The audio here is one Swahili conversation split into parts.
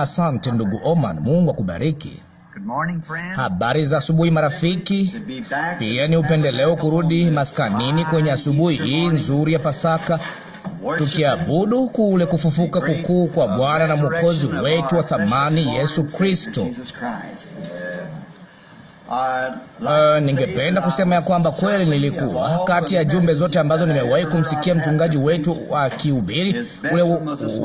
Asante ndugu Oman, Mungu akubariki. Habari za asubuhi marafiki. Pia ni upendeleo kurudi maskanini kwenye asubuhi hii nzuri ya Pasaka, tukiabudu kule kufufuka kukuu kwa Bwana na Mwokozi wetu wa thamani Yesu Kristo. Uh, ningependa kusema ya kwamba kweli nilikuwa kati ya jumbe zote ambazo nimewahi kumsikia mchungaji wetu akihubiri, ule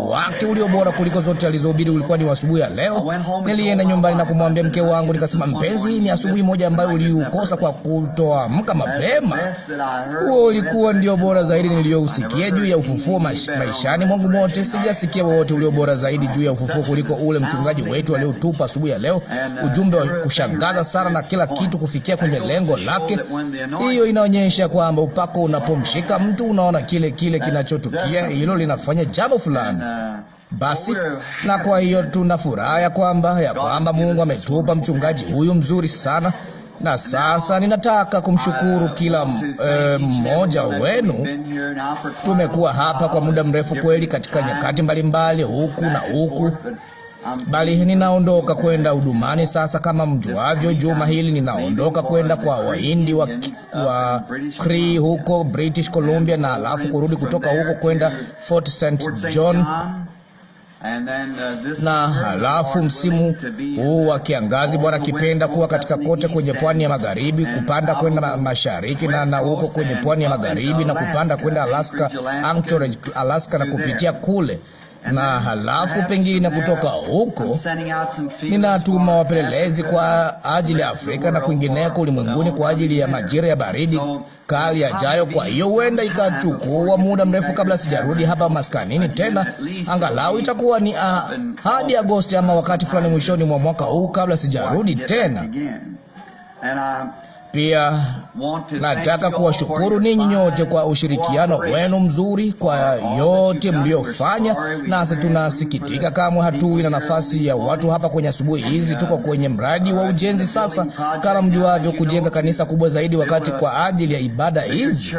wake ulio bora kuliko zote alizohubiri ulikuwa ni asubuhi ya leo. Nilienda nyumbani na kumwambia mke wangu, nikasema, mpenzi, ni asubuhi moja ambayo uliukosa kwa kutoamka mapema. Huo ulikuwa ndio bora zaidi niliyousikia juu ya ufufuo maishani mwangu mote. Sijasikia wowote ulio bora zaidi juu ya ufufuo kuliko ule mchungaji wetu aliotupa asubuhi ya leo, ujumbe wa kushangaza sana na kila kitu kufikia kwenye lengo lake. Hiyo inaonyesha kwamba upako unapomshika mtu, unaona kile kile kinachotukia, hilo linafanya jambo fulani. Uh, Basi na kwa hiyo tuna furaha ya kwamba ya kwamba Mungu ametupa mchungaji huyu mzuri sana na sasa ninataka kumshukuru uh, kila eh, mmoja e, wenu. Tumekuwa hapa kwa muda mrefu kweli, katika nyakati mbalimbali, huku na huku, bali ninaondoka kwenda hudumani sasa. Kama mjuavyo, juma hili ninaondoka kwenda kwa wahindi wa, wa Cree huko British Columbia, na alafu kurudi kutoka huko kwenda Fort St John na halafu msimu huu wa kiangazi, Bwana kipenda, kuwa katika kote kwenye pwani ya magharibi, kupanda kwenda mashariki na na huko kwenye pwani ya magharibi na kupanda kwenda Alaska, Anchorage, Alaska, na kupitia kule na halafu pengine kutoka huko ninatuma wapelelezi kwa ajili ya Afrika na kwingineko ulimwenguni kwa ajili ya majira ya baridi kali yajayo. Kwa hiyo huenda ikachukua muda mrefu kabla sijarudi hapa maskanini tena, angalau itakuwa ni uh, hadi Agosti ama wakati fulani mwishoni mwa mwaka huu kabla sijarudi tena. Pia nataka kuwashukuru ninyi nyote kwa ushirikiano wenu mzuri, kwa yote mliofanya nasi. Tunasikitika kamwe hatuwi na nafasi ya watu hapa kwenye asubuhi hizi. Tuko kwenye mradi wa ujenzi sasa, kama mjuavyo, kujenga kanisa kubwa zaidi wakati kwa ajili ya ibada hizi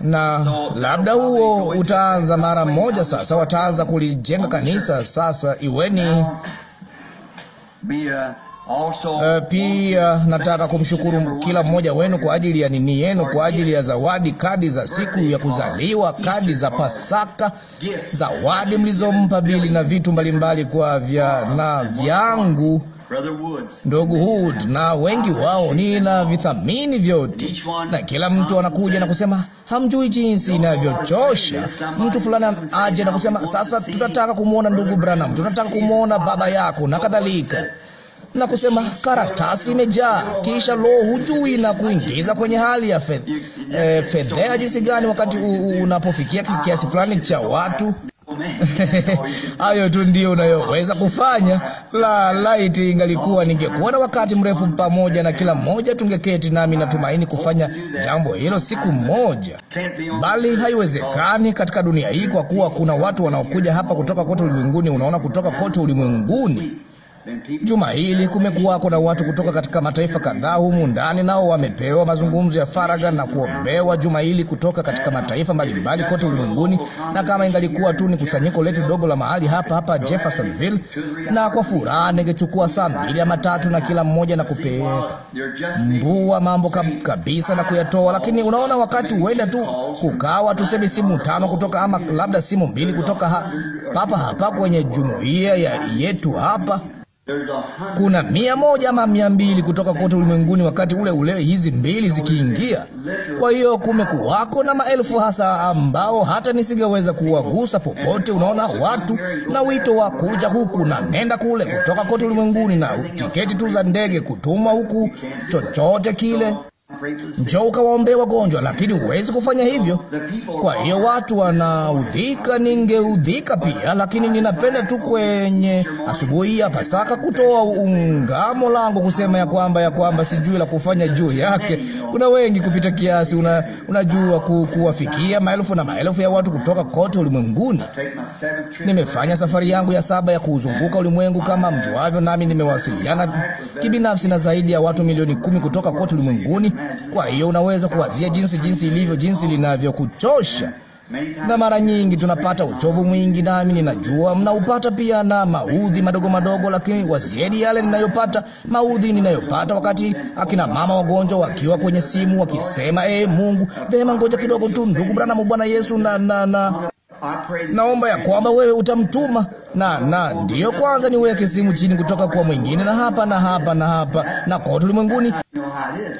na labda huo utaanza mara moja. Sasa wataanza kulijenga kanisa sasa. Iweni Uh, pia nataka kumshukuru kila mmoja wenu kwa ajili ya nini yenu, kwa ajili ya zawadi, kadi za siku ya kuzaliwa, kadi za Pasaka, zawadi mlizompa Bili na vitu mbalimbali kwa vya na vyangu ndugu Hood, na wengi wao nina vithamini vyote, na kila mtu anakuja na kusema hamjui jinsi inavyochosha. Mtu fulani aje na kusema sasa tunataka kumwona ndugu Branham, tunataka kumwona baba yako na kadhalika na kusema karatasi imejaa. Kisha lo, hujui na kuingiza kwenye hali ya fedhea eh, jinsi gani, wakati unapofikia kiasi fulani cha watu Hayo tu ndio unayoweza kufanya. La laiti ingalikuwa ningekuwa na wakati mrefu pamoja na kila mmoja, tungeketi nami natumaini kufanya jambo hilo siku moja, bali haiwezekani katika dunia hii, kwa kuwa kuna watu wanaokuja hapa kutoka kote ulimwenguni. Unaona, kutoka kote ulimwenguni. Juma hili kumekuwako na watu kutoka katika mataifa kadhaa humu ndani, nao wamepewa mazungumzo ya faragha na kuombewa juma hili kutoka katika mataifa mbalimbali kote ulimwenguni. Na kama ingalikuwa tu ni kusanyiko letu dogo la mahali hapa hapa Jeffersonville, na kwa furaha ningechukua saa mbili ama tatu na kila mmoja na kupembua mambo kabisa na kuyatoa, lakini unaona, wakati huenda tu kukawa tuseme simu tano kutoka ama labda simu mbili kutoka ha, papa hapa kwenye jumuiya yetu hapa kuna mia moja ama mia mbili kutoka kote ulimwenguni wakati ule ule, hizi mbili zikiingia. Kwa hiyo kumekuwako na maelfu hasa ambao hata nisingeweza kuwagusa popote. Unaona, watu na wito wa kuja huku na nenda kule, kutoka kote ulimwenguni, na tiketi tu za ndege kutumwa huku, chochote kile njoo ukawaombee wagonjwa, lakini huwezi kufanya hivyo. Kwa hiyo watu wanaudhika, ningeudhika pia, lakini ninapenda tu kwenye asubuhi ya Pasaka kutoa ungamo langu kusema ya kwamba ya kwamba sijui la kufanya juu yake. Kuna wengi kupita kiasi, una, unajua ku, kuwafikia maelfu na maelfu ya watu kutoka kote ulimwenguni. Nimefanya safari yangu ya saba ya kuuzunguka ulimwengu kama mjuavyo, nami nimewasiliana kibinafsi na zaidi ya watu milioni kumi kutoka kote ulimwenguni. Kwa hiyo unaweza kuwazia jinsi jinsi ilivyo, jinsi linavyokuchosha na mara nyingi tunapata uchovu mwingi, nami ninajua mnaupata pia, na maudhi madogo madogo, lakini wazieni yale ninayopata, maudhi ninayopata wakati akina mama wagonjwa wakiwa kwenye simu wakisema, ee Mungu, vema, ngoja kidogo tu, ndugu Branham, Bwana Yesu, na, na, na naomba ya kwamba wewe utamtuma na na ndiyo kwanza niweke simu chini kutoka kwa mwingine, na hapa na hapa na hapa na kote ulimwenguni.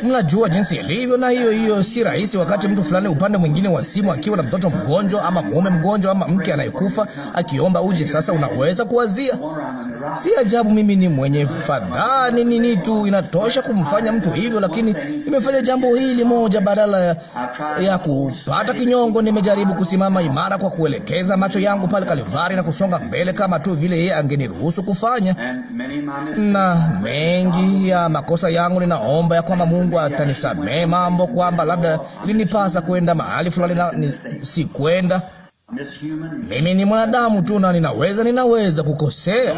Mnajua jinsi ilivyo, na hiyo hiyo si rahisi wakati mtu fulani upande mwingine wa simu akiwa na mtoto mgonjwa ama mume mgonjwa ama mke anayekufa akiomba uje. Sasa unaweza kuwazia, si ajabu mimi ni mwenye fadhaa, ni nini tu inatosha kumfanya mtu hivyo, lakini nimefanya jambo hili moja. Badala ya, ya kupata kinyongo, nimejaribu kusimama imara kwa kuelekeza macho yangu pale Kalivari na kusonga mbele kama tu vile yeye angeniruhusu kufanya. Na mengi ya makosa yangu ninaomba ya kwamba Mungu atanisamehe mambo, kwamba labda linipasa kwenda mahali fulani na sikwenda. Mimi ni mwanadamu tu na ninaweza ninaweza kukosea.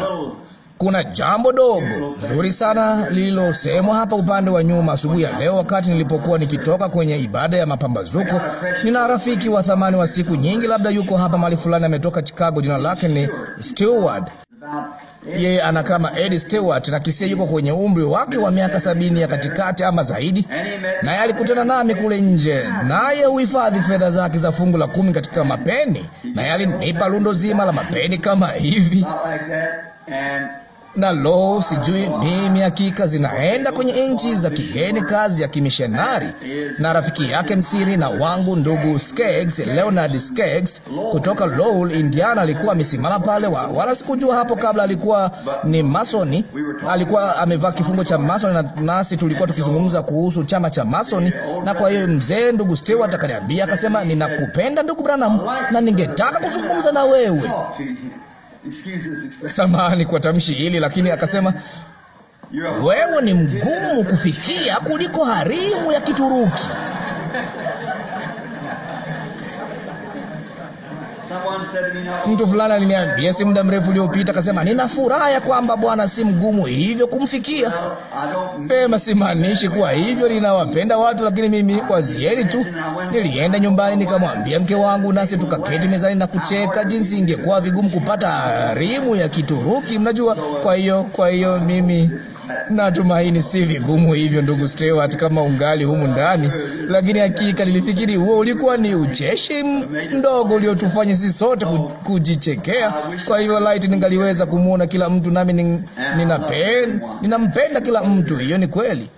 Kuna jambo dogo zuri sana lililosemwa hapa upande wa nyuma asubuhi ya leo, wakati nilipokuwa nikitoka kwenye ibada ya mapambazuko. Nina rafiki wa thamani wa siku nyingi, labda yuko hapa mahali fulani, ametoka Chicago. Jina lake ni Stewart. Yeye ana kama Ed Stewart na kisia, yuko kwenye umri wake wa miaka sabini ya katikati ama zaidi, naye alikutana nami kule nje, naye huhifadhi fedha zake za fungu la kumi katika mapeni, naye alinipa lundo zima la mapeni kama hivi na lo, sijui mimi, hakika zinaenda kwenye nchi za kigeni, kazi ya kimishonari. Na rafiki yake msiri na wangu ndugu Skeggs, Leonard Skeggs kutoka Lowell, Indiana, alikuwa amesimama pale, wala sikujua hapo kabla alikuwa ni masoni, alikuwa amevaa kifungo cha masoni, na nasi tulikuwa tukizungumza kuhusu chama cha masoni, na kwa hiyo mzee ndugu Stewart akaniambia, akasema, ninakupenda ndugu Branham, na ningetaka kuzungumza na wewe samahani kwa tamshi hili, lakini akasema wewe ni mgumu kufikia kuliko harimu ya Kituruki. Mtu fulani aliniambia si muda mrefu uliopita, akasema nina furaha ya kwamba Bwana si mgumu hivyo kumfikia. Pema, simaanishi kuwa hivyo, ninawapenda watu, lakini mimi wazieni tu. Nilienda nyumbani nikamwambia mke wangu, nasi tukaketi mezani na kucheka jinsi ingekuwa vigumu kupata rimu ya Kituruki, mnajua. Kwa hiyo, kwa hiyo mimi Natumaini si vigumu hivyo, ndugu Stewart, kama ungali humu ndani. Lakini hakika nilifikiri huo ulikuwa ni ucheshi mdogo uliotufanya sisi sote kujichekea. Kwa hivyo laiti ningaliweza kumwona kila mtu, nami ninapenda ninampenda kila mtu. Hiyo ni kweli,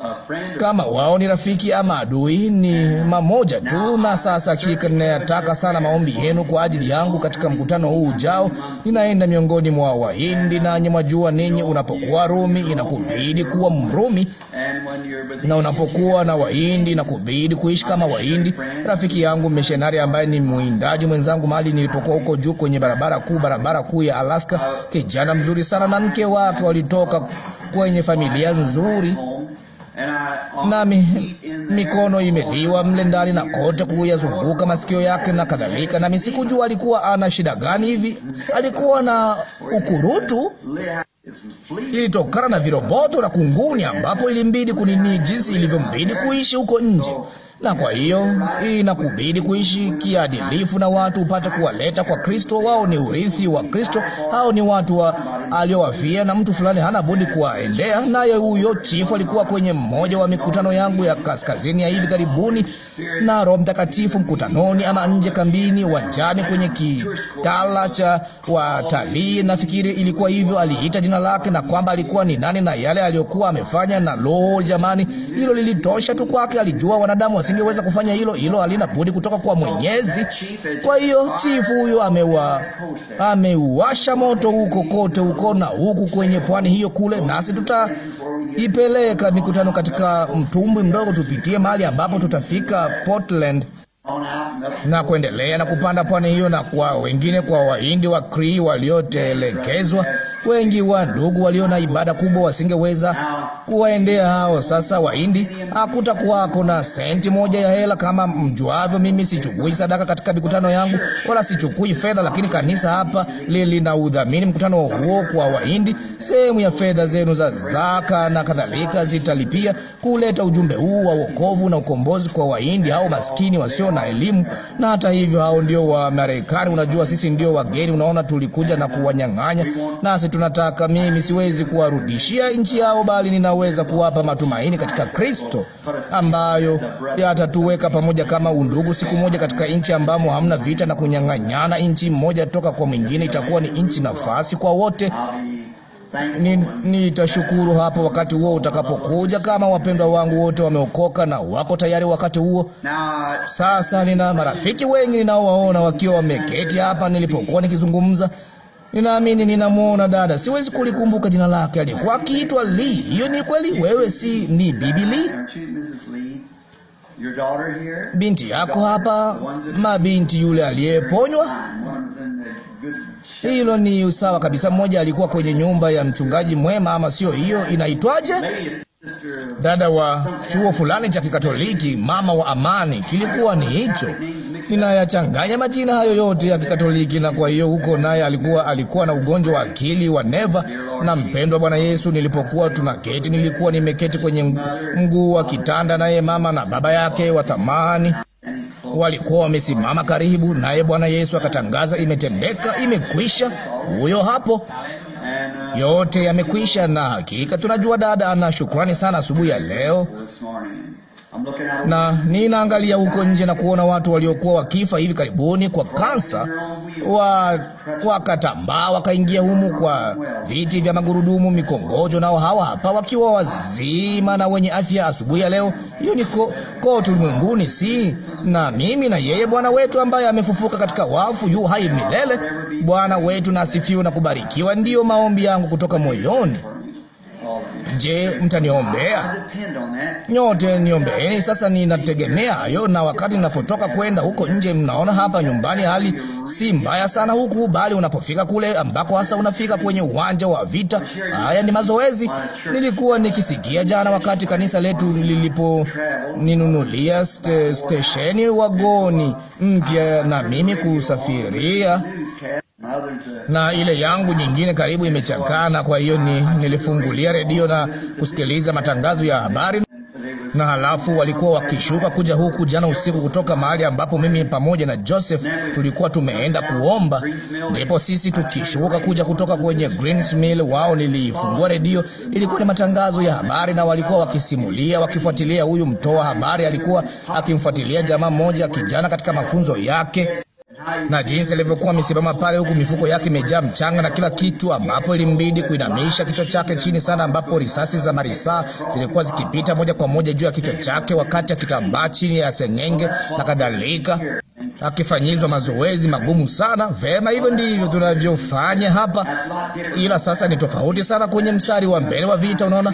kama wao ni rafiki ama adui, ni mamoja tu. Na sasa hakika ninayataka sana maombi yenu kwa ajili yangu katika mkutano huu ujao. Ninaenda miongoni mwa Wahindi na nyamajua, ninyi unapokuwa Rumi inakupa kubidi kuwa Mrumi, na unapokuwa na Wahindi na kubidi kuishi kama Wahindi. Rafiki yangu mishonari ambaye ni mwindaji mwenzangu mahali nilipokuwa huko juu kwenye barabara kuu, barabara kuu ya Alaska, kijana mzuri sana na mke wake walitoka kwenye familia nzuri nami mikono imeliwa mle ndani na kote kuyazunguka masikio yake na kadhalika. Nami sikujua alikuwa ana shida gani hivi. Alikuwa na ukurutu ilitokana na viroboto na kunguni, ambapo ilimbidi kunini jinsi ilivyombidi kuishi huko nje na kwa hiyo inakubidi kuishi kiadilifu na watu upate kuwaleta kwa Kristo. Wao ni urithi wa Kristo, hao ni watu wa aliowafia, na mtu fulani hana budi kuwaendea. Naye huyo chifu alikuwa kwenye mmoja wa mikutano yangu ya kaskazini ya hivi karibuni, na Roho Mtakatifu mkutanoni, ama nje kambini, uwanjani, kwenye kitala cha watalii, nafikiri ilikuwa hivyo, aliita jina lake na kwamba alikuwa ni nani na yale aliyokuwa amefanya, na loo, jamani, hilo lilitosha tu kwake. Alijua wanadamu asingeweza kufanya hilo. Hilo halina budi kutoka kwa Mwenyezi. Kwa hiyo chifu huyo amewa ameuwasha moto huko kote huko na huku kwenye pwani hiyo kule, nasi tutaipeleka mikutano katika mtumbwi mdogo, tupitie mahali ambapo tutafika Portland na kuendelea na kupanda pwani hiyo, na kwa wengine, kwa Wahindi wa Kree waliotelekezwa, wengi wa ndugu walio na ibada kubwa wasingeweza kuwaendea hao. Sasa Wahindi, hakutakuwako na senti moja ya hela. Kama mjuavyo, mimi sichukui sadaka katika mikutano yangu wala sichukui fedha, lakini kanisa hapa lilina udhamini mkutano huo kwa Wahindi. Sehemu ya fedha zenu za zaka na kadhalika zitalipia kuleta ujumbe huu wa wokovu na ukombozi kwa Wahindi hao maskini wasio na elimu, na hata hivyo hao ndio wa Marekani. Unajua sisi ndio wageni, unaona, tulikuja na kuwanyang'anya, nasi tunataka. Mimi siwezi kuwarudishia nchi yao, bali ninaweza kuwapa matumaini katika Kristo, ambayo yatatuweka pamoja kama undugu siku moja, katika nchi ambamo hamna vita na kunyang'anyana, nchi mmoja toka kwa mwingine. Itakuwa ni nchi nafasi kwa wote Nitashukuru ni hapo wakati huo utakapokuja, kama wapendwa wangu wote wameokoka na wako tayari wakati huo. Sasa nina marafiki wengi ninaowaona wakiwa wameketi hapa nilipokuwa nikizungumza. Ninaamini ninamwona dada, siwezi kulikumbuka jina lake, alikuwa akiitwa Lee. Hiyo ni kweli? Wewe si ni bibi Lee? Binti yako hapa, mabinti yule aliyeponywa hilo ni usawa kabisa. Mmoja alikuwa kwenye nyumba ya mchungaji mwema, ama sio? Hiyo inaitwaje? Dada wa chuo fulani cha Kikatoliki, mama wa amani, kilikuwa ni hicho. Ninayachanganya majina hayo yote ya Kikatoliki. Na kwa hiyo huko naye alikuwa alikuwa na ugonjwa wa akili wa neva. Na mpendwa Bwana Yesu, nilipokuwa tunaketi, nilikuwa nimeketi kwenye mguu wa kitanda, naye mama na baba yake wa thamani walikuwa wamesimama karibu naye, Bwana Yesu akatangaza, imetendeka, imekwisha. Huyo hapo yote yamekwisha. Na hakika tunajua dada ana shukrani sana asubuhi ya leo na ninaangalia huko nje na kuona watu waliokuwa wakifa hivi karibuni kwa kansa wa wakatambaa wakaingia humu kwa viti vya magurudumu mikongojo, nao hawa hapa wakiwa wazima na wenye afya asubuhi ya leo. Hiyo ni ko, kote ulimwenguni, si na mimi na yeye Bwana wetu ambaye amefufuka katika wafu, yu hai milele. Bwana wetu na asifiwe na kubarikiwa. Ndiyo maombi yangu kutoka moyoni. Je, mtaniombea? Nyote niombeeni. Sasa ninategemea hayo, na wakati ninapotoka kwenda huko nje, mnaona hapa nyumbani hali si mbaya sana huku, bali unapofika kule ambako hasa unafika kwenye uwanja wa vita, haya ni mazoezi. Nilikuwa nikisikia jana wakati kanisa letu liliponinunulia ste, stesheni wagoni mpya na mimi kusafiria na ile yangu nyingine karibu imechakana. Kwa hiyo ni, nilifungulia redio na kusikiliza matangazo ya habari, na halafu walikuwa wakishuka kuja huku jana usiku kutoka mahali ambapo mimi pamoja na Joseph tulikuwa tumeenda kuomba. Ndipo sisi tukishuka kuja kutoka kwenye Greensmill, wao nilifungua redio, ilikuwa ni matangazo ya habari, na walikuwa wakisimulia, wakifuatilia. Huyu mtoa habari alikuwa akimfuatilia jamaa mmoja kijana katika mafunzo yake na jinsi alivyokuwa amesimama pale, huku mifuko yake imejaa mchanga na kila kitu, ambapo ilimbidi kuinamisha kichwa chake chini sana, ambapo risasi za marisaa zilikuwa zikipita moja kwa moja juu ya kichwa chake, wakati akitambaa chini ya seng'enge na kadhalika, akifanyizwa mazoezi magumu sana. Vema, hivyo ndivyo tunavyofanya hapa, ila sasa ni tofauti sana. Kwenye mstari wa mbele wa vita, unaona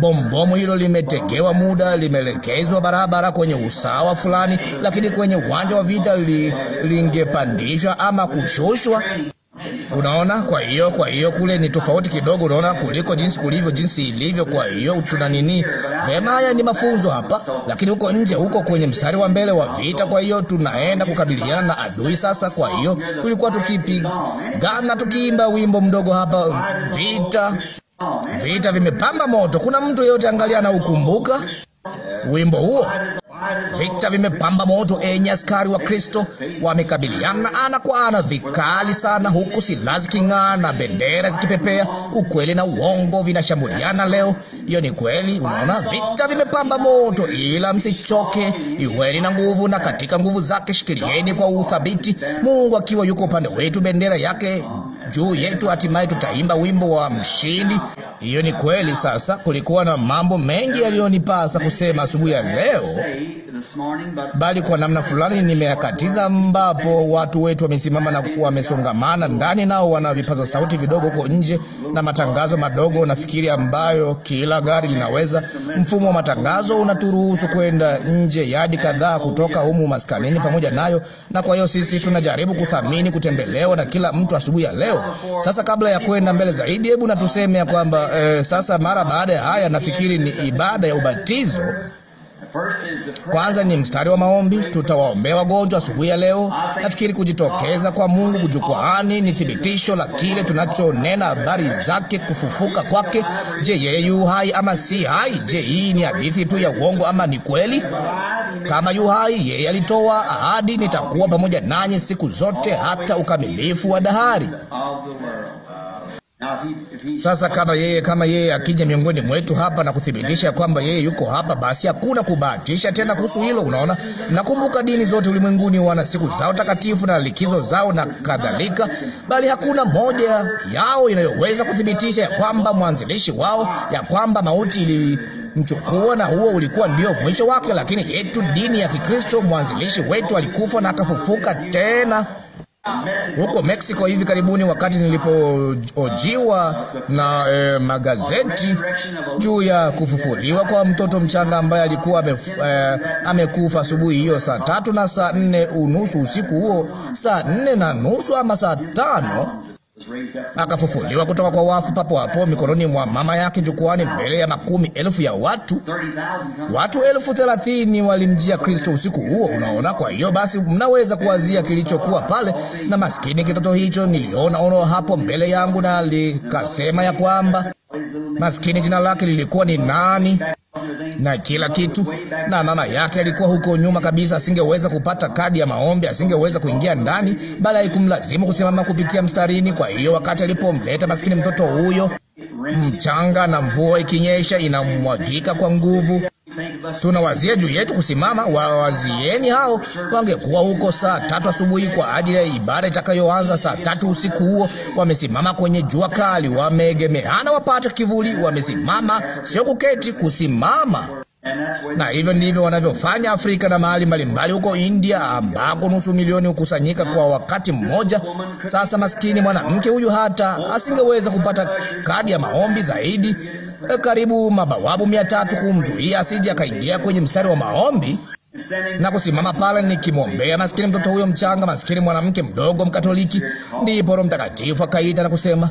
bombomu hilo limetegewa muda, limeelekezwa barabara kwenye usawa fulani, lakini kwenye uwanja wa vita li, linge ingepandishwa ama kushushwa. Unaona, kwa hiyo kwa hiyo kule ni tofauti kidogo, unaona, kuliko jinsi kulivyo jinsi ilivyo. Kwa hiyo tuna nini? Vema, haya ni mafunzo hapa, lakini huko nje, huko kwenye mstari wa mbele wa vita. Kwa hiyo tunaenda kukabiliana na adui sasa. Kwa hiyo tulikuwa tukipigana, tukiimba wimbo mdogo hapa, vita vita vimepamba moto. Kuna mtu yeyote angalia na ukumbuka wimbo huo? Vita vimepamba moto, enye askari wa Kristo. Wamekabiliana ana kwa ana vikali sana, huku silaha ziking'aa na bendera zikipepea. Ukweli na uongo vinashambuliana leo. Hiyo ni kweli. Unaona, vita vimepamba moto, ila msichoke. Iweni na nguvu, na katika nguvu zake shikilieni kwa uthabiti. Mungu akiwa yuko upande wetu, bendera yake juu yetu, hatimaye tutaimba wimbo wa mshindi. Hiyo ni kweli. Sasa kulikuwa na mambo mengi yaliyonipasa kusema asubuhi ya leo, bali kwa namna fulani nimeyakatiza, ambapo watu wetu wamesimama na wamesongamana ndani, nao wana vipaza sauti vidogo huko nje na matangazo madogo, nafikiri ambayo kila gari linaweza. Mfumo wa matangazo unaturuhusu kwenda nje yadi kadhaa kutoka humu maskanini pamoja nayo, na kwa hiyo sisi tunajaribu kuthamini kutembelewa na kila mtu asubuhi ya leo. Sasa kabla ya kwenda mbele zaidi, hebu na tuseme ya kwamba eh, sasa mara baada ya haya nafikiri ni ibada ya ubatizo kwanza ni mstari wa maombi. Tutawaombea wagonjwa asubuhi ya leo. Nafikiri kujitokeza kwa Mungu jukwaani ni thibitisho la kile tunachonena habari zake, kufufuka kwake. Je, yeye yu hai ama si hai? Je, hii ni hadithi tu ya uongo ama ni kweli? Kama yu hai, yeye alitoa ahadi, nitakuwa pamoja nanyi siku zote hata ukamilifu wa dahari. Sasa kama yeye kama yeye akija miongoni mwetu hapa na kuthibitisha kwamba yeye yuko hapa, basi hakuna kubahatisha tena kuhusu hilo. Unaona, nakumbuka dini zote ulimwenguni wana siku zao takatifu na likizo zao na kadhalika, bali hakuna moja yao inayoweza kuthibitisha ya kwamba mwanzilishi wao, ya kwamba mauti ilimchukua na huo ulikuwa ndio mwisho wake. Lakini yetu dini ya Kikristo, mwanzilishi wetu alikufa na akafufuka tena huko Mexico hivi karibuni, wakati nilipohojiwa na e, magazeti juu ya kufufuliwa kwa mtoto mchanga ambaye alikuwa amef, e, eh, amekufa asubuhi hiyo saa tatu na saa nne unusu usiku huo, saa nne na nusu ama saa tano akafufuliwa kutoka kwa wafu papo hapo mikononi mwa mama yake jukwani, mbele ya makumi elfu ya watu. Watu elfu thelathini walimjia Kristo usiku huo, unaona. Kwa hiyo basi, mnaweza kuwazia kilichokuwa pale. Na maskini kitoto hicho, niliona ono hapo mbele yangu, na likasema ya kwamba maskini, jina lake lilikuwa ni nani? na kila kitu, na mama yake alikuwa huko nyuma kabisa, asingeweza kupata kadi ya maombi, asingeweza kuingia ndani, bali haikumlazimu kusimama kupitia mstarini. Kwa hiyo wakati alipomleta maskini mtoto huyo mchanga, na mvua ikinyesha inamwagika kwa nguvu tunawazia juu yetu kusimama. Wawazieni hao, wangekuwa huko saa tatu asubuhi kwa ajili ya ibada itakayoanza saa tatu usiku huo. Wamesimama kwenye jua kali, wameegemeana wapata kivuli, wamesimama, sio kuketi, kusimama na hivyo ndivyo wanavyofanya Afrika na mahali mbalimbali huko India, ambako nusu milioni hukusanyika kwa wakati mmoja. Sasa maskini mwanamke huyu hata asingeweza kupata kadi ya maombi zaidi, eh, karibu mabawabu mia tatu kumzuia asije akaingia kwenye mstari wa maombi na kusimama pale nikimwombea maskini mtoto huyo mchanga, maskini mwanamke mdogo Mkatoliki. Ndipo Roho Mtakatifu akaita na kusema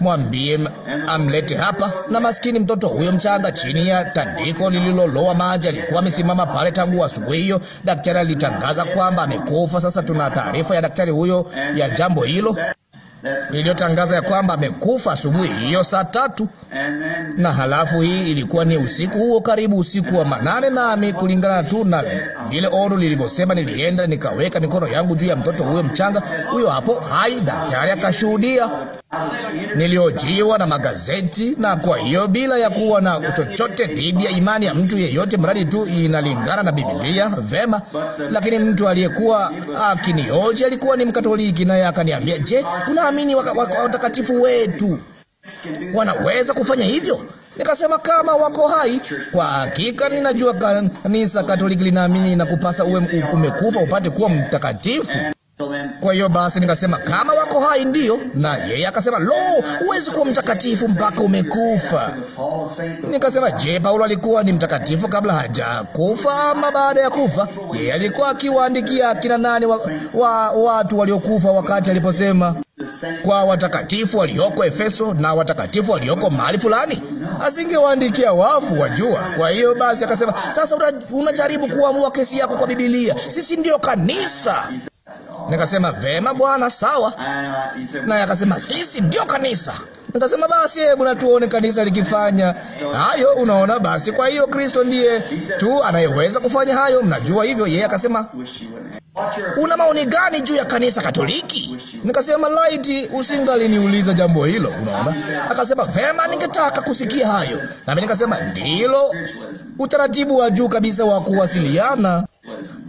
mwambie amlete hapa. Na maskini mtoto huyo mchanga chini ya tandiko lililoloa maji alikuwa amesimama pale tangu asubuhi hiyo. Daktari alitangaza kwamba amekufa. Sasa tuna taarifa ya daktari huyo ya jambo hilo iliyotangaza ya kwamba amekufa asubuhi hiyo saa tatu, na halafu hii ilikuwa ni usiku huo, karibu usiku wa manane. Nami kulingana tu na vile ono lilivyosema, nilienda nikaweka mikono yangu juu ya mtoto huyo mchanga, huyo hapo hai. Daktari akashuhudia, niliojiwa na magazeti, na kwa hiyo bila ya kuwa na chochote dhidi ya imani ya mtu yeyote, mradi tu inalingana na Biblia vema. Lakini mtu aliyekuwa akinioji alikuwa ni Mkatoliki, naye akaniambia, je, una waamini watakatifu wetu wanaweza kufanya hivyo. Nikasema kama wako hai. Kwa hakika ninajua kanisa Katoliki linaamini na kupasa uwe umekufa upate kuwa mtakatifu. Kwa hiyo basi nikasema kama wako hai ndiyo, na yeye akasema lo, huwezi kuwa mtakatifu mpaka umekufa. Nikasema je, Paulo alikuwa ni mtakatifu kabla hajakufa ama baada ya kufa? Yeye alikuwa akiwaandikia kina nani wa, wa, watu waliokufa wakati aliposema kwa watakatifu walioko Efeso na watakatifu walioko mahali fulani, asingewaandikia wafu wajua. Kwa hiyo basi akasema, sasa unajaribu kuamua kesi yako kwa Biblia, sisi ndio kanisa. Nikasema, vema Bwana, sawa. Naye akasema, sisi ndio kanisa. Nikasema basi, hebu natuone tuone kanisa likifanya hayo. Unaona, basi kwa hiyo Kristo ndiye tu anayeweza kufanya hayo, mnajua hivyo. Yeye akasema una maoni gani juu ya kanisa Katoliki? Nikasema laiti usingaliniuliza jambo hilo. Unaona, akasema vema, ningetaka kusikia hayo, nami nikasema ndilo utaratibu wa juu kabisa wa kuwasiliana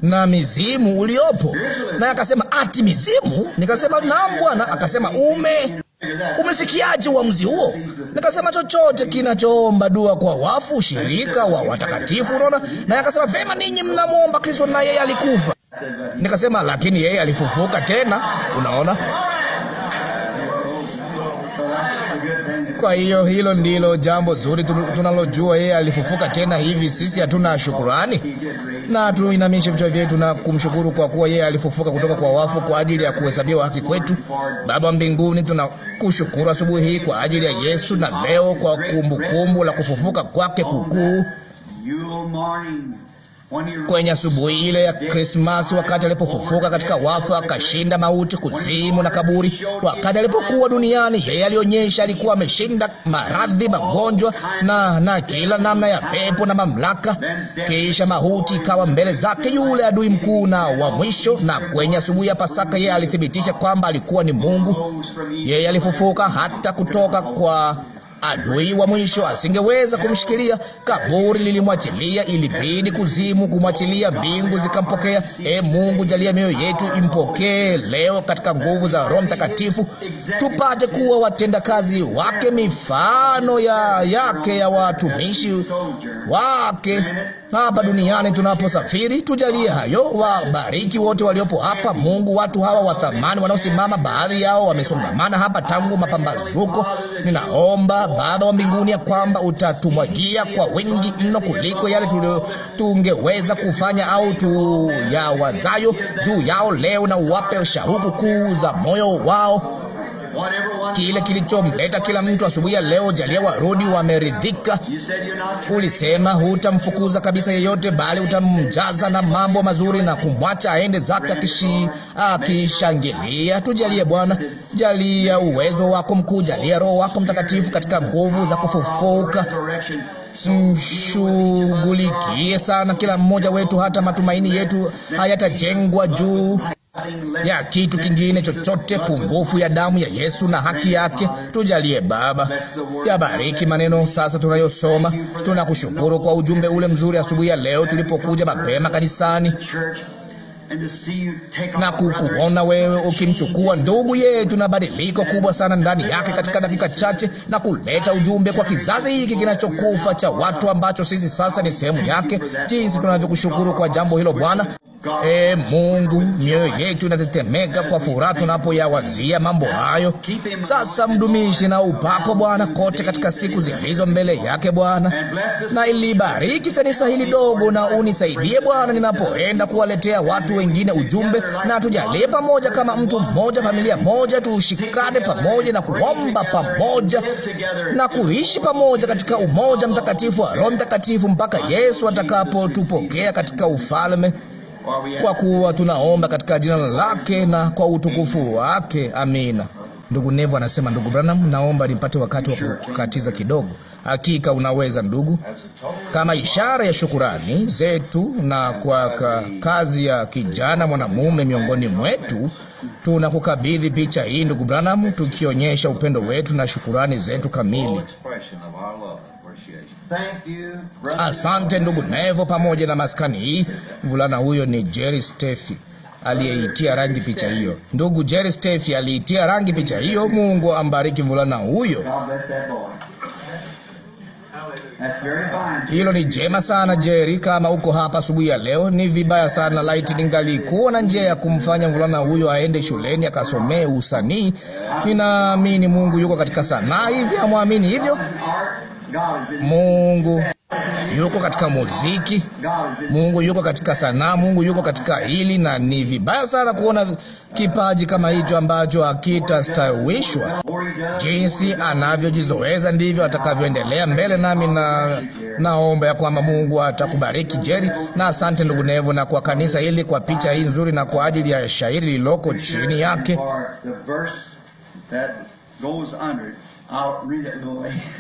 na mizimu uliopo. Naye akasema ati mizimu? Nikasema naam bwana. Akasema ume Umefikiaje uamuzi huo? Nikasema chochote kinachoomba dua kwa wafu, ushirika wa watakatifu, unaona. Naye akasema vema, ninyi mnamwomba Kristo na yeye alikufa. Nikasema lakini yeye alifufuka tena, unaona. Kwa hiyo hilo ndilo jambo zuri tunalojua, yeye alifufuka tena. Hivi sisi hatuna shukurani? Na tuinamishe vichwa vyetu na kumshukuru kwa kuwa yeye alifufuka kutoka kwa wafu kwa ajili ya kuhesabiwa haki kwetu. Baba mbinguni, tunakushukuru asubuhi hii kwa ajili ya Yesu na leo kwa kumbukumbu kumbu la kufufuka kwake kukuu kwenye asubuhi ile ya Krismasi, wakati alipofufuka katika wafu, akashinda mauti, kuzimu na kaburi. Wakati alipokuwa duniani, yeye alionyesha alikuwa ameshinda maradhi, magonjwa na, na kila namna ya pepo na mamlaka. Kisha mauti ikawa mbele zake, yule adui mkuu na wa mwisho. Na kwenye asubuhi ya Pasaka, yeye alithibitisha kwamba alikuwa ni Mungu. Yeye alifufuka hata kutoka kwa adui wa mwisho asingeweza kumshikilia. Kaburi lilimwachilia, ilibidi kuzimu kumwachilia, mbingu zikampokea. E Mungu, jalia mioyo yetu impokee leo katika nguvu za Roho Mtakatifu, tupate kuwa watendakazi wake, mifano ya yake ya watumishi wake hapa duniani tunaposafiri. Tujalie hayo. Wabariki wote waliopo hapa, Mungu. Watu hawa wa thamani wanaosimama, baadhi yao wamesongamana hapa tangu mapambazuko. Ninaomba Baba wa mbinguni ya kwamba utatumwagia kwa wingi mno kuliko yale tungeweza kufanya au tuyawazayo juu yao leo, na uwape shauku kuu za moyo wao kile kilichomleta kila mtu asubuhi ya leo. Jalia warudi wameridhika. Ulisema hutamfukuza kabisa yeyote, bali utamjaza na mambo mazuri na kumwacha aende zake akishi akishangilia. Tujalie Bwana, jalia uwezo wako mkuu, jalia Roho wako Mtakatifu katika nguvu za kufufuka Mshughulikie sana kila mmoja wetu, hata matumaini yetu hayatajengwa juu ya kitu kingine chochote pungufu ya damu ya Yesu na haki yake. Tujalie Baba, yabariki maneno sasa tunayosoma. Tunakushukuru kwa ujumbe ule mzuri asubuhi ya leo tulipokuja mapema kanisani na kukuona wewe ukimchukua ndugu yetu, na badiliko kubwa sana ndani yake katika dakika chache, na kuleta ujumbe kwa kizazi hiki kinachokufa cha watu ambacho sisi sasa ni sehemu yake. Jinsi tunavyokushukuru kwa jambo hilo Bwana. E Mungu, mioyo yetu inatetemeka kwa furaha tunapoyawazia mambo hayo. Sasa mdumishi na upako Bwana kote katika siku zilizo mbele yake Bwana, na ilibariki kanisa hili dogo, na unisaidie Bwana ninapoenda kuwaletea watu watu wengine ujumbe, na tujalie pamoja kama mtu mmoja, familia moja, tushikane pamoja na kuomba pamoja na kuishi pamoja katika umoja mtakatifu wa Roho Mtakatifu mpaka Yesu atakapotupokea katika ufalme kwa kuwa tunaomba katika jina lake na kwa utukufu wake. Amina. Ndugu Nevo anasema, ndugu Branham, naomba nipate wakati wa kukatiza kidogo. Hakika unaweza ndugu, kama ishara ya shukurani zetu na kwa kazi ya kijana mwanamume miongoni mwetu, tunakukabidhi picha hii ndugu Branham, tukionyesha upendo wetu na shukurani zetu kamili. Asante ndugu Nevo, pamoja na maskani hii. Mvulana huyo ni Jerry Steffi aliyeitia rangi picha hiyo. Ndugu Jerry Steffi aliitia rangi picha hiyo. Mungu ambariki mvulana huyo. Hilo ni jema sana Jerry, kama uko hapa asubuhi ya leo. Ni vibaya sana laiti ningalikuwa na njia ya kumfanya mvulana huyo aende shuleni akasomee usanii. Ninaamini Mungu yuko katika sanaa, hivi amwamini hivyo Mungu Yuko katika muziki, Mungu yuko katika sanaa, Mungu yuko katika hili, na ni vibaya sana kuona kipaji kama hicho ambacho hakitastawishwa. Jinsi anavyojizoeza ndivyo atakavyoendelea mbele, nami na naomba ya kwamba Mungu atakubariki Jerry, na asante ndugu Nevo, na kwa kanisa hili, kwa picha hii nzuri, na kwa ajili ya shairi lililoko chini yake.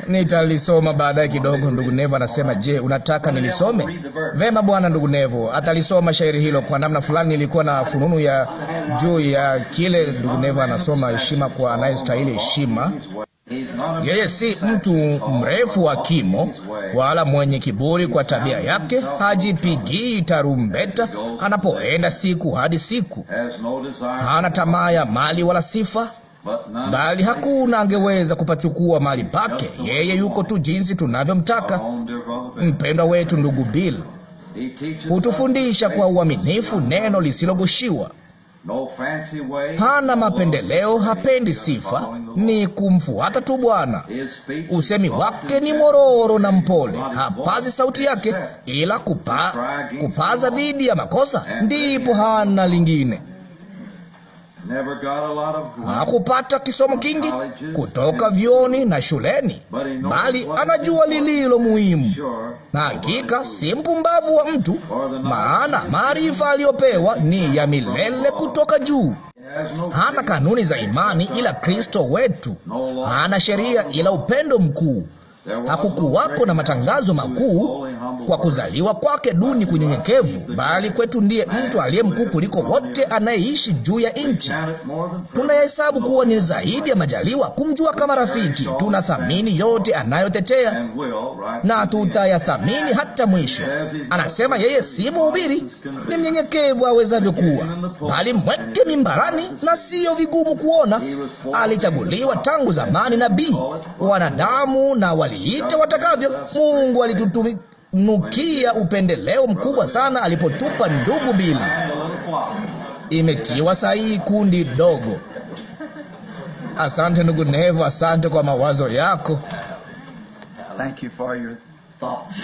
Nitalisoma baadaye kidogo. Ndugu Nevo anasema, je, unataka nilisome? Vema bwana. Ndugu Nevo atalisoma shairi hilo kwa namna fulani. Nilikuwa na fununu ya juu ya kile ndugu Nevo anasoma, heshima kwa anayestahili heshima. Yeye si mtu mrefu wa kimo wala mwenye kiburi kwa tabia yake, hajipigii tarumbeta anapoenda siku hadi siku, hana tamaa ya mali wala sifa bali hakuna angeweza kupachukua mali pake. Yeye yuko tu jinsi tunavyomtaka. Mpendwa wetu ndugu Bill hutufundisha kwa uaminifu neno lisilogoshiwa. Hana mapendeleo, hapendi sifa, ni kumfuata tu Bwana. Usemi wake ni mororo na mpole, hapazi sauti yake, ila kupa, kupaza dhidi ya makosa, ndipo hana lingine hakupata kisomo kingi kutoka vyoni na shuleni, bali anajua lililo muhimu, na hakika si mpumbavu wa mtu, maana maarifa aliyopewa ni ya milele kutoka juu. Hana kanuni za imani ila Kristo wetu, hana sheria ila upendo mkuu. Hakukuwako na matangazo makuu kwa kuzaliwa kwake duni kunyenyekevu, bali kwetu ndiye mtu aliye mkuu kuliko wote anayeishi juu ya nchi. Tunahesabu kuwa ni zaidi ya Majaliwa kumjua kama rafiki. Tunathamini yote anayotetea na tutayathamini hata mwisho. Anasema yeye si mhubiri, ni mnyenyekevu awezavyo kuwa, bali mweke mimbarani, na siyo vigumu kuona. Alichaguliwa tangu zamani, nabii wanadamu na wali waliita watakavyo. Mungu alitutunukia upendeleo mkubwa sana alipotupa ndugu Bili. Imetiwa sahihi kundi dogo. Asante ndugu Nevo, asante kwa mawazo yako. Thank you for your thoughts.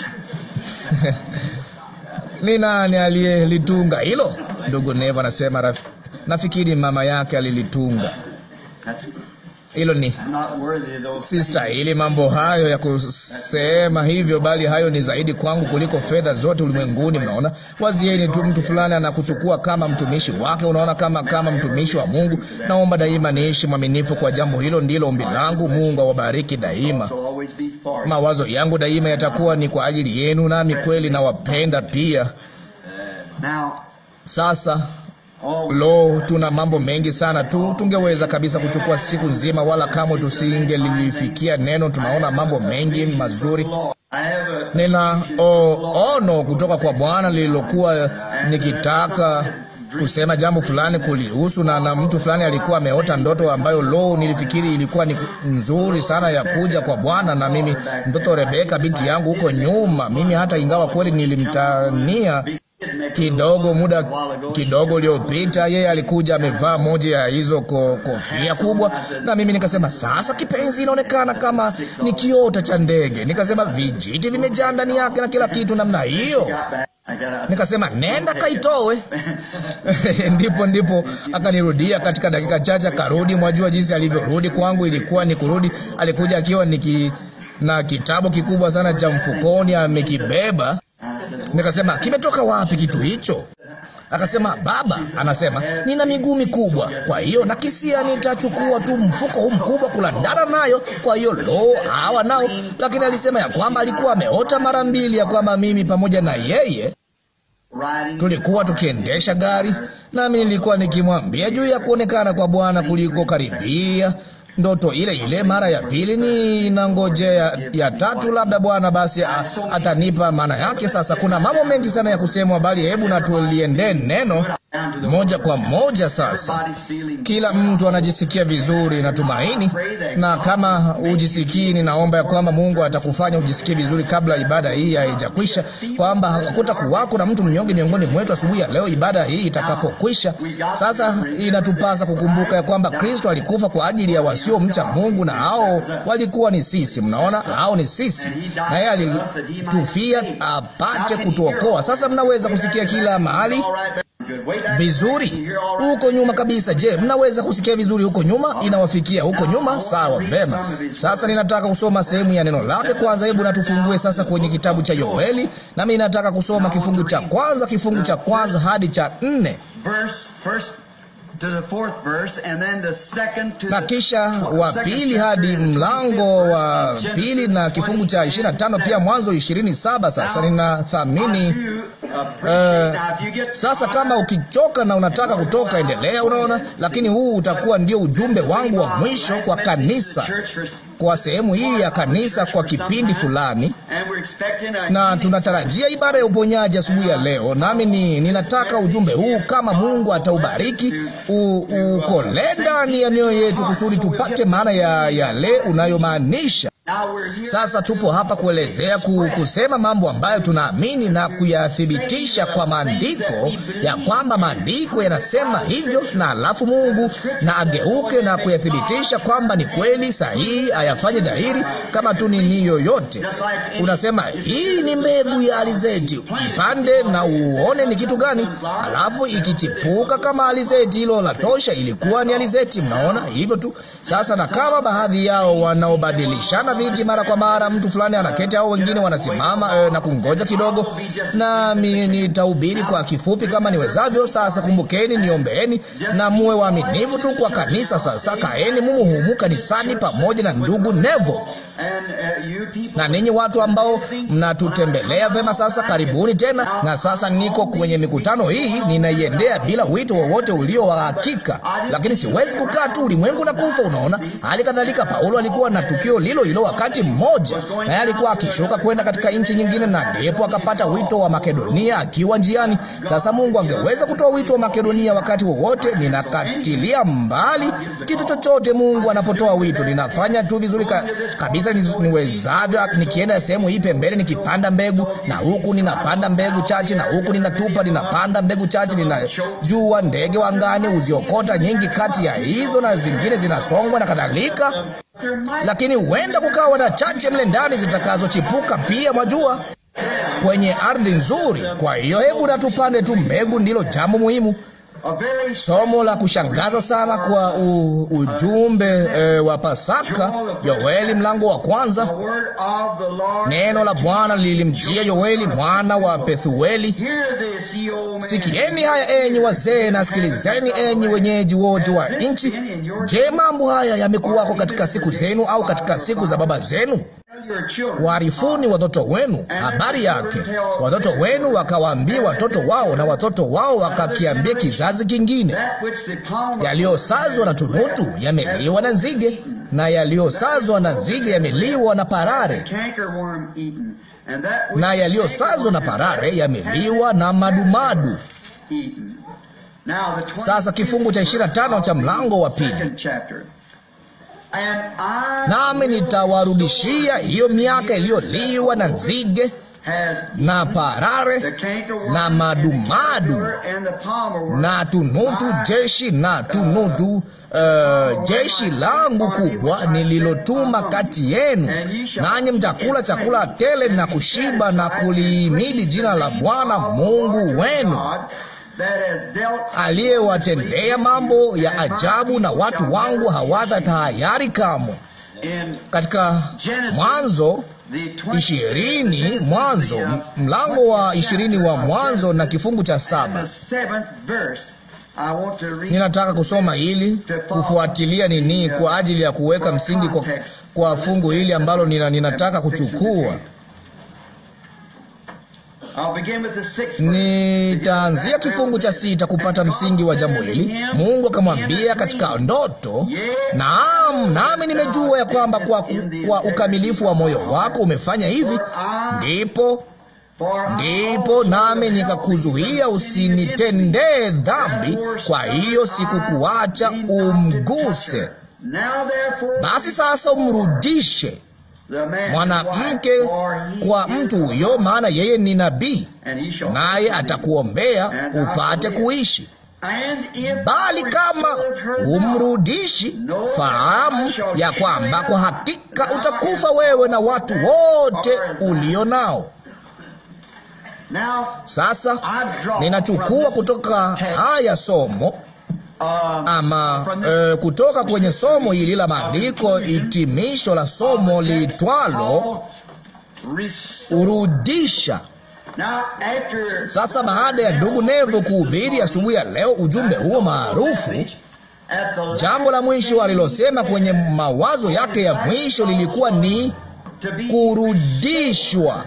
Ni nani aliyelitunga hilo? Ndugu Nevo anasema, nafikiri mama yake alilitunga. Hilo ni sistahili mambo hayo ya kusema hivyo, bali hayo ni zaidi kwangu kuliko fedha zote ulimwenguni. Mnaona, wazieni tu, mtu fulani anakuchukua kama mtumishi wake. Unaona, kama kama mtumishi wa Mungu. Naomba daima niishi mwaminifu kwa jambo hilo, ndilo ombi langu. Mungu awabariki daima. Mawazo yangu daima yatakuwa ni kwa ajili yenu, nami kweli nawapenda pia. Sasa Oh. Lo, tuna mambo mengi sana tu, tungeweza kabisa kuchukua siku nzima, wala kamwe tusingelilifikia neno. Tunaona mambo mengi mazuri. Nina oh, ono oh, kutoka kwa Bwana lililokuwa nikitaka kusema jambo fulani kulihusu na, na mtu fulani alikuwa ameota ndoto ambayo lo, nilifikiri ilikuwa ni nzuri sana ya kuja kwa Bwana. Na mimi mtoto Rebeka, binti yangu huko nyuma, mimi hata ingawa kweli nilimtania kidogo muda kidogo uliopita, yeye alikuja amevaa moja ya hizo ko, kofia kubwa, na mimi nikasema, sasa kipenzi, inaonekana kama ni kiota cha ndege. Nikasema vijiti vimejaa ndani yake na kila kitu namna hiyo. Nikasema nenda kaitoe. Ndipo ndipo akanirudia katika dakika chache, karudi. Mwajua jinsi alivyorudi kwangu, ilikuwa ni kurudi. Alikuja akiwa niki na kitabu kikubwa sana cha mfukoni amekibeba Nikasema, kimetoka wapi kitu hicho? Akasema, baba anasema nina miguu mikubwa, kwa hiyo nakisia nitachukua tu mfuko huu mkubwa kulandana nayo. Kwa hiyo lo, hawa nao. Lakini alisema ya kwamba alikuwa ameota mara mbili ya kwamba mimi pamoja na yeye tulikuwa tukiendesha gari, nami nilikuwa nikimwambia juu ya kuonekana kwa Bwana kuliko karibia ndoto ile ile mara ya pili, ni nangojea ya, ya tatu, labda Bwana basi atanipa maana yake. Sasa kuna mambo mengi sana ya kusemwa, bali hebu na tuliende neno moja kwa moja. Sasa kila mtu anajisikia vizuri, natumaini, na kama ujisikii, ninaomba ya kwamba Mungu atakufanya ujisikie vizuri kabla ibada hii haijakwisha, kwamba kuwako na mtu mnyonge miongoni mwetu asubuhi ya leo ibada hii itakapokwisha. Sasa inatupasa kukumbuka ya kwamba Kristo alikufa kwa ajili ya wasiomcha Mungu, na hao walikuwa ni sisi. Mnaona, hao ni sisi, na yeye alitufia apate kutuokoa. Sasa mnaweza kusikia kila mahali vizuri huko nyuma kabisa. Je, mnaweza kusikia vizuri huko nyuma? Inawafikia huko nyuma? Sawa, vema. Sasa ninataka kusoma sehemu ya neno lake kwanza. Hebu natufungue sasa kwenye kitabu cha Yoeli, nami nataka kusoma kifungu cha kwanza, kifungu cha kwanza hadi cha nne na kisha wa pili hadi mlango wa pili na kifungu cha 25 pia Mwanzo 27. Sasa ninathamini uh, sasa kama ukichoka na unataka kutoka, endelea, unaona, lakini huu utakuwa ndio ujumbe wangu wa mwisho kwa kanisa kwa sehemu hii ya kanisa kwa kipindi fulani, na tunatarajia ibada ya uponyaji asubuhi ya leo. Nami ni ninataka ujumbe huu, kama Mungu ataubariki, ukolee ndani ya mioyo yetu kusudi tupate maana ya yale unayomaanisha. Sasa tupo hapa kuelezea kusema mambo ambayo tunaamini na kuyathibitisha kwa maandiko ya kwamba maandiko yanasema hivyo, na alafu Mungu na ageuke na kuyathibitisha kwamba ni kweli sahihi, ayafanye dhahiri kama tu nini yoyote. Unasema hii ni mbegu ya alizeti, ipande na uone ni kitu gani, alafu ikichipuka kama alizeti, hilo la tosha, ilikuwa ni alizeti. Mnaona hivyo tu. Sasa na kama baadhi yao wanaobadilishana viti mara kwa mara, mtu fulani anaketi au wengine wanasimama e, na kungoja kidogo, nami nitahubiri kwa kifupi kama niwezavyo. Sasa kumbukeni, niombeeni na muwe waaminifu tu kwa kanisa. Sasa kaeni mumu humu kanisani pamoja na ndugu Nevo na ninyi watu ambao mnatutembelea vema. Sasa karibuni tena. Na sasa niko kwenye mikutano hii, ninaiendea bila wito wowote ulio wa hakika, lakini siwezi kukaa tu ulimwengu na kufa. Unaona, hali kadhalika Paulo alikuwa na tukio lilo hilo wakati mmoja, naye alikuwa akishuka kwenda katika nchi nyingine, na ndipo akapata wito wa Makedonia akiwa njiani. Sasa Mungu angeweza kutoa wito wa Makedonia wakati wowote. Ninakatilia mbali kitu chochote. Mungu anapotoa wito, ninafanya tu vizuri ka, kabisa niwezavyo, nikienda sehemu hii pembeni, nikipanda mbegu na huku ninapanda mbegu chache, na huku ninatupa, ninapanda mbegu chache, ninajua ndege wangani uziokota nyingi kati ya hizo na zingine zinasongwa na kadhalika lakini huenda kukawa na chache mle ndani zitakazochipuka pia, mwajua, kwenye ardhi nzuri. Kwa hiyo hebu na tupande tu mbegu, ndilo jambo muhimu. Somo la kushangaza sana kwa u, ujumbe e, wa Pasaka. Yoeli mlango wa kwanza. Neno la Bwana lilimjia Yoeli mwana wa Pethueli. Sikieni haya enyi wazee, na sikilizeni enyi wenyeji wote wa nchi. Je, mambo haya yamekuwako katika siku zenu au katika siku za baba zenu? waarifuni watoto wenu habari yake, watoto wenu wakawaambia watoto wao, na watoto wao wakakiambia kizazi kingine. Yaliyosazwa na tunutu yameliwa na nzige, na yaliyosazwa na nzige yameliwa na parare na yaliyosazwa na parare yameliwa na madumadu. Sasa kifungu cha 25 cha mlango wa pili nami nitawarudishia hiyo miaka iliyoliwa na nzige na parare na madumadu na tunutu jeshi na tunutu uh, jeshi langu kubwa nililotuma kati yenu, nanyi mtakula chakula tele na kushiba na kulihimidi jina la Bwana Mungu wenu aliyewatendea mambo ya ajabu, na watu wangu tayari kamwe. Katika Mwanzo ishirini, Mwanzo mlango wa ishirini wa Mwanzo na kifungu cha saba ninataka kusoma hili kufuatilia nini, kwa ajili ya kuweka msingi kwa, kwa fungu hili ambalo nina, ninataka kuchukua Nitaanzia kifungu cha sita kupata msingi wa jambo hili. Mungu akamwambia katika ndoto, naam, nami nimejua ya kwamba kwa, kwa ukamilifu wa moyo wako umefanya hivi, ndipo ndipo nami nikakuzuia usinitendee dhambi, kwa hiyo sikukuacha umguse. Basi sasa umrudishe mwanamke kwa mtu huyo, maana yeye ni nabii, naye atakuombea upate kuishi. Bali kama humrudishi, fahamu ya kwamba kwa hakika utakufa wewe na watu wote ulio nao. Sasa ninachukua kutoka haya somo Ah, ama uh, kutoka kwenye somo hili la maandiko, hitimisho la somo litwalo urudisha. Sasa baada ya ndugu Nevo kuhubiri asubuhi ya leo ujumbe huo maarufu, jambo la mwisho alilosema kwenye mawazo yake ya mwisho lilikuwa ni kurudishwa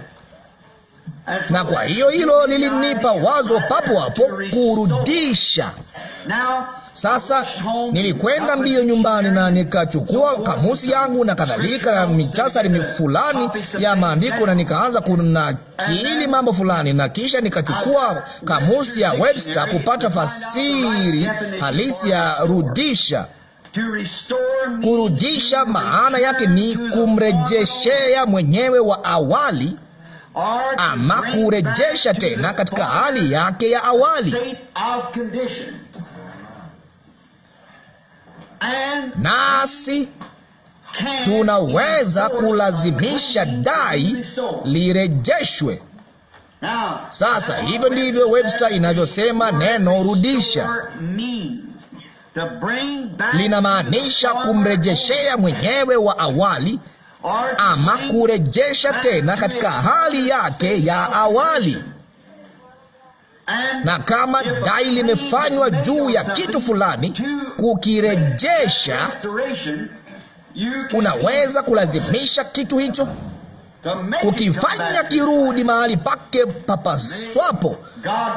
na kwa hiyo hilo lilinipa wazo papo hapo kurudisha. Sasa nilikwenda mbio nyumbani na nikachukua kamusi yangu na kadhalika na mitasari fulani ya maandiko na nikaanza kunakili mambo fulani, na kisha nikachukua kamusi ya Webster kupata fasiri halisi ya rudisha. Kurudisha maana yake ni kumrejeshea mwenyewe wa awali ama kurejesha tena katika hali yake ya awali nasi tunaweza kulazimisha dai lirejeshwe. Sasa hivyo ndivyo Webster inavyosema, neno rudisha linamaanisha kumrejeshea mwenyewe wa awali ama kurejesha tena katika hali yake ya awali. Na kama dai limefanywa juu ya kitu fulani, kukirejesha, unaweza kulazimisha kitu hicho kukifanya kirudi mahali pake papaswapo.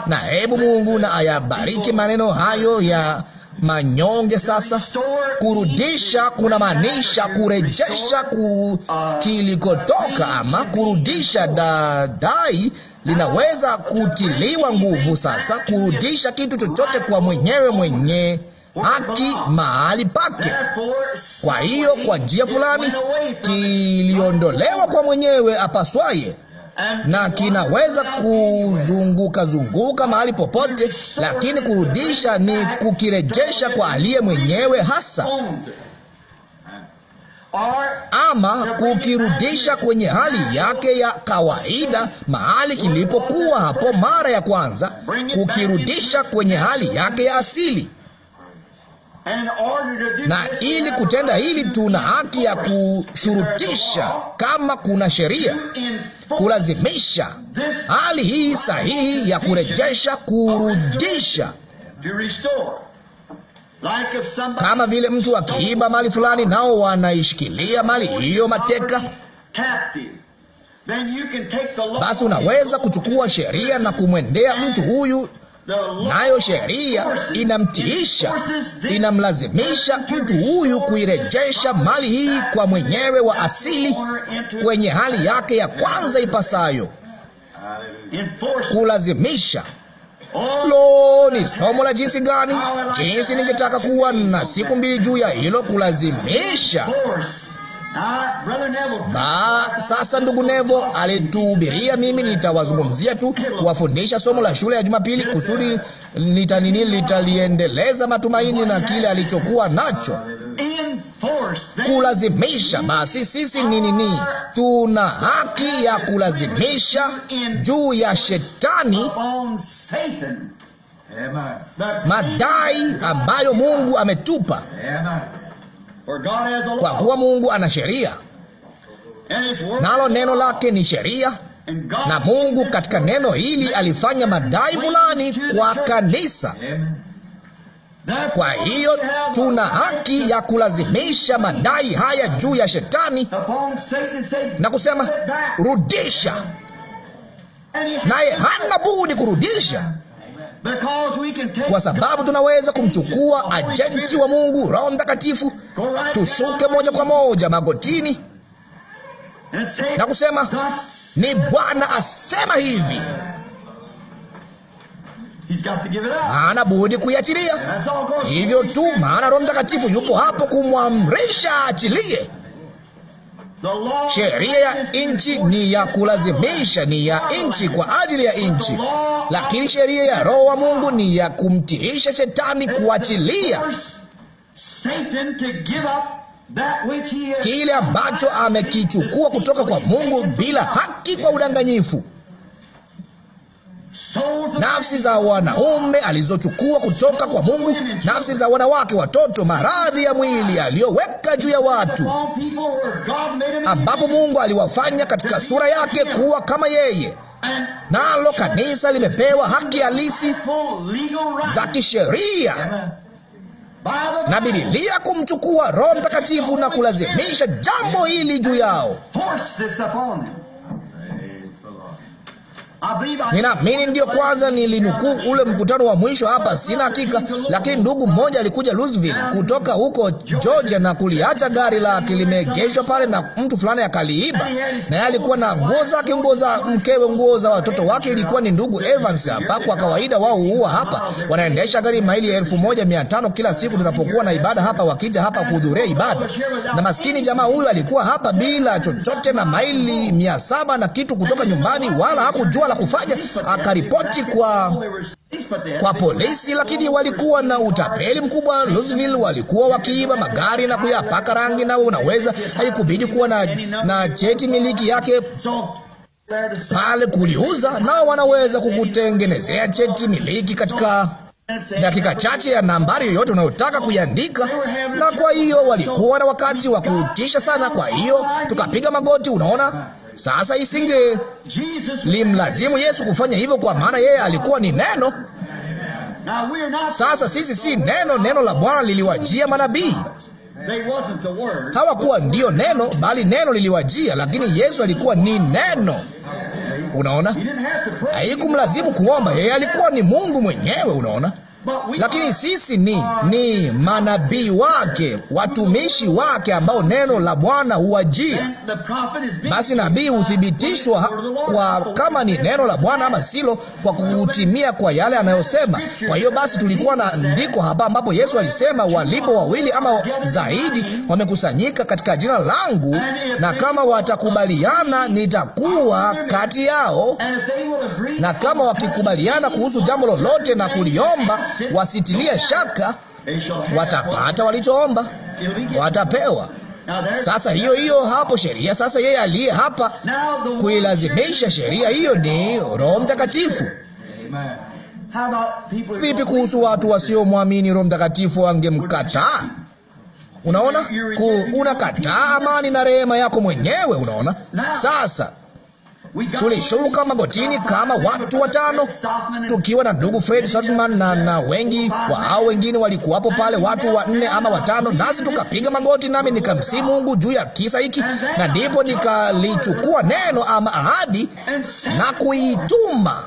Na hebu Mungu na ayabariki maneno hayo ya manyonge. Sasa kurudisha kuna maanisha kurejesha ku, kilikotoka ama kurudisha. Dadai linaweza kutiliwa nguvu. Sasa kurudisha kitu chochote kwa mwenyewe mwenye haki mahali pake. Kwa hiyo kwa njia fulani kiliondolewa kwa mwenyewe apaswaye na kinaweza kuzunguka zunguka mahali popote, lakini kurudisha ni kukirejesha kwa aliye mwenyewe hasa ama kukirudisha kwenye hali yake ya kawaida, mahali kilipokuwa hapo mara ya kwanza, kukirudisha kwenye hali yake ya asili na ili kutenda hili tuna haki ya kushurutisha, kama kuna sheria, kulazimisha hali hii sahihi ya kurejesha, kurudisha kama vile mtu akiiba mali fulani, nao wanaishikilia mali hiyo mateka, basi unaweza kuchukua sheria na kumwendea mtu huyu nayo sheria inamtiisha, inamlazimisha mtu huyu kuirejesha mali hii kwa mwenyewe wa asili kwenye hali yake ya kwanza ipasayo. Kulazimisha. Lo, ni somo la jinsi gani! Jinsi ningetaka kuwa na siku mbili juu ya hilo kulazimisha. Ba, sasa ndugu Nevo alituhubiria, mimi nitawazungumzia tu, kuwafundisha somo la shule ya Jumapili kusudi nitanini litaliendeleza matumaini na kile alichokuwa nacho kulazimisha. Basi sisi ni nini? Tuna haki ya kulazimisha juu ya shetani madai ambayo Mungu ametupa kwa kuwa Mungu ana sheria, nalo neno lake ni sheria. Na Mungu katika neno hili alifanya madai fulani kwa kanisa. Kwa hiyo tuna haki ya kulazimisha madai haya juu ya shetani na kusema rudisha, naye hana budi kurudisha kwa sababu tunaweza kumchukua ajenti wa Mungu, Roho Mtakatifu, tushuke moja kwa moja magotini na kusema ni Bwana asema hivi. ana budi kuiachilia hivyo tu, maana Roho Mtakatifu yupo hapo kumwamrisha achilie. Sheria ya nchi ni ya kulazimisha, ni ya nchi kwa ajili ya nchi, lakini sheria ya Roho wa Mungu ni ya kumtiisha shetani kuachilia kile ambacho amekichukua kutoka kwa Mungu bila haki, kwa udanganyifu nafsi za wanaume alizochukua kutoka kwa Mungu, nafsi za wanawake, watoto, maradhi ya mwili aliyoweka juu ya watu, ambapo Mungu aliwafanya katika sura yake kuwa kama yeye. Nalo kanisa limepewa haki halisi za kisheria na Bibilia kumchukua Roho Mtakatifu na kulazimisha jambo hili juu yao. Ninaamini ndiyo kwanza nilinukuu ule mkutano wa mwisho hapa, sina hakika, lakini ndugu mmoja alikuja Louisville kutoka huko Georgia na kuliacha gari lake limeegeshwa pale na mtu fulani akaliiba, naye alikuwa na nguo zake, nguo za mkewe, nguo za watoto wake. Ilikuwa ni ndugu Evans hapa. Kwa kawaida wao huwa hapa, wanaendesha gari maili elfu moja mia tano kila siku tunapokuwa na ibada hapa, wakija hapa kuhudhuria ibada. Na maskini jamaa huyu alikuwa hapa bila chochote na maili mia saba na kitu kutoka nyumbani, wala hakujua la kufanya, akaripoti kwa kwa polisi, lakini walikuwa na utapeli mkubwa. Louisville walikuwa wakiiba magari na kuyapaka rangi, na unaweza haikubidi kuwa na, na cheti miliki yake pale kuliuza, nao wanaweza kukutengenezea cheti miliki katika dakika chache ya nambari yoyote unayotaka kuiandika. Na kwa hiyo walikuwa na wakati wa kutisha sana. Kwa hiyo tukapiga magoti, unaona sasa isinge limlazimu Yesu kufanya hivyo, kwa maana yeye alikuwa ni neno. Sasa sisi si neno. Neno la Bwana liliwajia manabii, hawakuwa ndiyo neno, bali neno liliwajia, lakini Yesu alikuwa ni neno. Unaona, haikumlazimu kuomba, yeye alikuwa ni Mungu mwenyewe. Unaona lakini sisi ni ni manabii wake, watumishi wake, ambao neno la Bwana huwajia. Basi nabii huthibitishwa kwa kama ni neno la Bwana ama silo, kwa kutimia kwa yale anayosema. Kwa hiyo basi, tulikuwa na ndiko hapa ambapo Yesu alisema, walipo wawili ama zaidi wamekusanyika katika jina langu, na kama watakubaliana nitakuwa kati yao, na kama wakikubaliana kuhusu jambo lolote na kuliomba wasitilie shaka, watapata walichoomba, watapewa. Sasa hiyo hiyo hapo sheria. Sasa yeye aliye hapa kuilazimisha sheria hiyo ni Roho Mtakatifu. Vipi kuhusu watu wasiomwamini Roho Mtakatifu? Wangemkataa. Unaona, unakataa amani na rehema yako mwenyewe. Unaona sasa Tulishuka magotini kama watu watano, tukiwa na ndugu Fred Sotman na, na wengi wa hao wengine walikuwapo pale, watu wanne ama watano, nasi tukapiga magoti, nami nikamsi Mungu juu ya kisa hiki, na ndipo nikalichukua neno ama ahadi na kuituma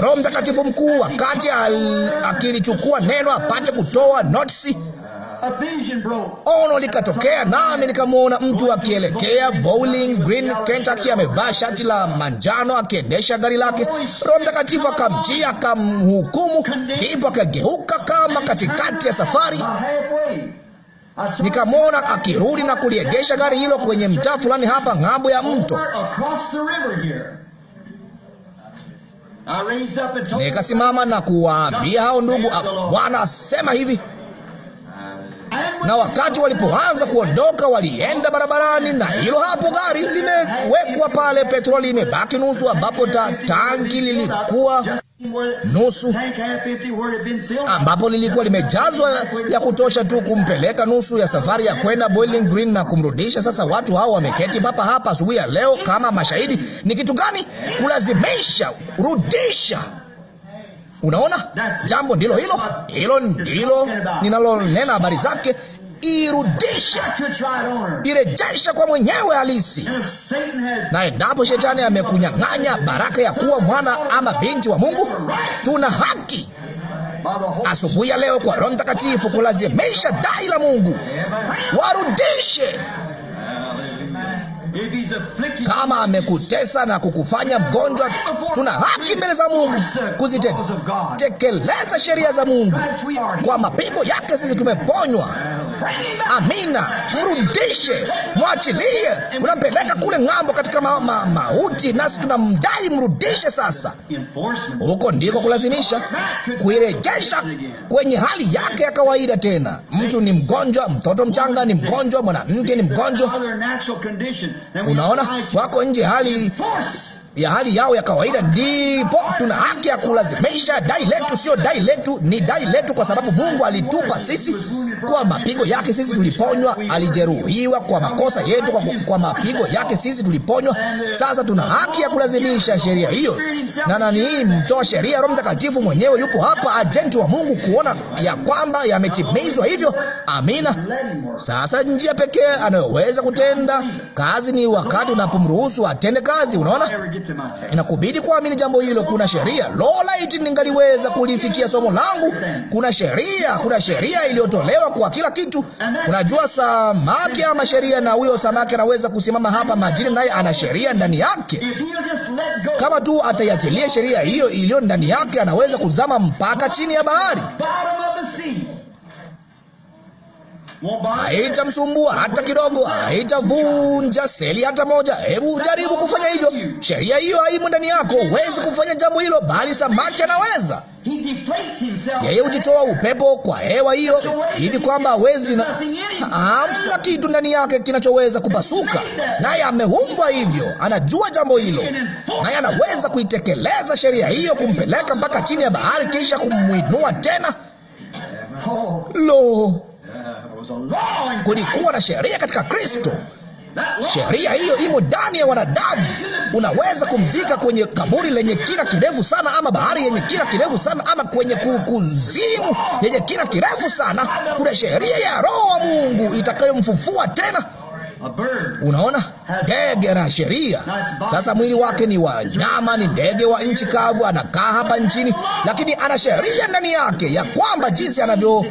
Roho Mtakatifu mkuu wakati akilichukua neno apate kutoa notisi ono likatokea, nami nikamwona mtu akielekea Bowling Green, Kentucky, amevaa shati la manjano akiendesha gari lake. Roho Mtakatifu akamjia akamhukumu, ndipo akageuka kama katikati ya safari nikamwona akirudi na kuliegesha gari hilo kwenye mtaa fulani hapa ng'ambo ya mto. Nikasimama na kuwaambia hao ndugu, Bwana asema hivi na wakati walipoanza kuondoka, walienda barabarani, na hilo hapo gari limewekwa pale, petroli imebaki nusu, ambapo ta tanki lilikuwa nusu, ambapo lilikuwa limejazwa ya kutosha tu kumpeleka nusu ya safari ya kwenda Bowling Green na kumrudisha. Sasa watu hao wameketi papa hapa asubuhi ya leo kama mashahidi. Ni kitu gani? Kulazimisha, rudisha Unaona, jambo ndilo hilo hilo ndilo ninalonena habari zake. Irudisha, irejesha kwa mwenyewe halisi. Na endapo shetani amekunyang'anya baraka ya kuwa mwana ama binti wa Mungu, tuna haki asubuhi ya leo kwa Roho Mtakatifu kulazimisha dai la Mungu. Warudishe. Kama amekutesa na kukufanya mgonjwa, tuna haki mbele za Mungu kuzitekeleza sheria za Mungu. Kwa mapigo yake sisi tumeponywa. Amina. Mrudishe, mwachilie. Unampeleka kule ng'ambo katika ma ma mauti, nasi tunamdai mrudishe. Sasa huko ndiko kulazimisha, kuirejesha kwenye hali yake ya kawaida tena. Mtu ni mgonjwa, mtoto mchanga ni mgonjwa, mwanamke ni mgonjwa, Unaona, wako nje hali ya hali yao ya kawaida, ndipo tuna haki ya kulazimisha dai letu. Sio dai letu, ni dai letu, kwa sababu Mungu alitupa sisi kwa mapigo yake sisi tuliponywa, alijeruhiwa kwa makosa yetu, kwa, kwa mapigo yake sisi tuliponywa. Sasa tuna haki ya kulazimisha sheria hiyo, na nani mtoa sheria? Roho Mtakatifu mwenyewe yupo hapa, ajenti wa Mungu, kuona ya kwamba yametimizwa hivyo. Amina. Sasa njia pekee anayoweza kutenda kazi ni wakati unapomruhusu atende kazi. Unaona, inakubidi kuamini jambo hilo. Kuna sheria. lola iti ningaliweza kulifikia somo langu. Kuna sheria, kuna sheria iliyotolewa kwa kila kitu. Unajua samaki ama sheria, na huyo samaki anaweza kusimama hapa majini, naye ana sheria ndani yake. Kama tu ataiachilia sheria hiyo iliyo ndani yake, anaweza kuzama mpaka chini ya bahari haitamsumbua hata kidogo, haitavunja seli hata moja. Hebu jaribu kufanya hivyo. Sheria hiyo haimo ndani yako, huwezi kufanya jambo hilo, bali samaki anaweza. Yeye hujitoa upepo kwa hewa hiyo hivi kwamba hawezi na hamna kitu ndani yake kinachoweza kupasuka, naye ameumbwa hivyo, anajua jambo hilo, naye anaweza kuitekeleza sheria hiyo, kumpeleka mpaka chini ya bahari, kisha kumwinua tena. Oh. Lo, Kulikuwa na sheria katika Kristo. Sheria hiyo imo ndani ya wanadamu. Unaweza kumzika kwenye kaburi lenye kina kirefu sana, ama bahari yenye kina kirefu sana, ama kwenye kuzimu yenye kina kirefu sana. Kuna sheria ya Roho wa Mungu itakayomfufua tena. Unaona, ndege ana sheria. Sasa mwili wake ni wa nyama, ni ndege wa nchi kavu, anakaa hapa nchini, lakini ana sheria ndani yake ya kwamba jinsi anavyo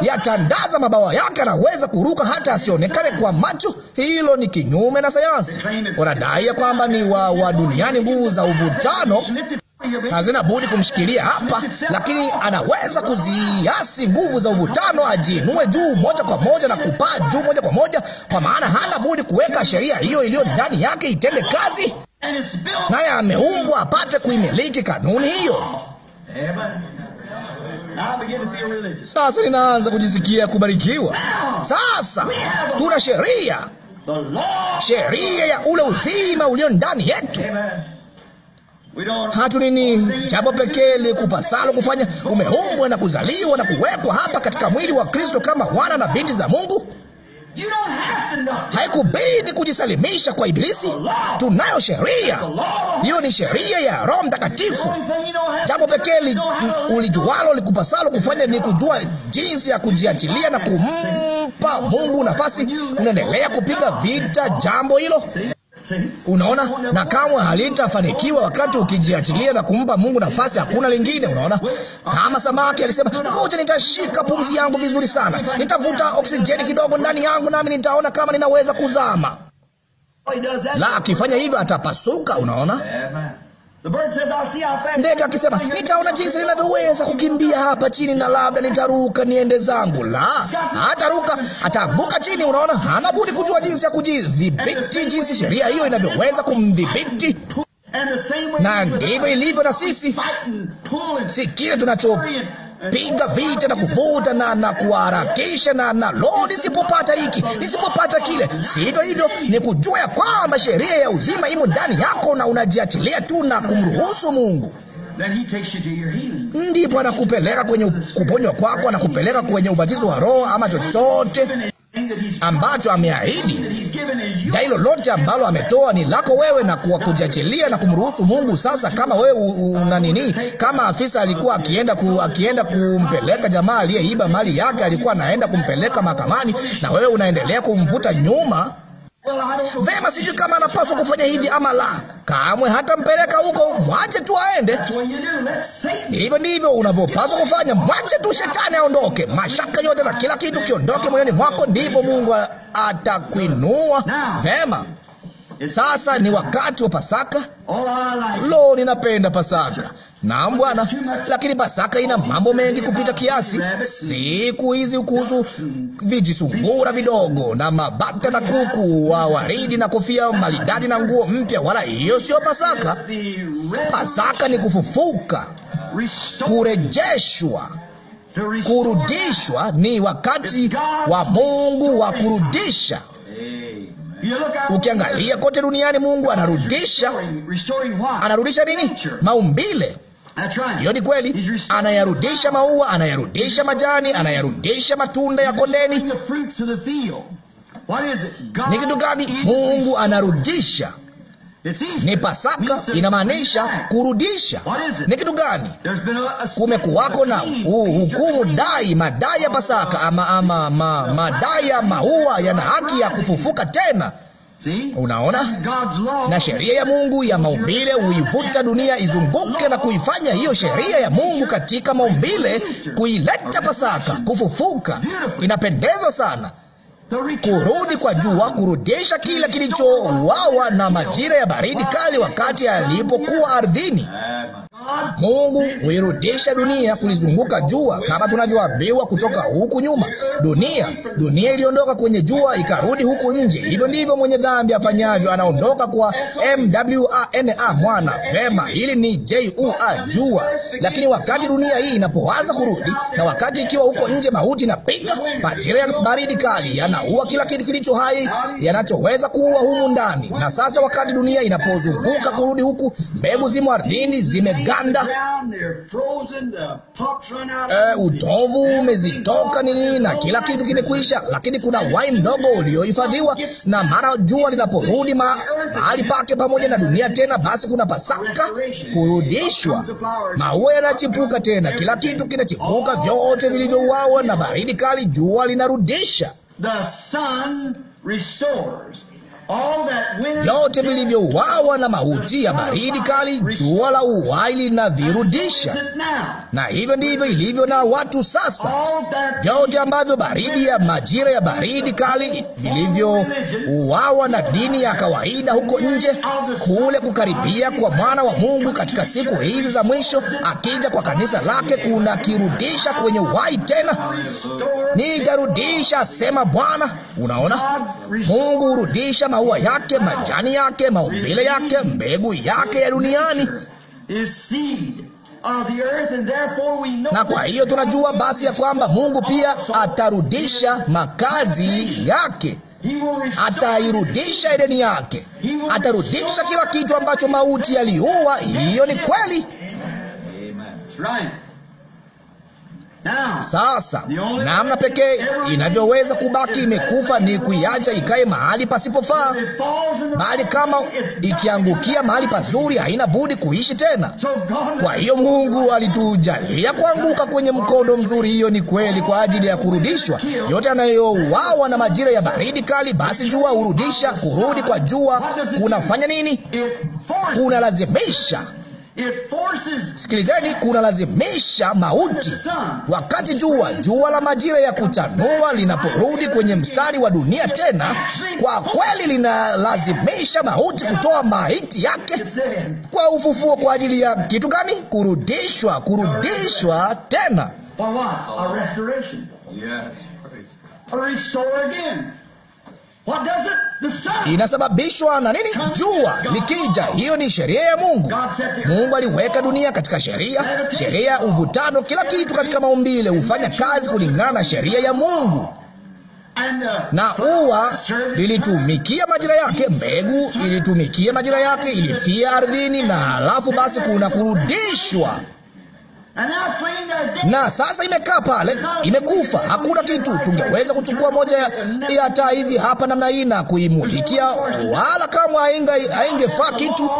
yatandaza mabawa yake, anaweza kuruka hata asionekane kwa macho. Hilo ni kinyume na sayansi. Wanadai ya kwamba ni wa, wa duniani nguvu za uvutano hazina budi kumshikilia hapa, lakini anaweza kuziasi nguvu za uvutano, ajiinue juu moja kwa moja na kupaa juu moja kwa moja, kwa maana hana budi kuweka sheria hiyo iliyo ndani yake itende kazi, naye ameumbwa apate kuimiliki kanuni hiyo. Sasa ninaanza kujisikia kubarikiwa. Sasa tuna sheria, sheria ya ule uzima ulio ndani yetu. Amen nini jambo pekee likupasalo kufanya. Umeumbwa na kuzaliwa na kuwekwa hapa katika mwili wa Kristo kama wana na binti za Mungu. Haikubidi kujisalimisha kwa Ibilisi. Tunayo sheria, hiyo ni sheria ya Roho Mtakatifu. Jambo pekee li, ulijualo likupasalo kufanya ni kujua jinsi ya kujiachilia na kumpa Mungu nafasi. Unaendelea kupiga vita jambo hilo. Unaona, na kamwe halitafanikiwa wakati ukijiachilia na kumpa Mungu nafasi. Hakuna lingine. Unaona, kama samaki alisema, ngoja nitashika pumzi yangu vizuri sana, nitavuta oksijeni kidogo ndani yangu, nami nitaona kama ninaweza kuzama. La, akifanya hivyo atapasuka. Unaona. Ndege akisema nitaona jinsi ninavyoweza kukimbia hapa chini, na labda nitaruka niende zangu. La, hataruka, ataanguka chini. Unaona, hana budi kujua jinsi ya kujidhibiti, jinsi sheria hiyo inavyoweza kumdhibiti na ndivyo ilivyo na sisi, si kile tunacho kupiga vita na kuvuta na, na kuharakisha na, na lo, nisipopata hiki nisipopata kile. Sivyo hivyo, ni kujua ya kwamba sheria ya uzima imo ndani yako na unajiachilia tu na kumruhusu Mungu ndipo anakupeleka kwenye kuponywa kwako, anakupeleka kwenye ubatizo wa Roho ama chochote ambacho ameahidi. hilo lolote ambalo ametoa ni lako wewe, na kuwa kujachilia na kumruhusu Mungu. Sasa kama wewe una nini, kama afisa alikuwa akienda ku, akienda kumpeleka jamaa aliyeiba mali yake, alikuwa anaenda kumpeleka mahakamani, na wewe unaendelea kumvuta nyuma Vema, sijui kama anapaswa kufanya hivi ama la. Kamwe hatampeleka huko, mwache tu aende. Hivyo ndivyo unavyopaswa kufanya, mwache tu shetani aondoke, mashaka yote na kila kitu kiondoke moyoni mwako, ndipo Mungu atakuinua. Vema. E, sasa ni wakati wa Pasaka. Lo, ninapenda Pasaka. Naam Bwana, lakini Pasaka ina mambo mengi kupita kiasi. Siku hizi kuhusu vijisungura vidogo na mabata na kuku wa waridi na kofia maridadi na nguo mpya, wala hiyo sio Pasaka. Pasaka ni kufufuka, kurejeshwa, kurudishwa. Ni wakati wa Mungu wa kurudisha. Ukiangalia kote duniani, Mungu anarudisha, anarudisha nini? Maumbile. Hiyo ni kweli, anayarudisha maua, anayarudisha majani, anayarudisha matunda ya kondeni. Ni kitu gani Mungu anarudisha? Ni Pasaka inamaanisha kurudisha. Ni kitu gani? Kumekuwako na hukumu dai, madai ya Pasaka ama, ama ma, madai ya maua yana haki ya kufufuka tena. Unaona, na sheria ya Mungu ya maumbile huivuta dunia izunguke na kuifanya hiyo sheria ya Mungu katika maumbile, kuileta Pasaka, kufufuka. Inapendeza sana kurudi kwa jua, kurudisha kila kilichouawa na majira ya baridi kali wakati alipokuwa ardhini. Mungu huirudisha dunia kulizunguka jua, kama tunavyoambiwa kutoka huku nyuma. Dunia, dunia iliondoka kwenye jua ikarudi huku nje. Hivyo ndivyo mwenye dhambi afanyavyo, anaondoka kwa MWANA, mwana. Vema, hili ni JUA, jua. Lakini wakati dunia hii inapoanza kurudi, na wakati ikiwa huko nje, mauti inapiga, majira ya baridi kali yanaua kila kitu kilicho hai yanachoweza kuua humu ndani. Na sasa wakati dunia inapozunguka kurudi huku, mbegu zimo ardhini, zime maganda uh, eh, utovu umezitoka nini na kila kitu kimekwisha, lakini kuna wai mdogo uliohifadhiwa, na mara jua linaporudi mahali pake pamoja na dunia tena, basi kuna Pasaka, kurudishwa. Maua yanachipuka tena, kila kitu kinachipuka, vyote vilivyouawa na baridi kali, jua linarudisha. The sun restores vyote vilivyouawa na mauti ya baridi kali, jua la uhai linavirudisha. Na hivyo ndivyo ilivyo na watu sasa. Vyote ambavyo baridi ya majira ya baridi kali vilivyouawa na dini ya kawaida huko nje, kule kukaribia kwa mwana wa Mungu katika siku hizi za mwisho, akija kwa kanisa lake, kuna kirudisha kwenye uhai tena. Nitarudisha, asema Bwana. Unaona, Mungu hurudisha maua yake, majani yake, maumbile yake, mbegu yake ya duniani na kwa hiyo tunajua basi ya kwamba Mungu pia atarudisha makazi yake, atairudisha Edeni yake, atarudisha kila kitu ambacho mauti yaliua. Hiyo ni kweli. Amen. Sasa namna pekee inavyoweza kubaki imekufa ni kuiacha ikae mahali pasipofaa, bali kama ikiangukia mahali pazuri haina budi kuishi tena. Kwa hiyo Mungu alitujalia kuanguka kwenye mkondo mzuri, hiyo ni kweli, kwa ajili ya kurudishwa. Yote anayowawa na majira ya baridi kali, basi jua hurudisha. Kurudi kwa jua kunafanya nini? Kunalazimisha Sikilizeni, kunalazimisha mauti. Wakati jua jua la majira ya kuchanua linaporudi kwenye mstari wa dunia tena, kwa kweli linalazimisha mauti kutoa maiti yake kwa ufufuo. Kwa ajili ya kitu gani? Kurudishwa, kurudishwa tena inasababishwa na nini? Jua likija, hiyo ni sheria ya Mungu. Mungu aliweka dunia katika sheria, sheria, uvutano, kila kitu katika maumbile hufanya kazi kulingana na sheria ya Mungu uh, na ua lilitumikia majira yake, mbegu ilitumikia majira yake, ilifia ardhini, na halafu basi kuna kurudishwa na sasa imekaa pale, imekufa, hakuna kitu. Tungeweza kuchukua moja ya, taa hizi hapa namna hii na kuimulikia, wala kama haingefaa kitu.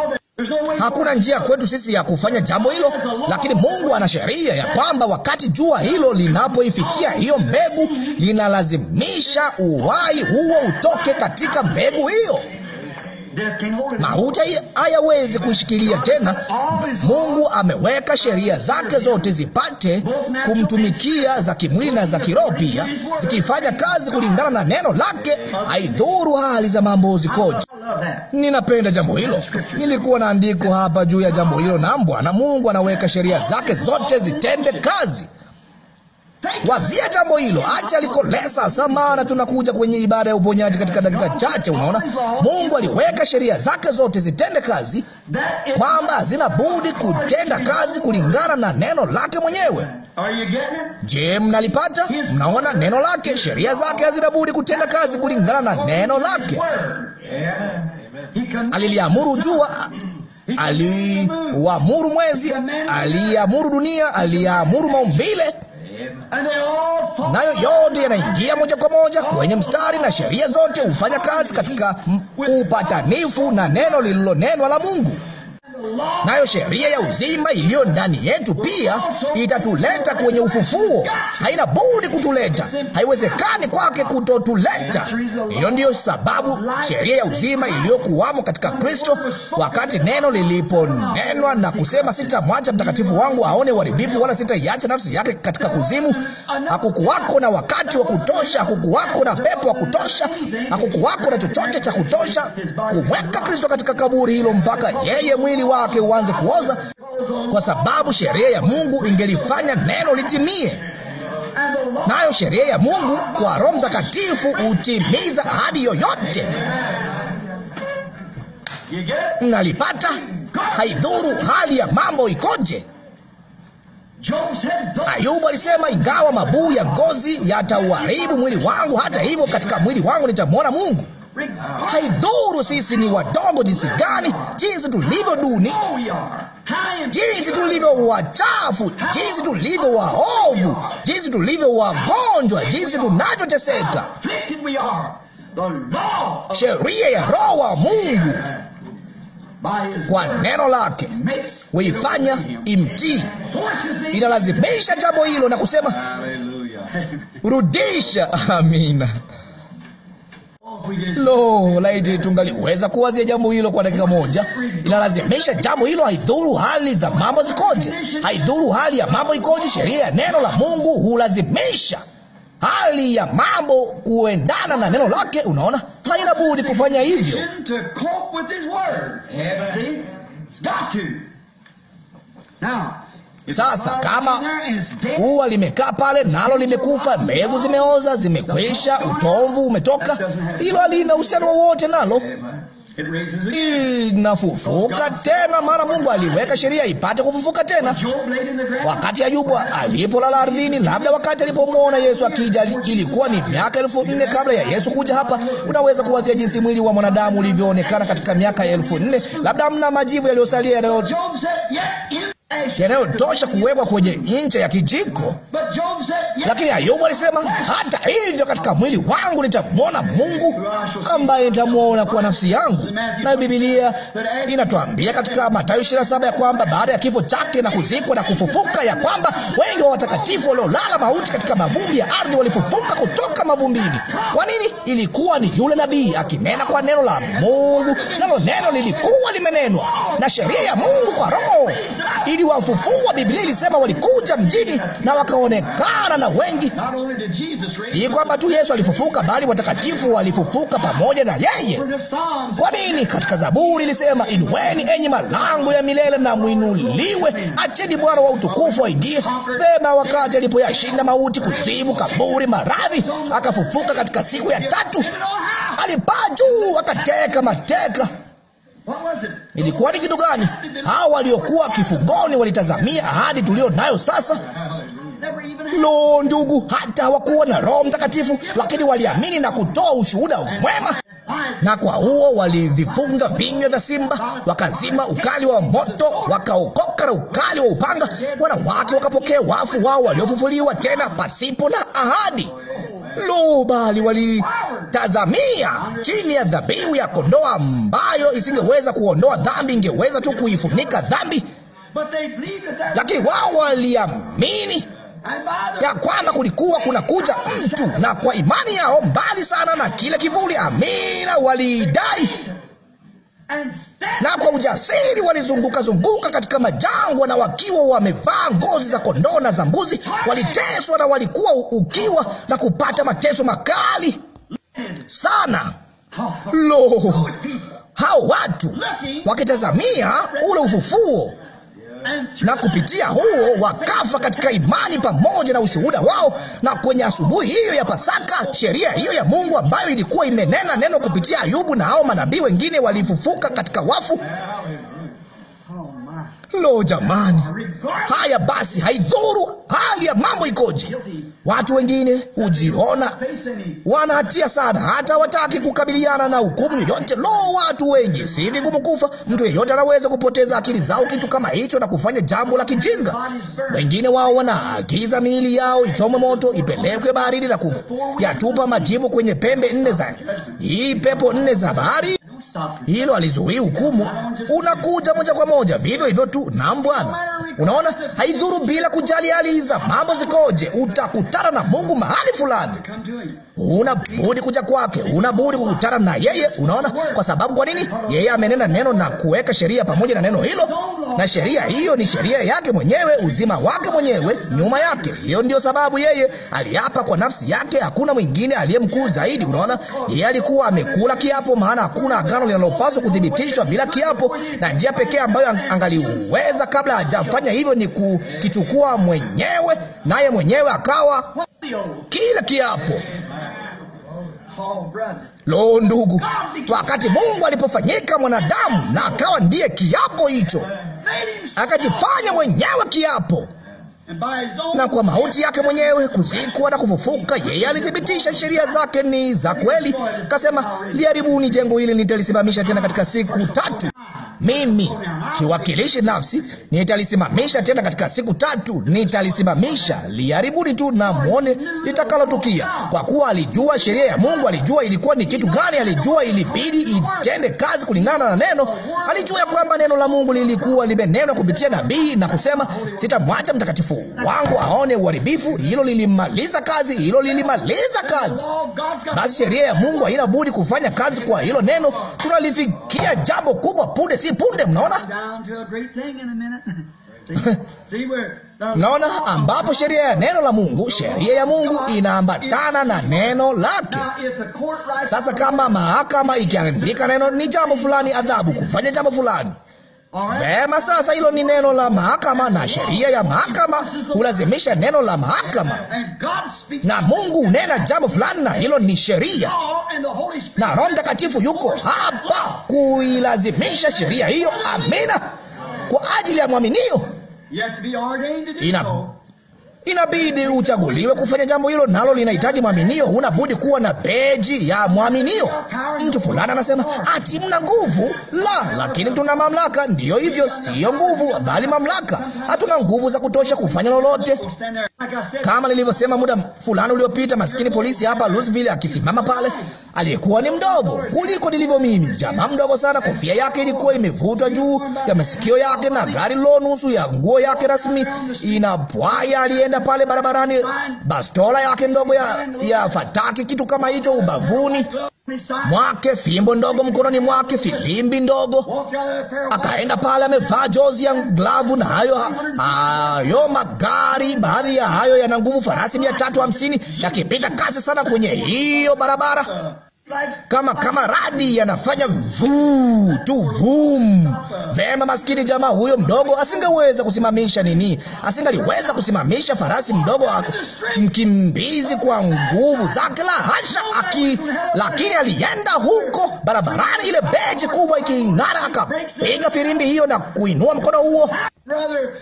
Hakuna njia kwetu sisi ya kufanya jambo hilo, lakini Mungu ana sheria ya kwamba wakati jua hilo linapoifikia hiyo mbegu, linalazimisha uhai huo utoke katika mbegu hiyo mauti hayawezi kuishikilia tena. Mungu ameweka sheria zake zote zipate kumtumikia, za kimwili na za kiroho pia, zikifanya kazi kulingana na neno lake, haidhuru hali za mambo zikoje. Ninapenda jambo hilo. Nilikuwa na andiko hapa juu ya jambo hilo, na Bwana Mungu anaweka sheria zake zote zitende kazi. Wazia jambo hilo, acha likolesa samana. Tunakuja kwenye ibada ya uponyaji katika dakika chache. Unaona, Mungu aliweka sheria zake zote zitende kazi, kwamba zina budi kutenda kazi kulingana na neno lake mwenyewe. Je, mnalipata? Mnaona, neno lake, sheria zake hazinabudi budi kutenda kazi kulingana na neno lake. Aliliamuru jua aliuamuru mwezi, aliamuru dunia, aliamuru maumbile nayo yote yanaingia moja kwa moja kwenye mstari, na sheria zote hufanya kazi katika upatanifu na neno lililonenwa la Mungu nayo sheria ya uzima iliyo ndani yetu pia itatuleta kwenye ufufuo. Haina budi kutuleta, haiwezekani kwake kutotuleta. Hiyo ndiyo sababu sheria ya uzima iliyokuwamo katika Kristo, wakati neno liliponenwa na kusema, sitamwacha mtakatifu wangu aone uharibifu, wala sitaiacha nafsi yake katika kuzimu, hakukuwako na wakati wa kutosha, hakukuwako na pepo wa kutosha, hakukuwako na chochote cha kutosha kumweka Kristo katika kaburi hilo mpaka yeye mwili wa wake uanze kuoza, kwa sababu sheria ya Mungu ingelifanya neno litimie. Nayo sheria ya Mungu kwa Roho Mtakatifu hutimiza ahadi yoyote. Nalipata, haidhuru hali ya mambo ikoje. Ayubu alisema, ingawa mabuu ya ngozi yatauharibu mwili wangu, hata hivyo katika mwili wangu nitamwona Mungu. Haidhuru sisi ni wadogo jinsi gani, jinsi tulivyo duni, jinsi tulivyo wachafu, jinsi tulivyo waovu, jinsi tulivyo wagonjwa, jinsi tunavyoteseka. Sheria ya Roho wa Mungu kwa neno lake weifanya imtii, inalazimisha jambo hilo na kusema rudisha. Amina. Lo, laiti tungaliweza kuwazia jambo hilo kwa dakika moja. Inalazimisha jambo hilo, haidhuru hali za mambo zikoje, haidhuru hali ya mambo ikoje, sheria ya neno la Mungu hulazimisha hali ya mambo kuendana na neno lake. Unaona, haina budi kufanya hivyo. Now, sasa kama ua limekaa pale nalo limekufa, mbegu zimeoza, zimekwisha, utovu umetoka, hilo halina uhusiano wowote nalo eh, inafufuka tena, maana Mungu aliweka sheria ipate kufufuka tena. Wakati Ayubu alipolala ardhini, labda wakati alipomwona Yesu akija, ilikuwa ni miaka elfu nne kabla ya Yesu kuja hapa. Unaweza kuwazia jinsi mwili wa mwanadamu ulivyoonekana katika miaka elfu nne. Labda mna majibu yaliyosalia yanayotosha kuwekwa kwenye ncha ya kijiko. Lakini Ayubu alisema, hata hivyo katika mwili wangu nitamwona Mungu ambaye nitamwona kwa nafsi yangu. Nayo Bibilia inatuambia katika Mathayo 27 ya kwamba baada ya kifo chake na kuzikwa na kufufuka, ya kwamba wengi wa watakatifu waliolala mauti katika mavumbi ya ardhi walifufuka kutoka mavumbini. Kwa nini? Ilikuwa ni yule nabii akinena kwa neno la Mungu, nalo neno lilikuwa limenenwa na sheria ya Mungu kwa Roho iliwafufua. Biblia ilisema walikuja mjini na wakaonekana na wengi. Si kwamba tu Yesu alifufuka, bali watakatifu walifufuka pamoja na yeye. Kwa nini? Katika Zaburi ilisema, inueni enyi malango ya milele na mwinuliwe, acheni Bwana wa utukufu aingie. Vema, wakati alipoyashinda mauti, kuzimu, kaburi, maradhi, akafufuka katika siku ya tatu, alipaa juu akateka mateka Ilikuwa ni kitu gani? Hao waliokuwa kifungoni walitazamia ahadi tulio nayo sasa. Lo, ndugu, hata hawakuwa na Roho Mtakatifu, lakini waliamini na kutoa ushuhuda mwema, na kwa huo walivifunga vinywa vya simba, wakazima ukali wa moto, wakaokoka na ukali wa upanga. Wanawake wakapokea wafu wao waliofufuliwa tena pasipo na ahadi. Lo, bali walitazamia chini ya dhabihu ya kondoo ambayo isingeweza kuondoa dhambi, ingeweza tu kuifunika dhambi, lakini wao waliamini ya kwamba kulikuwa kuna kuja mtu, na kwa imani yao mbali sana na kile kivuli. Amina, waliidai na kwa ujasiri walizunguka zunguka katika majangwa, na wakiwa wamevaa ngozi za kondoo na za mbuzi, waliteswa na walikuwa ukiwa na kupata mateso makali sana. Lo, hao watu wakitazamia ule ufufuo na kupitia huo wakafa katika imani pamoja na ushuhuda wao, na kwenye asubuhi hiyo ya Pasaka, sheria hiyo ya Mungu ambayo ilikuwa imenena neno kupitia Ayubu na hao manabii wengine walifufuka katika wafu. Lo, jamani! Haya basi, haidhuru hali ya mambo ikoje. Watu wengine hujiona wanahatia sana, hata wataki kukabiliana na hukumu yoyote. Lo, watu wengi, si vigumu kufa. Mtu yeyote anaweza kupoteza akili zao kitu kama hicho na kufanya jambo la kijinga. Wengine wao wanaagiza miili yao ichomwe moto, ipelekwe baharini na kufa, yatupa majivu kwenye pembe nne za hii pepo nne za bahari hilo alizuii hukumu, unakuja moja kwa moja, vivyo hivyo tu. Naam Bwana, unaona, haidhuru bila kujali hali za mambo zikoje, utakutana na Mungu mahali fulani. Una budi kuja kwake, una budi kukutana na yeye. Unaona, kwa sababu kwa nini? Yeye amenena neno na kuweka sheria pamoja na neno hilo, na sheria hiyo ni sheria yake mwenyewe, uzima wake mwenyewe nyuma yake. Hiyo ndio sababu yeye aliapa kwa nafsi yake, hakuna mwingine aliye mkuu zaidi. Unaona, yeye alikuwa amekula kiapo, maana hakuna agano linalopaswa kuthibitishwa bila kiapo, na njia pekee ambayo angaliweza kabla hajafanya hivyo ni kukichukua mwenyewe, naye mwenyewe akawa kila kiapo. Lo, ndugu, wakati Mungu alipofanyika mwanadamu na akawa ndiye kiapo hicho, akajifanya mwenyewe kiapo na kwa mauti yake mwenyewe kuzikwa na kufufuka, yeye alithibitisha sheria zake ni za kweli. Kasema, liharibuni jengo hili, nitalisimamisha tena katika siku tatu. Mimi kiwakilishi nafsi, nitalisimamisha tena katika siku tatu, nitalisimamisha. Liharibuni tu na mwone litakalotukia. Kwa kuwa alijua sheria ya Mungu, alijua ilikuwa ni kitu gani, alijua ilibidi itende kazi kulingana na neno. Alijua ya kwamba neno la Mungu lilikuwa limenenwa kupitia nabii na kusema, sitamwacha mtakatifu uharibifu wangu aone uharibifu. Hilo lilimaliza kazi, hilo lilimaliza kazi. Basi sheria ya Mungu haina budi kufanya kazi kwa hilo neno. Tunalifikia jambo kubwa punde si punde, mnaona naona ambapo sheria ya neno la Mungu, sheria ya Mungu inaambatana na neno lake. Sasa kama mahakama ikiandika neno ni jambo fulani, adhabu kufanya jambo fulani Vema, sasa hilo ni neno la mahakama, na sheria ya mahakama hulazimisha neno la mahakama, na Mungu unena jambo fulani, na hilo ni sheria, na Roho Mtakatifu yuko hapa kuilazimisha sheria hiyo. Amina, kwa ajili ya mwaminio ina inabidi uchaguliwe kufanya jambo hilo, nalo linahitaji mwaminio. Huna budi kuwa na beji ya mwaminio. Mtu fulani anasema ati mna nguvu la, lakini tuna mamlaka. Ndiyo hivyo, siyo nguvu, bali mamlaka. Hatuna nguvu za kutosha kufanya lolote. Kama nilivyosema muda fulani uliopita, maskini polisi hapa Louisville akisimama pale, aliyekuwa ni mdogo kuliko nilivyo mimi, jamaa mdogo sana. Kofia yake ilikuwa imevutwa juu ya masikio yake, na gari lo, nusu ya nguo yake rasmi ina pwaya. Alienda kawaida pale barabarani, bastola yake ndogo ya, ya fataki, kitu kama hicho ubavuni mwake, fimbo ndogo mkononi mwake, filimbi ndogo. Akaenda pale amevaa jozi ya glavu, na hayo hayo magari, baadhi ya hayo yana nguvu, farasi mia tatu hamsini yakipita kasi sana kwenye hiyo barabara kama kama radi yanafanya vuu tu vum. Vema, maskini jamaa huyo mdogo asingeweza kusimamisha nini, asingaliweza kusimamisha farasi mdogo mkimbizi kwa nguvu zake, la hasha aki, lakini alienda huko barabarani, ile beji kubwa iking'ara, akapiga firimbi hiyo na kuinua mkono huo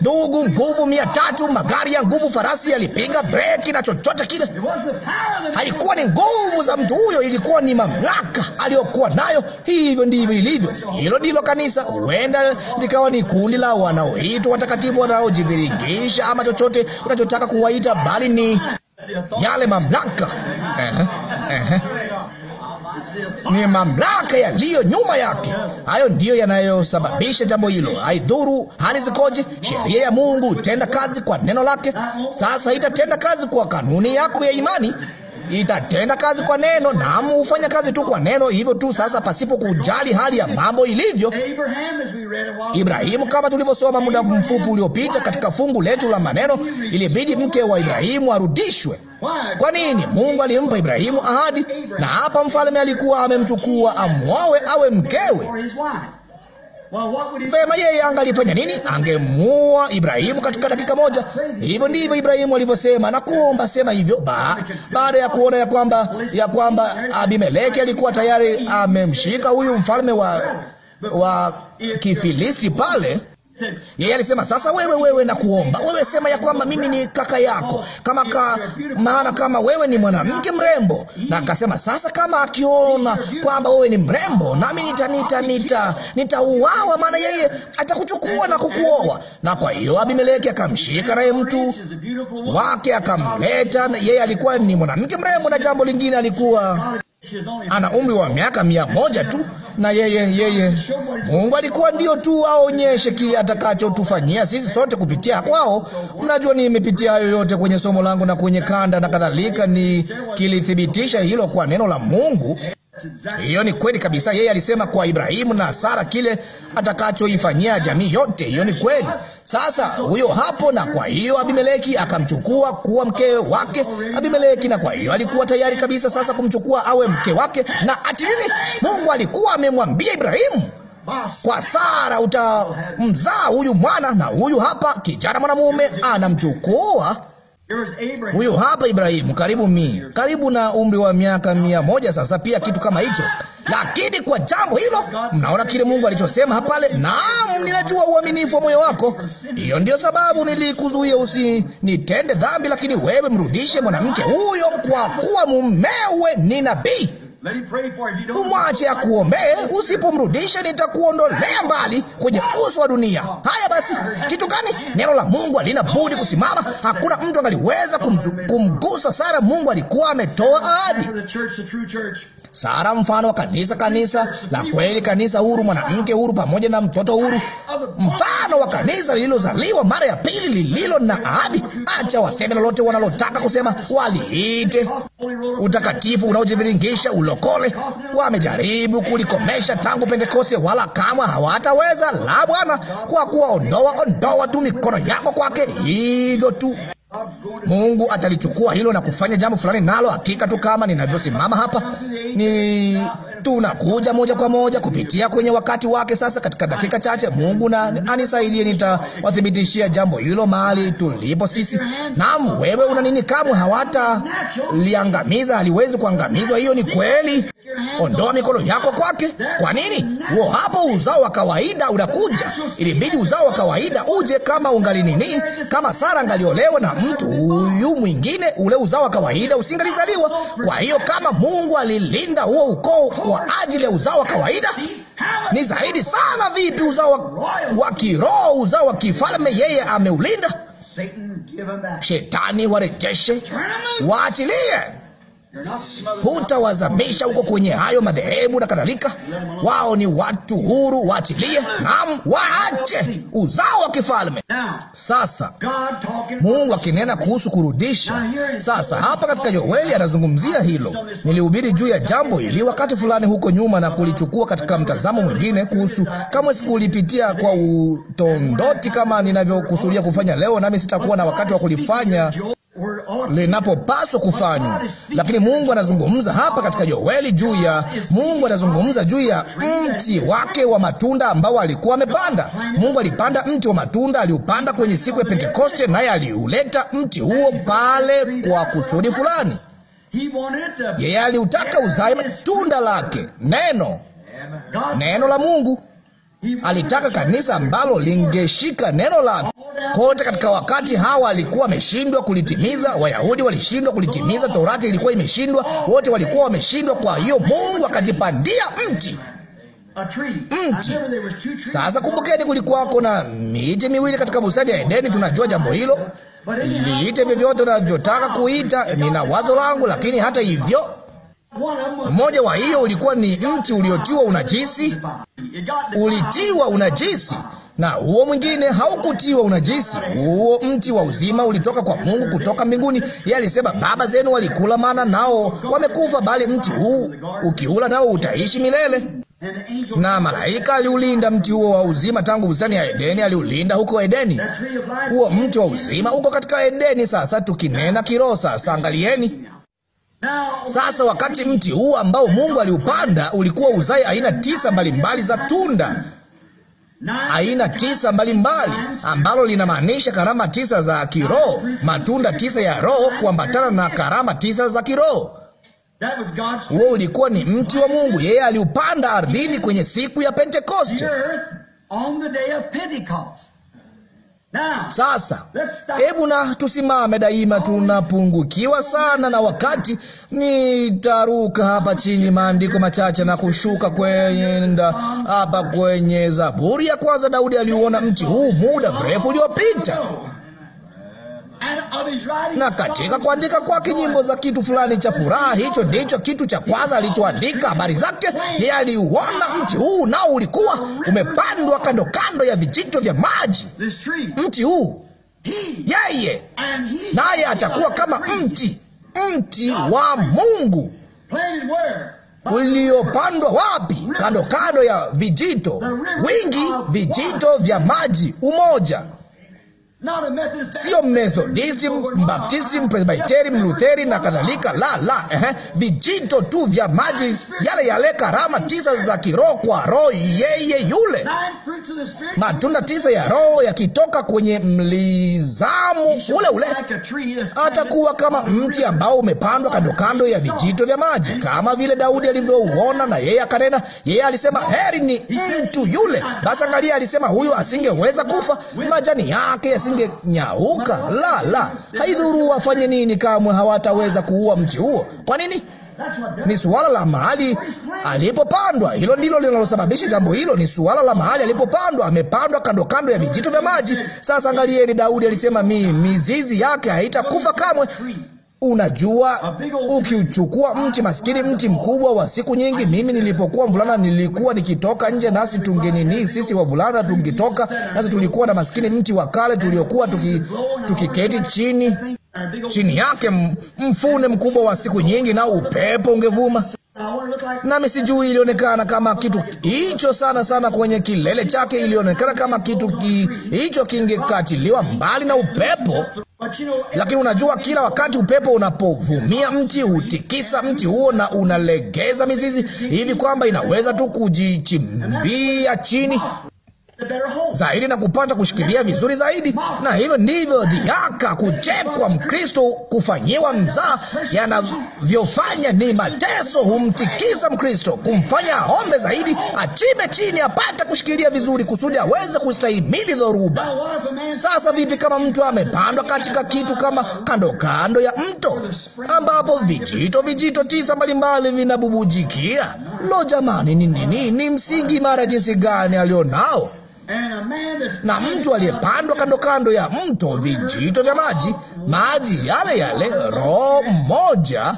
dugu nguvu mia tatu, magari ya nguvu, farasi yalipiga breki na chochote kile. Haikuwa ni nguvu za mtu huyo, ilikuwa ni mamlaka aliyokuwa nayo. Hivyo ndivyo ilivyo. Hilo ndilo kanisa. Huenda likawa ni kundi la wanaoitwa watakatifu, wanaojiviringisha ama chochote unachotaka kuwaita, bali ni yale mamlaka. uh -huh. Uh -huh ni mamlaka yaliyo nyuma yake. Hayo ndiyo yanayosababisha jambo hilo. Haidhuru hali zikoje, sheria ya Mungu tenda kazi kwa neno lake. Sasa itatenda kazi kwa kanuni yako ya imani itatenda kazi kwa neno. na hufanya kazi tu kwa neno hivyo tu, sasa pasipo kujali hali ya mambo ilivyo. Ibrahimu, kama tulivyosoma muda mfupi uliopita katika fungu letu la maneno, ilibidi mke wa Ibrahimu arudishwe. Kwa nini Mungu alimpa Ibrahimu ahadi, na hapa mfalme alikuwa amemchukua amwoe awe mkewe? Vema, yeye angalifanya nini? Angemua Ibrahimu katika dakika moja. Hivyo ndivyo Ibrahimu alivyosema na kuomba, sema hivyo ba, baada ya kuona ya kwamba ya kwamba Abimeleki alikuwa tayari amemshika huyu mfalme wa wa Kifilisti pale yeye alisema sasa, wewe wewe, na kuomba wewe, sema ya kwamba mimi ni kaka yako, kama ka, maana kama wewe ni mwanamke mrembo. Na akasema sasa, kama akiona kwamba wewe ni mrembo, nami nita nita nita nitauawa, maana yeye atakuchukua na kukuoa. Na kwa hiyo Abimeleki akamshika naye mtu wake akamleta. Yeye alikuwa ni mwanamke mrembo, na jambo lingine alikuwa ana umri wa miaka mia moja tu, na yeye yeye Mungu alikuwa ndio tu aonyeshe kile atakachotufanyia sisi sote kupitia kwao. Mnajua, nimepitia hayo yote kwenye somo langu na kwenye kanda na kadhalika, nikilithibitisha hilo kwa neno la Mungu. Hiyo ni kweli kabisa. Yeye alisema kwa Ibrahimu na Sara kile atakachoifanyia jamii yote. Hiyo ni kweli. Sasa huyo hapo, na kwa hiyo Abimeleki akamchukua kuwa mke wake Abimeleki, na kwa hiyo alikuwa tayari kabisa sasa kumchukua awe mke wake. Na ati nini? Mungu alikuwa amemwambia Ibrahimu kwa Sara utamzaa huyu mwana, na huyu hapa kijana mwanamume anamchukua Huyu hapa Ibrahimu, karibu mi karibu na umri wa miaka mia moja sasa, pia kitu kama hicho. Lakini kwa jambo hilo, mnaona kile Mungu alichosema pale, naam, ninajua uaminifu wa moyo wako. Hiyo ndio sababu nilikuzuia usinitende dhambi, lakini wewe mrudishe mwanamke huyo, kwa kuwa mumewe ni nabii. Umwache akuombee. Usipomrudisha, nitakuondolea mbali kwenye uso wa dunia. Haya basi, kitu gani? Neno la Mungu halina budi kusimama. Hakuna mtu angaliweza kumgusa Sara. Mungu alikuwa ametoa ahadi. Sara mfano wa kanisa, kanisa la kweli, kanisa huru, mwanamke huru pamoja na mtoto huru, mfano wa kanisa lililozaliwa mara ya pili, lililo na ahadi. Acha waseme lolote wanalotaka kusema, waliite utakatifu unaojiviringisha ulo walilokole. Wamejaribu kulikomesha tangu Pentekoste, wala kamwe hawataweza. La, Bwana, kwa kuwaondoa ondoa tu mikono yako kwake, hivyo tu. Mungu atalichukua hilo na kufanya jambo fulani nalo. Hakika tu kama ninavyosimama hapa, ni tunakuja moja kwa moja kupitia kwenye wakati wake. Sasa katika dakika chache, Mungu na anisaidie, nitawathibitishia jambo hilo mahali tulipo sisi. Naam, wewe una nini? Kamwe hawataliangamiza, haliwezi kuangamizwa. Hiyo ni kweli. Ondoa oh, mikono yako kwake. Kwa nini? Huo hapo uzao wa kawaida unakuja. Ilibidi uzao wa kawaida uje. Kama ungali nini, kama Sara angaliolewa na mtu huyu mwingine, ule uzao wa kawaida usingalizaliwa. Kwa hiyo kama Mungu alilinda huo ukoo kwa ajili ya uzao wa kawaida, ni zaidi sana vipi uzao wa, wa kiroho, uzao wa kifalme, yeye ameulinda. Shetani warejeshe, waachilie hutawazamisha huko kwenye hayo madhehebu na kadhalika. Wao ni watu huru, waachilie. Naam, waache uzao wa kifalme. Sasa Mungu akinena kuhusu kurudisha, sasa hapa katika Yoeli anazungumzia hilo. Nilihubiri juu ya jambo hili wakati fulani huko nyuma, na kulichukua katika mtazamo mwingine kuhusu, kama sikulipitia kwa utondoti kama ninavyokusudia kufanya leo, nami sitakuwa na wakati wa kulifanya linapopaswa kufanywa. Lakini Mungu anazungumza hapa katika Yoeli juu ya Mungu anazungumza juu ya mti wake wa matunda ambao alikuwa amepanda. Mungu alipanda mti wa matunda, aliupanda kwenye siku ya Pentekoste, naye aliuleta mti huo pale kwa kusudi fulani. Yeye aliutaka uzae matunda lake, neno neno la Mungu. Alitaka kanisa ambalo lingeshika neno lake kote katika wakati. Hawa alikuwa ameshindwa kulitimiza, Wayahudi walishindwa kulitimiza, Torati ilikuwa imeshindwa, wote walikuwa wameshindwa. Kwa hiyo Mungu akajipandia mti mti. Sasa kumbukeni, kulikuwako na miti miwili katika bustani ya Edeni. Tunajua jambo hilo, liite vyovyote unavyotaka kuita, nina wazo langu, lakini hata hivyo mmoja wa hiyo ulikuwa ni mti uliotiwa unajisi, ulitiwa unajisi na huo mwingine haukutiwa unajisi. Huo mti wa uzima ulitoka kwa Mungu kutoka mbinguni. Yeye alisema, baba zenu walikula mana nao wamekufa, bali mti huu ukiula nao utaishi milele. Na malaika aliulinda mti huo wa uzima tangu bustani ya Edeni, aliulinda huko Edeni. Huo mti wa uzima uko katika Edeni sasa, tukinena kiroho sasa, angalieni sasa wakati mti huu ambao Mungu aliupanda ulikuwa uzai aina tisa mbalimbali za tunda, aina tisa mbalimbali, ambalo linamaanisha karama tisa za kiroho, matunda tisa ya Roho kuambatana na karama tisa za kiroho. Huo ulikuwa ni mti wa Mungu, yeye aliupanda ardhini kwenye siku ya Pentekoste. Sasa hebu na tusimame daima, tunapungukiwa sana na wakati. Nitaruka hapa chini maandiko machache na kushuka kwenda hapa kwenye Zaburi ya kwanza. Daudi aliuona mti huu muda mrefu uliopita na katika kuandika kwake nyimbo za kitu fulani cha furaha, hicho ndicho kitu cha kwanza alichoandika habari zake. Yeye aliuona mti huu, nao ulikuwa umepandwa kando kando ya vijito vya maji. Mti huu yeye naye atakuwa kama mti mti wa Mungu uliopandwa wapi? Kando kando ya vijito, wingi vijito vya maji, umoja Sio Methodisti, Mbaptisti, Mpresbiteri, Mlutheri na kadhalika. La, la, ehe, vijito tu vya maji yale yale, karama tisa za kiroho kwa roho yeye yule, matunda tisa ya Roho yakitoka kwenye mlizamu ule ule, atakuwa kama mti ambao umepandwa kando kando ya vijito vya maji, kama vile Daudi alivyouona, na yeye akanena. Yeye alisema heri ni mtu yule. Basi angalia, alisema huyu asingeweza kufa, majani yake yasinge nyauka La, la, haidhuru wafanye nini, kamwe hawataweza kuua mti huo. Kwa nini? Ni suala la mahali alipopandwa. Hilo ndilo linalosababisha jambo hilo, ni suala la mahali alipopandwa. Amepandwa kando kando ya vijito vya maji. Sasa angalieni, Daudi alisema mi mizizi yake haitakufa kamwe. Unajua, ukiuchukua mti maskini, mti mkubwa wa siku nyingi. Mimi nilipokuwa mvulana nilikuwa nikitoka nje, nasi tungenini, sisi wavulana tungetoka, nasi tulikuwa na maskini mti wa kale tuliokuwa tuki, tukiketi chini chini yake, mfune mkubwa wa siku nyingi, na upepo ungevuma nami sijui, ilionekana kama kitu hicho sana sana kwenye kilele chake, ilionekana kama kitu hicho ki, kingekatiliwa mbali na upepo. Eh, Lakini unajua, kila wakati upepo unapovumia mti hutikisa mti huo na unalegeza mizizi hivi kwamba inaweza tu kujichimbia chini zaidi na kupata kushikilia vizuri zaidi. Na hivyo ndivyo dhiaka, kuchekwa, Mkristo kufanyiwa mzaa yanavyofanya. Ni mateso humtikisa Mkristo, kumfanya aombe zaidi, achibe chini, apate kushikilia vizuri, kusudi aweze kustahimili dhoruba. Sasa vipi kama mtu amepandwa katika kitu kama kando kando ya mto ambapo vijito vijito tisa mbalimbali vinabubujikia? Lo, jamani, ni nini? Ni msingi mara jinsi gani alionao! na mtu aliyepandwa kando kando ya mto, vijito vya maji, maji yale yale, roho mmoja.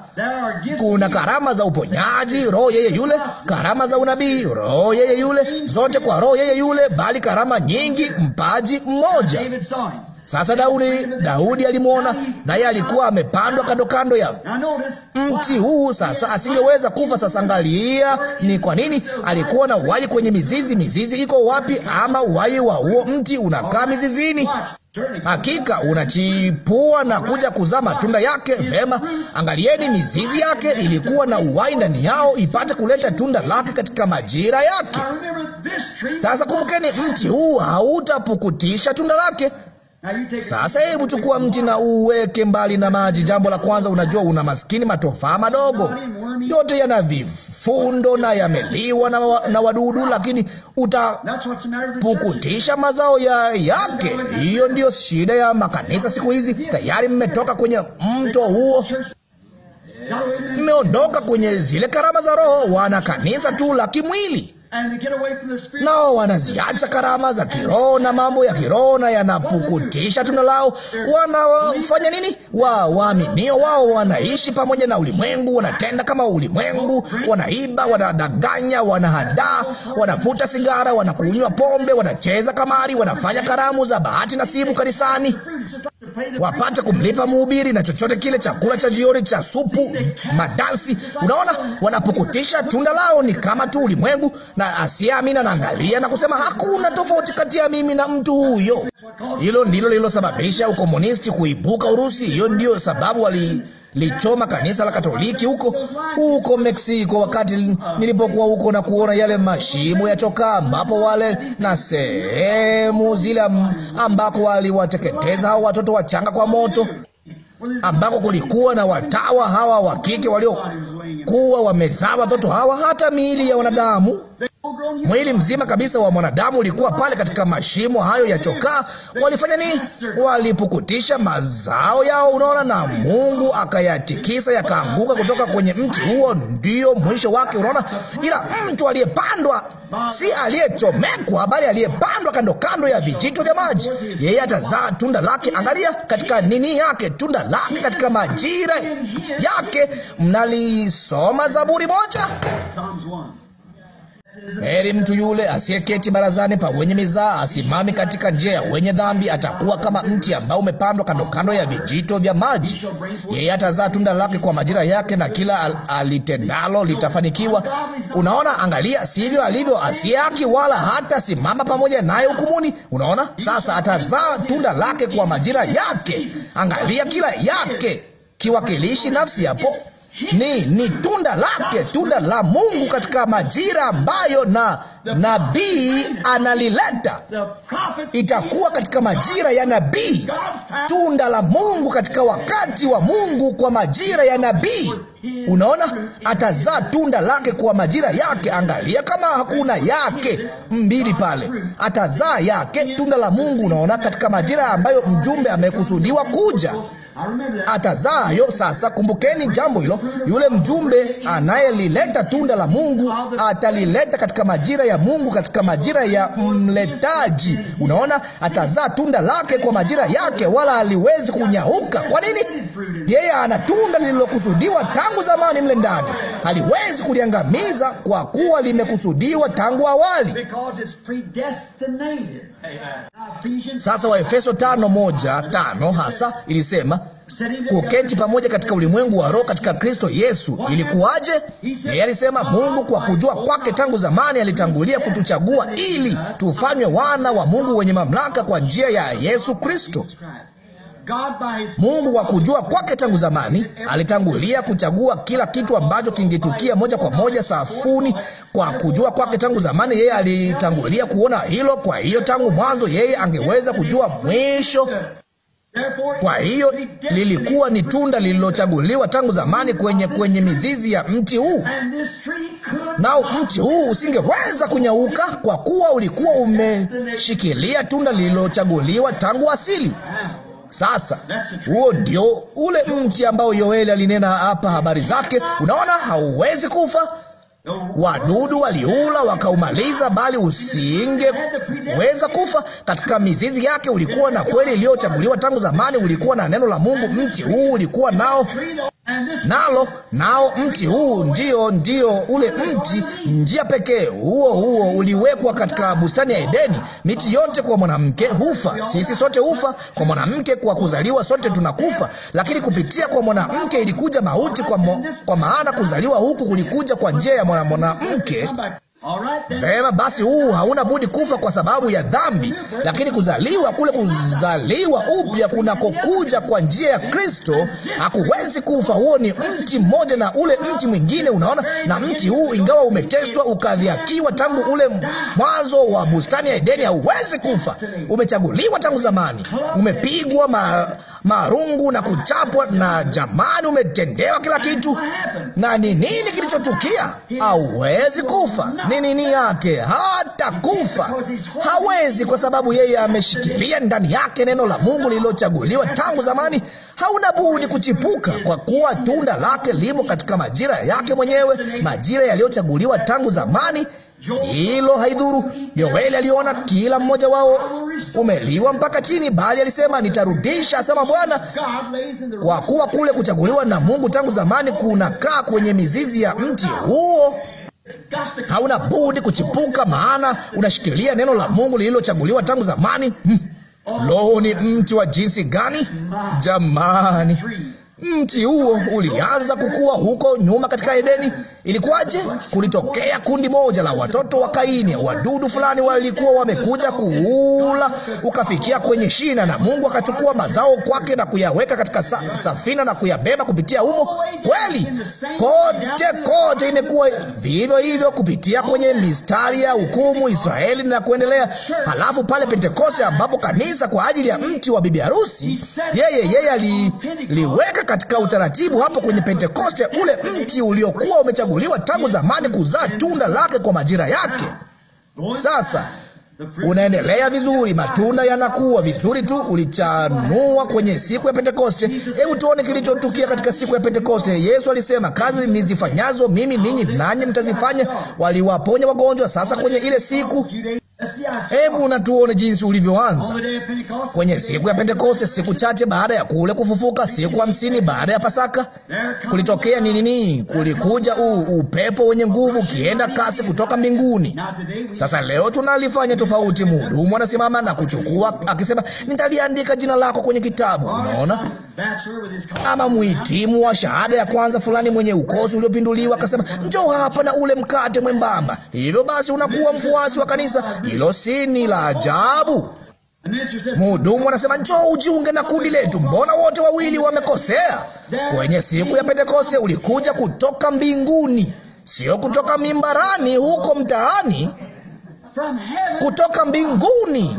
Kuna karama za uponyaji, roho yeye yule, karama za unabii, roho yeye yule, zote kwa roho yeye yule, bali karama nyingi, mpaji mmoja. Sasa Daudi, Daudi alimwona naye, alikuwa amepandwa kando kando ya mti huu. Sasa asingeweza kufa. Sasa angalia, ni kwa nini alikuwa na uhai kwenye mizizi. Mizizi iko wapi? Ama uhai wa huo mti unakaa mizizini. Hakika unachipua na kuja kuzaa matunda yake. Vema, angalieni, mizizi yake ilikuwa na uhai ndani yao, ipate kuleta tunda lake katika majira yake. Sasa kumbukeni, mti huu hautapukutisha tunda lake. Sasa hebu chukua mti na uweke mbali na maji. Jambo la kwanza, unajua una maskini matofaa madogo, yote yana vifundo na yameliwa na, wa, na wadudu, lakini utapukutisha mazao ya yake. Hiyo ndiyo shida ya makanisa siku hizi. Tayari mmetoka kwenye mto huo mmeondoka kwenye zile karama za Roho. Wana kanisa tu la kimwili nao wanaziacha karama za kiroho na mambo ya kiroho, na yanapukutisha tunda lao. Wanafanya nini? Wa waaminio wao wanaishi pamoja na ulimwengu, wanatenda kama ulimwengu, wanaiba, wanadanganya, wanahadaa, wanavuta sigara, wanakunywa pombe, wanacheza kamari, wanafanya karamu za bahati nasibu kanisani wapate kumlipa mhubiri na chochote kile, chakula cha jioni cha supu, madansi. Unaona, wanapukutisha tunda lao, ni kama tu ulimwengu na na asiamini anaangalia na kusema hakuna tofauti kati ya mimi na mtu huyo. Hilo ndilo lilosababisha ukomunisti kuibuka Urusi. Hiyo ndiyo sababu wali lichoma kanisa la Katoliki huko huko Meksiko. Wakati nilipokuwa huko na kuona yale mashimo ya chokaa, ambapo wale na sehemu zile ambako waliwateketeza hao watoto wachanga kwa moto, ambako kulikuwa na watawa hawa wa kike waliokuwa wamezaa watoto hawa, hata miili ya wanadamu Mwili mzima kabisa wa mwanadamu ulikuwa pale katika mashimo hayo ya chokaa. Walifanya nini? Walipukutisha mazao yao, unaona, na Mungu akayatikisa yakaanguka kutoka kwenye mti huo. Ndio mwisho wake, unaona. Ila mtu aliyepandwa si aliyechomekwa bali aliyepandwa kando kando ya vijito vya maji, yeye atazaa tunda lake. Angalia katika nini yake, tunda lake katika majira yake. Mnalisoma Zaburi moja Heri mtu yule asiyeketi barazani pa wenye mizaa, asimami katika njia ya wenye dhambi. Atakuwa kama mti ambao umepandwa kando kando ya vijito vya maji, yeye atazaa tunda lake kwa majira yake, na kila al alitendalo litafanikiwa. Unaona, angalia, sivyo alivyo asiye haki, wala hata simama pamoja naye hukumuni. Unaona, sasa atazaa tunda lake kwa majira yake. Angalia, kila yake kiwakilishi nafsi hapo ni, ni tunda lake, tunda la Mungu katika majira ambayo na nabii analileta. Itakuwa katika majira ya nabii, tunda la Mungu katika wakati wa Mungu, kwa majira ya nabii. Unaona, atazaa tunda lake kwa majira yake. Angalia kama hakuna yake mbili pale, atazaa yake, tunda la Mungu. Unaona, katika majira ambayo mjumbe amekusudiwa kuja atazayo. Sasa kumbukeni jambo hilo, yule mjumbe anayelileta tunda la Mungu atalileta katika majira ya Mungu, katika majira ya mletaji. Unaona, atazaa tunda lake kwa majira yake, wala haliwezi kunyauka. Kwa nini? Yeye ana tunda lililokusudiwa tangu zamani mle ndani, haliwezi kuliangamiza kwa kuwa limekusudiwa tangu awali. Sasa Waefeso tano moja tano hasa ilisema kuketi pamoja katika ulimwengu wa roho katika Kristo Yesu. Ilikuwaje? Yeye alisema Mungu kwa kujua kwake tangu zamani alitangulia kutuchagua ili tufanywe wana wa Mungu wenye mamlaka kwa njia ya Yesu Kristo. Mungu wa kujua kwake tangu zamani alitangulia kuchagua kila kitu ambacho kingetukia moja kwa moja safuni. Kwa kujua kwake tangu zamani, yeye alitangulia kuona hilo. Kwa hiyo tangu mwanzo yeye angeweza kujua mwisho. Kwa hiyo lilikuwa ni tunda lililochaguliwa tangu zamani kwenye kwenye mizizi ya mti huu, nao mti huu usingeweza kunyauka kwa kuwa ulikuwa umeshikilia tunda lililochaguliwa tangu asili. Sasa huo ndio ule mti ambao Yoeli alinena hapa habari zake. Unaona, hauwezi kufa wadudu waliula wakaumaliza, bali usingeweza kufa. Katika mizizi yake ulikuwa na kweli iliyochaguliwa tangu zamani, ulikuwa na neno la Mungu. Mti huu ulikuwa nao nalo nao mti huu ndio ndio ule mti, njia pekee huo huo uliwekwa katika bustani ya Edeni. Miti yote kwa mwanamke hufa, sisi sote hufa kwa mwanamke, kwa kuzaliwa sote tunakufa, lakini kupitia kwa mwanamke ilikuja mauti, kwa, mo, kwa maana kuzaliwa huku kulikuja kwa njia ya mwana mwanamke Vema, basi huu hauna budi kufa kwa sababu ya dhambi, lakini kuzaliwa kule, kuzaliwa upya kunakokuja kwa njia ya Kristo, hakuwezi kufa. Huo ni mti mmoja na ule mti mwingine, unaona. Na mti huu, ingawa umeteswa ukadhiakiwa tangu ule mwanzo wa bustani ya Edeni, hauwezi kufa. Umechaguliwa tangu zamani, umepigwa ma marungu na kuchapwa, na jamani, umetendewa kila kitu. Na ni nini kilichotukia? Hawezi kufa. Ni nini yake? Hata kufa hawezi, kwa sababu yeye ameshikilia ndani yake neno la Mungu lililochaguliwa tangu zamani. Hauna budi kuchipuka, kwa kuwa tunda lake limo katika majira yake mwenyewe, majira yaliyochaguliwa tangu zamani hilo haidhuru. Yoeli aliona kila mmoja wao umeliwa mpaka chini, bali alisema nitarudisha, asema Bwana, kwa kuwa kule kuchaguliwa na Mungu tangu zamani kunakaa kwenye mizizi ya mti huo hauna budi kuchipuka, maana unashikilia neno la Mungu lililochaguliwa tangu zamani. Hmm. Lo, ni mti wa jinsi gani jamani! Mti huo ulianza kukua huko nyuma katika Edeni. Ilikuwaje? Kulitokea kundi moja la watoto wa Kaini, wadudu fulani walikuwa wamekuja kuula, ukafikia kwenye shina, na Mungu akachukua mazao kwake na kuyaweka katika sa safina na kuyabeba kupitia humo. Kweli kote kote imekuwa vivyo hivyo kupitia kwenye mistari ya hukumu Israeli na kuendelea. Halafu pale Pentekoste, ambapo kanisa kwa ajili ya mti wa bibi harusi, yeye yeye aliweka katika utaratibu hapo kwenye Pentekoste, ule mti uliokuwa umechaguliwa tangu zamani kuzaa tunda lake kwa majira yake. Sasa unaendelea vizuri, matunda yanakuwa vizuri tu. Ulichanua kwenye siku ya Pentekoste. Hebu tuone kilichotukia katika siku ya Pentekoste. Yesu alisema, kazi nizifanyazo mimi ninyi nanyi mtazifanya. Waliwaponya wagonjwa. Sasa kwenye ile siku Hebu natuone jinsi ulivyoanza kwenye siku ya Pentekoste, siku chache baada ya kule kufufuka, siku hamsini baada ya Pasaka, kulitokea nini? Nini kulikuja? U, upepo wenye nguvu ukienda kasi kutoka mbinguni. Sasa leo tunalifanya tofauti. Mhudumu anasimama na kuchukua akisema, nitaliandika jina lako kwenye kitabu. Unaona, ama mhitimu wa shahada ya kwanza fulani mwenye ukosi uliopinduliwa akasema, njoo hapa na ule mkate mwembamba. Hivyo basi unakuwa mfuasi wa kanisa hilo si ni la ajabu? Mhudumu anasema njoo ujiunge na kundi letu, mbona wote wawili wamekosea? Kwenye siku ya Pentekoste ulikuja kutoka mbinguni, sio kutoka mimbarani huko mtaani, kutoka mbinguni.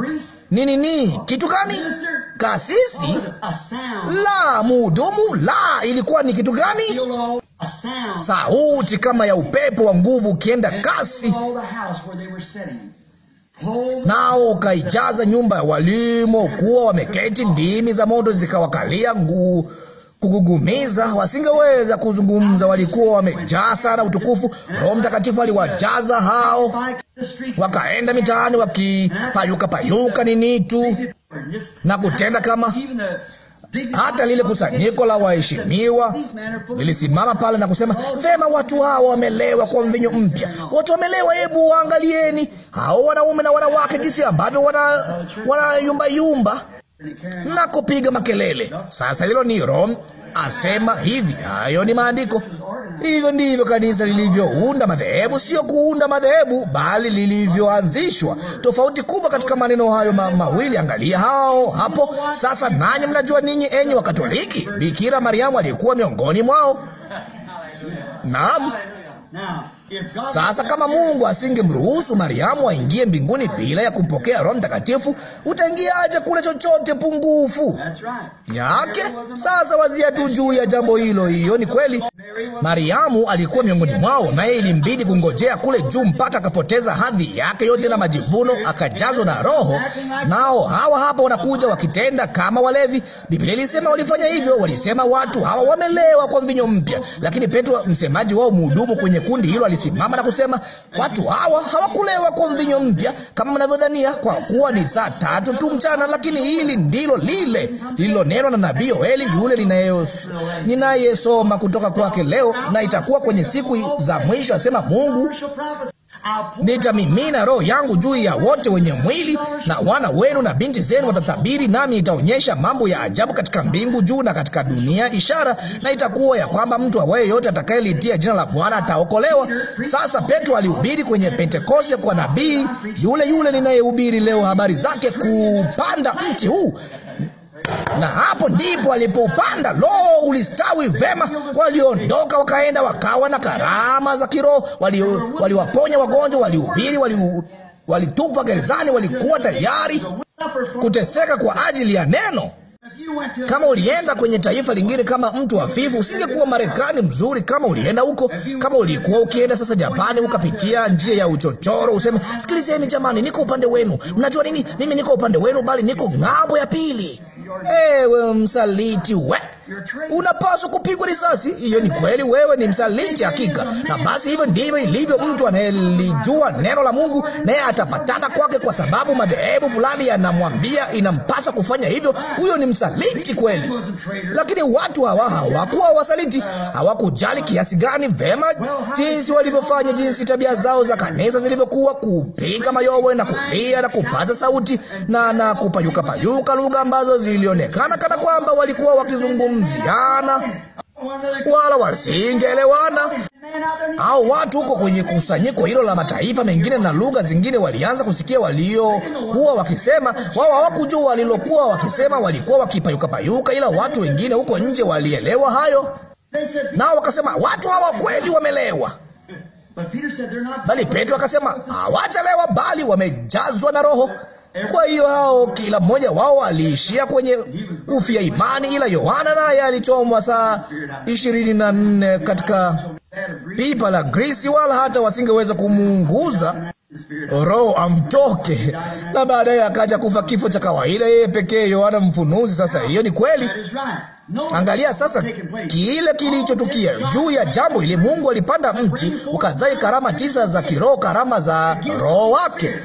Ni Kitu gani? Kasisi? La, mhudumu? La, ilikuwa ni kitu gani? Sauti kama ya upepo wa nguvu ukienda kasi nao ukaijaza nyumba ya kuwa wameketi. Ndimi za moto zikawakalia nguu kugugumiza, wasingeweza kuzungumza, walikuwa wamejaa sana utukufu. Roho Mtakatifu aliwajaza hao, wakaenda mitaani wakipayuka payuka nini tu na kutenda kama hata lile kusanyiko la waheshimiwa lilisimama pale na kusema, vema, watu hawa wamelewa kwa mvinyo mpya, watu wamelewa, hebu waangalieni hao wanaume na wanawake, jinsi ambavyo wanayumbayumba wana na kupiga makelele. Sasa hilo ni Rome asema hivi, hayo ni maandiko. Hivyo ndivyo kanisa lilivyounda madhehebu, sio kuunda madhehebu, bali lilivyoanzishwa. Tofauti kubwa katika maneno hayo ma mawili, angalia hao hapo. Sasa nanyi mnajua ninyi, enyi Wakatoliki, Bikira Mariamu alikuwa miongoni mwao. Naam. Sasa kama Mungu asingemruhusu Mariamu aingie mbinguni bila ya kumpokea Roho Mtakatifu, utaingiaje kule chochote pungufu yake? Sasa wazia tu juu ya jambo hilo. Hiyo ni kweli, Mariamu alikuwa miongoni mwao, naye ilimbidi kungojea kule juu mpaka akapoteza hadhi yake yote na majivuno, akajazwa na Roho. Nao hawa hapa wanakuja wakitenda kama walevi. Biblia ilisema walifanya hivyo, walisema watu hawa wamelewa kwa mvinyo mpya, lakini Petro, msemaji wao, mhudumu kwenye kundi hilo alisimama na kusema, watu hawa hawakulewa kwa mvinyo mpya kama mnavyodhania, kwa kuwa ni saa tatu tu mchana, lakini hili ndilo lile lililonenwa na nabii Yoeli yule ninayesoma kutoka kwake leo, na itakuwa kwenye siku za mwisho, asema Mungu nitamimina roho yangu juu ya wote wenye mwili, na wana wenu na binti zenu watatabiri, nami itaonyesha mambo ya ajabu katika mbingu juu na katika dunia ishara, na itakuwa ya kwamba mtu awaye yote atakayelitia jina la Bwana ataokolewa. Sasa Petro alihubiri kwenye Pentekoste kwa nabii yule yule ninayehubiri leo habari zake, kupanda mti huu na hapo ndipo alipopanda. Lo, ulistawi vema. Waliondoka wakaenda wakawa na karama za kiroho, waliwaponya wali wagonjwa, walihubiri, walitupa wali gerezani, walikuwa tayari kuteseka kwa ajili ya neno. Kama ulienda kwenye taifa lingine kama mtu hafifu, usingekuwa Marekani mzuri. Kama ulienda huko, kama ulikuwa ukienda sasa Japani, ukapitia njia ya uchochoro, useme, sikilizeni jamani, niko upande wenu. Mnajua nini? Mimi niko upande wenu, bali niko ng'ambo ya pili ewe msaliti we unapaswa kupigwa risasi. Hiyo ni kweli, wewe ni msaliti hakika. Na basi hivyo ndivyo ilivyo, mtu anayelijua neno la Mungu naye atapatana kwake, kwa sababu madhehebu fulani yanamwambia inampasa kufanya hivyo. Huyo ni msaliti kweli, lakini watu hawa hawakuwa wasaliti, hawakujali kiasi gani vema jinsi walivyofanya, jinsi tabia zao za kanisa zilivyokuwa, kupiga mayowe na kulia na kupaza sauti na na kupayuka payuka lugha ambazo zi ilionekana kana kwamba walikuwa wakizungumziana wala wasingeelewana au watu huko kwenye kusanyiko hilo la mataifa mengine na lugha zingine walianza kusikia waliokuwa wakisema. Wao hawakujua walilokuwa wakisema, walikuwa wakipayuka payuka, ila watu wengine huko nje walielewa hayo, nao wakasema watu hawa kweli wamelewa. Bali Petro akasema hawajalewa, bali wamejazwa na Roho. Kwa hiyo hao kila mmoja wao aliishia kwenye ufia imani, ila Yohana naye alichomwa saa ishirini na nne katika pipa la grisi, wala hata wasingeweza kumuunguza. Roho amtoke na baadaye akaja kufa kifo cha kawaida, yeye pekee, Yohana Mfunuzi. Sasa hiyo ni kweli. Angalia sasa kile kilichotukia juu ya jambo ile. Mungu alipanda mti ukazai karama tisa za kiroho, karama za roho wake.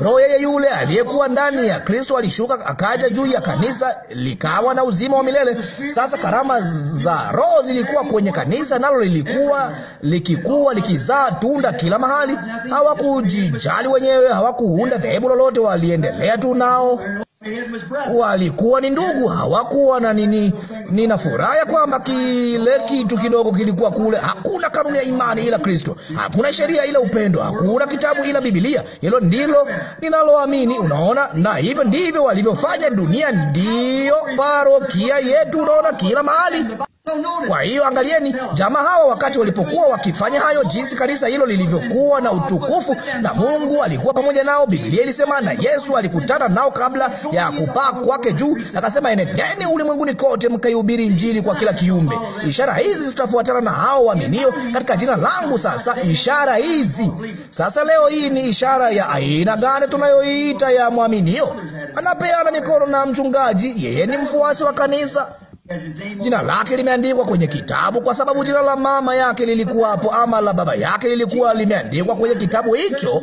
Roho yeye yule aliyekuwa ndani ya Kristo alishuka akaja juu ya kanisa, likawa na uzima wa milele. Sasa karama za roho zilikuwa kwenye kanisa, nalo lilikuwa likikuwa likizaa tunda kila mahali. Hawakujijali wenyewe, hawakuunda dhehebu lolote, waliendelea tu nao walikuwa ni ndugu, hawakuwa na nini. Nina furaha ya kwamba kile kitu kidogo kilikuwa kule. Hakuna kanuni ya imani ila Kristo, hakuna sheria ila upendo, hakuna kitabu ila Biblia. Hilo ndilo ninaloamini, unaona, na hivyo ndivyo walivyofanya. Dunia ndiyo parokia yetu, unaona, kila mahali. Kwa hiyo angalieni jamaa hawa wakati walipokuwa wakifanya hayo, jinsi kanisa hilo lilivyokuwa na utukufu, na Mungu alikuwa pamoja nao. Biblia ilisema, na Yesu alikutana nao kabla ya kupaa kwake juu, akasema, enendeni ulimwenguni kote mkaihubiri Injili kwa kila kiumbe. Ishara hizi zitafuatana na hao waaminio katika jina langu. Sasa ishara hizi sasa, leo hii ni ishara ya aina gani tunayoiita ya mwaminio? Anapeana mikono na mchungaji, yeye ni mfuasi wa kanisa Jina lake limeandikwa kwenye kitabu, kwa sababu jina la mama yake lilikuwa hapo, ama la baba yake lilikuwa limeandikwa kwenye kitabu hicho.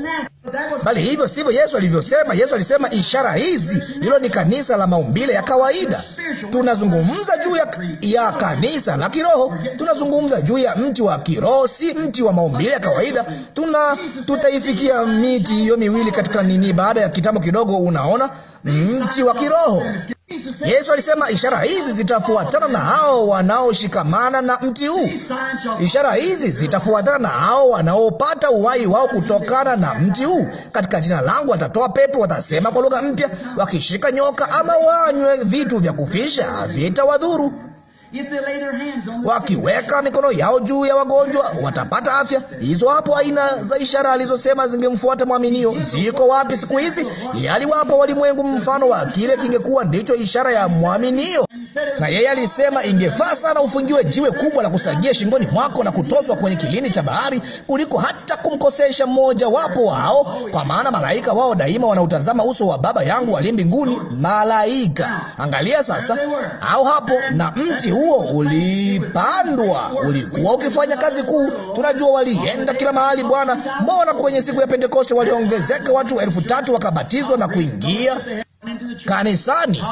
Bali hivyo sivyo Yesu alivyosema. Yesu alisema ishara hizi. Hilo ni kanisa la maumbile ya kawaida. Tunazungumza juu ya, ya kanisa la kiroho. Tunazungumza juu ya mti wa kiroho, si mti wa maumbile ya kawaida. Tuna tutaifikia miti hiyo miwili katika nini, baada ya kitambo kidogo. Unaona, mti wa kiroho Yesu alisema ishara hizi zitafuatana na hao wanaoshikamana na mti huu. Ishara hizi zitafuatana na hao wanaopata uhai wao kutokana na mti huu. Katika jina langu watatoa pepo, watasema kwa lugha mpya, wakishika nyoka ama wanywe vitu vya kufisha vitawadhuru wakiweka mikono yao juu ya wagonjwa watapata afya. Hizo hapo aina za ishara alizosema zingemfuata mwaminio ziko wapi siku hizi? Yaliwapo walimwengu mfano wa kile kingekuwa ndicho ishara ya mwaminio. Na yeye alisema ingefaa sana ufungiwe jiwe kubwa la kusagia shingoni mwako na kutoswa kwenye kilini cha bahari kuliko hata kumkosesha mmoja wapo wao, kwa maana malaika wao daima wanautazama uso wa Baba yangu wali mbinguni. Malaika, angalia sasa, au hapo na mti huu huo ulipandwa, ulikuwa ukifanya kazi kuu. Tunajua walienda kila mahali, Bwana. Mbona kwenye siku ya Pentekoste waliongezeka watu elfu tatu wakabatizwa na kuingia kanisani.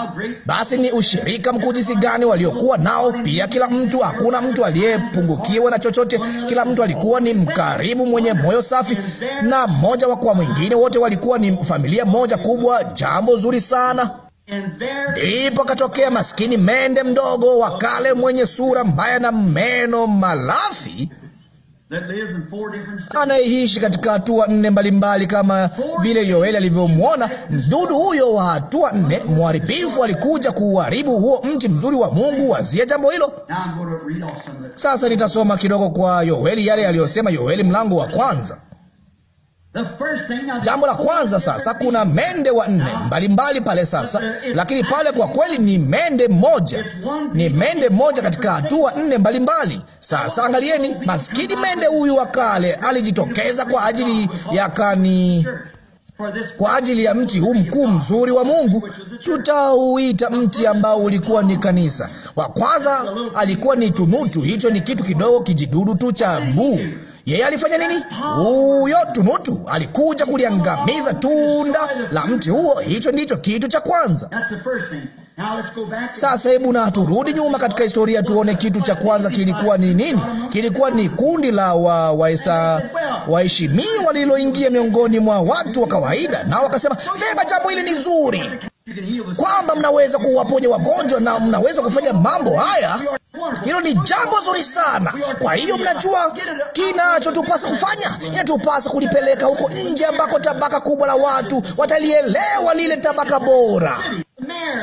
Basi ni ushirika mkuu jinsi gani waliokuwa nao! Pia kila mtu, hakuna mtu aliyepungukiwa na chochote. Kila mtu alikuwa ni mkarimu, mwenye moyo safi na mmoja kwa mwingine. Wote walikuwa ni familia moja kubwa, jambo zuri sana. Ndipo akatokea maskini mende mdogo wa kale mwenye sura mbaya na meno malafi anayeishi katika hatua nne mbalimbali kama vile Yoeli alivyomwona. Mdudu huyo wa hatua nne mharibifu alikuja kuuharibu huo mti mzuri wa Mungu. Wazia jambo hilo. Sasa nitasoma kidogo kwa Yoeli yale aliyosema Yoeli mlango wa kwanza. Jambo la kwanza sasa, kuna mende wa nne mbalimbali pale sasa, lakini pale kwa kweli ni mende moja, ni mende moja katika hatua nne mbalimbali. Sasa angalieni, maskini mende huyu wa kale alijitokeza kwa ajili ya kani kwa ajili ya mti huu mkuu mzuri wa Mungu. Tutauita mti ambao ulikuwa ni kanisa. Wa kwanza alikuwa ni tunutu, hicho ni kitu kidogo, kijidudu tu cha mbuu. Yeye alifanya nini? Huyo tunutu alikuja kuliangamiza tunda la mti huo. Hicho ndicho kitu cha kwanza. Sasa hebu na turudi nyuma katika historia, tuone kitu cha kwanza kilikuwa ni nini. Kilikuwa ni kundi la wa waheshimiwa waliloingia miongoni mwa watu wa kawaida, nao wakasema vema, jambo hili ni zuri, kwamba mnaweza kuwaponya wagonjwa na mnaweza kufanya mambo haya. Hilo ni jambo zuri sana. Kwa hiyo mnajua kinachotupasa kufanya, inatupasa kulipeleka huko nje ambako tabaka kubwa la watu watalielewa lile tabaka bora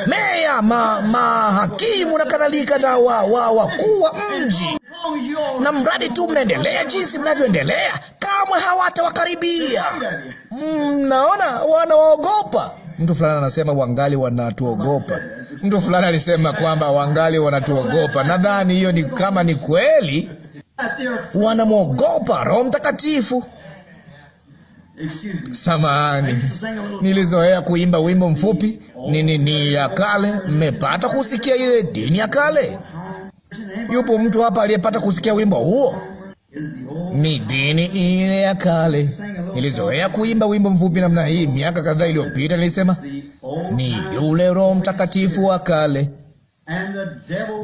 meya, ma, mahakimu na kadhalika, na wa, wa, wakuu wa mji, na mradi tu mnaendelea jinsi mnavyoendelea, kamwe hawatawakaribia. Mnaona, waogopa Mtu fulani anasema wangali wanatuogopa. Mtu fulani alisema kwamba wangali wanatuogopa. Nadhani hiyo ni kama ni kweli, wanamwogopa Roho Mtakatifu. Samahani, nilizoea kuimba wimbo mfupi nini ni ya kale. Mmepata kusikia ile dini ya kale? Yupo mtu hapa aliyepata kusikia wimbo huo? Ni dini ile ya kale. Nilizoea kuimba wimbo mfupi namna hii miaka kadhaa iliyopita. Nilisema ni yule Roho Mtakatifu wa kale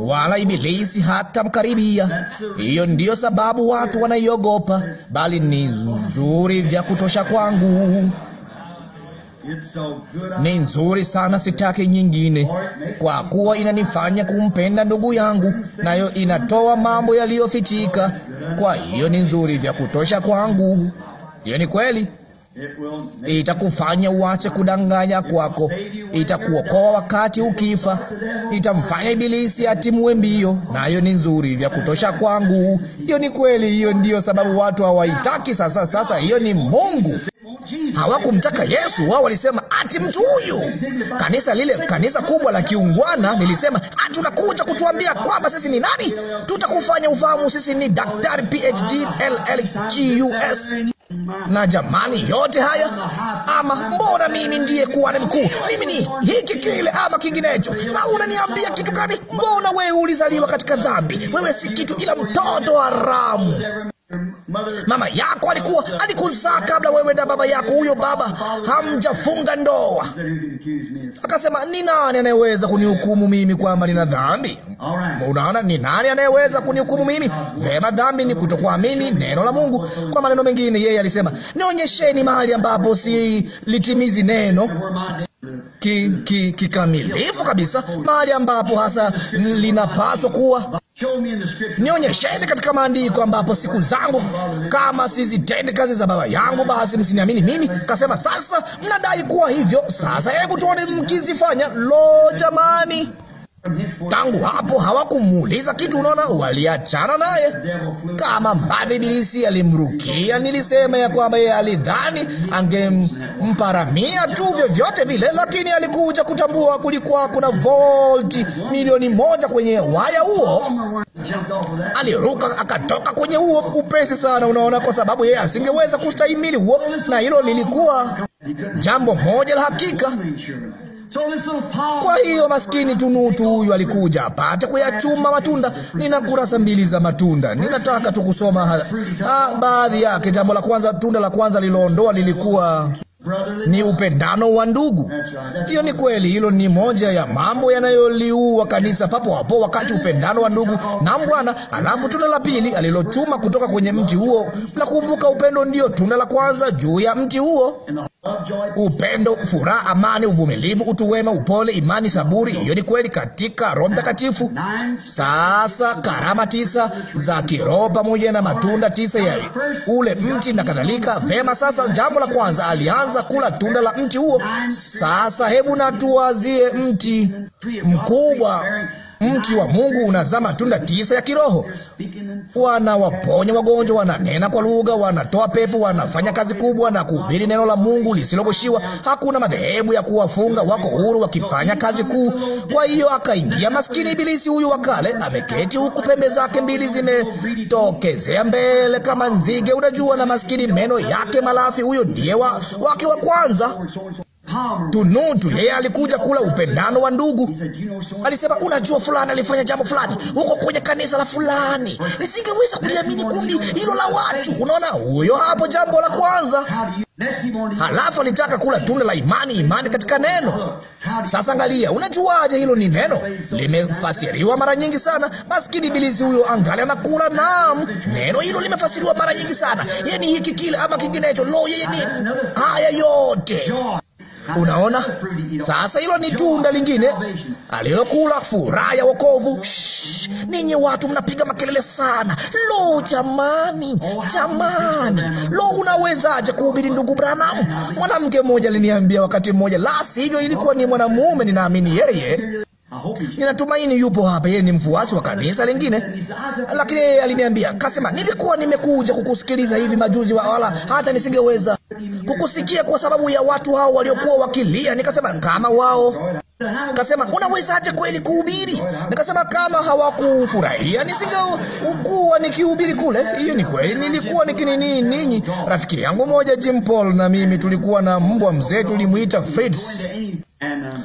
wala ibilisi hata mkaribia. Hiyo ndiyo sababu watu wanaiogopa, bali ni nzuri vya kutosha kwangu. Ni nzuri sana, sitaki nyingine, kwa kuwa inanifanya kumpenda ndugu yangu, nayo inatoa mambo yaliyofichika. Kwa hiyo ni nzuri vya kutosha kwangu. Hiyo ni kweli. Itakufanya uache kudanganya kwako, itakuokoa wakati ukifa, itamfanya Ibilisi atimue mbio, nayo ni nzuri vya kutosha kwangu. Hiyo ni kweli, hiyo ndiyo sababu watu hawaitaki sasa. Sasa hiyo ni Mungu. Hawakumtaka Yesu, wao walisema ati mtu huyu. Kanisa lile, kanisa kubwa la kiungwana lilisema ati ah, unakuja kutuambia kwamba sisi ni nani? Tutakufanya ufahamu sisi ni daktari PhD LLGUS. Na jamani, yote haya ama, mbona mimi ndiye kuhani mkuu, mimi ni hiki kile ama kinginecho, na unaniambia kitu gani? Mbona wewe ulizaliwa katika dhambi, wewe si kitu ila mtoto haramu mama yako uh, alikuwa uh, alikuzaa uh, kabla wewe na baba yako huyo baba hamjafunga ndoa. Akasema, ni nani anayeweza kunihukumu mimi kwamba nina dhambi? Unaona, ni nani anayeweza kunihukumu mimi? Vema, dhambi ni kutokuamini neno la Mungu. Kwa maneno mengine, yeye alisema, nionyesheni mahali ambapo si litimizi neno kikamilifu ki, ki kabisa, mahali ambapo hasa linapaswa kuwa. Nionyesheni katika maandiko ambapo siku zangu kama sizitende kazi za baba yangu, basi msiniamini mimi. Kasema, sasa mnadai kuwa hivyo. Sasa hebu tuone mkizifanya. Lo, jamani! Tangu hapo hawakumuuliza kitu. Unaona, waliachana naye kama ambavyo Ibilisi alimrukia. Nilisema ya kwamba yeye alidhani angemparamia tu vyovyote vile, lakini alikuja kutambua kulikuwa kuna volti milioni moja kwenye waya huo. Aliruka akatoka kwenye huo upesi sana, unaona, kwa sababu yeye asingeweza kustahimili huo, na hilo lilikuwa jambo moja la hakika. Kwa hiyo maskini tunutu huyu alikuja apate kuyachuma matunda. Nina kurasa mbili za matunda, ninataka tukusoma baadhi yake. Jambo la kwanza, tunda la kwanza liloondoa lilikuwa ni upendano wa ndugu. Hiyo ni kweli, hilo ni moja ya mambo yanayoliua kanisa papo hapo, wakati upendano wa ndugu na Bwana. Alafu tunda la pili alilochuma kutoka kwenye mti huo, nakumbuka, upendo ndio tunda la kwanza juu ya mti huo upendo, furaha, amani, uvumilivu, utu wema, upole, imani, saburi. Hiyo ni kweli katika Roho Mtakatifu. Sasa karama tisa za kiroho pamoja na matunda tisa ya ule mti na kadhalika. Vema, sasa jambo la kwanza, alianza kula tunda la mti huo. Sasa hebu natuwazie mti mkubwa Mti wa Mungu unazaa matunda tisa ya kiroho. Wanawaponya wagonjwa, wananena kwa lugha, wanatoa pepo, wanafanya kazi kubwa na kuhubiri neno la Mungu lisilogoshiwa. Hakuna madhehebu ya kuwafunga, wako huru wakifanya kazi kuu. Kwa hiyo akaingia maskini ibilisi huyu wa kale, ameketi huku pembe zake mbili zimetokezea mbele kama nzige, unajua, na maskini meno yake malafi. Huyo ndiye wa, wake wa kwanza tunutu. Yeye alikuja kula upendano wa ndugu. Alisema, unajua, fulani alifanya jambo fulani huko kwenye kanisa la fulani, nisingeweza kuliamini kundi hilo la watu. Unaona, huyo hapo, jambo la kwanza. Halafu alitaka kula tunda la imani, imani katika neno. Sasa angalia, unajuaje hilo ni neno? Limefasiriwa mara nyingi sana. Maskini bilisi huyo angali anakula. Naam, neno hilo limefasiriwa mara nyingi sana. Yeye ni hiki kile ama kinginecho. Lo, yeye ni haya yote. Unaona, sasa hilo ni tunda lingine aliyokula, furaha ya wokovu. Ninyi watu mnapiga makelele sana. Lo, jamani, jamani, lo, unawezaje kuhubiri? Ndugu Branham, mwanamke mmoja aliniambia wakati mmoja, la sivyo, ilikuwa ni mwanamume, ninaamini yeye Ninatumaini yupo hapa, yeye ni mfuasi wa kanisa lingine, lakini yeye aliniambia kasema, nilikuwa nimekuja kukusikiliza hivi majuzi, wala hata nisingeweza kukusikia kwa sababu ya watu hao waliokuwa wakilia. Nikasema kama wao Kasema unawezaje kweli kuhubiri? Nikasema kama hawakufurahia nisingekuwa nikihubiri kule. Hiyo ni kweli, nilikuwa nikinini. Ninyi rafiki yangu moja Jim Paul na mimi tulikuwa na mbwa mzee, tulimwita Fritz.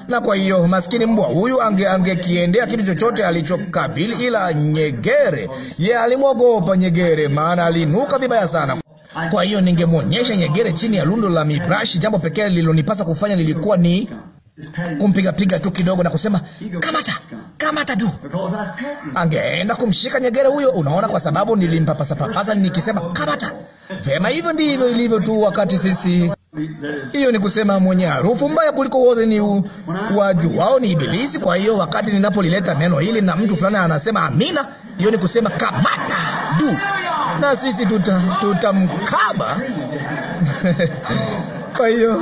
Na kwa hiyo maskini mbwa huyu angekiendea ange kitu chochote alichokabili, ila nyegere, ye alimwogopa nyegere, maana alinuka vibaya sana. Kwa hiyo ningemwonyesha nyegere chini ya lundo la mibrashi. Jambo pekee lilonipasa kufanya lilikuwa ni kumpigapiga tu kidogo na kusema kamata, kamata tu. Angeenda kumshika nyegere huyo, unaona, kwa sababu nilimpapasapapasa nikisema kamata Vema, hivyo ndivyo ilivyo tu wakati sisi hiyo ni kusema mwenye harufu mbaya kuliko wote ni waju wao ni Ibilisi. Kwa hiyo wakati ninapolileta neno hili na mtu fulani anasema amina, hiyo ni kusema kamata du, na sisi tutamkaba tuta Kwa hiyo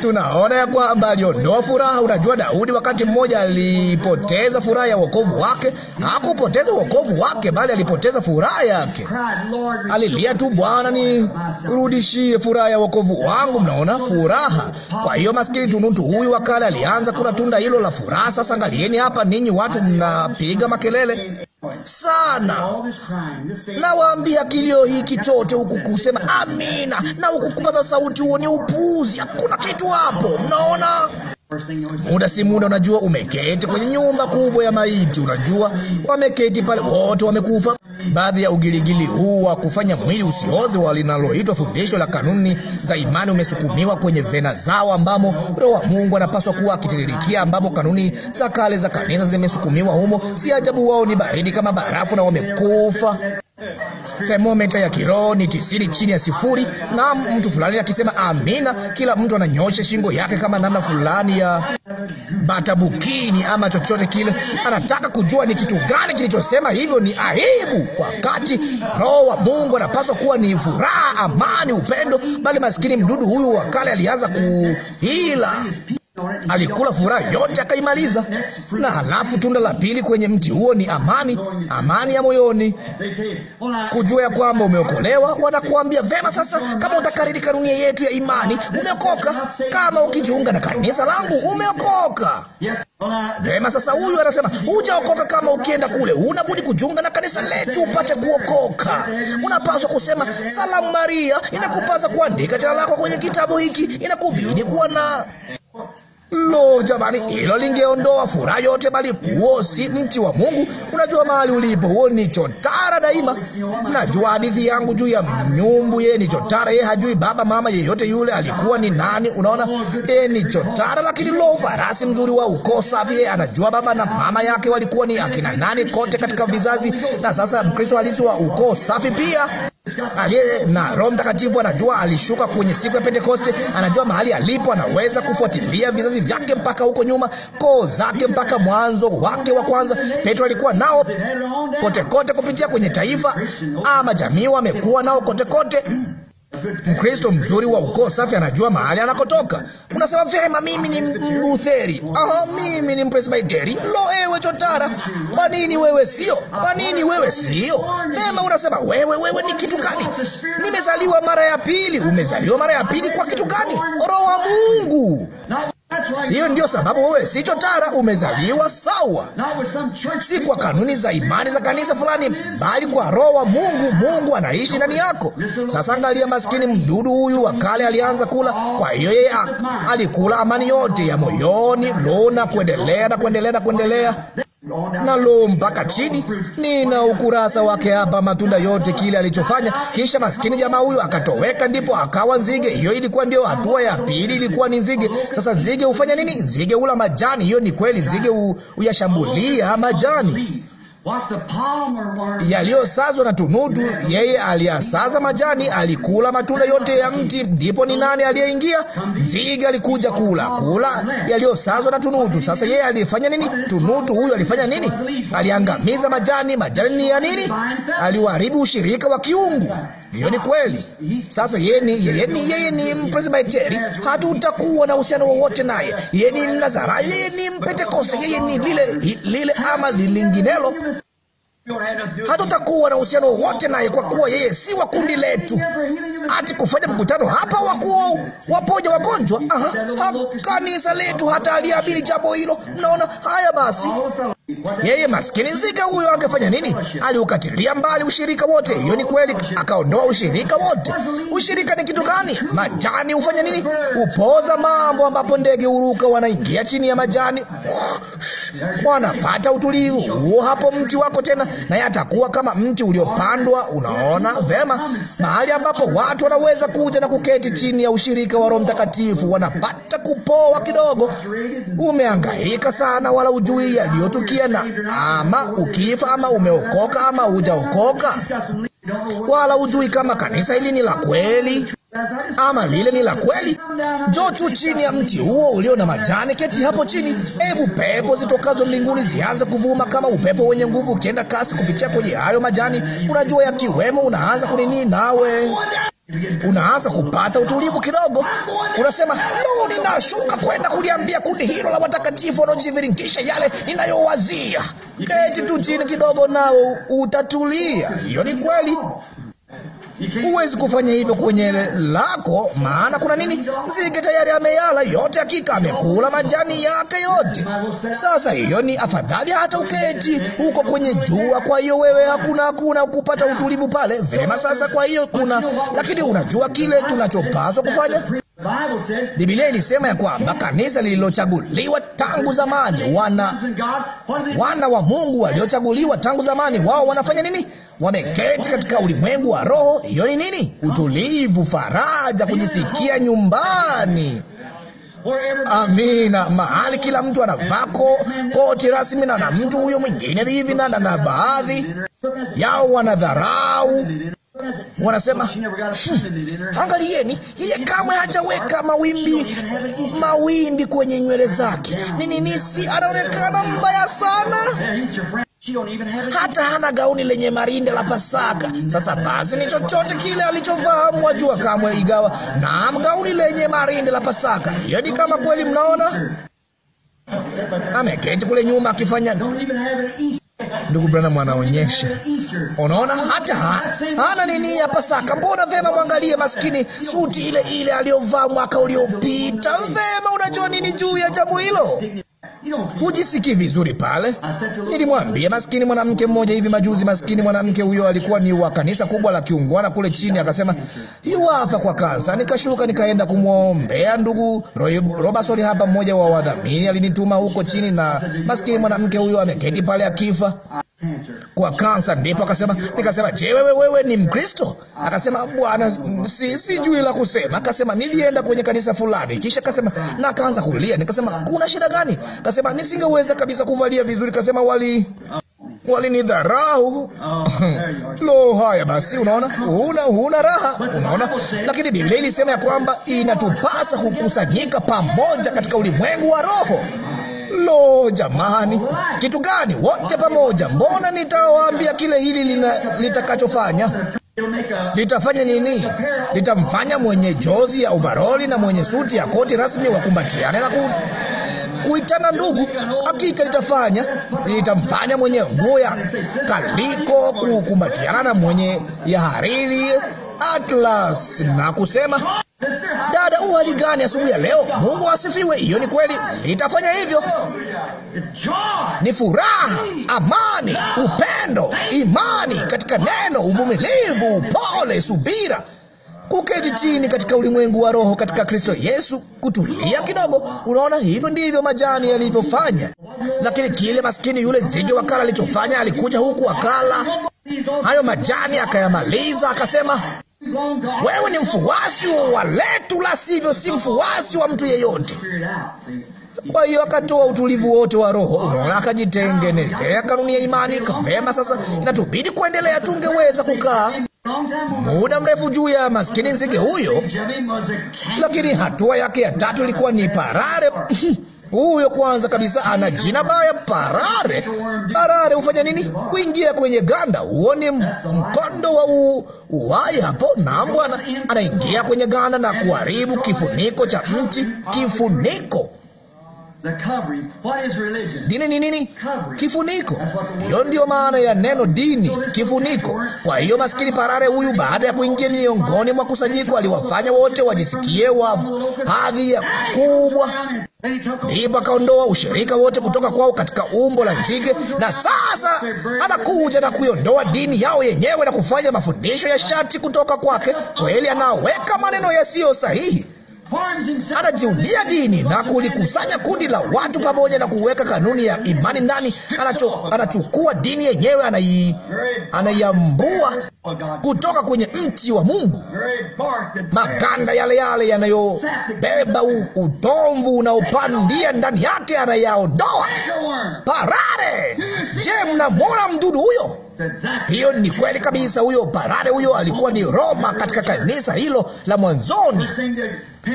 tunaona ya kwamba aliondoa furaha. Unajua, Daudi wakati mmoja alipoteza furaha ya wokovu wake. Hakupoteza wokovu wake, bali alipoteza furaha yake. Alilia tu, Bwana, nirudishie furaha ya wokovu wangu. Mnaona furaha. Kwa hiyo maskini tunutu huyu wakale alianza kula tunda hilo la furaha. Sasa angalieni hapa, ninyi watu mnapiga makelele sana. Nawaambia, kilio hiki chote huku kusema amina na huku kupaza sauti, huo ni upuzi Hakuna kitu hapo, mnaona muda si muda, unajua umeketi kwenye nyumba kubwa ya maiti, unajua wameketi pale wote wamekufa. Baadhi ya ugiligili huu wa kufanya mwili usioze walinaloitwa fundisho la kanuni za imani umesukumiwa kwenye vena zao, ambamo roho wa Mungu anapaswa kuwa akitiririkia, ambamo kanuni za kale za kanisa zimesukumiwa humo. Si ajabu wao ni baridi kama barafu na wamekufa. Thermometa ya kiroho ni tisini chini ya sifuri, na mtu fulani akisema amina. Kila mtu ananyosha shingo yake kama namna fulani ya batabukini ama chochote kile, anataka kujua ni kitu gani kilichosema hivyo. Ni aibu, wakati roho wa Mungu anapaswa kuwa ni furaha, amani, upendo, bali maskini mdudu huyu wa kale alianza kuhila. Alikula furaha yote akaimaliza. Na halafu tunda la pili kwenye mti huo ni amani, amani ya moyoni, kujua ya kwamba umeokolewa. Wanakuambia vema, sasa kama utakariri kanuni yetu ya imani, umeokoka. Kama ukijiunga na kanisa langu, umeokoka. Vema, sasa huyu anasema hujaokoka. Kama ukienda kule, unabudi kujiunga na kanisa letu upate kuokoka. Unapaswa kusema salamu Maria, inakupasa kuandika jina lako kwenye kitabu hiki, inakubidi kuwa na Lo, jamani, hilo lingeondoa furaha yote, bali huo si mti wa Mungu. Unajua mahali ulipo, huo ni chotara daima. Najua hadithi yangu juu ya mnyumbu, yeye ni chotara, yeye hajui baba mama yeyote yule alikuwa ni nani. Unaona, yeye ni chotara, lakini lo, farasi mzuri wa ukoo safi, yeye anajua baba na mama yake walikuwa ni akina nani kote katika vizazi, na sasa Mkristo halisi wa ukoo safi pia aliye na Roho Mtakatifu anajua alishuka kwenye siku ya Pentekoste, anajua mahali alipo, anaweza kufuatilia vizazi vyake mpaka huko nyuma, koo zake mpaka mwanzo wake wa kwanza. Petro alikuwa nao kotekote kote, kupitia kwenye taifa ama jamii, wamekuwa nao kotekote kote. Mkristo mzuri wa ukoo safi anajua mahali anakotoka. Unasema vyema, mimi ni Mlutheri. Aha, mimi ni Mpresbiteri. Lo, ewe chotara, kwa nini wewe sio? Kwa nini wewe sio? Vyema, unasema wewe, wewe ni kitu gani? Nimezaliwa mara ya pili. Umezaliwa mara ya pili kwa kitu gani? Roho wa Mungu. Hiyo ndiyo sababu wewe si chotara, umezaliwa sawa, si kwa kanuni za imani za kanisa fulani, bali kwa roho wa Mungu. Mungu anaishi ndani yako. Sasa angalia, maskini mdudu huyu wa kale alianza kula, kwa hiyo yeye alikula amani yote ya moyoni, lona kuendelea na kuendelea na kuendelea loo mpaka chini. Nina ukurasa wake hapa, matunda yote kile alichofanya. Kisha maskini jamaa huyo akatoweka, ndipo akawa nzige. Hiyo ilikuwa ndio hatua ya pili, ilikuwa ni nzige. Sasa nzige hufanya nini? Nzige hula majani. Hiyo ni kweli, nzige huyashambulia majani yaliyosazwa na tunutu, yeye aliyasaza majani, alikula matunda yote ya mti. Ndipo ni nani aliyeingia? Nzige alikuja kula kula yaliyosazwa na tunutu. Sasa yeye alifanya nini? Tunutu huyu alifanya nini? Aliangamiza majani. Majani ni ya nini? Aliuharibu ushirika wa kiungu. Hiyo ni kweli. Sasa yeye ni yeye ni yeye ni Mpresbiteri, hatutakuwa na uhusiano wowote naye. Yeye ni Mnazara, yeye ni Mpentekoste, yeye ni lile lile ama lilinginelo hatutakuwa na uhusiano wote naye, kwa kuwa yeye si wa kundi letu. Ati kufanya mkutano hapa wakuo waponya wagonjwa? kanisa letu hata aliabiri jambo hilo. Mnaona haya basi yeye maskini zika huyo akafanya nini? Aliukatilia mbali ushirika wote. Hiyo ni kweli, akaondoa ushirika wote. Ushirika ni kitu gani? Majani hufanya nini? Upoza mambo, ambapo ndege huruka, wanaingia chini ya majani, wanapata utulivu huo. Hapo mti wako tena, naye atakuwa kama mti uliopandwa. Unaona vema, mahali ambapo watu wanaweza kuja na kuketi chini ya ushirika wa Roho Mtakatifu, wanapata kupoa kidogo. Umeangaika sana, wala ujui yaliyotukia pia, na ama ukifa ama umeokoka ama hujaokoka, wala hujui kama kanisa hili ni la kweli ama lile ni la kweli. Njoo tu chini ya mti huo ulio na majani, keti hapo chini. Hebu pepo zitokazo mbinguni zianze kuvuma kama upepo wenye nguvu, ukienda kasi kupitia kwenye hayo majani, unajua yakiwemo, unaanza kunini nawe unaanza kupata utulivu kidogo. Unasema, lo, ninashuka kwenda kuliambia kundi hilo la watakatifu wanaojiviringisha yale ninayowazia. Keti tu chini kidogo, nao utatulia. Hiyo ni kweli. Huwezi kufanya hivyo kwenye lako, maana kuna nini? Nzige tayari ameyala yote, hakika amekula majani yake yote. Sasa hiyo ni afadhali hata uketi huko kwenye jua. Kwa hiyo wewe, hakuna hakuna kupata utulivu pale. Vema, sasa kwa hiyo kuna, lakini unajua kile tunachopaswa kufanya Biblia ilisema ya kwamba kanisa lililochaguliwa tangu zamani, wana wana wa Mungu waliochaguliwa tangu zamani, wao wanafanya nini? Wameketi katika ulimwengu wa roho. Hiyo ni nini? Utulivu, faraja, kujisikia nyumbani. Amina. Mahali kila mtu anavako koti rasmi na na mtu huyo mwingine hivi na na baadhi yao wanadharau wanasema hmm, angalieni, yeye kamwe hajaweka mawimbi mawimbi kwenye nywele zake. Ni nini? Si anaonekana mbaya sana hata hana gauni lenye marinde la Pasaka. Sasa basi, ni chochote kile alichovaa, mwajua, kamwe igawa naam, gauni lenye marinde la Pasaka. Hiyo kama kweli, mnaona ameketi kule nyuma akifanya Ndugu Branham anaonyesha, unaona, hata hana nini ya Pasaka. Mbona vema, mwangalie maskini, suti ile ile aliyovaa mwaka uliopita. Vema, unajua nini juu ya jambo hilo? hujisiki vizuri pale. Nilimwambia maskini mwanamke mmoja hivi majuzi, maskini mwanamke huyo alikuwa ni wa kanisa kubwa la kiungwana kule chini, akasema yuwafa kwa kansa. Nikashuka nikaenda kumwombea ndugu Robertson hapa, mmoja wa wadhamini alinituma huko chini, na maskini mwanamke huyo ameketi pale akifa kwa kansa. Ndipo akasema, nikasema, je, wewe wewe ni Mkristo? Akasema, bwana, si sijui la kusema. Akasema, nilienda kwenye kanisa fulani, kisha akasema, na akaanza kulia. Nikasema, kuna shida gani? Akasema, nisingeweza kabisa kuvalia vizuri. Akasema, wali walinidharau. Lo, haya basi, unaona, huna huna raha, unaona. Lakini Biblia ilisema ya kwamba inatupasa kukusanyika pamoja katika ulimwengu wa roho. Lo, jamani, kitu gani? Wote pamoja, mbona nitawaambia kile hili litakachofanya litafanya nini? Litamfanya mwenye jozi ya uvaroli na mwenye suti ya koti rasmi wakumbatiane na ku kuitana ndugu. Hakika litafanya litamfanya mwenye nguo ya kaliko kukumbatiana na mwenye ya hariri atlas na kusema Dada, u hali gani asubuhi ya leo? Mungu asifiwe. Hiyo ni kweli, nitafanya hivyo. Ni furaha, amani, upendo, imani katika neno, uvumilivu, upole, subira kuketi chini katika ulimwengu wa roho katika Kristo Yesu, kutulia kidogo. Unaona, hivyo ndivyo majani yalivyofanya. Lakini kile maskini yule zige wakala alichofanya, alikuja huku akala hayo majani akayamaliza, akasema wewe ni mfuasi wa letu, la sivyo si mfuasi wa mtu yeyote. Kwa hiyo akatoa utulivu wote wa roho, unaona, akajitengenezea kanuni ya imani. Vema, sasa inatubidi kuendelea. Tungeweza kukaa muda mrefu juu ya maskini nzige huyo, lakini hatua yake ya tatu ilikuwa ni parare Huyo kwanza kabisa ana jina baya, parare. Parare hufanya nini? Kuingia kwenye ganda. Uone mpando wa uhai hapo, na mbwa anaingia kwenye ganda na kuharibu kifuniko cha mti, kifuniko Dini ni nini? Kifuniko. Hiyo ndiyo maana ya neno dini, kifuniko. Kwa hiyo maskini parare huyu, baada ya kuingia miongoni mwa kusanyiko, aliwafanya wote wajisikie wa hadhi ya kubwa, ndipo akaondoa ushirika wote kutoka kwao katika umbo la nzige, na sasa anakuja na kuiondoa dini yao yenyewe na kufanya mafundisho ya shati kutoka kwake. Kweli anaweka maneno yasiyo sahihi anajiundia dini na kulikusanya kundi la watu pamoja na kuweka kanuni ya imani ndani. Anacho, anachukua dini yenyewe anaiambua kutoka kwenye mti wa Mungu, maganda yale yale yanayobeba utomvu unaopandia ndani yake anayaondoa. Parare! Je, mnamwona mdudu huyo? Hiyo ni kweli kabisa. Huyo parare huyo alikuwa ni Roma katika kanisa hilo la mwanzoni.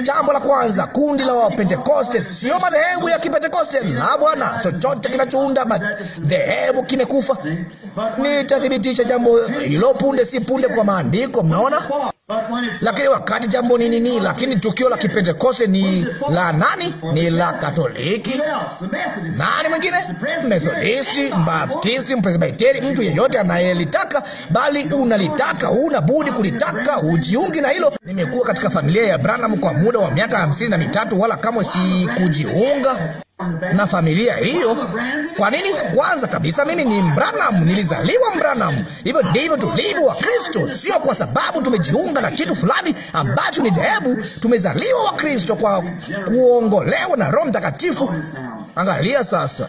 Jambo la kwanza, kundi la Wapentekoste, sio madhehebu ya Kipentekoste. Na Bwana, chochote kinachounda madhehebu kimekufa. Nitathibitisha jambo hilo punde si punde kwa maandiko, mnaona. Lakini wakati jambo ni nini, lakini tukio la Kipentekoste ni la nani? Ni la Katoliki. Nani mwingine? Methodisti, Mbaptisti, Mpresbiteri, mtu yeyote anayelitaka, bali unalitaka, huna budi kulitaka, ujiungi na hilo. Nimekuwa katika familia ya Branham kwa muda wa miaka hamsini na mitatu wala kamwe sikujiunga na familia hiyo. Kwa nini? Kwanza kabisa mimi ni Branham, nilizaliwa Mbranamu. Hivyo ndivyo tulivyo wa Kristo, sio kwa sababu tumejiunga na kitu fulani ambacho ni dhehebu. Tumezaliwa wa Kristo kwa kuongolewa na Roho Mtakatifu. Angalia sasa,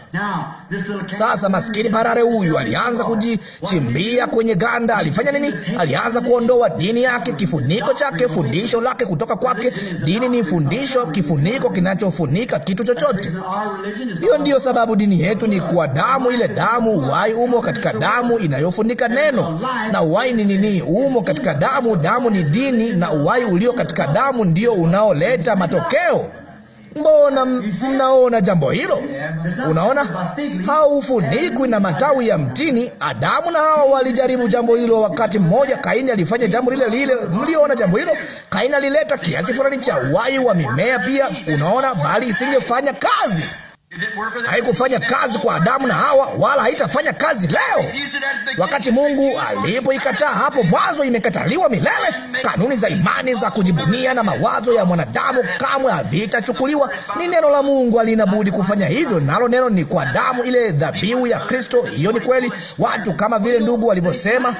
sasa maskini parare huyu alianza kujichimbia kwenye ganda. Alifanya nini? Alianza kuondoa dini yake, kifuniko chake, fundisho lake kutoka kwake. Dini ni fundisho, kifuniko kinachofunika kitu chochote. Hiyo ndiyo sababu dini yetu ni kwa damu. Ile damu, uhai umo katika damu inayofunika neno. Na uhai ni nini? Umo katika damu. Damu ni dini, na uhai ulio katika damu ndio unaoleta matokeo. Mbona mnaona jambo hilo? Unaona, haufunikwi na matawi ya mtini. Adamu na Hawa walijaribu jambo hilo wakati mmoja. Kaini alifanya jambo lile lile. Mliona jambo hilo? Kaini alileta kiasi fulani cha wai wa mimea pia, unaona, bali isingefanya kazi haikufanya kazi kwa Adamu na Hawa, wala haitafanya kazi leo. Wakati Mungu alipoikataa hapo mwanzo, imekataliwa milele. Kanuni za imani za kujibunia na mawazo ya mwanadamu kamwe havitachukuliwa. Ni neno la Mungu alinabudi kufanya hivyo, nalo neno ni kwa damu, ile dhabihu ya Kristo. Hiyo ni kweli, watu kama vile ndugu walivyosema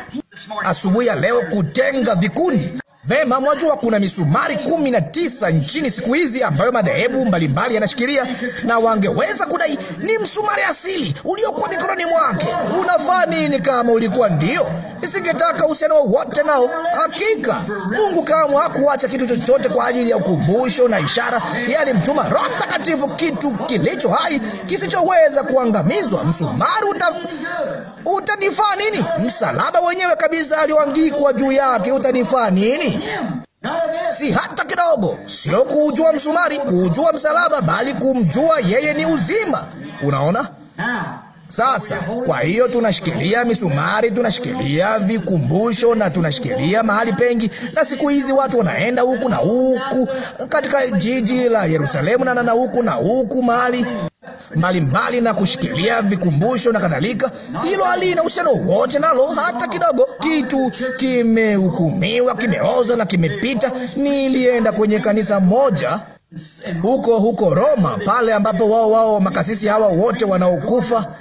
asubuhi ya leo, kutenga vikundi Vema, mwajua kuna misumari kumi na tisa nchini siku hizi ambayo madhehebu mbalimbali yanashikilia, na wangeweza kudai ni msumari asili uliokuwa mikononi mwake. Unafaa nini kama ulikuwa ndio? Nisingetaka uhusiano wowote nao. Hakika Mungu kamwe hakuacha kitu chochote kwa ajili ya ukumbusho na ishara. Yeye yaani, alimtuma Roho Mtakatifu, kitu kilicho hai kisichoweza kuangamizwa. Msumari uta utanifaa nini? Msalaba wenyewe kabisa alioangikwa juu yake utanifaa nini? Si hata kidogo. Sio kuujua msumari, kuujua msalaba, bali kumjua yeye ni uzima. Unaona? Sasa kwa hiyo tunashikilia misumari, tunashikilia vikumbusho na tunashikilia mahali pengi, na siku hizi watu wanaenda huku na huku katika jiji la Yerusalemu na na huku na huku mahali mbalimbali na kushikilia vikumbusho na kadhalika. Hilo halina uhusiano wote nalo hata kidogo. Kitu kimehukumiwa, kimeoza na kimepita. Nilienda kwenye kanisa moja huko huko Roma, pale ambapo wao wao makasisi hawa wote wanaokufa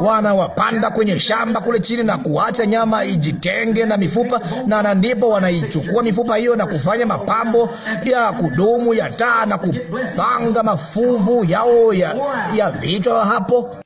wanawapanda kwenye shamba kule chini na kuacha nyama ijitenge na mifupa, na ndipo wanaichukua mifupa hiyo na kufanya mapambo ya kudumu ya taa na kupanga mafuvu yao ya, ya vichwa hapo,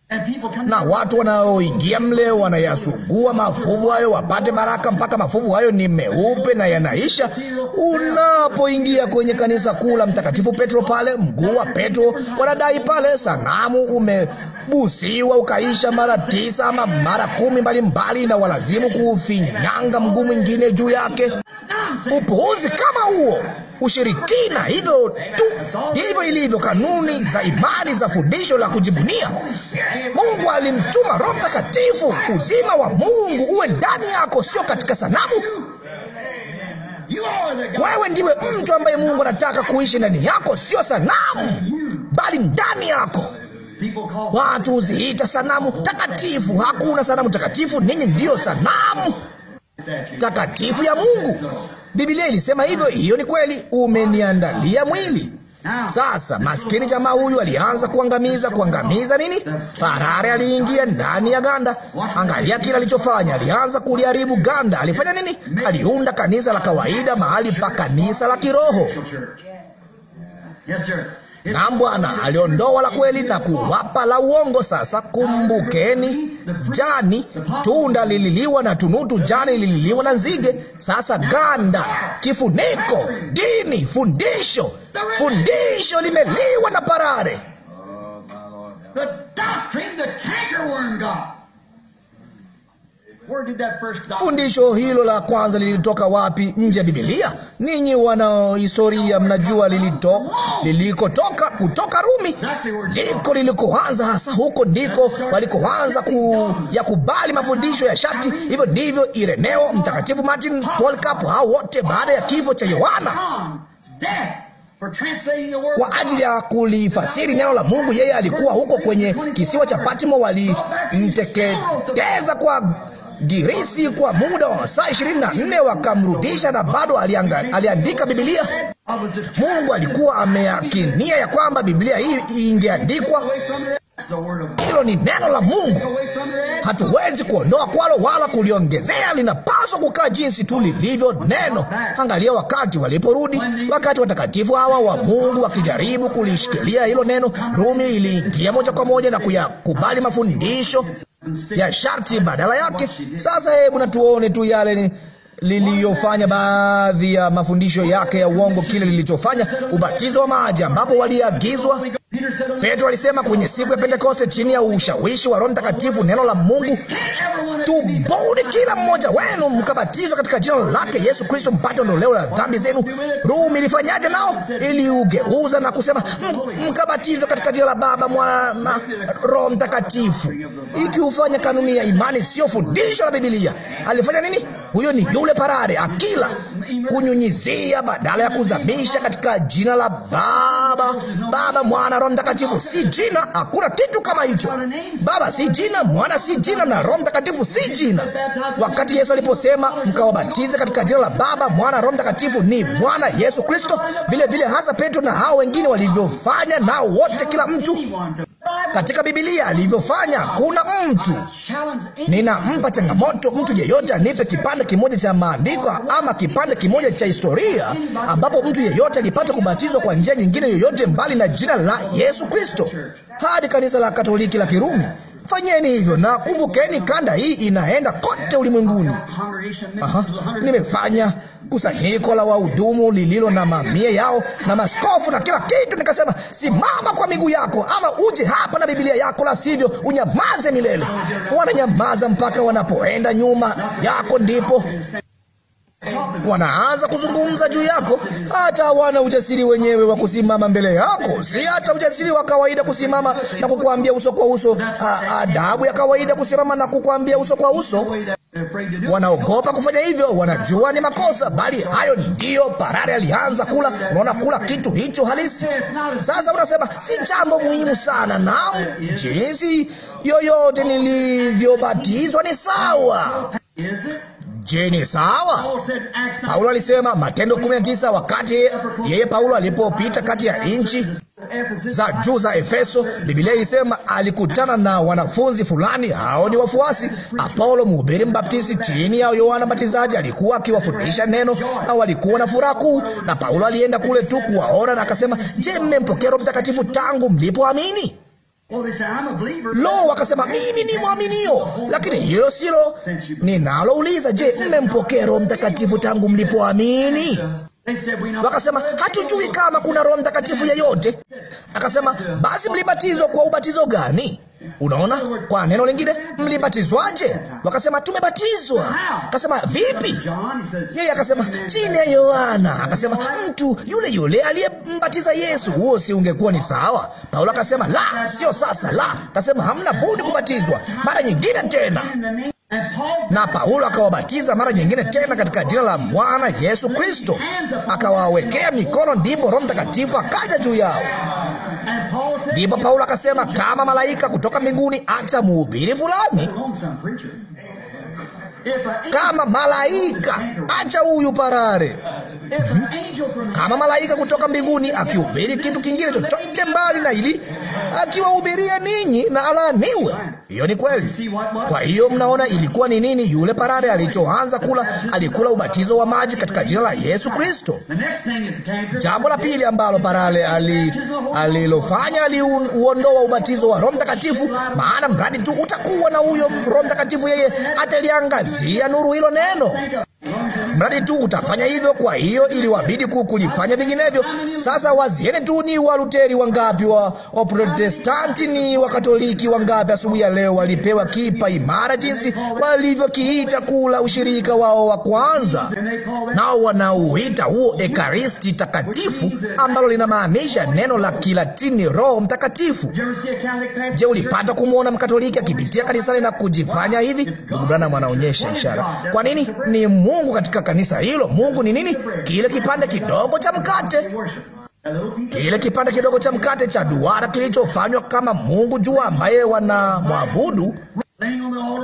na watu wanaoingia mle wanayasugua mafuvu hayo wapate baraka, mpaka mafuvu hayo ni meupe na yanaisha. Unapoingia kwenye kanisa kuu la Mtakatifu Petro pale, mguu wa Petro wanadai pale sanamu ume busiwa ukaisha mara tisa ama mara kumi mbalimbali, na walazimu kuufinyanga mguu mwingine juu yake. Upuuzi kama huo, ushirikina. Hivyo tu ndivyo ilivyo kanuni za imani za fundisho la kujibunia. Mungu alimtuma Roho Mtakatifu. Uzima wa Mungu uwe ndani yako, sio katika sanamu. Wewe ndiwe mtu ambaye Mungu anataka kuishi ndani yako, sio sanamu, bali ndani yako. Watu huziita sanamu takatifu. Hakuna sanamu takatifu, ninyi ndiyo sanamu takatifu ya Mungu. Biblia ilisema hivyo. Hiyo ni kweli. Umeniandalia mwili. Sasa maskini jamaa huyu alianza kuangamiza. Kuangamiza nini? Parare aliingia ndani ya ganda. Angalia kile alichofanya, alianza kuliharibu ganda. Alifanya nini? Aliunda kanisa la kawaida mahali pa kanisa la kiroho na Bwana aliondoa la kweli na kuwapa la uongo. Sasa kumbukeni, jani tunda lililiwa na tunutu, jani lililiwa na nzige. Sasa ganda, kifuniko, dini, fundisho, fundisho limeliwa na parare. Oh, Fundisho hilo la kwanza lilitoka wapi nje ya Biblia? Ninyi wana historia mnajua lilito lilikotoka, kutoka Rumi, ndiko lilikoanza hasa, huko ndiko walikoanza ku, ya kubali mafundisho ya shati. Hivyo ndivyo Ireneo, Mtakatifu Martin, Polycarp, hao wote baada ya kifo cha Yohana kwa ajili ya kulifasiri neno la Mungu. Yeye alikuwa huko kwenye kisiwa cha Patmo, walimteketeza kwa girisi kwa muda wa saa ishirini na nne wakamrudisha, na bado alianga, aliandika Biblia. Mungu alikuwa ameakinia ya kwamba Biblia hii ingeandikwa hilo ni neno la Mungu, hatuwezi kuondoa kwalo wala kuliongezea. Linapaswa kukaa jinsi tu lilivyo neno. Angalia wakati waliporudi, wakati watakatifu hawa wa Mungu wakijaribu kulishikilia hilo neno, Rumi iliingia moja kwa moja na kuyakubali mafundisho ya sharti badala yake. Sasa hebu natuone tu yale liliyofanya baadhi ya mafundisho yake ya uongo, kile lilichofanya ubatizo wa maji, ambapo waliagizwa Petro alisema kwenye siku ya Pentekoste, chini ya ushawishi wa Roho Mtakatifu, neno la Mungu, tubuni kila mmoja wenu mkabatizwa katika jina lake Yesu Kristo mpate ondoleo la dhambi zenu. Rumi ilifanyaje nao? Iliugeuza na kusema mkabatizwa katika jina la Baba, Mwana, Roho Mtakatifu, ikiufanya kanuni ya imani, sio fundisho la Bibilia. Alifanya nini? Huyo ni yule parare akila kunyunyizia badala ya kuzamisha katika jina la Baba, Baba, Mwana na Roho Mtakatifu si jina, hakuna kitu kama hicho. Baba si jina, mwana si jina, na Roho Mtakatifu si jina. Wakati Yesu aliposema mkawabatize katika jina la Baba, Mwana, Roho Mtakatifu, ni Bwana Yesu Kristo, vile vile hasa Petro na hao wengine walivyofanya, nao wote, kila mtu katika Biblia alivyofanya. Kuna mtu ninampa changamoto, mtu yeyote anipe kipande kimoja cha maandiko ama kipande kimoja cha historia ambapo mtu yeyote alipata kubatizwa kwa njia nyingine yoyote mbali na jina la Yesu Kristo, hadi kanisa la Katoliki la Kirumi. Fanyeni hivyo na kumbukeni, kanda hii inaenda kote ulimwenguni. Aha, nimefanya kusanyiko la wahudumu lililo na mamia yao na maskofu na kila kitu, nikasema simama kwa miguu yako, ama uje hapa na Biblia yako, la sivyo unyamaze milele. Wananyamaza mpaka wanapoenda nyuma yako, ndipo wanaanza kuzungumza juu yako, hata hawana ujasiri wenyewe wa kusimama mbele yako, si hata ujasiri wa kawaida kusimama na kukwambia uso kwa uso, adabu ya kawaida kusimama na kukwambia uso kwa uso. Wanaogopa kufanya hivyo, wanajua ni makosa, bali hayo ndiyo parare alianza kula. Unaona, kula kitu hicho halisi. Sasa unasema si jambo muhimu sana, nao jinsi yoyote nilivyobatizwa ni sawa. Je, ni sawa? Paulo alisema Matendo 19 wakati yeye Paulo alipopita kati ya nchi za juu za Efeso, Biblia ilisema alikutana na wanafunzi fulani, hao ni wafuasi. Apolo mhubiri mbaptisti chini ya Yohana Mbatizaji alikuwa akiwafundisha neno na walikuwa na furaha kuu, na Paulo alienda kule tu kuwaona na akasema, je, mmempokea Roho Mtakatifu tangu mlipoamini? Lo, wakasema mimi ni mwaminio, lakini hilo silo ninalouliza. Je, mmempokea Roho Mtakatifu tangu mlipoamini? Wakasema hatujui kama kuna Roho Mtakatifu yeyote. Akasema basi mlibatizwa kwa ubatizo gani? Unaona, kwa neno lingine, mlibatizwaje? Wakasema tumebatizwa. Akasema vipi? Yeye akasema chini ya Yohana. Akasema mtu yule yule aliyembatiza Yesu. Huo si ungekuwa ni sawa? Paulo akasema la, sio sasa, la. Akasema hamna budi kubatizwa mara nyingine tena na Paulo akawabatiza mara nyingine tena katika jina la Bwana Yesu Kristo, akawawekea mikono, ndipo Roho Mtakatifu akaja juu yao. Ndipo Paulo akasema kama malaika kutoka mbinguni, acha muhubiri fulani kama malaika acha huyu parare. Kama malaika kutoka mbinguni akihubiri kitu kingine chochote mbali na hili, akiwahubiria ninyi na alaaniwe. Hiyo ni kweli. Kwa hiyo mnaona ilikuwa ni nini? Yule parare alichoanza kula, alikula ubatizo wa maji katika jina la Yesu Kristo. Jambo la pili ambalo parare alilofanya, ali aliuondoa ubatizo wa Roho Mtakatifu, maana mradi tu utakuwa na huyo Roho Mtakatifu, yeye ataliangazia nuru hilo neno mradi tu utafanya hivyo. Kwa hiyo iliwabidi kulifanya vinginevyo. Sasa wazieni tu ni Waluteri wangapi wa Waprotestanti ni Wakatoliki wangapi asubuhi ya leo walipewa kipa imara, jinsi walivyokiita kula ushirika wao wa kwanza, nao wanauita huo Ekaristi Takatifu, ambalo linamaanisha neno la Kilatini Roho Mtakatifu. Je, ulipata kumwona Mkatoliki akipitia kanisani na kujifanya hivi? Ndugu Branham anaonyesha ishara. Kwa nini ni Mungu katika kanisa hilo. Mungu ni nini? Kile kipande kidogo cha mkate kile kipande kidogo cha mkate cha duara kilichofanywa kama Mungu jua ambaye wanamwabudu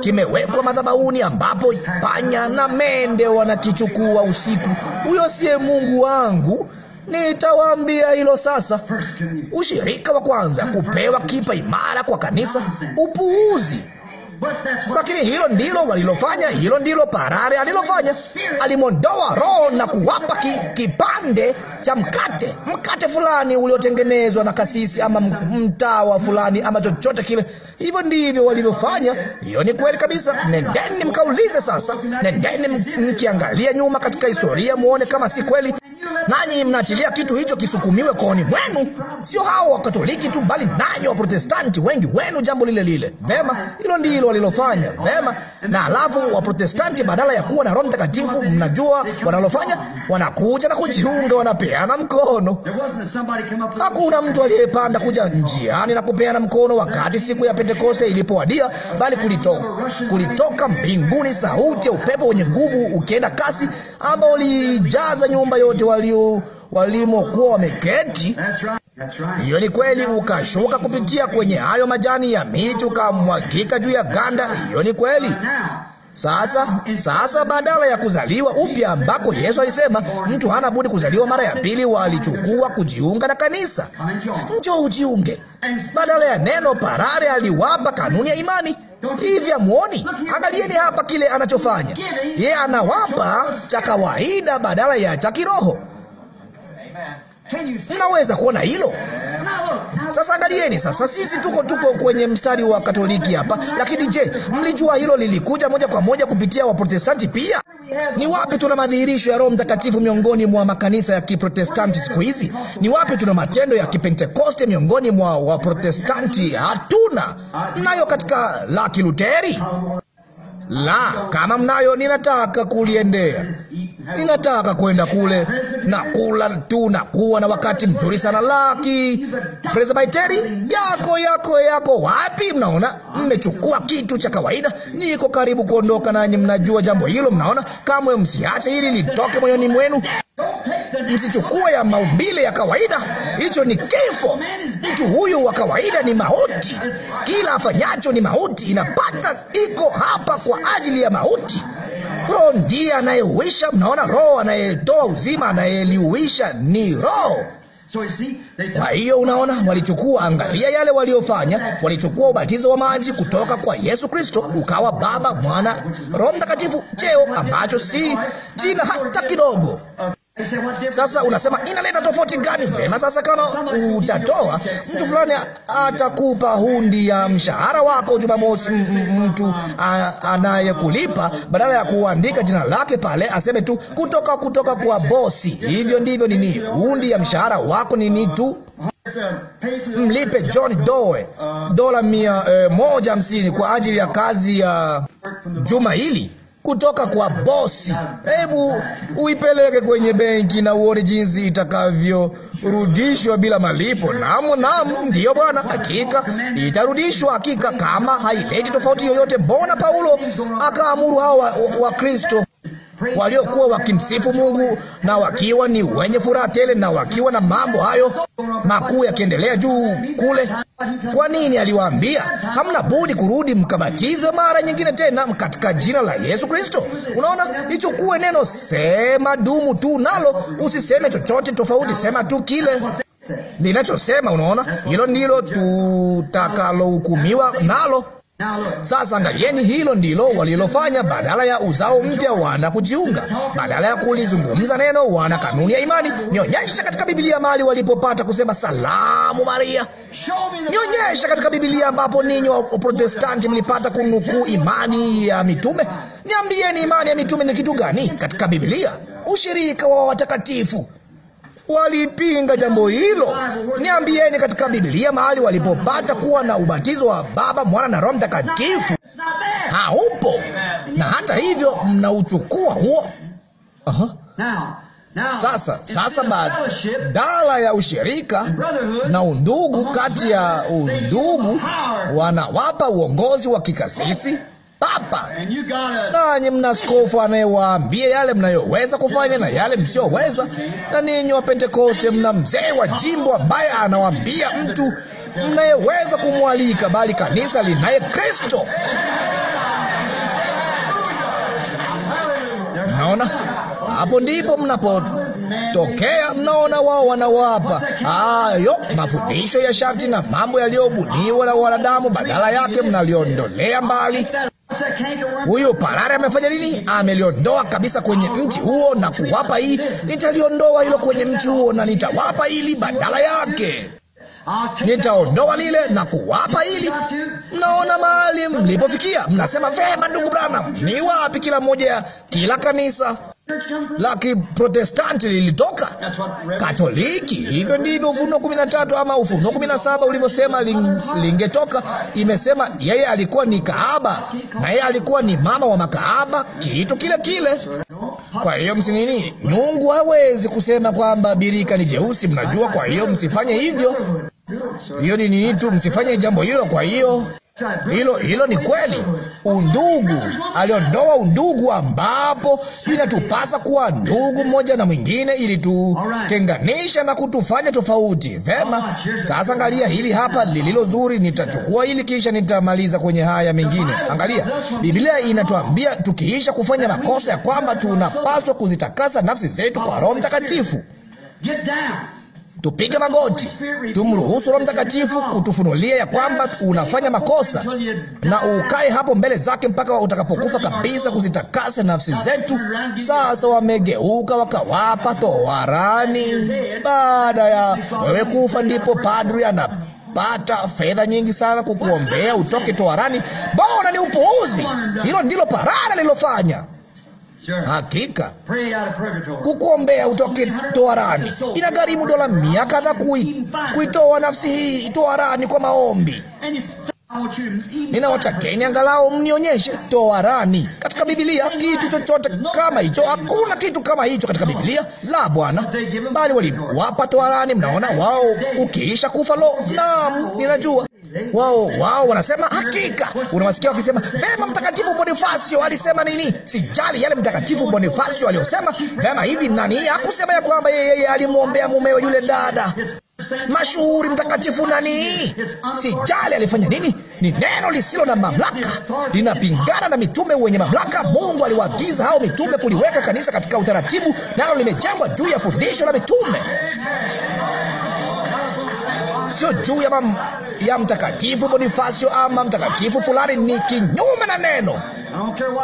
kimewekwa madhabahuni, ambapo panya na mende wanakichukua usiku. Huyo siye Mungu wangu. Nitawaambia hilo sasa. Ushirika wa kwanza, kupewa kipa imara kwa kanisa, upuuzi. Lakini hilo ndilo walilofanya, hilo ndilo parare alilofanya. Alimwondoa roho na kuwapa ki, kipande cha mkate, mkate fulani uliotengenezwa na kasisi ama mtawa fulani ama chochote kile. Hivyo ndivyo walivyofanya. Hiyo ni kweli kabisa. Nendeni mkaulize sasa, nendeni mkiangalia nyuma katika historia muone kama si kweli nanyi mnachilia kitu hicho kisukumiwe kooni mwenu. Sio hao Wakatoliki tu, bali nanyi Waprotestanti wengi wenu jambo lile lile. Vema, hilo ndilo walilofanya. Vema, na alafu Waprotestanti badala ya kuwa na Roho Mtakatifu, mnajua wanalofanya? Wanakuja na kujiunga, wanapeana mkono. Hakuna mtu aliyepanda kuja njiani na kupeana mkono wakati siku ya Pentekoste ilipowadia, bali kulitoka kulitoka mbinguni sauti ya upepo wenye nguvu ukienda kasi, ambao ulijaza nyumba yote wa walimokuwa wameketi. Hiyo ni kweli. Ukashuka kupitia kwenye hayo majani ya miti, ukamwagika juu ya ganda. Hiyo ni kweli. Sasa, sasa badala ya kuzaliwa upya ambako Yesu alisema mtu hana budi kuzaliwa mara ya pili, walichukua kujiunga na kanisa. Njoo ujiunge. Badala ya neno parare, aliwapa kanuni ya imani. Hivi muoni Angalieni hapa kile anachofanya yeye, anawapa cha kawaida badala ya cha kiroho. Mnaweza kuona hilo? Sasa angalieni sasa, sisi tuko tuko kwenye mstari wa Katoliki hapa, lakini je, mlijua hilo lilikuja moja kwa moja kupitia Waprotestanti pia? Ni wapi tuna madhihirisho ya Roho Mtakatifu miongoni mwa makanisa ya Kiprotestanti siku hizi? Ni wapi tuna matendo ya Kipentekoste miongoni mwa Waprotestanti? Hatuna. nayo katika la Kiluteri. La, kama mnayo, ninataka kuliendea, ninataka kwenda kule na kula tu na kuwa na wakati mzuri sana. Laki presbiteri yako yako yako wapi? Mnaona, mmechukua kitu cha kawaida. Niko karibu kuondoka, nanyi mnajua jambo hilo. Mnaona, kamwe msiache hili litoke moyoni mwenu. Msichukue ya maumbile ya kawaida, hicho ni kifo. Mtu huyu wa kawaida ni mauti, kila afanyacho ni mauti, inapata iko hapa kwa ajili ya mauti. Roho ndiye anayeuisha. Mnaona, roho anayetoa uzima, anayeliuisha ni roho. Kwa hiyo unaona, walichukua, angalia yale waliofanya. Walichukua ubatizo wa maji kutoka kwa Yesu Kristo, ukawa Baba, Mwana, Roho Mtakatifu, cheo ambacho si jina hata kidogo. Sasa unasema inaleta tofauti gani? Vema, sasa kama utatoa, mtu fulani atakupa hundi ya mshahara wako Jumamosi, mtu anayekulipa badala ya kuandika jina lake pale, aseme tu kutoka kutoka kwa bosi. Hivyo ndivyo nini, hundi ya mshahara wako nini tu mlipe John Doe dola mia eh, moja hamsini kwa ajili ya kazi ya juma hili kutoka kwa bosi. Hebu uipeleke kwenye benki na uone jinsi itakavyorudishwa bila malipo. Naam, naam, ndiyo Bwana, hakika itarudishwa, hakika, kama haileti tofauti yoyote. Mbona Paulo akaamuru hao wa, wa waliokuwa wakimsifu Mungu na wakiwa ni wenye furaha tele na wakiwa na mambo hayo makuu yakiendelea juu kule. Kwa nini aliwaambia hamna budi kurudi mkabatizwe mara nyingine tena katika jina la Yesu Kristo? Unaona, ichukue neno sema, dumu tu nalo, usiseme chochote tofauti, sema tu kile ninachosema. Unaona, hilo ndilo tutakalohukumiwa nalo. Sasa angalieni, hilo ndilo walilofanya. Badala ya uzao mpya, wana kujiunga, badala ya kulizungumza neno, wana kanuni ya imani. Nionyesha katika Bibilia mahali walipopata kusema salamu Maria. Nionyesha katika Bibilia ambapo ninyi wa Protestanti mlipata kunukuu imani ya mitume. Niambieni, imani ya mitume ni kitu gani katika Bibilia? Ushirika wa watakatifu walipinga jambo hilo. Niambieni katika Biblia mahali walipopata kuwa na ubatizo wa Baba, Mwana na Roho Mtakatifu, haupo na hata hivyo mnauchukua huo. Aha. Sasa sasa, badala ya ushirika na undugu kati ya undugu, wanawapa uongozi wa kikasisi papa, nanyi mna skofu anayewaambia yale mnayoweza kufanya na yale msioweza, na ninyi wa Pentekoste mna mzee wa jimbo ambaye anawaambia mtu mnayeweza kumwalika, bali kanisa linaye Kristo. Mnaona, hapo ndipo mnapotokea. Mnaona, wao wanawapa hayo mafundisho ya sharti na mambo yaliyobuniwa na wanadamu, badala yake mnaliondolea mbali. Huyo parare amefanya nini? Ameliondoa kabisa kwenye mti huo na kuwapa hii. Nitaliondoa hilo kwenye mti huo na nitawapa hili badala yake nitaondoa lile na kuwapa hili. Mnaona mahali mlipofikia? Mnasema vema, ndugu Branham, ni wapi kila mmoja ya kila kanisa la Kiprotestanti lilitoka Katoliki. Hivyo ndivyo Ufunuo kumi na tatu ama Ufunuo kumi na saba ulivyosema ling, lingetoka. Imesema yeye alikuwa ni kahaba na yeye alikuwa ni mama wa makahaba, kitu kile kile. Kwa hiyo msinini, nyungu hawezi kusema kwamba birika ni jeusi, mnajua. Kwa hiyo msifanye hivyo, hiyo ni nini tu, msifanye jambo hilo. Kwa hiyo hilo hilo ni kweli. Undugu, aliondoa undugu, ambapo inatupasa kuwa ndugu mmoja na mwingine, ili tutenganisha na kutufanya tofauti. Vema, sasa angalia hili hapa lililo zuri. Nitachukua hili kisha nitamaliza kwenye haya mengine. Angalia, Biblia inatuambia tukiisha kufanya makosa ya kwamba tunapaswa kuzitakasa nafsi zetu kwa Roho Mtakatifu tupige magoti, tumruhusu Roho Mtakatifu kutufunulia ya kwamba unafanya makosa, na ukae hapo mbele zake mpaka utakapokufa kabisa, kuzitakasa nafsi zetu. Sasa wamegeuka wakawapa toharani. Baada ya wewe kufa, ndipo padri ana pata fedha nyingi sana kukuombea utoke toharani. Bona ni upuuzi! Hilo ndilo parara lilofanya. Hakika kukuombea utoke toharani inagharimu dola mia kadhaa kuitoa nafsi hii toharani kwa maombi. Ninawatakeni angalau mnionyeshe toharani katika Biblia kitu chochote kama hicho. Hakuna kitu kama hicho katika Biblia, la Bwana, bali waliwapa toharani. Mnaona wao ukiisha kufa. Lo, naam, ninajua wao wao wanasema hakika. Unawasikia wakisema vema, mtakatifu Bonifacio alisema nini? Sijali yale mtakatifu Bonifacio aliyosema. Vema, hivi nani hakusema ya kwamba yeye alimwombea mumewe yule dada mashuhuri mtakatifu nani? Sijali alifanya nini. Ni neno lisilo na mamlaka, linapingana na mitume wenye mamlaka. Mungu aliwaagiza hao mitume kuliweka kanisa katika utaratibu, nalo limejengwa juu ya fundisho la mitume, sio juu ya, ya mtakatifu Bonifasio ama mtakatifu fulani. Ni kinyume na neno.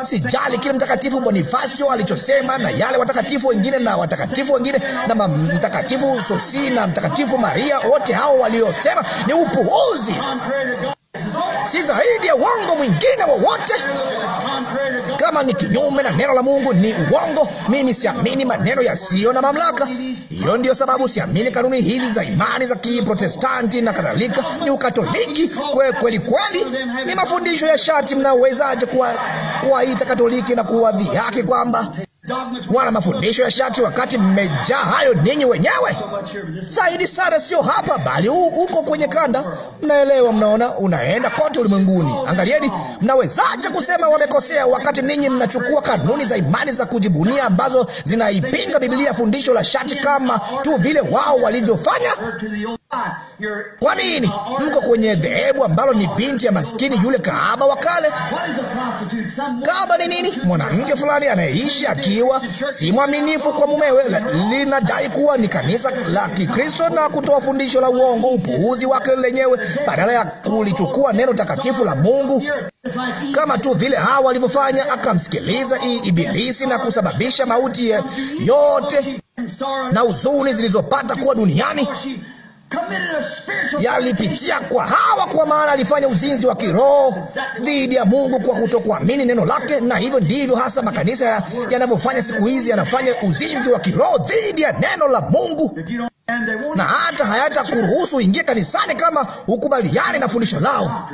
Sijali kile mtakatifu Bonifasio alichosema na yale watakatifu wengine na watakatifu wengine na mtakatifu Sosi na mtakatifu Maria, wote hao waliosema ni upuuzi si zaidi ya uongo mwingine wowote. Kama ni kinyume na neno la Mungu ni uongo. Mimi siamini maneno yasiyo na mamlaka. Hiyo ndiyo sababu siamini kanuni hizi za imani za Kiprotestanti na kadhalika. Ni Ukatoliki kwe kweli kweli, ni mafundisho ya sharti. Mnawezaje kuwaita Katoliki na kuwadhihaki kwamba wana mafundisho ya shati, wakati mmejaa hayo ninyi wenyewe. Zaidi sana sio hapa, bali huu uko kwenye kanda. Mnaelewa? Mnaona, unaenda kote ulimwenguni. Angalieni, mnawezaje kusema wamekosea, wakati ninyi mnachukua kanuni za imani za kujibunia ambazo zinaipinga Biblia, fundisho la shati, kama tu vile wao walivyofanya? Kwa nini mko kwenye dhehebu ambalo ni binti ya maskini yule kahaba wa kale? Kahaba ni nini? Mwanamke fulani anayeishi likiwa si mwaminifu kwa mumewe, linadai kuwa ni kanisa la Kikristo na kutoa fundisho la uongo, upuuzi wake lenyewe, badala ya kulichukua neno takatifu la Mungu kama tu vile Hawa walivyofanya, akamsikiliza Ibilisi na kusababisha mauti yote na huzuni zilizopata kuwa duniani yalipitia kwa Hawa, kwa maana alifanya uzinzi wa kiroho dhidi ya Mungu kwa kutokuamini neno lake. Na hivyo ndivyo hasa makanisa yanavyofanya siku hizi, yanafanya uzinzi wa kiroho dhidi ya neno la Mungu, na hata hayatakuruhusu ingie kanisani kama hukubaliani na fundisho lao.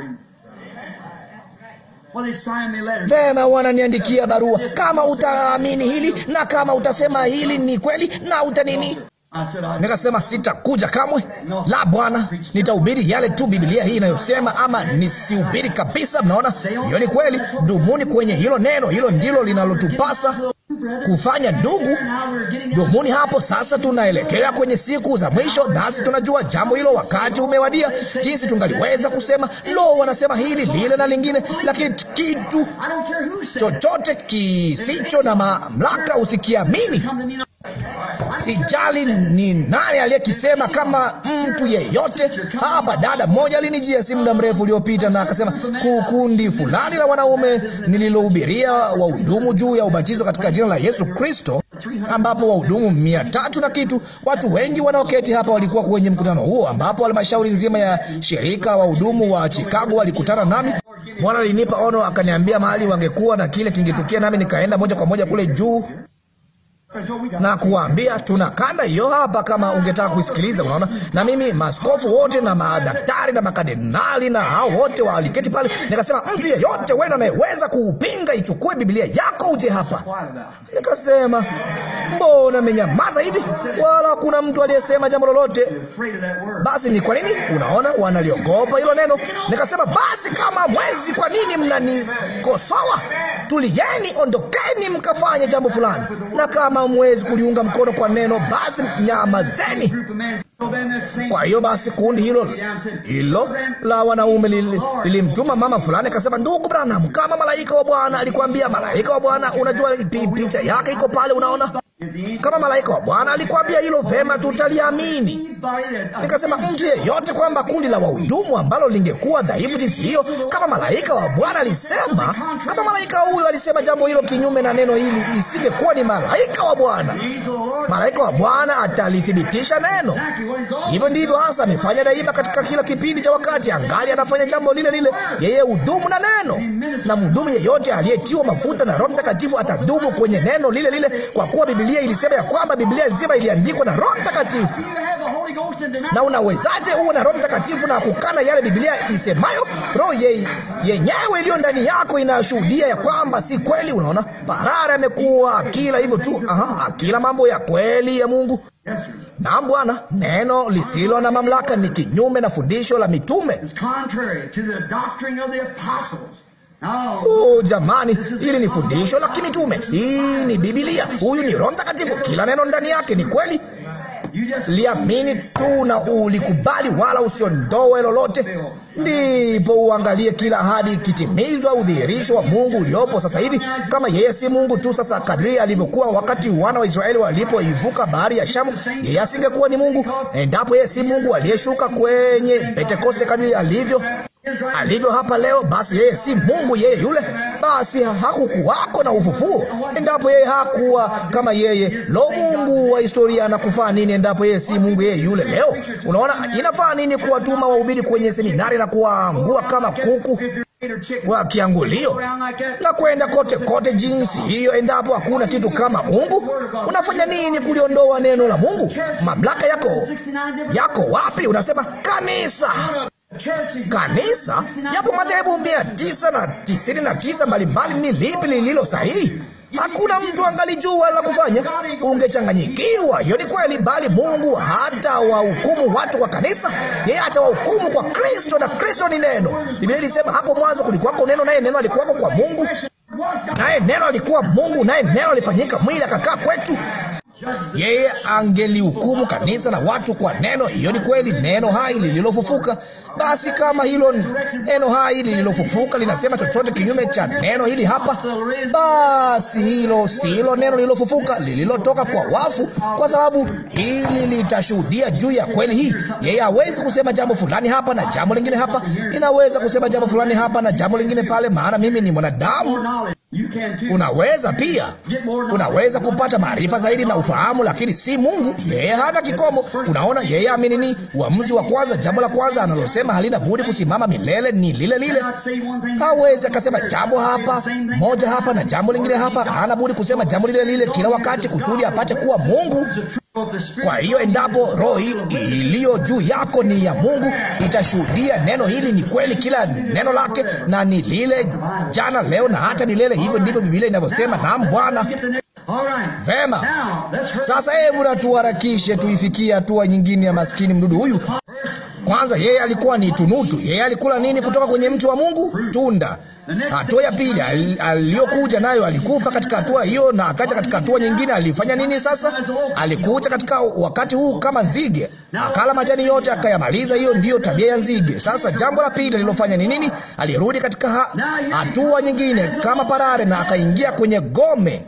Vema, wananiandikia barua, kama utaamini hili na kama utasema hili ni kweli na utanini Nikasema sitakuja kamwe. La, Bwana, nitahubiri yale tu Biblia hii inayosema, ama nisihubiri kabisa. Mnaona, hiyo ni kweli. Dumuni kwenye hilo neno, hilo ndilo linalotupasa kufanya ndugu. Dumuni hapo. Sasa tunaelekea kwenye siku za mwisho, nasi tunajua jambo hilo. Wakati umewadia, jinsi tungaliweza kusema lo, wanasema hili lile na lingine, lakini kitu chochote kisicho na mamlaka usikiamini. Sijali ni nani aliyekisema, kama mtu yeyote hapa. Dada mmoja alinijia si muda mrefu uliopita, na akasema kukundi fulani la wanaume nililohubiria wahudumu juu ya ubatizo katika jina la Yesu Kristo, ambapo wahudumu mia tatu na kitu, watu wengi wanaoketi hapa walikuwa kwenye mkutano huo, ambapo halmashauri nzima ya shirika wahudumu wa Chicago walikutana nami. Bwana alinipa ono, akaniambia mahali wangekuwa na kile kingetukia, nami nikaenda moja kwa moja kule juu na kuambia tuna kanda hiyo hapa, kama ungetaka kuisikiliza. Unaona, na mimi maskofu wote na madaktari na makadenali na hao wote waliketi pale, nikasema mtu yeyote wenu anayeweza kuupinga, ichukue Biblia yako uje hapa. Nikasema mbona mmenyamaza hivi? Wala kuna mtu aliyesema jambo lolote. Basi ni kwa nini? Unaona, wanaliogopa hilo neno. Nikasema basi, kama mwezi, kwa nini mnanikosoa? tulieni, ondokeni mkafanye jambo fulani, na kama mwezi kuliunga mkono kwa neno, basi nyamazeni. Kwa hiyo basi kundi hilo hilo la wanaume lilimtuma li mama fulani akasema, ndugu Branham, kama malaika wa Bwana alikwambia. Malaika wa Bwana, unajua picha yake iko pale, unaona kama malaika wa Bwana alikwambia hilo, vema, tutaliamini. Nikasema mtu yeyote kwamba kundi la wahudumu ambalo lingekuwa dhaifu jinsi hiyo, kama malaika wa Bwana alisema, kama malaika huyo alisema jambo hilo kinyume na neno hili, isingekuwa ni malaika wa Bwana. Malaika wa Bwana atalithibitisha neno. Hivyo ndivyo hasa amefanya daima, katika kila kipindi cha wakati, angali anafanya jambo lile lile. Yeye hudumu na neno, na mhudumu yeyote aliyetiwa mafuta na Roho Mtakatifu atadumu kwenye neno lile lile, kwa kuwa Biblia Biblia ilisema ya kwamba Biblia nzima iliandikwa na Roho Mtakatifu. Na unawezaje uwe na Roho Mtakatifu na kukana yale Biblia isemayo? Roho ye, yenyewe iliyo ndani yako inashuhudia ya kwamba si kweli. Unaona, parara amekuwa akila hivyo tu, aha, akila mambo ya kweli ya Mungu. Naam Bwana, neno lisilo na mamlaka ni kinyume na fundisho la mitume. Oh, jamani, hili ni fundisho la kimitume. Hii ni Biblia. Huyu ni Roho Mtakatifu. Kila neno ndani yake ni kweli. Liamini tu na ulikubali, wala usiondoe lolote, ndipo uangalie kila ahadi ikitimizwa, udhihirisho wa Mungu uliopo sasa hivi. Kama yeye si Mungu tu sasa, kadri alivyokuwa wakati wana wa Israeli walipoivuka bahari ya Shamu, yeye asingekuwa ni Mungu endapo yeye si Mungu aliyeshuka kwenye Pentekoste kadri alivyo alivyo hapa leo, basi yeye si Mungu, yeye yule. Basi hakukuwako na ufufuo. Endapo yeye hakuwa kama yeye, lo, Mungu wa historia anakufaa nini endapo yeye si Mungu, yeye yule leo? Unaona, inafaa nini kuwatuma wahubiri kwenye seminari na kuwaangua kama kuku wa kiangulio na kwenda kote kote jinsi hiyo, endapo hakuna kitu kama Mungu? Unafanya nini kuliondoa neno la Mungu? Mamlaka yako yako wapi? Unasema kanisa kanisa. Yapo madhehebu mia tisa na tisini na tisa mbalimbali. Ni lipi lililo sahihi? Hakuna mtu angalijua la kufanya, ungechanganyikiwa. Hiyo ni kweli, bali Mungu hata wahukumu watu kwa kanisa, yeye atawahukumu kwa Kristo, na Kristo ni neno. Biblia ilisema hapo mwanzo kulikuwako neno, naye neno alikuwako kwa Mungu, naye neno alikuwa Mungu, naye neno alifanyika mwili akakaa kwetu. Yeye angelihukumu kanisa na watu kwa neno. Hiyo ni kweli, neno hai lililofufuka basi kama hilo neno hai lililofufuka linasema chochote kinyume cha neno hili hapa, basi hilo silo neno lililofufuka lililotoka kwa wafu, kwa sababu hili litashuhudia juu ya kweli hii. Yeye hawezi kusema jambo fulani hapa na jambo lingine hapa. Ninaweza kusema jambo fulani hapa na jambo lingine pale, maana mimi ni mwanadamu. Unaweza pia, unaweza kupata maarifa zaidi na ufahamu, lakini si Mungu. Yeye hana kikomo. Unaona, yeye amini ni Uamuzi wa kwanza, jambo la kwanza analosema halina budi kusimama milele ni lile lile. Hawezi akasema jambo hapa moja hapa na jambo lingine hapa. Hana budi kusema jambo lile lile kila wakati, kusudi apate kuwa Mungu. Kwa hiyo endapo roho iliyo juu yako ni ya Mungu, itashuhudia neno hili ni kweli, kila neno lake, na ni lile jana, leo na hata milele. Hivyo ndivyo Biblia inavyosema. Naam, Bwana. Vema, sasa hebu na tuharakishe tuifikie hatua nyingine ya maskini mdudu huyu. Kwanza yeye alikuwa ni tunutu. Yeye alikula nini kutoka kwenye mti wa Mungu? Tunda. Hatua ya pili aliyokuja nayo, alikufa katika hatua hiyo, na akaja katika hatua nyingine. Alifanya nini sasa? Alikuja katika wakati huu kama nzige, akala majani yote akayamaliza. Hiyo ndiyo tabia ya nzige. Sasa jambo la pili alilofanya ni nini? Alirudi katika hatua nyingine kama parare, na akaingia kwenye gome.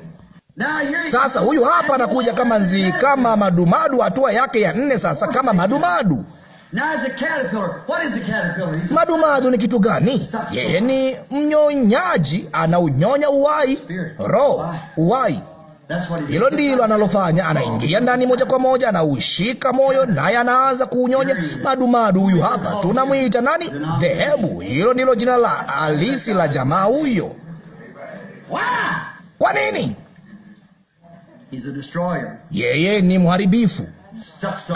Sasa huyu hapa anakuja kama nzi, kama madumadu, hatua yake ya nne sasa, kama madumadu Madumadu ni kitu gani? Yeye ni mnyonyaji, anaunyonya uwai, roho, uwai. Hilo ndilo analofanya. Anaingia ndani moja kwa moja, anaushika moyo, naye anaanza kuunyonya. Madumadu huyu hapa, tunamwita nani? Dhehebu. Hilo ndilo jina la halisi la jamaa huyo. Kwa nini? Yeye ni mharibifu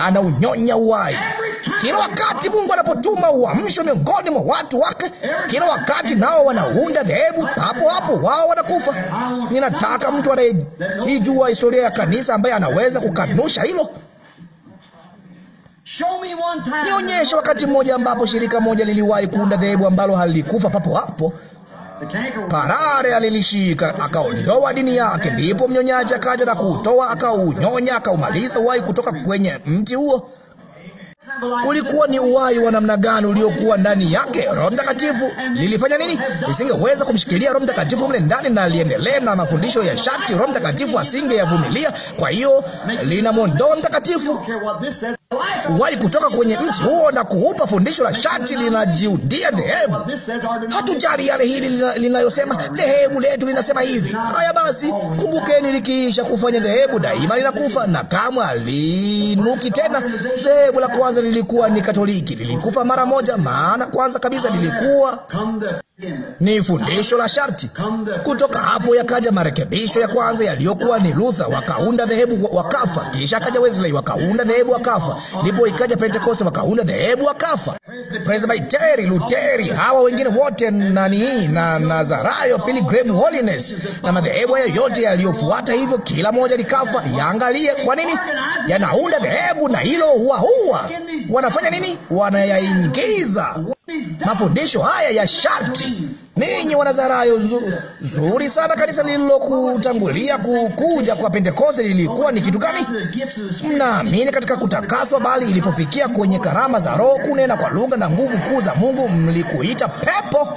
anaunyonya uwai Kila wakati Mungu anapotuma uamsho miongoni mwa watu wake, kila wakati nao wanaunda dhehebu, papo hapo wao wanakufa. Ninataka mtu anayejua historia ya kanisa ambaye anaweza kukanusha hilo. Nionyeshe wakati mmoja ambapo shirika moja liliwahi kuunda dhehebu ambalo halikufa papo hapo. Parare alilishika akaondoa dini yake. Ndipo mnyonyaji akaja na kuutoa, akaunyonya, akaumaliza uwai kutoka kwenye mti huo. Ulikuwa ni uwai wa namna gani uliokuwa ndani yake? Roho Mtakatifu lilifanya nini? Lisingeweza kumshikilia Roho Mtakatifu mle ndani, na liendelee na mafundisho ya shati. Roho Mtakatifu asingeyavumilia. Kwa hiyo linamwondoa Mtakatifu wai kutoka kwenye mti huo na kuupa fundisho la shati linajiundia dhehebu. Hatujali yale hili linayosema dhehebu letu linasema hivi. Haya basi, kumbukeni, likiisha kufanya dhehebu daima linakufa na kamwe alinuki tena. Dhehebu la kwanza lilikuwa ni Katoliki, lilikufa mara moja, maana kwanza kabisa lilikuwa ni fundisho la sharti. Kutoka hapo yakaja marekebisho ya kwanza yaliyokuwa ni Luther, wakaunda dhehebu wakafa. Kisha akaja Wesley, wakaunda dhehebu wakafa. Ndipo ikaja Pentekoste, wakaunda dhehebu wakafa. Presbiteri, Luteri, hawa wengine wote nani na Nazarayo, Pilgrim Holiness na madhehebu hayo yote yaliyofuata hivyo, kila moja likafa. Yaangalie kwa nini yanaunda dhehebu, na hilo huwa huwa wanafanya nini? Wanayaingiza mafundisho haya ya sharti ninyi Wanazarayo. zuri sana kanisa lililokutangulia kukuja kwa Pentekoste lilikuwa ni kitu gani? Mnaamini katika kutakaswa, bali ilipofikia kwenye karama za Roho, kunena kwa lugha na nguvu kuu za Mungu, mlikuita pepo,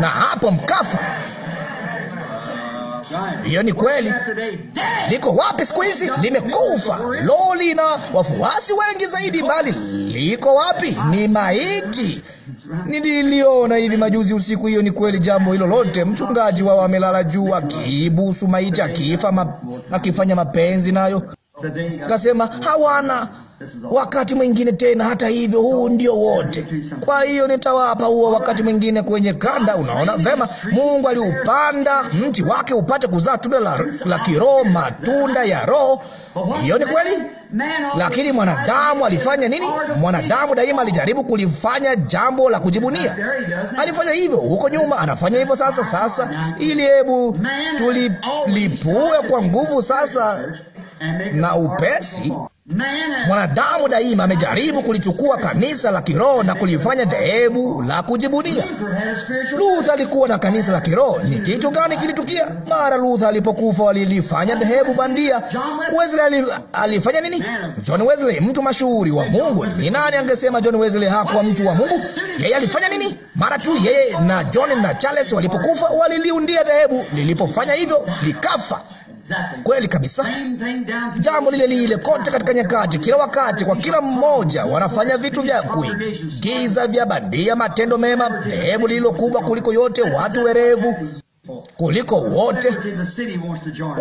na hapo mkafa. Hiyo ni kweli. Liko wapi siku hizi? Limekufa. Lo, lina wafuasi wengi zaidi, bali liko wapi? Ni maiti. Nililiona hivi majuzi usiku. Hiyo ni kweli, jambo hilo lote. Mchungaji wao amelala juu akiibusu maiti, akifa ma, akifanya mapenzi nayo, kasema hawana wakati mwingine tena. Hata hivyo, huu ndio wote. Kwa hiyo nitawapa huo wakati mwingine kwenye kanda. Unaona vema, Mungu aliupanda mti wake upate kuzaa tunda la, la kiroho, matunda ya Roho. Hiyo ni kweli. Lakini mwanadamu alifanya nini? Mwanadamu daima alijaribu kulifanya jambo la kujibunia. Alifanya hivyo huko nyuma, anafanya hivyo sasa. Sasa ili hebu tulipue kwa nguvu sasa na upesi Mwanadamu daima amejaribu kulichukua kanisa la kiroho na kulifanya dhehebu la kujibunia. Luther alikuwa na kanisa la kiroho. Ni kitu gani kilitukia? Mara Luther alipokufa walilifanya dhehebu bandia. Wesley alifanya nini? John Wesley, mtu mashuhuri wa Mungu. Ni nani angesema John Wesley hakuwa mtu wa Mungu? Yeye alifanya nini? Mara tu yeye na John na Charles walipokufa waliliundia dhehebu. Lilipofanya hivyo, likafa. Kweli kabisa, jambo lile lile kote katika nyakati, kila wakati, kwa kila mmoja. Wanafanya vitu vya kuigiza, vya bandia, matendo mema, dhehebu lililo kubwa kuliko yote, watu werevu kuliko wote,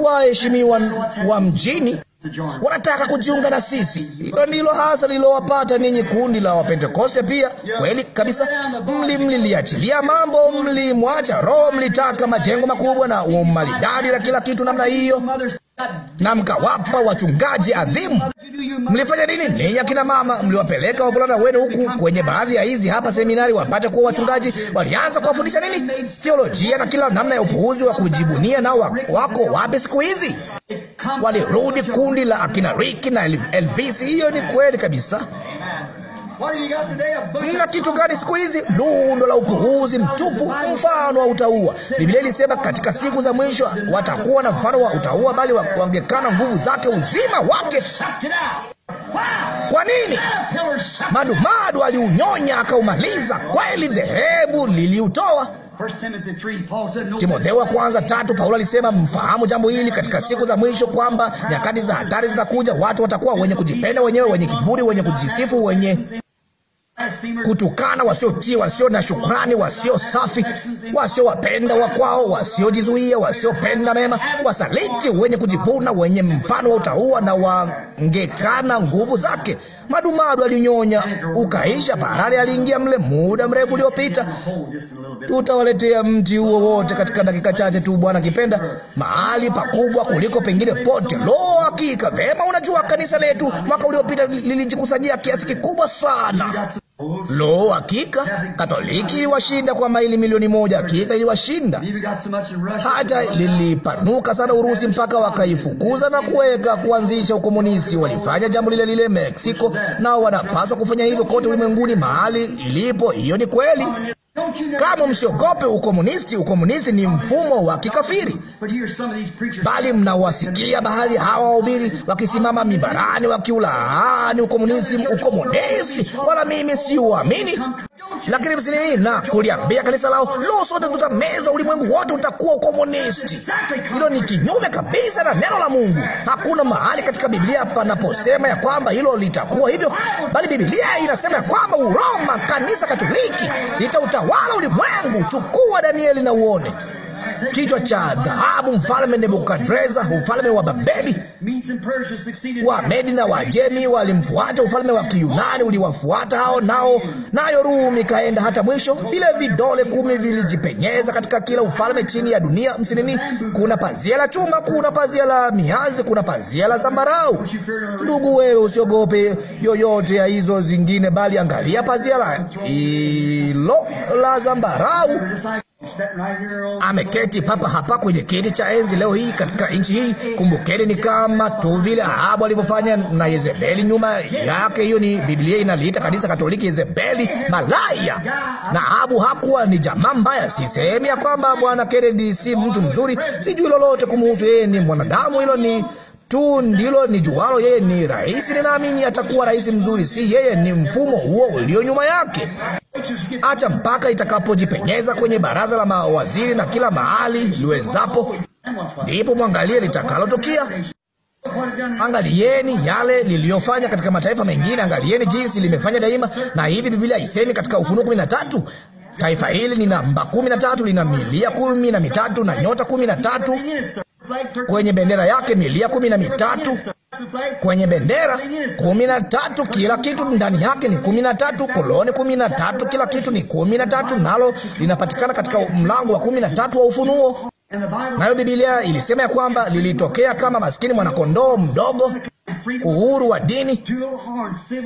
waheshimiwa wa mjini wanataka kujiunga na sisi. Hilo ndilo hasa lilowapata ninyi, kundi la Wapentekoste. Pia kweli kabisa, mli mliliachilia mambo, mlimwacha Roho, mlitaka majengo makubwa na umalidadi na kila kitu namna hiyo na mkawapa wachungaji adhimu. Mlifanya nini? Ninyi akina mama mliwapeleka wavulana wenu huku kwenye baadhi ya hizi hapa seminari wapate kuwa wachungaji. Walianza kuwafundisha nini? Theolojia na kila namna ya upuuzi wa kujibunia. Nao wako wapi siku hizi? Walirudi kundi la akina Riki na Elvisi. Hiyo ni kweli kabisa. Mna kitu gani siku hizi? Lundo la upuhuzi mtupu, mfano wa utaua. Biblia ilisema katika siku za mwisho watakuwa na mfano wa utaua, bali wangekana nguvu zake, uzima wake. Kwa nini? Madumadu aliunyonya akaumaliza. Kweli dhehebu liliutoa. Timotheo wa kwanza tatu, Paulo alisema mfahamu jambo hili katika siku za mwisho, kwamba nyakati za hatari zitakuja. Watu watakuwa wenye kujipenda wenyewe, wenye kiburi, wenye kujisifu, wenye kutukana, wasiotii, wasio na shukrani, wasio safi, wasiowapenda wakwao, wasiojizuia, wasiopenda mema, wasaliti, wenye kujivuna, wenye mfano wa utaua na wangekana nguvu zake. Madumadu alinyonya ukaisha. Parari aliingia mle muda mrefu uliopita. Tutawaletea mti huo wote katika dakika chache tu, Bwana kipenda, mahali pakubwa kuliko pengine pote. Lo, hakika vema. Unajua, kanisa letu mwaka uliopita lilijikusanyia kiasi kikubwa sana Lo, hakika Katoliki iliwashinda kwa maili milioni moja. Hakika iliwashinda hata lilipanuka sana Urusi, mpaka wakaifukuza na kuweka kuanzisha ukomunisti. Walifanya jambo lile lile Meksiko, nao wanapaswa kufanya hivyo kote ulimwenguni mahali ilipo. Hiyo ni kweli. Kama msiogope ukomunisti. Ukomunisti ni mfumo wa kikafiri, bali mnawasikia baadhi hawa wahubiri wakisimama mibarani wakiulaani ukomunisti, ukomunisti, wala mimi siuamini. Lakini msinini na kuliambia kanisa lao, lo, sote tutamezwa, ulimwengu wote utakuwa ukomunisti. Hilo ni kinyume kabisa na neno la Mungu. Hakuna mahali katika Biblia panaposema ya kwamba hilo litakuwa hivyo, bali Biblia inasema ya kwamba Uroma, kanisa Katoliki lita utawala ulimwengu. Chukua Danieli na uone kichwa cha dhahabu, mfalme Nebukadreza, ufalme wa Babeli. Wa Medi na Wajemi walimfuata, ufalme wa Kiyunani uliwafuata hao nao, nayo Rumi kaenda hata mwisho. Vile vidole kumi vilijipenyeza katika kila ufalme chini ya dunia. Msinini kuna pazia la chuma, kuna pazia la miazi kuna pazia la zambarau. Ndugu wewe, usiogope yoyote ya hizo zingine, bali angalia pazia la hilo la zambarau ameketi papa hapa kwenye kiti cha enzi leo hii katika nchi hii. Kumbukeni, ni kama tu vile Ahabu alivyofanya na Yezebeli nyuma yake. Hiyo ni Biblia inaliita kanisa Katoliki Yezebeli malaya, na Ahabu hakuwa ni jamaa mbaya. Sisemi ya kwamba Bwana Kennedy si mtu mzuri, sijui lolote kumuhusu yeye, ni mwanadamu. Hilo ni tu ndilo ni jualo. Yeye ni rais, ninaamini atakuwa rais mzuri. Si yeye, ni mfumo huo ulio nyuma yake. Acha mpaka itakapojipenyeza kwenye baraza la mawaziri na kila mahali liwezapo, ndipo mwangalie litakalotukia. Angalieni yale liliyofanya katika mataifa mengine, angalieni jinsi limefanya daima. Na hivi Biblia isemi katika Ufunuo kumi na tatu taifa hili lina namba kumi na tatu lina milia kumi na mitatu na nyota kumi na tatu kwenye bendera yake milia kumi na mitatu kwenye bendera kumi na tatu. Kila kitu ndani yake ni kumi na tatu, koloni kumi na tatu, kila kitu ni kumi na tatu, nalo linapatikana katika mlango wa kumi na tatu wa Ufunuo. Nayo Biblia ilisema ya kwamba lilitokea kama maskini mwanakondoo mdogo, uhuru wa dini,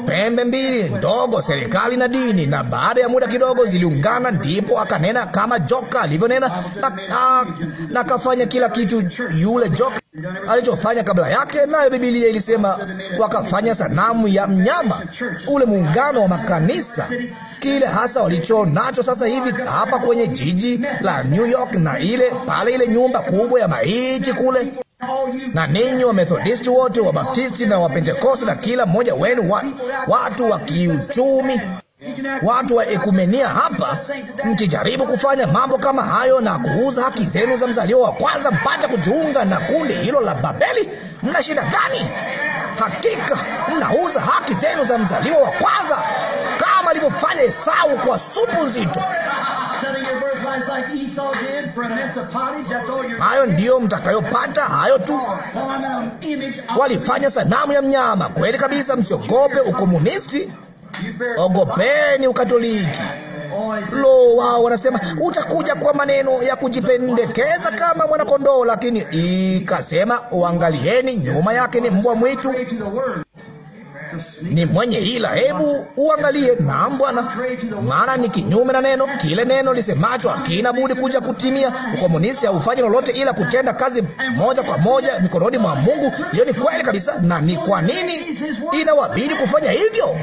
pembe mbili ndogo, serikali na dini. Na baada ya muda kidogo ziliungana, ndipo akanena kama joka alivyonena, na nakafanya kila kitu yule joka alichofanya kabla yake. Nayo Biblia ilisema wakafanya sanamu ya mnyama. Ule muungano wa makanisa, kile hasa walicho nacho sasa hivi hapa kwenye jiji la New York na ile pale ile nyumba kubwa ya maiti kule, na ninyi Wamethodisti wote, Wabaptisti na Wapentekoste na kila mmoja wenu wa, watu wa kiuchumi watu wa ekumenia hapa, mkijaribu kufanya mambo kama hayo na kuuza haki zenu za mzaliwa wa kwanza mpate kujiunga na kundi hilo la Babeli, mna shida gani? Hakika mnauza haki zenu za mzaliwa wa kwanza kama alivyofanya Esau kwa supu nzito. Hayo ndiyo mtakayopata, hayo tu. Oh, Walifanya sanamu ya mnyama. Kweli kabisa, msiogope ukomunisti, ogopeni Ukatoliki. Lo, wao wanasema utakuja kwa maneno ya kujipendekeza kama mwanakondoo, lakini ikasema uangalieni, nyuma yake ni mbwa mwitu ni mwenye hila. Hebu uangalie. Naam Bwana, maana ni kinyume na neno. Kile neno lisemacho hakina budi kuja kutimia. Ukomunisti haufanyi lolote ila kutenda kazi moja kwa moja mikononi mwa Mungu. Hiyo ni kweli kabisa. Na ni kwa nini inawabidi kufanya hivyo?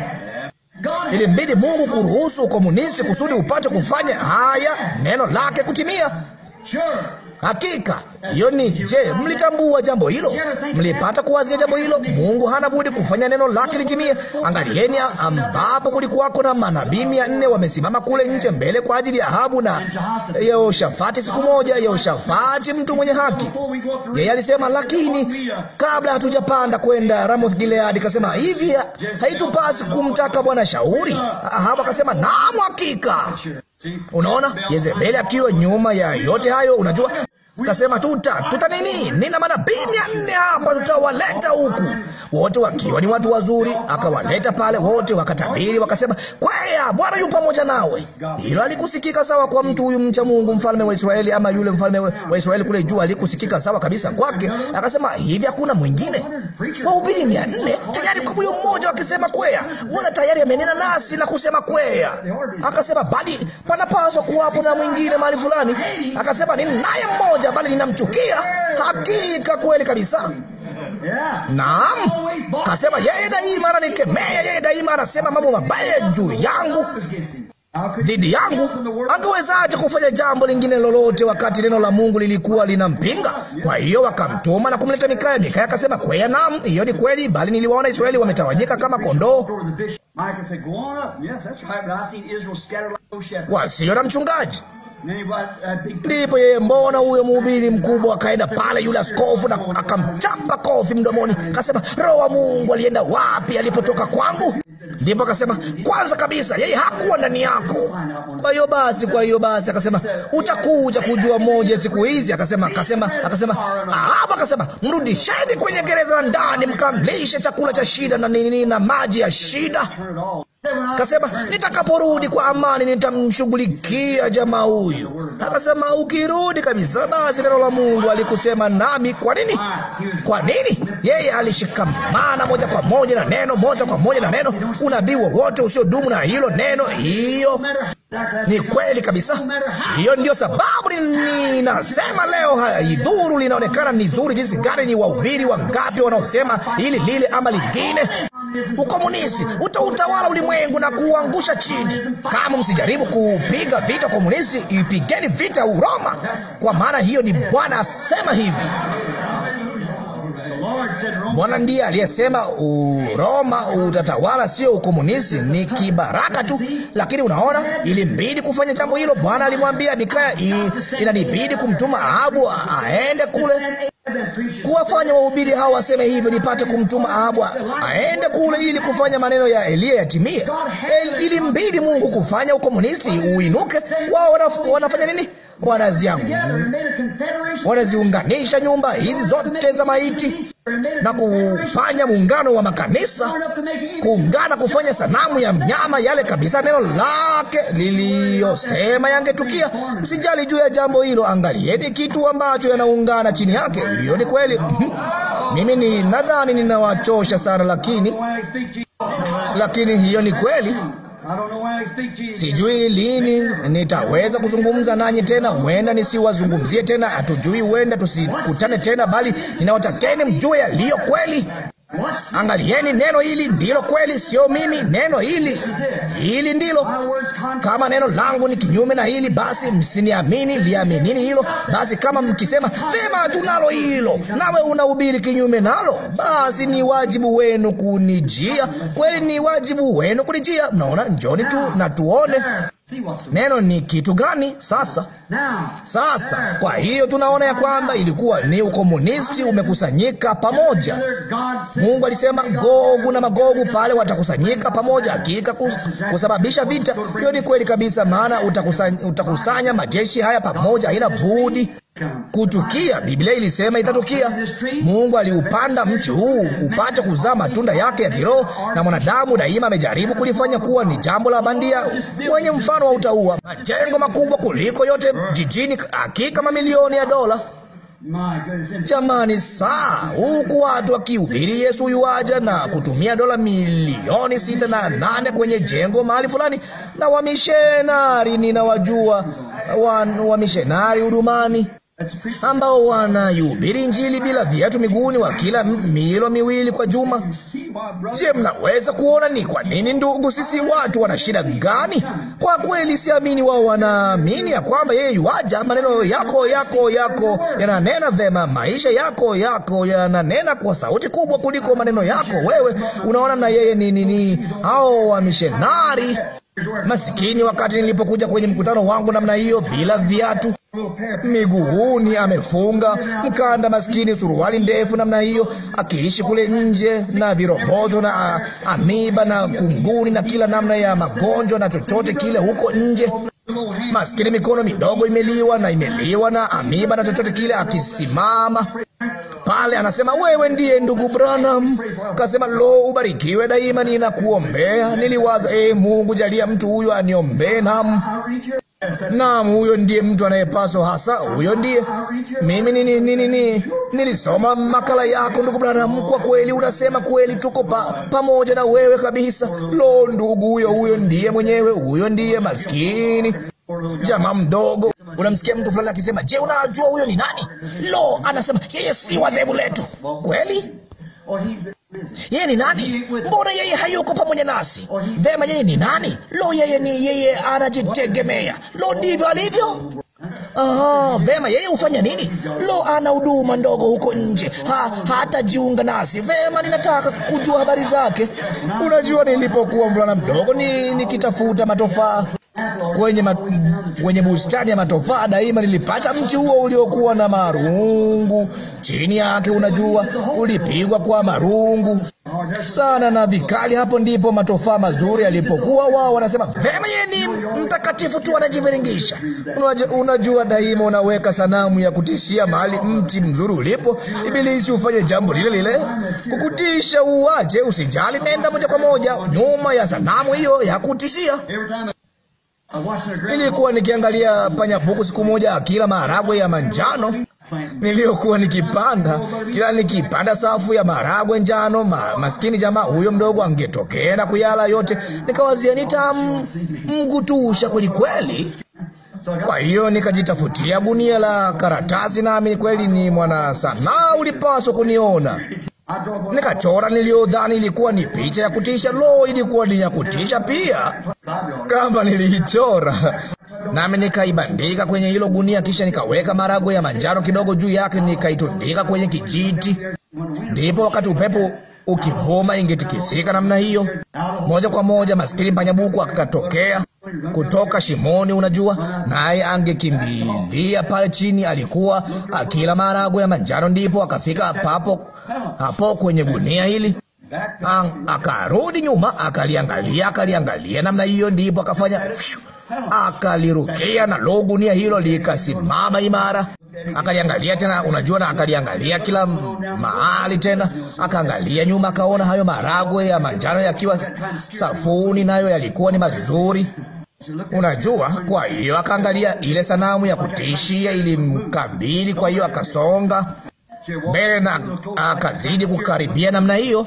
Ilimbidi Mungu kuruhusu ukomunisti kusudi upate kufanya haya, neno lake kutimia. Hakika hiyo ni je, mlitambua jambo hilo? Mlipata kuwazia jambo hilo? Mungu hana budi kufanya neno lake litimie. Angalieni ambapo kulikuwako na manabii mia nne wamesimama kule nje mbele kwa ajili ya Ahabu na Yehoshafati. Siku moja Yehoshafati, mtu mwenye haki, yeye alisema, lakini kabla hatujapanda kwenda Ramoth Gilead, kasema hivi, haitupasi kumtaka Bwana shauri. Ahabu akasema, naam, hakika Unaona Yezebeli akiwa nyuma ya yote hayo, unajua Kasema tuta tuta nini? Nina manabii mia nne hapa, tutawaleta huku wote wakiwa ni watu wazuri. Akawaleta pale wote, wakatabiri wakasema, kwea Bwana yu pamoja nawe. Hilo alikusikika sawa kwa mtu huyu mcha Mungu, mfalme wa Israeli, ama yule mfalme wa Israeli kule juu, alikusikika sawa kabisa kwake. Akasema hivi, hakuna mwingine. Wahubiri mia nne tayari kwa huyo mmoja, wakisema kwea, wala tayari amenena nasi na kusema kwea. Akasema bali panapaswa kuwapo na mwingine mahali fulani. Akasema ninaye mmoja moja, bali ninamchukia. Hakika kweli kabisa. Naam, kasema yeye daima ananikemea, yeye daima anasema mambo mabaya juu yangu dhidi yangu. Angewezaje kufanya jambo lingine lolote wakati neno la Mungu lilikuwa linampinga? Kwa hiyo wakamtuma na kumleta Mikaya. Mikaya akasema, kwea, naam, hiyo ni kweli, bali niliwaona Israeli wametawanyika kama kondoo wasio na mchungaji. Ndipo yeye mbona huyo mhubiri mkubwa akaenda pale yule askofu na akamchapa kofi mdomoni, akasema roho wa Mungu alienda wapi alipotoka kwangu? Ndipo akasema kwanza kabisa yeye hakuwa ndani yako. Kwa hiyo basi, kwa hiyo basi, akasema utakuja kujua moja siku hizi. Akasema, akasema, akasema hapo, akasema mrudisheni kwenye gereza ndani, mkamlishe chakula cha shida na nini na maji ya shida kasema nitakaporudi kwa amani nitamshughulikia jamaa huyu. Akasema ukirudi kabisa, basi neno la Mungu alikusema nami. Kwa nini? Kwa nini? Yeye alishikamana moja kwa moja na neno, moja kwa moja na neno. Unabii wowote usiodumu na hilo neno, hiyo ni kweli kabisa. Hiyo ndio sababu ninasema leo, haidhuru linaonekana ni zuri jinsi gani, ni wahubiri wangapi wanaosema hili lile ama lingine ukomunisti utautawala ulimwengu na kuuangusha chini. Kama msijaribu kuupiga vita komunisti, ipigeni vita Uroma, kwa maana hiyo ni Bwana asema hivi. Bwana ndiye aliyesema Uroma utatawala, sio ukomunisti. Ni kibaraka tu, lakini unaona, ilimbidi kufanya jambo hilo. Bwana alimwambia Mikaya, inanibidi kumtuma Ahabu aende kule kuwafanya wahubiri hao waseme hivyo, nipate kumtuma Ahabu aende kule ili kufanya maneno ya Eliya yatimie. Ili mbidi Mungu kufanya ukomunisti uinuke. Wao wanafanya nini? wanaziunganisha nyumba hizi zote za maiti na kufanya muungano wa makanisa, kuungana kufanya sanamu ya mnyama, yale kabisa neno lake liliyosema yangetukia. Sijali juu ya jambo hilo, angalieni kitu ambacho yanaungana chini yake. Hiyo ni kweli. Mimi ni nadhani ninawachosha sana, lakini lakini hiyo ni kweli. Sijui lini nitaweza kuzungumza nanyi tena, huenda nisiwazungumzie tena, hatujui, huenda tusikutane tena, bali ninawatakeni mjue yaliyo kweli. Angalieni, neno hili ndilo kweli, sio mimi. Neno hili hili ndilo. Kama neno langu ni kinyume na hili, basi msiniamini, liaminini hilo. Basi kama mkisema vema, tunalo hilo, nawe unahubiri kinyume nalo, basi ni wajibu wenu kunijia. Kweli ni wajibu wenu kunijia. Mnaona, njoni tu na tuone. Neno ni kitu gani? Sasa, sasa, kwa hiyo tunaona ya kwamba ilikuwa ni ukomunisti umekusanyika pamoja. Mungu alisema Gogu na Magogu pale watakusanyika pamoja, hakika kusababisha vita. Hiyo ni kweli kabisa, maana utakusanya, utakusanya majeshi haya pamoja, haina budi kutukia. Biblia ilisema itatukia. Mungu aliupanda mti huu upate kuzaa matunda yake ya kiroho, na mwanadamu daima amejaribu kulifanya kuwa ni jambo la bandia, wenye mfano wa utaua majengo makubwa kuliko yote jijini, hakika mamilioni ya dola. Jamani, saa huku watu wakihubiri Yesu yuaja na kutumia dola milioni sita na nane kwenye jengo mahali fulani, na wamishenari ninawajua wa, wamishenari hudumani ambao wanaihubiri Injili bila viatu miguuni, kila milo miwili kwa juma. Je, mnaweza kuona ni kwa nini ndugu, sisi watu wana shida gani? Kwa kweli siamini wao wanaamini ya kwamba yeye yuaja. Maneno yako yako yako yananena vema, maisha yako yako yananena kwa sauti kubwa kuliko maneno yako wewe. Unaona, na yeye ni nini? Hao wamishenari Masikini, wakati nilipokuja kwenye mkutano wangu namna hiyo, bila viatu miguuni, amefunga mkanda, maskini, suruali ndefu namna hiyo, akiishi kule nje na viroboto na ah, amiba na kunguni na kila namna ya magonjwa na chochote kile huko nje maskini, mikono midogo imeliwa na imeliwa na amiba na chochote kile, akisimama pale anasema, wewe ndiye ndugu Branham. Kasema, lo, ubarikiwe daima, ninakuombea. Niliwaza, e, Mungu jalia mtu huyo aniombee, nam Naam, huyo ndiye mtu anayepaswa hasa, huyo ndiye mimi. Nini nini nini, nilisoma makala yako ndugu Branham. Kwa kweli, unasema kweli, tuko pa, pamoja na wewe kabisa. Lo, ndugu, huyo huyo ndiye mwenyewe, huyo ndiye maskini jamaa mdogo. Unamsikia mtu fulani akisema, je, unajua huyo ni nani? Lo, anasema yeye si wa dhehebu letu. Kweli yeye ni nani? Mbona yeye hayuko pamoja nasi? Vema, yeye ni nani? Lo, yeye ni yeye, anajitegemea. Lo, ndivyo alivyo. Aha, vema, yeye hufanya nini? Lo, ana huduma ndogo huko nje, ha, hatajiunga nasi. Vema, ninataka kujua habari zake. Unajua, nilipokuwa mvulana mdogo ni nikitafuta matofaa kwenye, ma, kwenye bustani ya matofaa daima nilipata mti huo uliokuwa na marungu chini yake, unajua ulipigwa kwa marungu sana na vikali. Hapo ndipo matofaa mazuri yalipokuwa. Wao wanasema vema, yeye ni mtakatifu tu, anajiviringisha. Unajua, unajua daima unaweka sanamu ya kutishia mahali mti mzuri ulipo. Ibilisi ufanye jambo lile lile, kukutisha uwache, usijali, nenda moja kwa moja nyuma ya sanamu hiyo ya kutishia. Nilikuwa nikiangalia panyabuku siku moja akila maharagwe ya manjano niliyokuwa nikipanda, kila nikipanda safu ya maharagwe njano ma, maskini jamaa huyo mdogo angetokea na kuyala yote. Nikawazia nitamgutusha kweli kweli. Kwa hiyo nikajitafutia gunia la karatasi, nami kweli ni mwana sanaa, ulipaswa kuniona. Nikachora niliyodhani ilikuwa ni picha ya kutisha. Lo, ilikuwa ni ya kutisha pia, kama niliichora nami nikaibandika kwenye hilo gunia, kisha nikaweka marago ya manjano kidogo juu yake, nikaitundika kwenye kijiti. Ndipo wakati upepo ukivuma ingetikisika namna hiyo, moja kwa moja, maskini panyabuku akatokea kutoka shimoni, unajua, naye angekimbilia pale chini. Alikuwa akila maharagwe ya manjano, ndipo akafika papo hapo kwenye gunia hili akarudi nyuma, akaliangalia, akaliangalia namna hiyo, ndipo akafanya, akalirukia na lo, gunia hilo likasimama imara akaliangalia tena, unajua, na akaliangalia kila mahali tena, akaangalia nyuma, akaona hayo maragwe ya manjano yakiwa safuni, nayo yalikuwa ni mazuri. Unajua, kwa hiyo akaangalia ile sanamu ya kutishia ilimkabili, kwa hiyo akasonga mbele na akazidi kukaribia namna hiyo,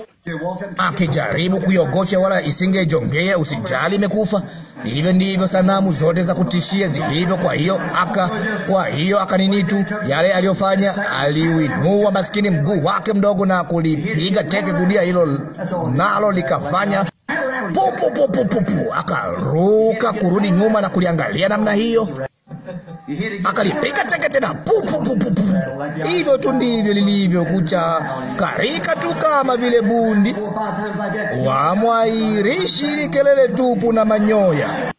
akijaribu kuiogofya wala isingejongea. Usijali, imekufa. Hivyo ndivyo sanamu zote za kutishia zilivyo. Kwa hiyo aka, kwa hiyo akanini tu yale aliyofanya, aliuinua maskini mguu wake mdogo na kulipiga teke gudia hilo, nalo likafanya pupupupupupu, akaruka kurudi nyuma na kuliangalia namna hiyo akalipiga teke tena, pupupupupu. Hivyo tu ndivyo lilivyo karika tu, kama vile bundi wamwairishi, ili kelele tupu na manyoya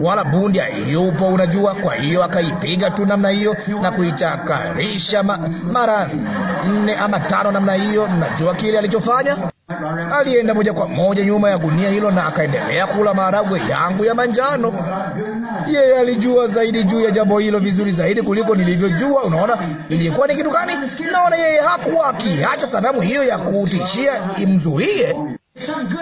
wala bundi hayupo, unajua. Kwa hiyo akaipiga tu namna hiyo na kuichakarisha ma, mara nne ama tano namna hiyo. Mnajua kile alichofanya? Alienda moja kwa moja nyuma ya gunia hilo na akaendelea kula maharagwe yangu ya manjano. Yeye alijua zaidi juu ya jambo hilo vizuri zaidi kuliko nilivyojua. Unaona ilikuwa ni kitu gani? Naona yeye hakuwa akiacha sanamu hiyo ya kutishia imzuie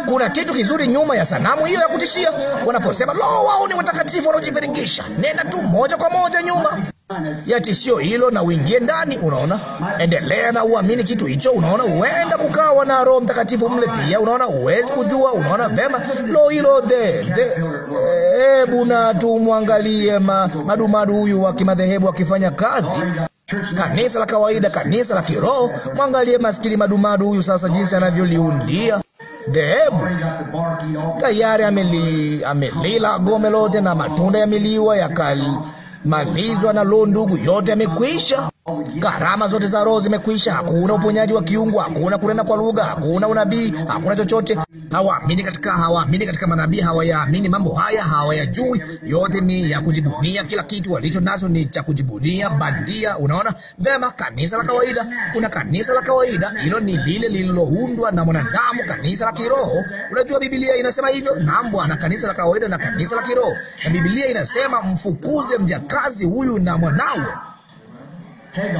kuna kitu kizuri nyuma ya sanamu hiyo ya kutishia. Wanaposema lo, wao ni watakatifu wanaojiviringisha, nenda tu moja kwa moja nyuma ya tishio hilo na uingie ndani. Unaona, endelea na uamini kitu hicho. Unaona, huenda kukawa na Roho Mtakatifu mle pia. Unaona, huwezi kujua. Unaona vema lo hilo the the, hebu na tumwangalie madumadu huyu wa kimadhehebu akifanya kazi kanisa la kawaida, kanisa la kiroho. Mwangalie maskini madumadu huyu sasa, jinsi anavyoliundia dhehebu. Tayari ameli, amelila gome lote na matunda yameliwa yakamalizwa, na lo, ndugu, yote yamekwisha. Karama zote za Roho zimekwisha. Hakuna uponyaji wa kiungu, hakuna kunena kwa lugha, hakuna unabii, hakuna chochote. Hawaamini katika, hawaamini katika manabii, hawayaamini mambo haya, hawayajui. Yote ni ya kujibunia, kila kitu walicho nacho ni cha kujibunia bandia. Unaona vema, kanisa la kawaida. Kuna kanisa la kawaida, hilo ni lile lililoundwa na mwanadamu, kanisa la kiroho. Unajua Biblia inasema hivyo, naam Bwana, kanisa la kawaida na kanisa la kiroho. Na Biblia inasema mfukuze mjakazi huyu na mwanawe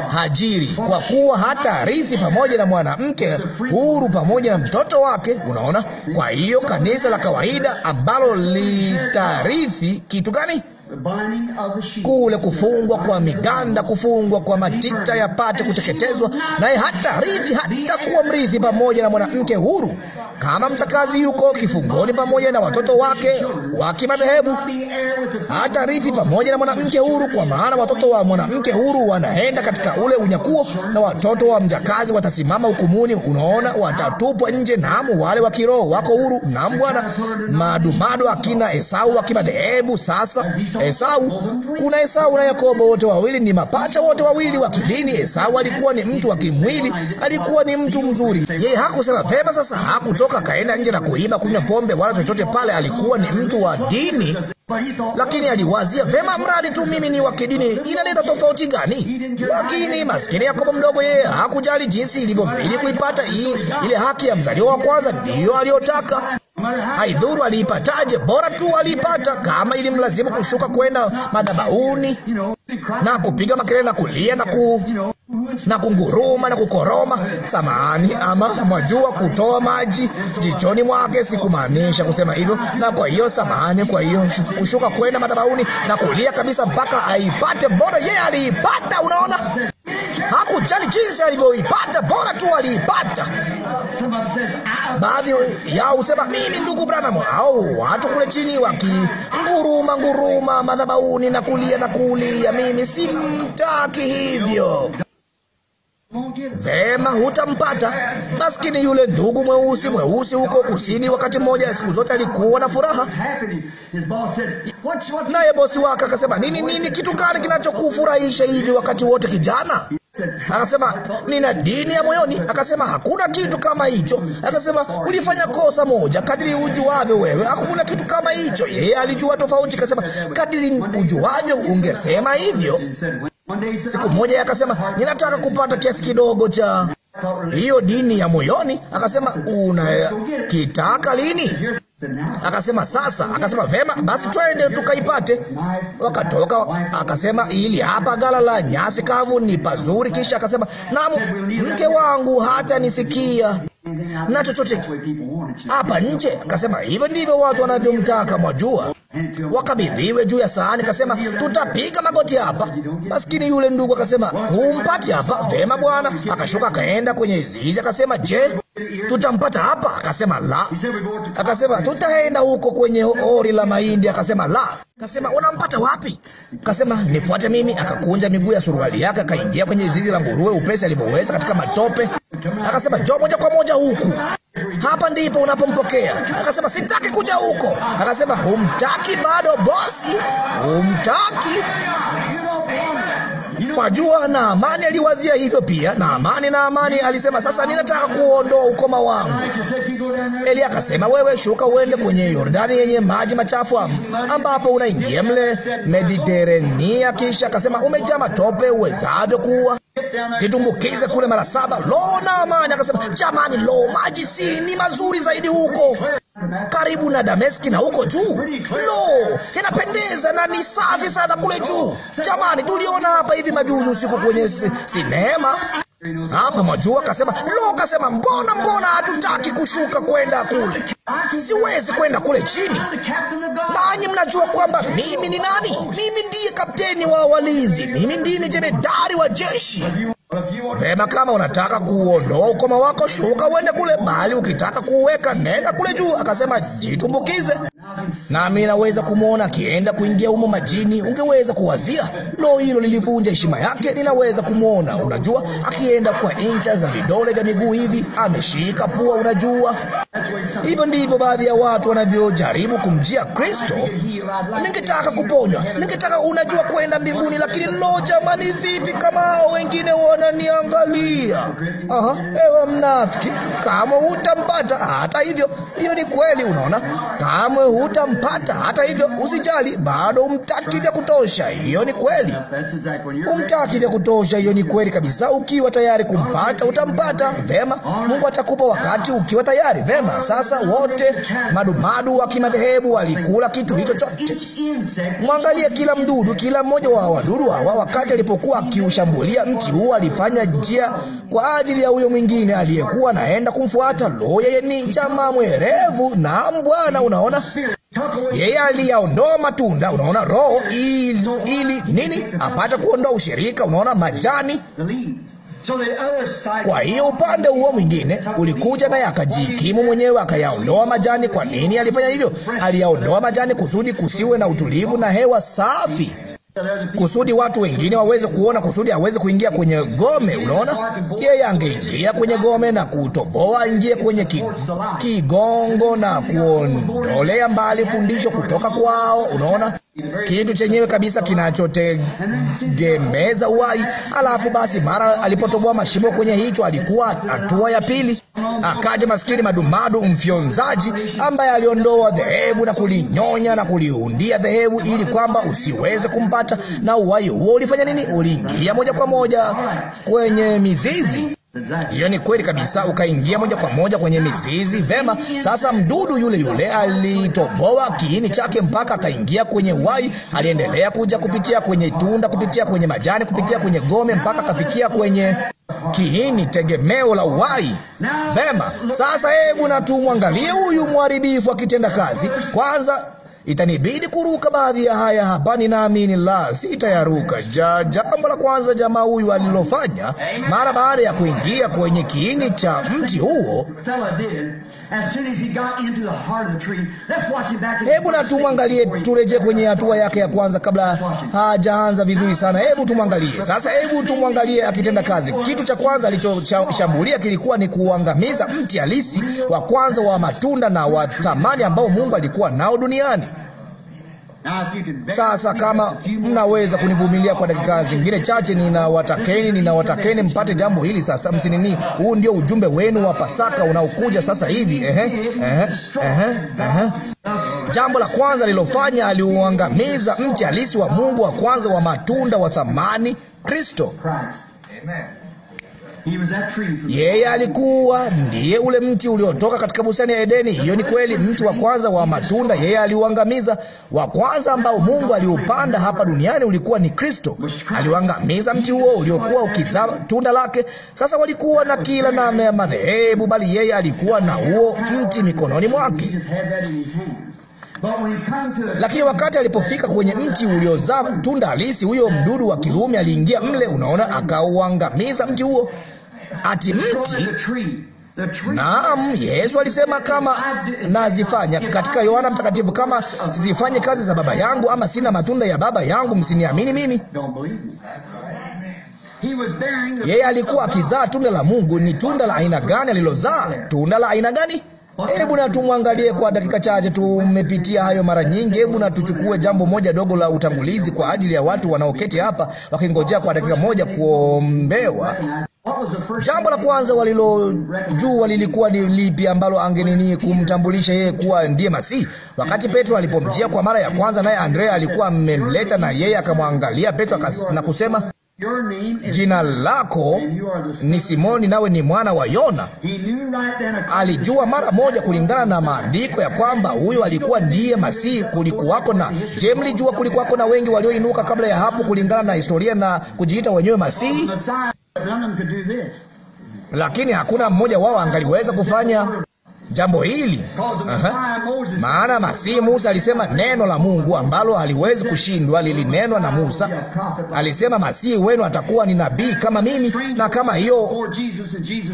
Hajiri, kwa kuwa hata arithi pamoja na mwanamke huru pamoja na mtoto wake. Unaona, kwa hiyo kanisa la kawaida ambalo litarithi kitu gani? kule kufungwa kwa miganda, kufungwa kwa matita yapate kuteketezwa, naye hata rithi hata kuwa mrithi pamoja na mwanamke huru. Kama mtakazi yuko kifungoni pamoja na watoto wake wa kimadhehebu, hata rithi pamoja na mwanamke huru, kwa maana watoto wa mwanamke huru wanaenda katika ule unyakuo, na watoto wa mjakazi watasimama hukumuni. Unaona, watatupwa nje. Namu wale wa kiroho wako huru. Namu Bwana, madumado akina Esau wa kimadhehebu sasa Esau. Kuna Esau na Yakobo, wote wawili ni mapacha, wote wawili wa kidini. Esau alikuwa ni mtu wa kimwili, alikuwa ni mtu mzuri. Yeye hakusema vema. Sasa hakutoka kaenda nje na kuiba, kunywa pombe, wala chochote pale. Alikuwa ni mtu wa dini, lakini aliwazia vema, mradi tu mimi ni wa kidini, inaleta tofauti gani? Lakini maskini Yakobo mdogo, yeye hakujali jinsi ilivyobidi kuipata hii ile haki ya mzaliwa wa kwanza, ndiyo aliyotaka haidhuru aliipataje, bora tu aliipata. Kama ilimlazimu kushuka kwenda madhabahuni na kupiga makelele na kulia na ku na kunguruma na kukoroma, samani ama mwajua, kutoa maji jichoni mwake. Sikumaanisha kusema hivyo, na kwa hiyo samani. Kwa hiyo kushuka kwenda madhabahuni na kulia kabisa mpaka aipate, bora yeye aliipata. Unaona? hakujali jinsi alivyoipata, bora tu aliipata. Baadhi yao husema mimi, ndugu Branham, au watu kule chini wakinguruma nguruma madhabahuni na kulia na kulia, mimi simtaki hivyo. Vema, hutampata maskini yule ndugu mweusi mweusi huko kusini. Wakati mmoja, siku zote alikuwa na furaha, naye bosi wake akasema, nini nini, kitu gani kinachokufurahisha hivi wakati wote, kijana? Akasema nina dini ya moyoni. Akasema hakuna kitu kama hicho. Akasema ulifanya kosa moja kadiri ujuavyo wewe, hakuna kitu kama hicho. Yeye alijua tofauti. Akasema kadiri ujuavyo ungesema hivyo. Siku moja akasema ninataka kupata kiasi kidogo cha hiyo dini ya moyoni. Akasema unakitaka lini? Akasema sasa, akasema vema, basi twende tukaipate. Wakatoka, akasema ili hapa gala la nyasi kavu ni pazuri. Kisha akasema naam, mke wangu hata nisikia na chochote hapa nje. Akasema hivyo ndivyo watu wanavyomtaka, mwajua. Wakabidhiwe juu ya sahani, akasema tutapiga magoti hapa. Maskini yule ndugu akasema humpati hapa. Vema bwana. Akashuka akaenda kwenye zizi, akasema je tutampata hapa? Akasema la. Akasema tutaenda huko kwenye ori la mahindi. Akasema la. Akasema unampata wapi? Akasema nifuate mimi. Akakunja miguu ya suruali yake, akaingia kwenye zizi la nguruwe upesi alivyoweza, katika matope. Akasema njoo moja kwa moja huku, hapa ndipo unapompokea. Akasema sitaki kuja huko. Akasema humtaki bado bosi, humtaki mwajua Na Amani aliwazia hivyo pia. Na Amani na Amani alisema, sasa ninataka kuondoa ukoma wangu. Eli akasema, wewe shuka uende kwenye Yordani yenye maji machafu, ambapo unaingia mle Mediterania. Kisha akasema, umejaa matope uwezavyo kuwa titumbukize kule mara saba. Lo, na Amani akasema, jamani, lo, maji si ni mazuri zaidi huko karibu na Dameski na huko juu. Lo, inapendeza na ni safi sana kule juu. Jamani, tuliona hapa hivi majuzi usiku kwenye sinema hapa mwajua, kasema lo, kasema mbona mbona hatutaki kushuka kwenda kule, siwezi kwenda kule chini. Nanyi mnajua kwamba mimi ni nani? Mimi ndiye kapteni wa walinzi, mimi ndiye jemedari wa jeshi. Vema, kama unataka kuondoa ukoma wako, shuka uende kule, bali ukitaka kuweka, nenda kule juu. Akasema, jitumbukize nami naweza kumwona akienda kuingia humo majini. Ungeweza kuwazia lo, hilo lilivunja heshima yake. Ninaweza kumwona, unajua, akienda kwa incha za vidole vya miguu hivi, ameshika pua, unajua. Hivyo ndivyo baadhi ya watu wanavyojaribu kumjia Kristo. Ningetaka kuponywa, ningetaka, unajua, kwenda mbinguni, lakini lo, jamani, vipi kama hao wengine wananiangalia? Aha, ewe mnafiki, kama utampata. Hata hivyo, hiyo ni kweli, unaona kamwe hutampata. Hata hivyo, usijali, bado umtaki vya kutosha. Hiyo ni kweli, umtaki vya kutosha. Hiyo ni kweli kabisa. Ukiwa tayari kumpata, utampata vema. Mungu atakupa wakati, ukiwa tayari vema. Sasa wote madumadu wa kimadhehebu walikula kitu hicho chote. Mwangalie kila mdudu, kila mmoja wa wadudu hawa, wakati alipokuwa akiushambulia mti huu, alifanya njia kwa ajili ya huyo mwingine aliyekuwa naenda kumfuata. Lo, yeye ni jamaa mwerevu. na Bwana Unaona, yeye aliyaondoa matunda. Unaona, roho ili, ili nini apate kuondoa ushirika. Unaona, majani kwa hiyo upande huo mwingine ulikuja naye akajikimu mwenyewe akayaondoa majani. Kwa nini alifanya hivyo? Aliyaondoa majani kusudi kusiwe na utulivu na hewa safi kusudi watu wengine waweze kuona, kusudi aweze kuingia kwenye gome. Unaona, yeye angeingia kwenye gome na kutoboa, ingie kwenye kigongo ki na kuondolea mbali fundisho kutoka kwao. Unaona, kitu chenyewe kabisa kinachotegemeza uhai. Alafu basi, mara alipotoboa mashimo kwenye hicho, alikuwa hatua ya pili. Akaja maskini madumadu mfyonzaji, ambaye aliondoa dhehebu na kulinyonya na kuliundia dhehebu, ili kwamba usiweze kumpata. Na uhai huo ulifanya nini? Uliingia moja kwa moja kwenye mizizi. Hiyo ni kweli kabisa, ukaingia moja kwa moja kwenye mizizi. Vema, sasa mdudu yule yule alitoboa kiini chake mpaka akaingia kwenye wai, aliendelea kuja kupitia kwenye tunda, kupitia kwenye majani, kupitia kwenye gome mpaka akafikia kwenye kiini, tegemeo la uhai. Vema, sasa hebu na tumwangalie huyu mharibifu akitenda kazi kwanza. Itanibidi kuruka baadhi ya haya hapa, ninaamini la sitayaruka. Ja, jambo la kwanza jamaa huyu alilofanya mara baada ya kuingia kwenye kiini cha mti huo, hebu na tumwangalie, turejee kwenye hatua yake ya kwanza kabla hajaanza vizuri sana. Hebu tumwangalie sasa, hebu tumwangalie akitenda kazi. Kitu cha kwanza alichoshambulia kilikuwa ni kuangamiza mti halisi wa kwanza wa matunda na wa thamani ambao Mungu alikuwa nao duniani. Sasa kama mnaweza kunivumilia kwa dakika zingine chache, ninawatakeni, ninawatakeni mpate jambo hili sasa. Msinini, huu ndio ujumbe wenu wa Pasaka unaokuja sasa hivi. Ehe, ehe, ehe, ehe. Jambo la kwanza lilofanya, aliuangamiza mti halisi wa Mungu wa kwanza wa matunda wa thamani, Kristo. Yeye alikuwa ndiye ule mti uliotoka katika bustani ya Edeni. Hiyo ni kweli, mti wa kwanza wa matunda, yeye aliuangamiza. Wa kwanza ambao Mungu aliupanda hapa duniani ulikuwa ni Kristo. Aliuangamiza mti huo uliokuwa ukizaa tunda lake. Sasa walikuwa na kila namna ya madhehebu, bali yeye alikuwa na huo mti mikononi mwake. Lakini wakati alipofika kwenye mti uliozaa tunda halisi, huyo mdudu wa Kirumi aliingia mle, unaona, akauangamiza mti huo ati mti Naam, Yesu alisema kama nazifanya katika Yohana Mtakatifu, kama sizifanye kazi za Baba yangu ama sina matunda ya Baba yangu msiniamini mimi. Yeye alikuwa akizaa tunda la Mungu. Ni tunda la aina gani alilozaa? Tunda la aina gani? Hebu na tumwangalie kwa dakika chache. Tumepitia hayo mara nyingi. Hebu na tuchukue jambo moja dogo la utangulizi kwa ajili ya watu wanaoketi hapa wakingojea kwa dakika moja kuombewa. Jambo la kwanza walilojua lilikuwa ni lipi ambalo angenini kumtambulisha yeye kuwa ndiye Masihi. Wakati Petro alipomjia kwa mara ya kwanza, naye Andrea alikuwa amemleta na yeye akamwangalia Petro na kusema, jina lako ni Simoni, nawe ni mwana wa Yona. Alijua mara moja, kulingana na maandiko, ya kwamba huyo alikuwa ndiye Masihi. Kulikuwako na je, mlijua kulikuwako na wengi walioinuka kabla ya hapo, kulingana na historia na kujiita wenyewe Masihi lakini hakuna mmoja wao angaliweza kufanya jambo hili. Aha. Maana masihi Musa alisema neno la Mungu ambalo haliwezi kushindwa, lilinenwa na Musa. Alisema masihi wenu atakuwa ni nabii kama mimi, na kama hiyo.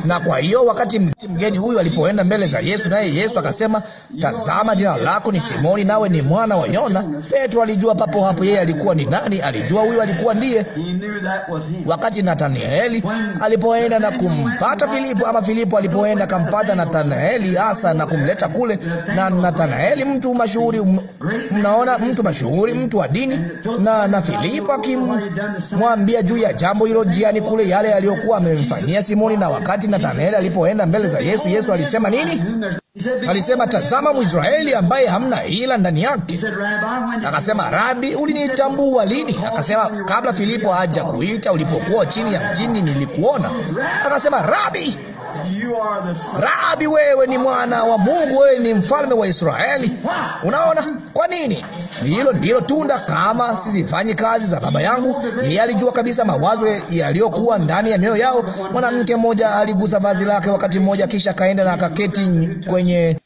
Na kwa hiyo wakati mgeni huyu alipoenda mbele za Yesu, naye Yesu akasema, tazama, jina lako ni Simoni, nawe ni mwana wa Yona. Petro alijua papo hapo yeye alikuwa ni nani. Alijua huyu alikuwa ndiye. Wakati Nathanaeli alipoenda na kumpata Filipo, ama Filipo alipoenda akampata Nathanaeli sasa na kumleta kule, na Nathanaeli, mtu mashuhuri, mnaona, mtu mashuhuri, mtu wa dini, na na Filipo akimwambia juu ya jambo hilo jiani kule, yale aliyokuwa amemfanyia Simoni. Na wakati Nathanaeli alipoenda mbele za Yesu, Yesu alisema nini? Alisema, tazama Mwisraeli ambaye hamna hila ndani yake. Akasema, Rabi, ulinitambua lini? Akasema, kabla Filipo haja kuita, ulipokuwa chini ya mtini nilikuona. Akasema, Rabi Rabi, wewe ni mwana wa Mungu, wewe ni mfalme wa Israeli. Unaona, kwa nini hilo ndilo tunda? Kama sizifanyi kazi za baba yangu. Yeye alijua kabisa mawazo yaliyokuwa ndani ya mioyo yao. Mwanamke mmoja aligusa vazi lake wakati mmoja, kisha kaenda na akaketi kwenye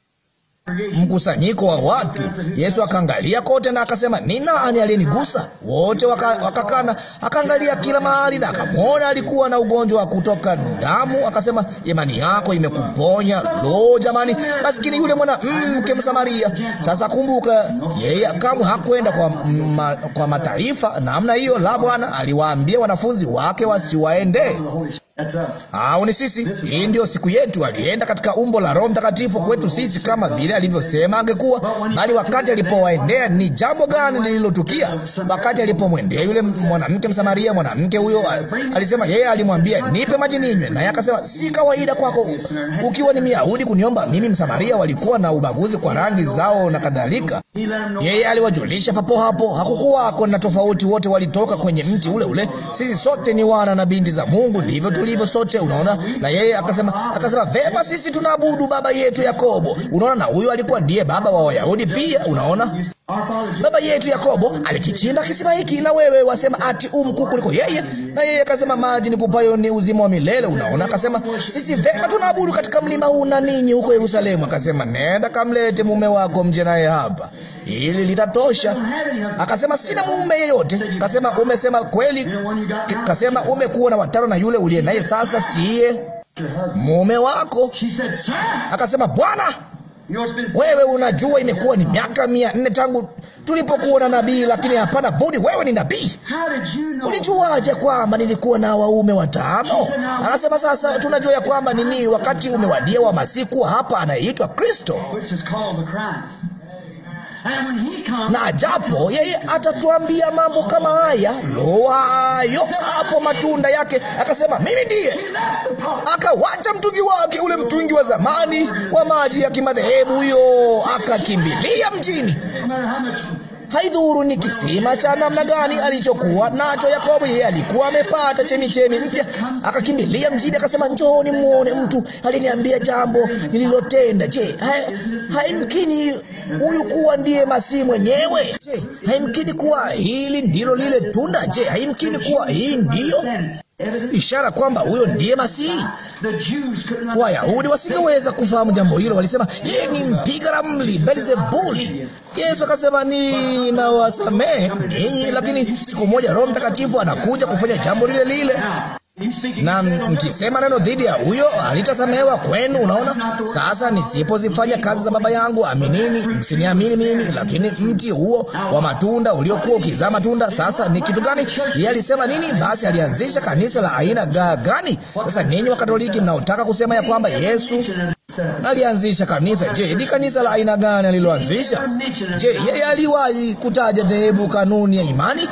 mkusanyiko wa watu. Yesu akaangalia kote na akasema, ni nani aliyenigusa? Wote waka, wakakana. Akaangalia kila mahali na akamwona alikuwa na ugonjwa wa kutoka damu, akasema, imani yako imekuponya. Lo, jamani, maskini yule mwanamke Msamaria. Sasa kumbuka, yeye kamwe hakwenda kwa, ma, kwa mataifa namna hiyo la Bwana. Aliwaambia wanafunzi wake wasiwaendee au ah, ni sisi. Hii ndio siku yetu. Alienda katika umbo la Roho Mtakatifu kwetu sisi kama vile alivyosema angekuwa. Bali wakati alipowaendea, ni jambo gani lililotukia? Wakati alipomwendea yule mwanamke Msamaria, mwanamke huyo alisema, yeye alimwambia, nipe maji ninywe, naye akasema, si kawaida kwako ukiwa ni Myahudi kuniomba mimi Msamaria. Walikuwa na ubaguzi kwa rangi zao na kadhalika. Yeye aliwajulisha papo hapo, hakukuwa na tofauti, wote walitoka kwenye mti ule ule. Sisi sote ni wana na binti za Mungu, ndivyo tulivyo sote, unaona. Na yeye akasema, akasema vema, sisi tunaabudu baba yetu Yakobo, unaona. Na huyo alikuwa ndiye baba wa Wayahudi pia, unaona. Baba yetu Yakobo alikichimba kisima hiki, na wewe wasema ati umkuu kuliko yeye. Na yeye akasema maji ni kupayo ni uzima wa milele, unaona. Akasema sisi vema tunaabudu katika mlima huu na ninyi huko Yerusalemu. Akasema nenda kamlete mume wako mje naye hapa, ili litatosha. Akasema sina mume yeyote. Akasema umesema kweli. Akasema umekuwa na watano na yule uliye naye naye sasa siye mume wako. Akasema, Bwana wewe unajua, imekuwa ni miaka mia nne tangu tulipokuona nabii, lakini hapana budi wewe ni nabii. Ulijuaje kwamba nilikuwa na waume watano? Anasema sasa tunajua ya kwamba nini, wakati umewadia wa masiku hapa anayeitwa Kristo na japo yeye atatuambia mambo kama haya, loayo hapo matunda yake, akasema mimi ndiye. Akawacha mtungi wake ule, mtungi wa zamani wa maji ya kimadhehebu, huyo akakimbilia mjini haidhuru ni kisima cha namna gani alichokuwa nacho Yakobo. Yeye alikuwa amepata chemichemi mpya, akakimbilia mjini, akasema, njooni muone mtu aliniambia jambo nililotenda. Je, haimkini huyu kuwa ndiye masihi mwenyewe? Je, haimkini kuwa hili ndilo lile tunda? Je, haimkini kuwa hii ndiyo ishara kwamba huyo ndiye Masihi. Wayahudi wasingeweza kufahamu jambo hilo, walisema yeye ni mpiga ramli Beelzebuli. Yesu akasema ninawasamehe ninyi, lakini siku moja Roho Mtakatifu anakuja kufanya jambo lile lile na mkisema neno dhidi ya huyo alitasamewa kwenu. Unaona, sasa nisipozifanya kazi za Baba yangu, aminini msiniamini mimi, lakini mti huo wa matunda uliokuwa ukizaa matunda, sasa ni kitu gani? Yeye alisema nini? Basi alianzisha kanisa la aina gani? Sasa ninyi katoliki mnaotaka kusema ya kwamba Yesu alianzisha kanisa. Je, ni kanisa la aina gani aliloanzisha? Je, yeye aliwahi kutaja dhehebu, kanuni ya imani?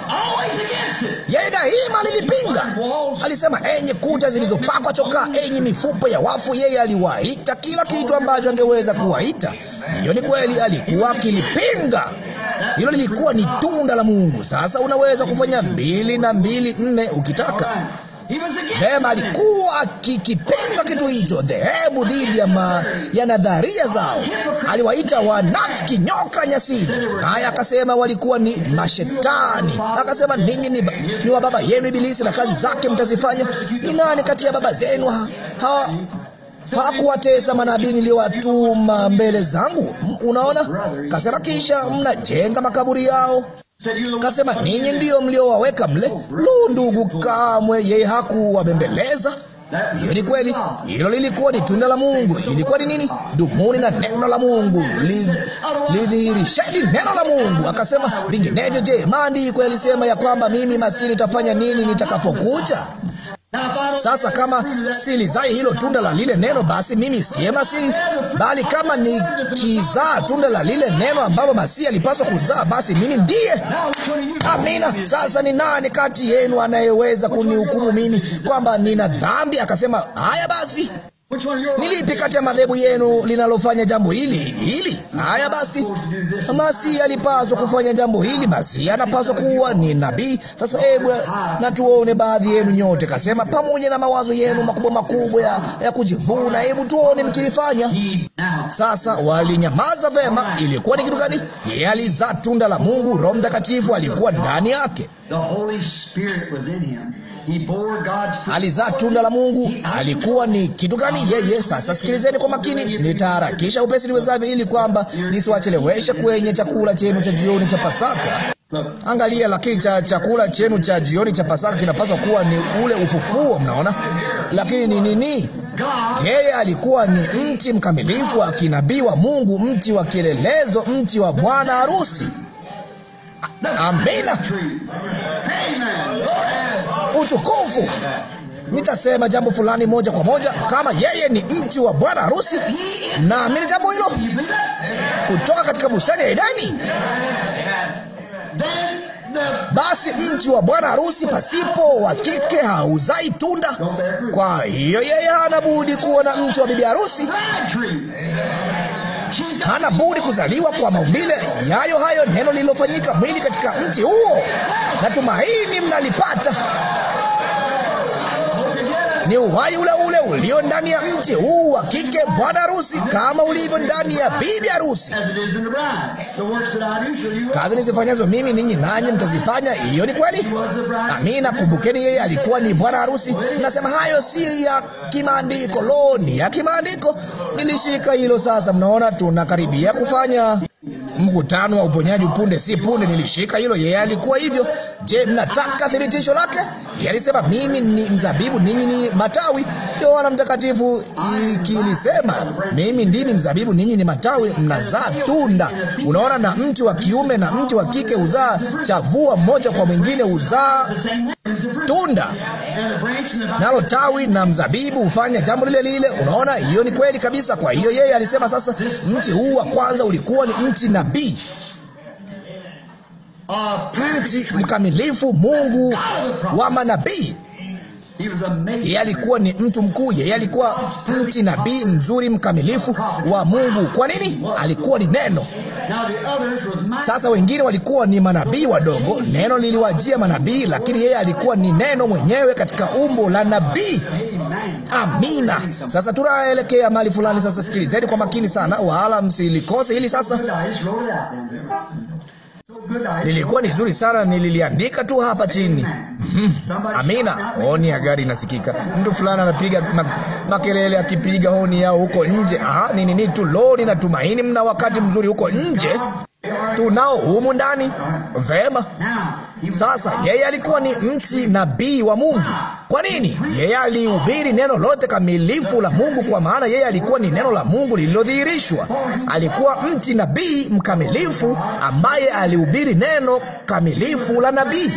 Yeye daima lilipinga. Alisema, enye kuta zilizopakwa chokaa, enye mifupa ya wafu. Yeye aliwaita kila kitu ambacho angeweza kuwaita. Hiyo ni kweli, alikuwa akilipinga hilo lilikuwa ni tunda la Mungu. Sasa unaweza kufanya mbili na mbili nne ukitaka. Vema, alikuwa akikipinga kitu hicho, dhehebu dhidi ya, ma, ya nadharia zao. Aliwaita wanafiki nyoka nyasini, naye akasema walikuwa ni mashetani. Akasema ninyi ni, ni wa baba yenu Ibilisi na kazi zake mtazifanya. Ni nani kati ya baba zenu ha, ha, hakuwatesa manabii niliowatuma mbele zangu? Unaona, kasema kisha mnajenga makaburi yao. Kasema, ninyi ndiyo mliowaweka mle. Lu, ndugu, kamwe yeye hakuwabembeleza. Hiyo ni kweli. Hilo lilikuwa ni tunda la Mungu. Ilikuwa ni nini? Dumuni na neno la Mungu, lidhihirisheni neno la Mungu. Akasema, vinginevyo, je, maandiko yalisema ya kwamba mimi Masihi nitafanya nini nitakapokuja? Sasa kama silizai hilo tunda la lile neno, basi mimi siema si, bali kama nikizaa tunda la lile neno ambalo Masihi alipaswa kuzaa, basi mimi ndiye. Amina. Sasa ni nani kati yenu anayeweza kunihukumu mimi kwamba nina dhambi? Akasema haya basi ni lipi kati ya madhehebu yenu linalofanya jambo hili hili? Haya basi, Masihi alipaswa kufanya jambo hili, Masihi anapaswa kuwa ni nabii. Sasa hebu na tuone, baadhi yenu nyote kasema, pamoja na mawazo yenu makubwa makubwa ya, ya kujivuna, hebu tuone mkilifanya. Sasa walinyamaza vema. Ilikuwa ni kitu gani? Yeye alizaa tunda la Mungu, Roho Mtakatifu alikuwa ndani yake. Alizaa tunda la Mungu. Alikuwa ni kitu gani yeye? Sasa sikilizeni kwa makini, nitaharakisha upesi niwezavyo, ili kwamba nisiwacheleweshe kwenye chakula chenu cha jioni cha Pasaka. Angalia, lakini cha chakula chenu cha jioni cha Pasaka kinapaswa kuwa ni ule ufufuo, mnaona. Lakini ni nini? Yeye alikuwa ni mti mkamilifu wa kinabii wa Mungu, mti wa kielelezo, mti wa bwana harusi. Amina, utukufu. Nitasema jambo fulani moja kwa moja, kama yeye ni mti wa bwana harusi, naamini jambo hilo kutoka katika bustani ya Edeni. Basi mti wa bwana harusi pasipo wa kike hauzai tunda. Kwa hiyo yeye hana budi kuwa na mti wa bibi harusi hana budi kuzaliwa kwa maumbile yayo hayo, neno lililofanyika mwili katika mti huo. Natumaini mnalipata ni uhai ule ule ulio ndani ya mti huu wa kike bwana harusi, kama ulivyo ndani ya bibi harusi. Kazi nizifanyazo mimi, ninyi nanyi mtazifanya. Hiyo ni kweli. Amina. Kumbukeni, yeye alikuwa ni bwana harusi. Nasema hayo si ya kimaandiko, lo, ni ya kimaandiko. Nilishika hilo. Sasa mnaona tunakaribia kufanya mkutano wa uponyaji punde si punde. Nilishika hilo, yeye alikuwa hivyo. Je, mnataka thibitisho lake? Yeye alisema mimi ni mzabibu, ninyi ni matawi. Yohana Mtakatifu ikilisema, mimi ndimi mzabibu, ninyi ni matawi, mnazaa tunda. Unaona, na mti wa kiume na mti wa kike huzaa chavua, mmoja kwa mwingine huzaa tunda, nalo tawi na mzabibu hufanya jambo lile lile. Unaona, hiyo ni kweli kabisa. Kwa hiyo yeye alisema, sasa mti huu wa kwanza ulikuwa ni mti nabii mti mkamilifu, Mungu wa manabii. Yeye alikuwa ni mtu mkuu, yeye alikuwa mti nabii mzuri mkamilifu wa Mungu. Kwa nini? Alikuwa ni neno. Sasa wengine walikuwa ni manabii wadogo, neno liliwajia manabii, lakini yeye alikuwa ni neno mwenyewe katika umbo la nabii. Amina. Sasa tunaelekea mahali fulani. Sasa sikilizeni kwa makini sana, wala msilikose hili sasa Lilikuwa ni zuri sana, nililiandika tu hapa chini. amina. Honi ya gari inasikika, mtu fulani anapiga makelele akipiga honi yao huko nje. Aha, nini nini tu lori. Natumaini mna wakati mzuri huko nje tunao humu ndani. Vema. Sasa yeye alikuwa ni mti nabii wa Mungu. Kwa nini? Yeye alihubiri neno lote kamilifu la Mungu, kwa maana yeye alikuwa ni neno la Mungu lililodhihirishwa. Alikuwa mti nabii mkamilifu ambaye alihubiri neno kamilifu la nabii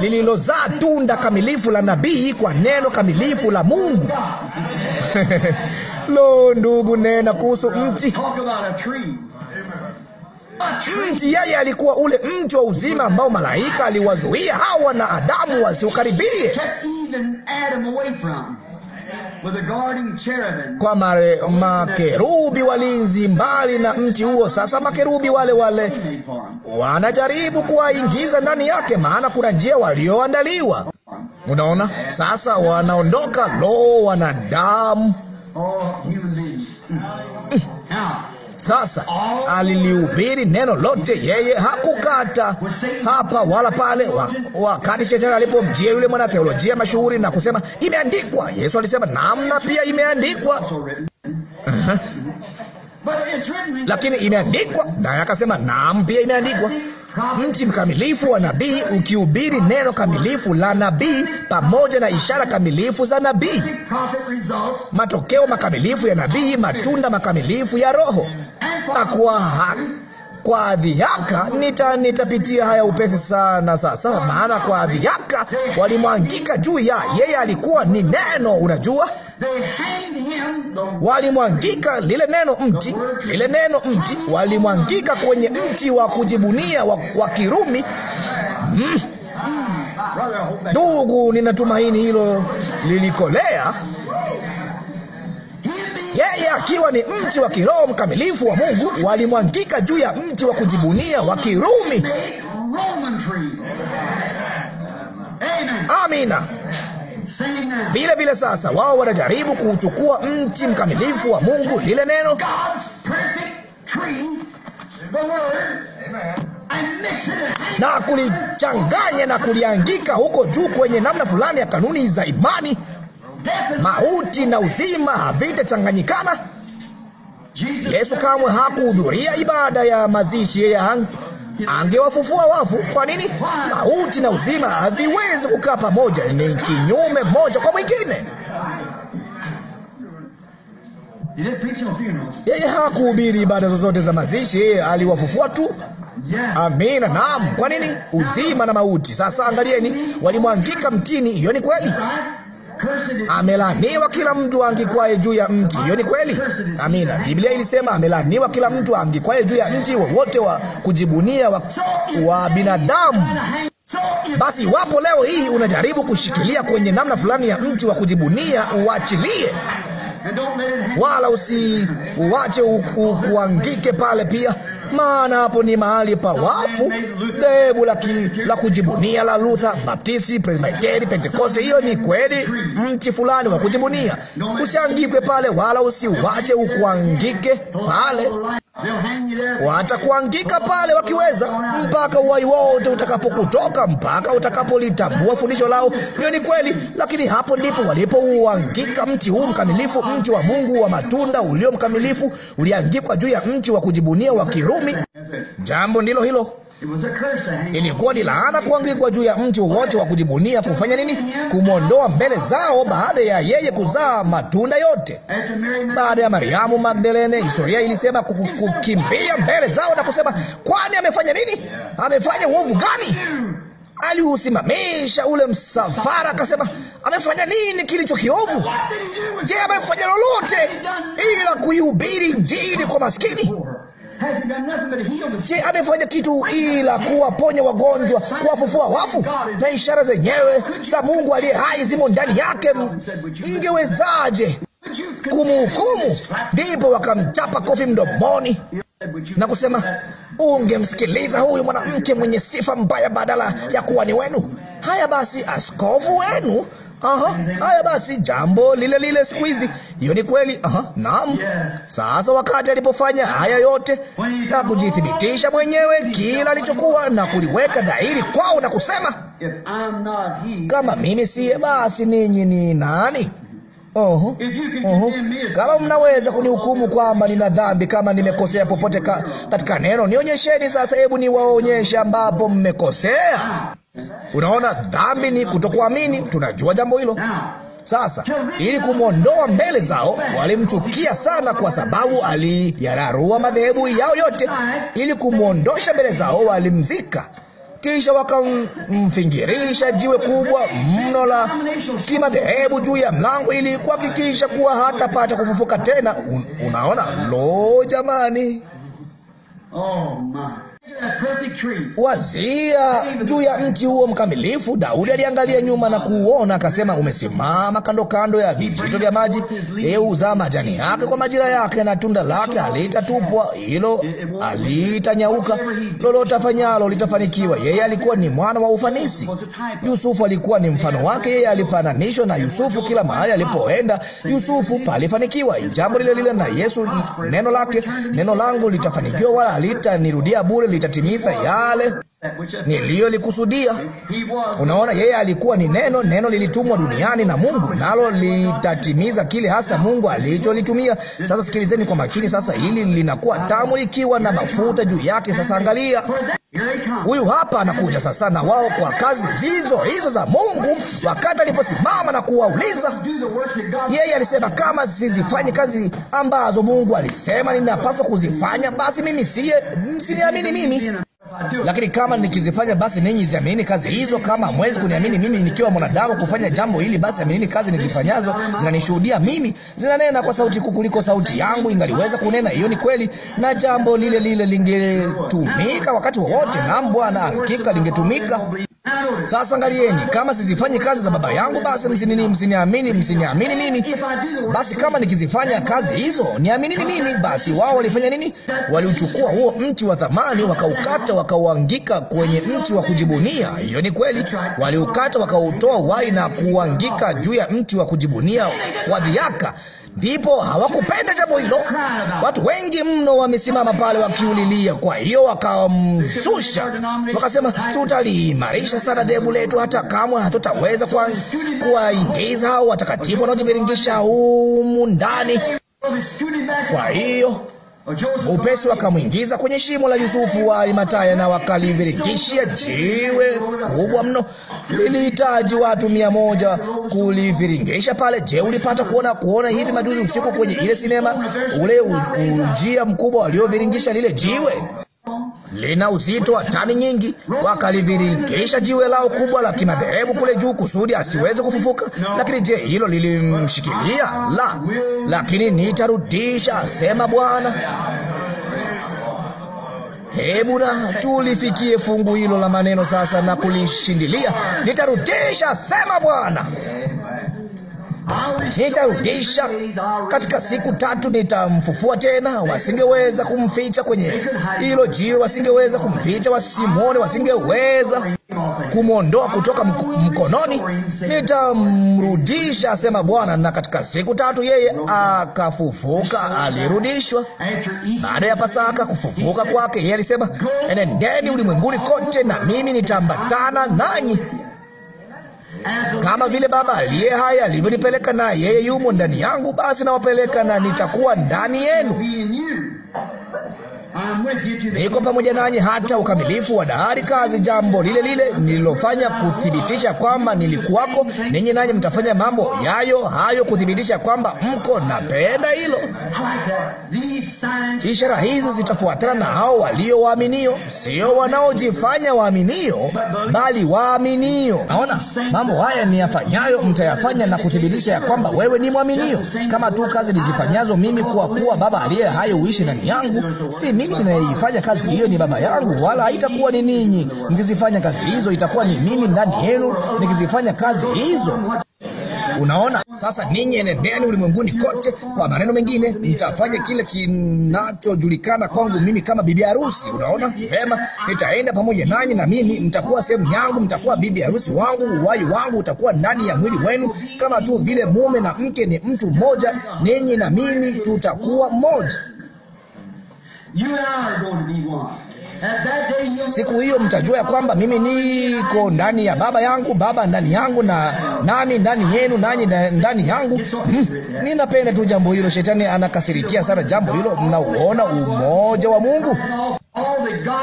lililozaa tunda kamilifu la nabii kwa neno kamilifu la Mungu. Lo, ndugu, nena kuhusu mti mti. Yeye alikuwa ule mti wa uzima ambao malaika aliwazuia Hawa na Adamu wasiukaribie kwa mare, makerubi walinzi mbali na mti huo. Sasa makerubi wale wale wanajaribu kuwaingiza ndani yake, maana kuna njia walioandaliwa. Unaona, sasa wanaondoka. Lo, wanadamu! Oh, sasa alilihubiri neno lote, yeye hakukata hapa wala pale. Wakati shetani alipomjia yule mwanatheolojia mashuhuri na kusema imeandikwa, Yesu alisema namna pia imeandikwa lakini imeandikwa, naye akasema naam, pia imeandikwa mti mkamilifu wa nabii, ukihubiri neno kamilifu la nabii pamoja na ishara kamilifu za nabii, matokeo makamilifu ya nabii, matunda makamilifu ya Roho. Na kwa kwa adhiaka nita, nitapitia haya upesi sana sasa, maana kwa adhiaka walimwangika juu ya yeye, alikuwa ni neno, unajua walimwangika lile neno mti, lile neno mti, walimwangika kwenye mti wa kujibunia wa, wa Kirumi. Hmm. Ndugu, Ninatumaini hilo lilikolea yeye akiwa ni mti wa kiroho mkamilifu wa Mungu, walimwangika juu ya mti wa kujibunia wa Kirumi. Amina. Vile vile sasa wao wanajaribu kuuchukua mti mkamilifu wa Mungu, lile neno na kulichanganya na kuliangika huko juu kwenye namna fulani ya kanuni za imani mauti na uzima havitachanganyikana. Yesu kamwe hakuhudhuria ibada ya mazishi, yeye angewafufua wafu. Kwa nini? Mauti na uzima haviwezi kukaa pamoja, ni kinyume moja kwa mwingine. Yeye hakuhubiri ibada zozote za mazishi, yeye aliwafufua tu. Amina, naam. Kwa nini? Uzima na mauti. Sasa angalieni, walimwangika mtini. Hiyo ni kweli. Amelaniwa kila mtu angikwaye juu ya mti. Hiyo ni kweli, amina. Biblia ilisema amelaniwa kila mtu angikwaye juu ya mti wowote wa kujibunia wa, wa binadamu. Basi iwapo leo hii unajaribu kushikilia kwenye namna fulani ya mti wa kujibunia, uachilie wala usiuache ukuangike pale pia maana hapo ni mahali pa wafu. Dhehebu la, la kujibunia la Luther, Baptisti, Presbiteri, Pentekoste, hiyo ni kweli mti fulani wa kujibunia. Usiangikwe pale wala usiwache ukuangike pale watakuangika pale wakiweza, mpaka uwai wao utakapokutoka, mpaka utakapolitambua fundisho lao hiyo ni kweli. Lakini hapo ndipo walipouangika mti huu mkamilifu, mti wa Mungu wa matunda ulio mkamilifu, uliangikwa juu ya mti wa kujibunia wa Kirumi. Jambo ndilo hilo. Ilikuwa ni laana kuangikwa juu ya mti wowote wa kujibunia. Kufanya nini? Kumwondoa mbele zao, baada ya yeye kuzaa matunda yote. Baada ya Mariamu Magdalene, historia ilisema kukimbia mbele zao na kusema, kwani amefanya nini? Amefanya uovu gani? Aliusimamisha ule msafara, akasema, amefanya nini kilicho kiovu? Je, amefanya lolote ila kuihubiri Injili kwa maskini? Je, amefanya kitu ila kuwaponya wagonjwa, kuwafufua wafu? Na ishara zenyewe za Mungu aliye hai zimo ndani yake. Mngewezaje kumhukumu? Ndipo wakamchapa kofi mdomoni na kusema, ungemsikiliza huyu mwanamke mwenye sifa mbaya badala ya kuwa ni wenu. Haya basi, askofu wenu Aha, haya basi, jambo lile lile siku hizi. Hiyo ni kweli. Aha, naam. Sasa wakati alipofanya haya yote na kujithibitisha mwenyewe kila alichokuwa na kuliweka dhahiri kwao na kusema, kama mimi siye, basi ninyi ni nani? Oho, oho, kama mnaweza kunihukumu kwamba nina dhambi, kama nimekosea popote ka, katika neno, nionyesheni sasa. Hebu niwaonyeshe ambapo mmekosea. Ah. Unaona, dhambi ni kutokuamini. Tunajua jambo hilo. Ah. Sasa ili kumwondoa mbele zao, walimchukia sana, kwa sababu aliyararua madhehebu yao yote. Ili kumwondosha mbele zao, walimzika kisha wakamfingirisha jiwe kubwa mno la kimadhehebu juu ya mlango ili kuhakikisha kuwa hatapata kufufuka tena. Un, unaona? Lo, jamani! Oh, wazia juu ya mti huo mkamilifu. Daudi aliangalia nyuma na kuuona, akasema, umesimama kando kando ya vijito vya maji, yeye huzaa majani yake kwa majira yake, na tunda lake halitatupwa, hilo halitanyauka. Lolote afanyalo litafanikiwa. Yeye alikuwa ni mwana wa ufanisi. Yusufu alikuwa ni mfano wake. Yeye alifananishwa na Yusufu kila mahali alipoenda. Yusufu palifanikiwa. Jambo lile lile na Yesu, neno lake, neno langu litafanikiwa, wala halitanirudia bure litatimiza yale niliyolikusudia. Unaona, yeye alikuwa ni neno, neno lilitumwa duniani na Mungu, nalo litatimiza kile hasa Mungu alicholitumia. Sasa sikilizeni kwa makini sasa, hili linakuwa tamu likiwa na mafuta juu yake. Sasa angalia, huyu hapa anakuja sasa, na wao kwa kazi zizo hizo za Mungu. Wakati aliposimama na kuwauliza, yeye alisema, kama sizifanye kazi ambazo Mungu alisema ninapaswa kuzifanya, basi mimi siye, msiniamini mimi lakini kama nikizifanya, basi ninyi ziaminini kazi hizo. Kama hamwezi kuniamini mimi nikiwa mwanadamu kufanya jambo hili, basi aminini kazi nizifanyazo, zinanishuhudia mimi. Zinanena kwa sauti kuu kuliko sauti yangu ingaliweza kunena. Hiyo ni kweli, na jambo lile lile lingetumika wakati wowote. Naam Bwana, hakika lingetumika. Sasa angalieni, kama sizifanyi kazi za Baba yangu, basi msinini, msiniamini, msiniamini mimi. Basi kama nikizifanya kazi hizo, niaminini mimi. Basi wao walifanya nini? Waliuchukua huo mti wa thamani, wakaukata, wakauangika kwenye mti wa kujibunia. Hiyo ni kweli, waliukata, wakautoa wai na kuuangika juu ya mti wa kujibunia kwa dhiaka ndipo hawakupenda jambo hilo. Watu wengi mno wamesimama pale wakiulilia. Kwa hiyo wakamshusha, wakasema, tutaliimarisha sana dhehebu letu hata kamwe hatutaweza kuwaingiza hao watakatifu wanaojiviringisha humu ndani. Kwa hiyo Upesi wakamwingiza kwenye shimo la Yusufu wa Arimataya na wakaliviringishia jiwe kubwa mno. Lilihitaji watu mia moja kuliviringisha pale. Je, ulipata kuona kuona hivi majuzi usiku kwenye ile sinema ule ujia mkubwa walioviringisha lile jiwe? lina uzito wa tani nyingi. Wakaliviringisha jiwe lao kubwa la kimadhehebu kule juu kusudi asiweze kufufuka. Lakini je, hilo lilimshikilia? La, lakini nitarudisha, asema Bwana. Hebu na tulifikie fungu hilo la maneno sasa na kulishindilia. Nitarudisha, asema Bwana nitarudisha katika siku tatu, nitamfufua tena. Wasingeweza kumficha kwenye hilo jiwe, wasingeweza kumficha wasimwone, wasingeweza kumwondoa kutoka mkononi. Nitamrudisha, asema Bwana. Na katika siku tatu yeye akafufuka, alirudishwa. Baada ya Pasaka, kufufuka kwake, yeye alisema, enendeni ulimwenguni kote, na mimi nitaambatana nanyi. Kama vile Baba aliye haya alivyonipeleka na yeye yumo ndani yangu, basi nawapeleka na nitakuwa ndani yenu niko pamoja nanyi hata ukamilifu wa dahari. Kazi jambo lile lile nililofanya kuthibitisha kwamba nilikuwako ninyi, nanyi mtafanya mambo yayo hayo kuthibitisha kwamba mko. Napenda hilo. Ishara hizi zitafuatana na hao walio waaminio, sio wanaojifanya waaminio, bali waaminio. Naona mambo haya ni yafanyayo, mtayafanya na kuthibitisha ya kwamba wewe ni mwaminio, kama tu kazi nizifanyazo mimi, kuwa kuwa Baba aliye hai uishi ndani yangu, si mimi lakini ninayeifanya kazi hiyo ni Baba yangu, wala haitakuwa ni ninyi. Mkizifanya kazi hizo, itakuwa ni mimi ndani yenu nikizifanya kazi hizo. Unaona, sasa ninyi enendeni ulimwenguni kote. Kwa maneno mengine, mtafanya kile kinachojulikana kwangu mimi kama bibi harusi. Unaona vema, nitaenda pamoja nanyi, na mimi mtakuwa sehemu yangu, mtakuwa bibi harusi wangu. Uwai wangu utakuwa ndani ya mwili wenu, kama tu vile mume na mke ni mtu mmoja, ninyi na mimi tutakuwa mmoja. Siku hiyo mtajua ya kwamba mimi niko ndani ya Baba yangu, Baba ndani yangu, na nami ndani yenu, nanyi ndani yangu. Hmm, ninapenda tu jambo hilo. Shetani anakasirikia sana jambo hilo. Mnauona umoja wa Mungu?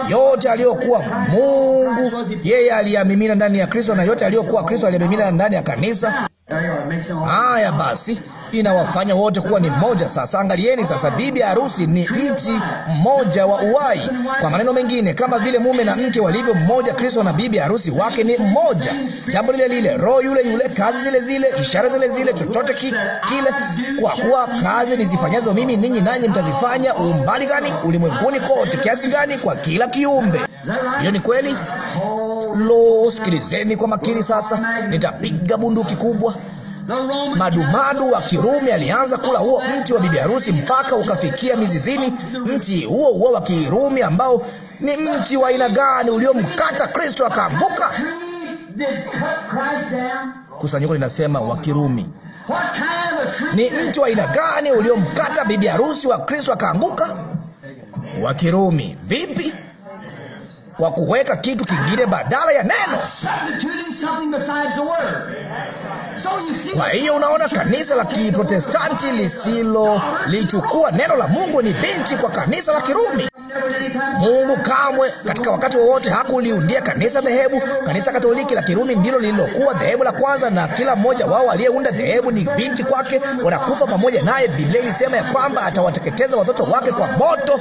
Yote aliyokuwa Mungu yeye aliyamimina ndani ya Kristo, na yote aliyokuwa Kristo aliyamimina ndani ya kanisa. Haya basi, inawafanya wote kuwa ni mmoja. Sasa angalieni sasa, bibi harusi ni mti mmoja wa uwai. Kwa maneno mengine, kama vile mume na mke walivyo mmoja, Kristo na bibi harusi wake ni mmoja. Jambo lile lile, roho yule yule, kazi zile zile, ishara zile zile, chochote ki, kile. Kwa kuwa kazi nizifanyazo mimi, ninyi nanyi mtazifanya. Umbali gani ulimwenguni kote, kiasi gani kwa kila kiumbe. Hiyo ni kweli. Lo, sikilizeni kwa makini sasa, nitapiga bunduki kubwa. Madumadu wa Kirumi alianza kula huo mti wa bibi harusi mpaka ukafikia mizizini. Mti huo huo wa Kirumi ambao ni mti wa aina gani uliomkata Kristo akaanguka? Kusanyiko linasema wa Kirumi. Ni mti wa aina gani uliomkata bibi harusi wa Kristo akaanguka? Wa Kirumi. Vipi? wa kuweka kitu kingine badala ya neno. Kwa hiyo unaona, kanisa la Kiprotestanti lisilo lichukua neno la Mungu ni binti kwa kanisa la Kirumi. Mungu kamwe katika wakati wowote hakuliundia kanisa dhehebu. Kanisa Katoliki la Kirumi ndilo lililokuwa dhehebu la kwanza, na kila mmoja wao aliyeunda dhehebu ni binti kwake, wanakufa pamoja naye. Biblia ilisema ya kwamba atawateketeza watoto wake kwa moto.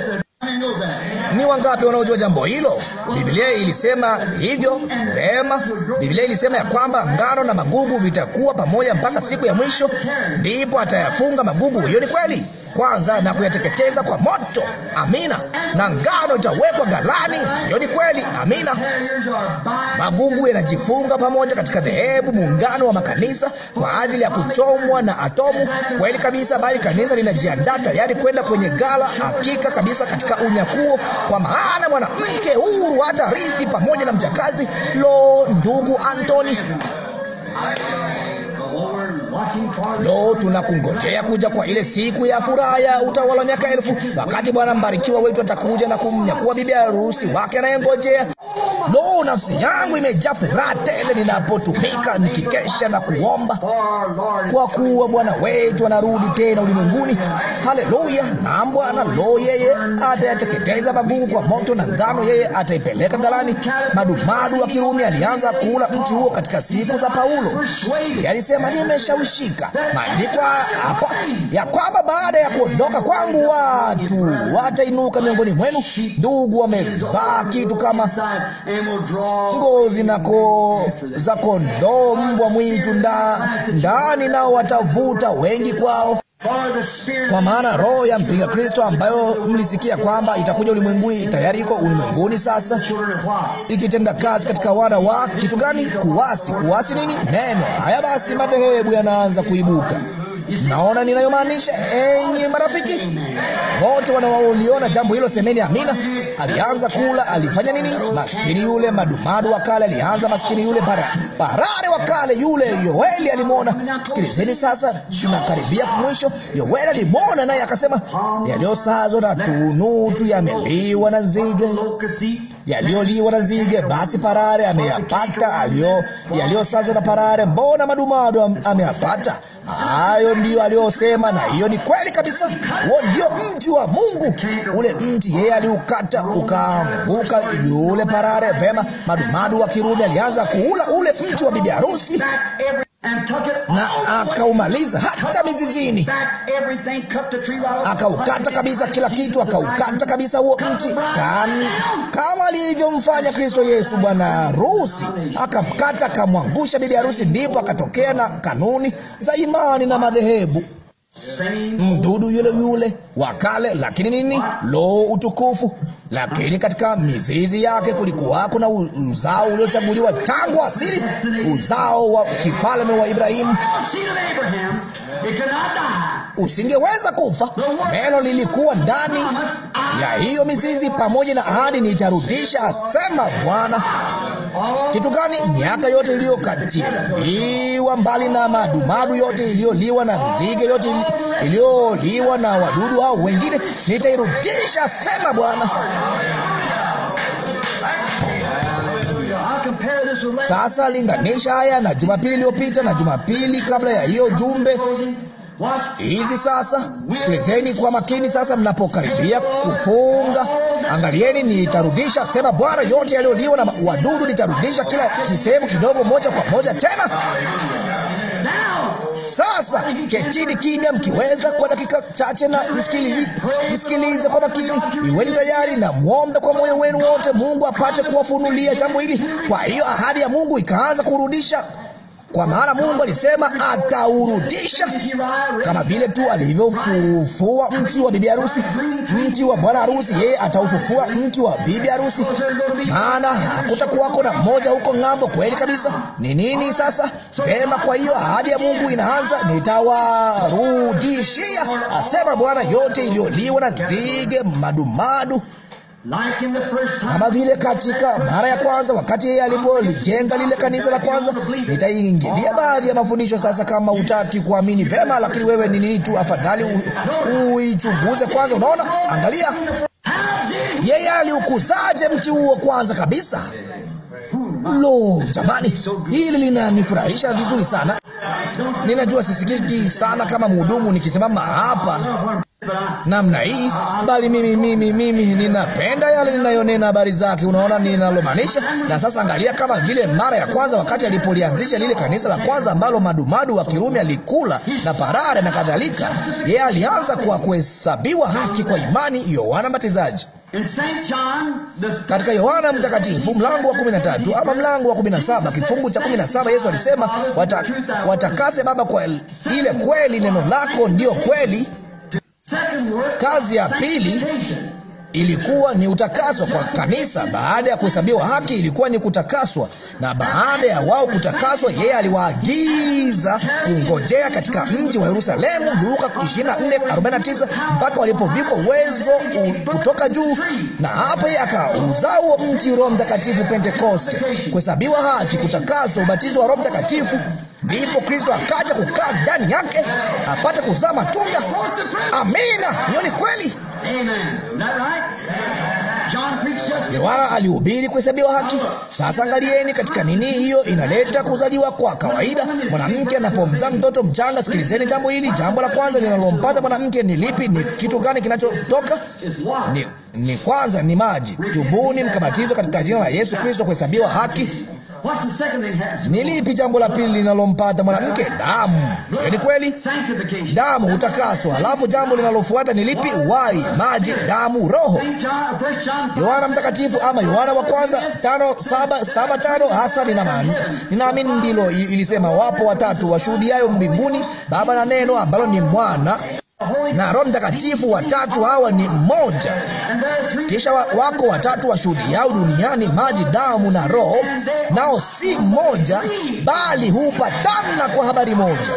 Ni wangapi wanaojua jambo hilo? Biblia ilisema hivyo. Vema, Biblia ilisema ya kwamba ngano na magugu vitakuwa pamoja mpaka siku ya mwisho, ndipo atayafunga magugu. Hiyo ni kweli kwanza na kuyateketeza kwa moto. Amina. Na ngano itawekwa galani Hiyo ni kweli. Amina. Magugu yanajifunga pamoja katika dhehebu, muungano wa makanisa kwa ajili ya kuchomwa na atomu. Kweli kabisa, bali kanisa linajiandaa tayari kwenda kwenye gala hakika kabisa, katika unyakuo, kwa maana mwanamke huru hatarithi pamoja na mjakazi. Lo, ndugu Antoni Lo, tunakungojea kuja kwa ile siku ya furaha ya utawala wa miaka elfu, wakati Bwana mbarikiwa wetu atakuja na kumnyakua bibi harusi wake anayengojea. Lo, nafsi yangu imejaa furaha tele ninapotumika nikikesha na kuomba, kwa kuwa Bwana wetu anarudi tena ulimwenguni. Haleluya! Na Bwana lo, yeye atayateketeza magugu kwa moto, na ngano yeye ataipeleka galani. Madumadu wa Kirumi alianza kula mti huo katika siku za Paulo. Yeye alisema, nimeshawishika maandiko hapa ya kwamba baada ya kuondoka kwangu watu watainuka miongoni mwenu. Ndugu wamevaa kitu kama ngozi na za kondoo, mbwa mwitu nda, ndani, nao watavuta wengi kwao kwa maana roho ya mpinga Kristo ambayo mlisikia kwamba itakuja ulimwenguni tayari iko ulimwenguni sasa, ikitenda kazi katika wana wa kitu gani? Kuwasi. Kuwasi nini? Neno. Haya basi, madhehebu yanaanza kuibuka. Naona ninayomaanisha, enyi marafiki wote wanaoliona jambo hilo, semeni amina. Alianza kula, alifanya nini? Maskini yule madumadu wa kale alianza, maskini yule para, parare wa kale yule, Yoeli alimwona. Sikilizeni sasa, tunakaribia mwisho. Yoeli alimwona naye akasema, yaliyosazwa na tunutu yameliwa na nzige, yaliyoliwa na nzige, basi parare ameyapata. Yaliyosazwa na parare, mbona madumadu ameyapata hayo? ndiyo aliyosema, na hiyo ni kweli kabisa. Huo ndio mji wa Mungu. Ule mji yeye aliukata ukaanguka, yule parare vema, madumadu wa kirumi alianza kuula ule mji wa bibi harusi na akaumaliza hata mizizini, akaukata kabisa kila kitu, akaukata kabisa huo mti, kama alivyomfanya Kristo Yesu bwana harusi, akamkata akamwangusha bibi harusi. Ndipo akatokea na kanuni za imani na madhehebu mdudu yule yule wa kale. Lakini nini? Lo, utukufu! lakini katika mizizi yake kulikuwako na uzao uliochaguliwa tangu asili, uzao wa kifalme wa Ibrahimu. Usingeweza kufa. Neno lilikuwa ndani ya hiyo mizizi, pamoja na ahadi, nitarudisha, asema Bwana. Kitu gani? Miaka yote iliyokatiliwa mbali na madumadu yote iliyoliwa na nzige yote iliyoliwa na wadudu hao wengine, nitairudisha, asema Bwana. Sasa linganisha haya na Jumapili iliyopita na Jumapili kabla ya hiyo jumbe hizi. Sasa sikilizeni kwa makini. Sasa mnapokaribia kufunga, angalieni, nitarudisha, sema Bwana, yote yaliyoliwa na wadudu nitarudisha, kila kisehemu kidogo, moja kwa moja tena. Sasa ketini kimya, mkiweza kwa dakika chache, na msikilize, msikilize kwa makini. Iweni tayari na muombe kwa moyo wenu wote, Mungu apate kuwafunulia jambo hili. Kwa hiyo ahadi ya Mungu ikaanza kurudisha kwa maana Mungu alisema ataurudisha, kama vile tu alivyofufua mti wa bibi harusi, mti wa bwana harusi, yeye ataufufua mti wa bibi harusi, maana hakutakuwako na mmoja huko ng'ambo. Kweli kabisa. Ni nini sasa? Vema, kwa hiyo ahadi ya Mungu inaanza, nitawarudishia, asema Bwana, yote iliyoliwa na nzige, madumadu kama vile katika mara ya kwanza wakati yeye alipolijenga lile kanisa la kwanza. Nitaingilia baadhi ya mafundisho sasa, kama utaki kuamini vema, lakini wewe ni nini tu, afadhali uichunguze kwanza. Unaona, angalia yeye aliukuzaje mti huo kwanza kabisa. Lo, jamani, hili linanifurahisha vizuri sana. Ninajua sisikiki sana kama mhudumu nikisimama hapa namna hii, bali mimi mimi mimi ninapenda yale ninayonena habari zake. Unaona ninalomaanisha? Na sasa angalia, kama vile mara ya kwanza wakati alipolianzisha lile kanisa la kwanza ambalo madumadu wa Kirumi alikula na parare na kadhalika, yeye alianza kwa kuhesabiwa haki kwa imani, Yohana Mbatizaji. Katika Yohana Mtakatifu mlango wa 13 ama mlango wa 17 kifungu cha 17, Yesu alisema, watakase Baba kwa ile kweli, neno lako ndiyo kweli. Kazi ya pili ilikuwa ni utakaso kwa kanisa. Baada ya kuhesabiwa haki, ilikuwa ni kutakaswa, na baada ya wao kutakaswa, yeye aliwaagiza kungojea katika mji wa Yerusalemu, Luka 24:49, mpaka walipovikwa uwezo kutoka juu. Na hapo yeye akauzao mti Roho Mtakatifu, Pentekoste, kuhesabiwa haki, kutakaswa, ubatizo wa Roho Mtakatifu. Ndipo Kristo akaja kukaa ndani yake apate kuzaa matunda. Amina, hiyo ni kweli. Yohana alihubiri kuhesabiwa haki. Sasa angalieni katika nini hiyo inaleta kuzaliwa kwa kawaida. Mwanamke anapomzaa mtoto mchanga, sikilizeni jambo hili. Jambo la kwanza linalompata mwanamke ni lipi? Ni kitu gani kinachotoka? Ni, ni kwanza ni maji. Tubuni mkabatizwe katika jina la Yesu Kristo kuhesabiwa haki. Ni lipi jambo la pili linalompata mwanamke? Damu. ni kweli, damu utakaswa. Alafu jambo linalofuata ni lipi? Wai, maji, damu, Roho. Yohana Mtakatifu ama Yohana wa kwanza tano saba saba tano hasa ninaamini, ninaamini ndilo ilisema, wapo watatu washuhudiayo mbinguni, Baba na Neno ambalo ni Mwana na Roho Mtakatifu watatu hawa ni mmoja. Kisha wako watatu washuhudiao duniani, maji, damu na Roho, nao si mmoja, bali hupatana kwa habari moja.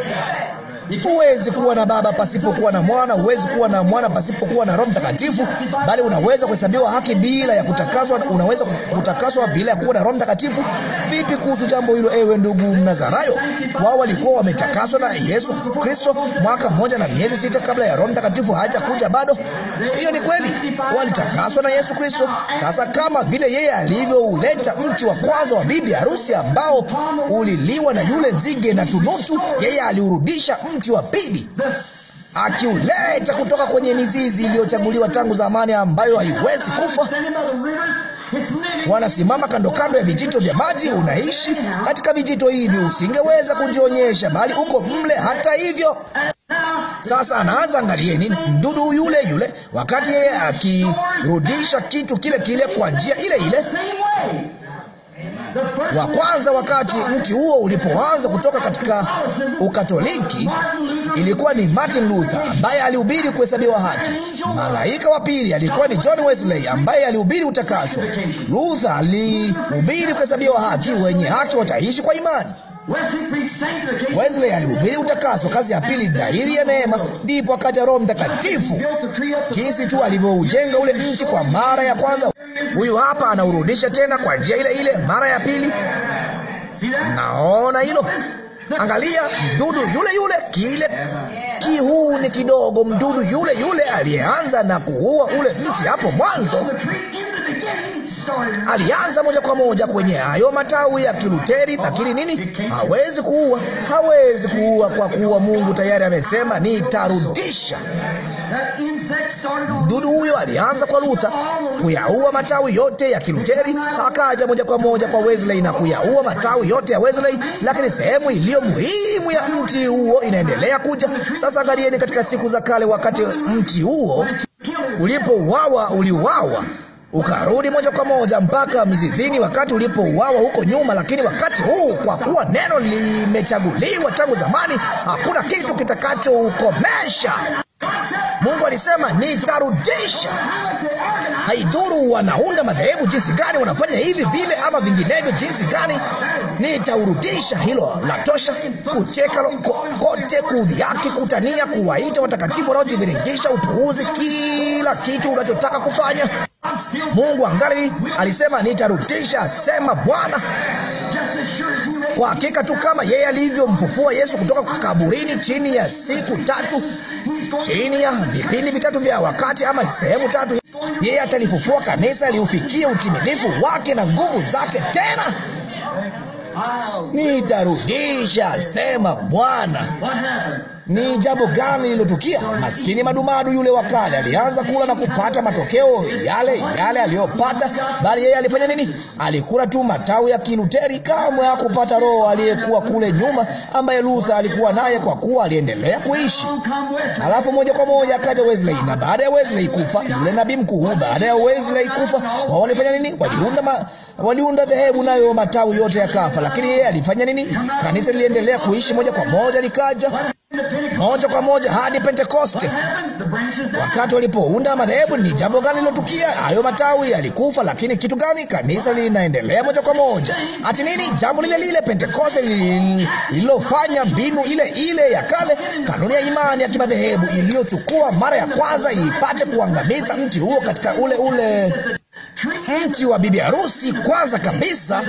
Huwezi kuwa na Baba pasipokuwa na Mwana, huwezi kuwa na Mwana pasipokuwa na Roho Mtakatifu, bali unaweza kuhesabiwa haki bila ya kutakaswa, unaweza kutakaswa bila ya kuwa na Roho Mtakatifu. Vipi kuhusu jambo hilo, ewe ndugu Mnazarayo? Wao walikuwa wametakaswa na Yesu Kristo mwaka mmoja na miezi sita kabla ya Roho Mtakatifu hajakuja bado. Hiyo ni kweli, walitakaswa na Yesu Kristo. Sasa kama vile yeye alivyouleta mti wa kwanza wa bibi harusi ambao uliliwa na yule nzige na tunutu, yeye aliurudisha mti mti wa bibi akiuleta kutoka kwenye mizizi iliyochaguliwa tangu zamani ambayo haiwezi kufa. Wanasimama kando kando ya vijito vya maji. Unaishi katika vijito hivi, usingeweza kujionyesha, bali uko mle. Hata hivyo sasa anaanza, angalieni mdudu yule yule, wakati yeye akirudisha kitu kile kile kwa njia ile ile wa kwanza. Wakati mti huo ulipoanza kutoka katika Ukatoliki, ilikuwa ni Martin Luther ambaye alihubiri kuhesabiwa haki. Malaika wa pili alikuwa ni John Wesley ambaye alihubiri utakaso. Luther alihubiri kuhesabiwa haki, wenye haki wataishi kwa imani. Wesley alihubiri utakaso, kazi ya pili, dhahiri ya neema. Ndipo akaja Roho Mtakatifu, jinsi tu alivyoujenga ule mji kwa mara ya kwanza. Huyu hapa anaurudisha tena kwa njia ile ile mara ya pili. Naona hilo. Angalia, mdudu yule yule, kile kihuu ni kidogo, mdudu yule yule aliyeanza na kuua ule mti hapo mwanzo. Alianza moja kwa moja kwenye hayo matawi ya Kiluteri, lakini nini, hawezi kuua, hawezi kuua kwa kuwa Mungu tayari amesema nitarudisha. Mdudu huyo alianza kwa Luther kuyaua matawi yote ya Kiluteri, akaja moja kwa moja kwa Wesley na kuyaua matawi yote ya Wesley, lakini sehemu iliyo muhimu ya mti huo inaendelea kuja sasa. Angalieni katika siku za kale, wakati mti huo ulipouawa uliuawa ukarudi moja kwa moja mpaka mzizini wakati ulipouawa huko nyuma. Lakini wakati huu, kwa kuwa neno limechaguliwa tangu zamani, hakuna kitu kitakachoukomesha. Mungu alisema nitarudisha. Haidhuru wanaunda madhehebu jinsi gani, wanafanya hivi vile ama vinginevyo jinsi gani, nitaurudisha. Hilo la tosha. Kucheka kote, kudhiaki, kutania, kuwaita watakatifu wanaojiviringisha, upuuzi, kila kitu unachotaka kufanya. Mungu angali alisema nitarudisha, asema Bwana. Kwa hakika tu kama yeye alivyomfufua Yesu kutoka kaburini chini ya siku tatu chini ya vipindi vitatu vya wakati ama sehemu tatu, yeye atalifufua kanisa liufikie utimilifu wake na nguvu zake tena. Nitarudisha, sema Bwana. Ni jambo gani lilotukia? Maskini madumadu yule wa kale alianza kula na kupata matokeo yale yale aliyopata, bali yeye alifanya nini? Alikula tu matawi ya Kiluteri, kamwe hakupata roho aliyekuwa kule nyuma, ambaye Luther alikuwa naye, kwa kuwa aliendelea kuishi. Alafu moja kwa moja akaja Wesley, na baada ya Wesley kufa yule nabii mkuu, baada ya Wesley kufa, wao walifanya nini? Waliunda ma, waliunda dhehebu, nayo matawi yote yakafa, lakini yeye alifanya nini? Kanisa liliendelea kuishi moja kwa moja likaja moja kwa moja hadi Pentekoste. Wakati walipounda madhehebu, ni jambo gani lilotukia? Hayo matawi yalikufa, lakini kitu gani? Kanisa linaendelea moja kwa moja. Ati nini? Jambo lile lile Pentekoste lililofanya mbinu ile ile ya kale, kanuni ya imani ya kimadhehebu iliyochukua mara ya kwanza ipate kuangamiza mti huo katika ule ule mti wa bibi harusi. Kwanza kabisa,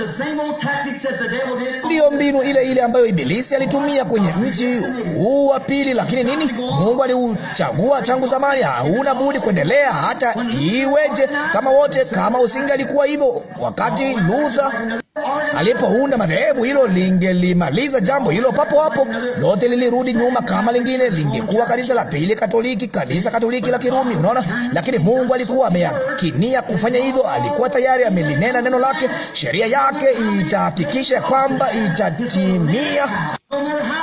ndiyo mbinu ile ile ambayo Ibilisi alitumia kwenye mti huu wa pili. Lakini nini? Mungu aliuchagua tangu zamani, hauna budi kuendelea, hata iweje kama wote. Kama usinge alikuwa hivyo wakati Luther alipounda madhehebu, hilo lingelimaliza jambo hilo papo hapo. Lote lilirudi nyuma kama lingine, lingekuwa kanisa la pili Katoliki, kanisa Katoliki la Kirumi. Unaona, lakini Mungu alikuwa ameyakinia kufanya hivyo Kristo alikuwa tayari amelinena neno lake. Sheria yake itahakikisha kwamba itatimia.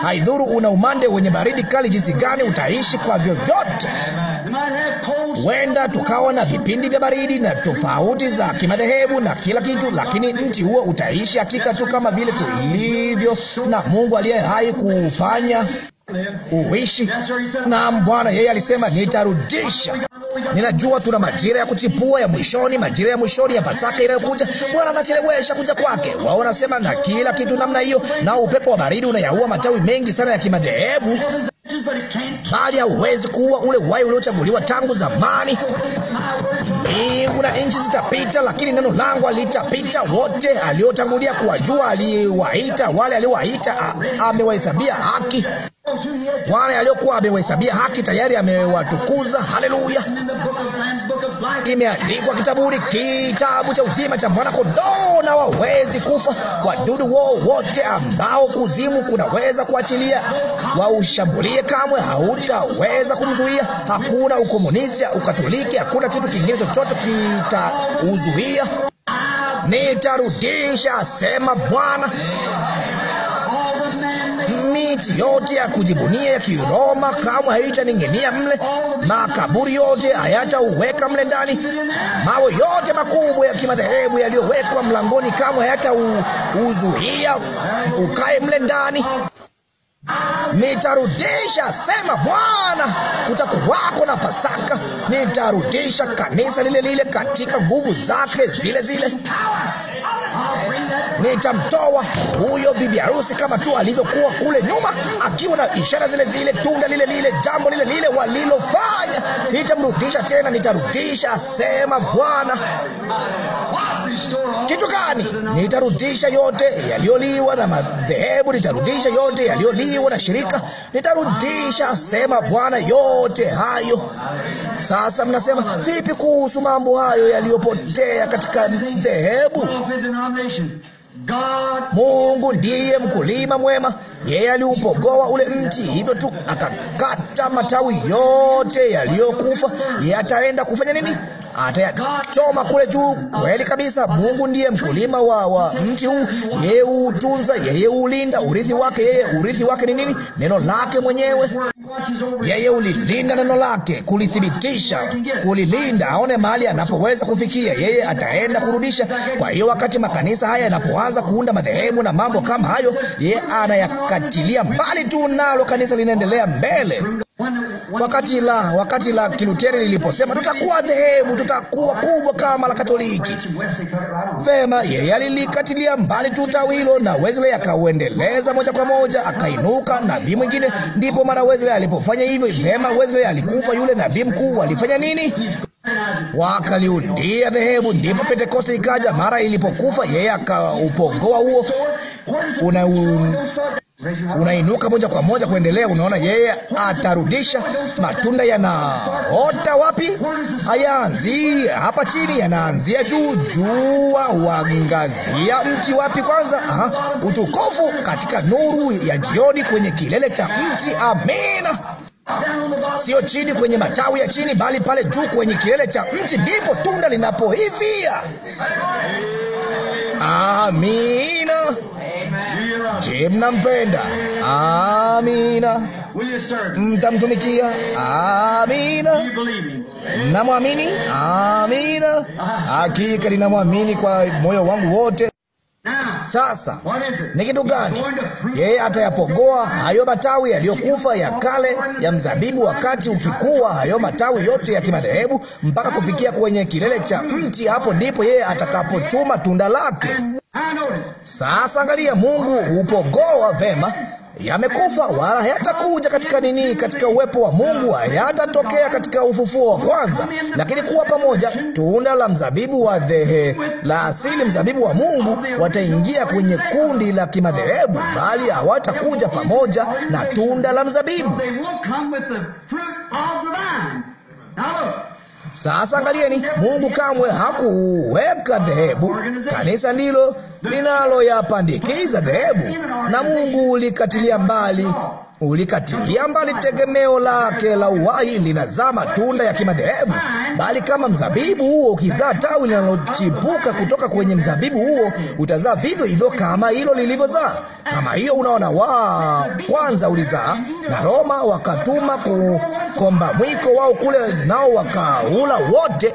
Haidhuru una umande wenye baridi kali jinsi gani, utaishi kwa vyovyote. Huenda tukawa na vipindi vya baridi na tofauti za kimadhehebu na kila kitu, lakini mti huo utaishi hakika tu kama vile tulivyo, na Mungu aliye hai kufanya uishi. Naam Bwana, yeye alisema nitarudisha. Ninajua tuna majira ya kuchipua ya mwishoni, majira ya mwishoni ya Pasaka inayokuja. Bwana anachelewesha kuja kwake, wao wanasema, na kila kitu namna hiyo, nao upepo wa baridi unayaua matawi mengi sana ya kimadhehebu bali hauwezi kuwa ule uhai uliochaguliwa tangu zamani. Mbingu na nchi zitapita, lakini neno langu halitapita. Wote aliotangulia kuwajua aliwaita, wale aliowaita amewahesabia haki, wale aliokuwa amewahesabia haki tayari amewatukuza. Haleluya! Imeandikwa kitabuni, kitabu cha uzima cha mwana kondoo, na wawezi kufa wadudu wote ambao kuzimu kunaweza kuachilia waushambulia naye kamwe hautaweza kumzuia. Hakuna ukomunisti, ukatoliki, hakuna kitu kingine chochote kitauzuia. Nitarudisha, asema Bwana. Miti yote ya kujibunia ya Kiroma kamwe haitaning'inia mle. Makaburi yote hayatauweka mle ndani. Mawe yote makubwa ya kimadhehebu yaliyowekwa mlangoni kamwe hayatauzuia ukae mle ndani. Nitarudisha, sema Bwana, kutakuwako na Pasaka. Nitarudisha kanisa lile lile katika nguvu zake zile zile. Nitamtoa huyo bibi harusi kama tu alivyokuwa kule nyuma, akiwa na ishara zile zile, tunda lile lile, jambo lile lile walilofanya. Nitamrudisha tena, nitarudisha, asema Bwana. Kitu gani? Nitarudisha yote yaliyoliwa na madhehebu, nitarudisha yote yaliyoliwa na shirika, nitarudisha, asema Bwana, yote hayo. Sasa mnasema vipi kuhusu mambo hayo yaliyopotea katika dhehebu? Mungu ndiye mkulima mwema. Yeye aliupogoa ule mti hivyo tu, akakata matawi yote yaliyokufa. Yataenda kufanya nini? atayachoma kule juu. Kweli kabisa, Mungu ndiye mkulima wa, wa mti huu. Yeye huutunza, yeye ulinda urithi wake. Yeye urithi wake ni nini? Neno lake mwenyewe. Yeye ulilinda neno lake, kulithibitisha, kulilinda, aone mahali anapoweza kufikia. Yeye ataenda kurudisha. Kwa hiyo wakati makanisa haya yanapoanza kuunda madhehebu na mambo kama hayo, yeye anayakatilia mbali tu, nalo kanisa linaendelea mbele. Wakati la wakati la Kiluteri liliposema tutakuwa dhehebu, tutakuwa kubwa kama la Katoliki, vema, yeye alilikatilia mbali tu tawi hilo, na Wesley akauendeleza moja kwa moja, akainuka nabii mwingine. Ndipo mara Wesley alipofanya hivyo, vema, Wesley alikufa, yule nabii mkuu alifanya nini? Wakaliundia dhehebu. Ndipo Pentekoste ikaja. Mara ilipokufa yeye, akaupogoa huo una Unainuka moja kwa moja kuendelea. Unaona, yeye atarudisha. Matunda yanaota wapi? Hayaanzi hapa chini, yanaanzia juu. Jua huangazia mti wapi kwanza? Aha, utukufu katika nuru ya jioni, kwenye kilele cha mti. Amina. Sio chini kwenye matawi ya chini, bali pale juu kwenye kilele cha mti, ndipo tunda linapohivia Amina. Je, mnampenda? Amina. Mtamtumikia? Amina. Namwamini? Amina. Hakika ninamwamini kwa moyo wangu wote. Ah, Sasa ni kitu gani yeye? Atayapogoa hayo matawi yaliyokufa ya kale ya mzabibu, wakati ukikuwa hayo matawi yote ya kimadhehebu mpaka kufikia kwenye kilele cha mti. Hapo ndipo yeye atakapochuma tunda lake. Ah, Sasa angalia, Mungu hupogoa vema yamekufa wala hayatakuja katika nini, katika uwepo wa Mungu, hayatatokea katika ufufuo wa kwanza. Lakini kuwa pamoja tunda la mzabibu wa dhehe la asili, mzabibu wa Mungu, wataingia kwenye kundi la kimadhehebu, bali hawatakuja pamoja na tunda la mzabibu. Sasa angalieni, Mungu kamwe hakuweka dhehebu. Kanisa ndilo linaloyapandikiza dhehebu, na Mungu likatilia mbali ulikatilia mbali tegemeo lake la uhai, linazaa matunda ya kimadhehebu. Bali kama mzabibu huo ukizaa tawi linalochipuka kutoka kwenye mzabibu huo, utazaa vivyo hivyo kama hilo lilivyozaa. Kama hiyo, unaona, wa kwanza ulizaa na Roma wakatuma kukomba mwiko wao kule, nao wakaula wote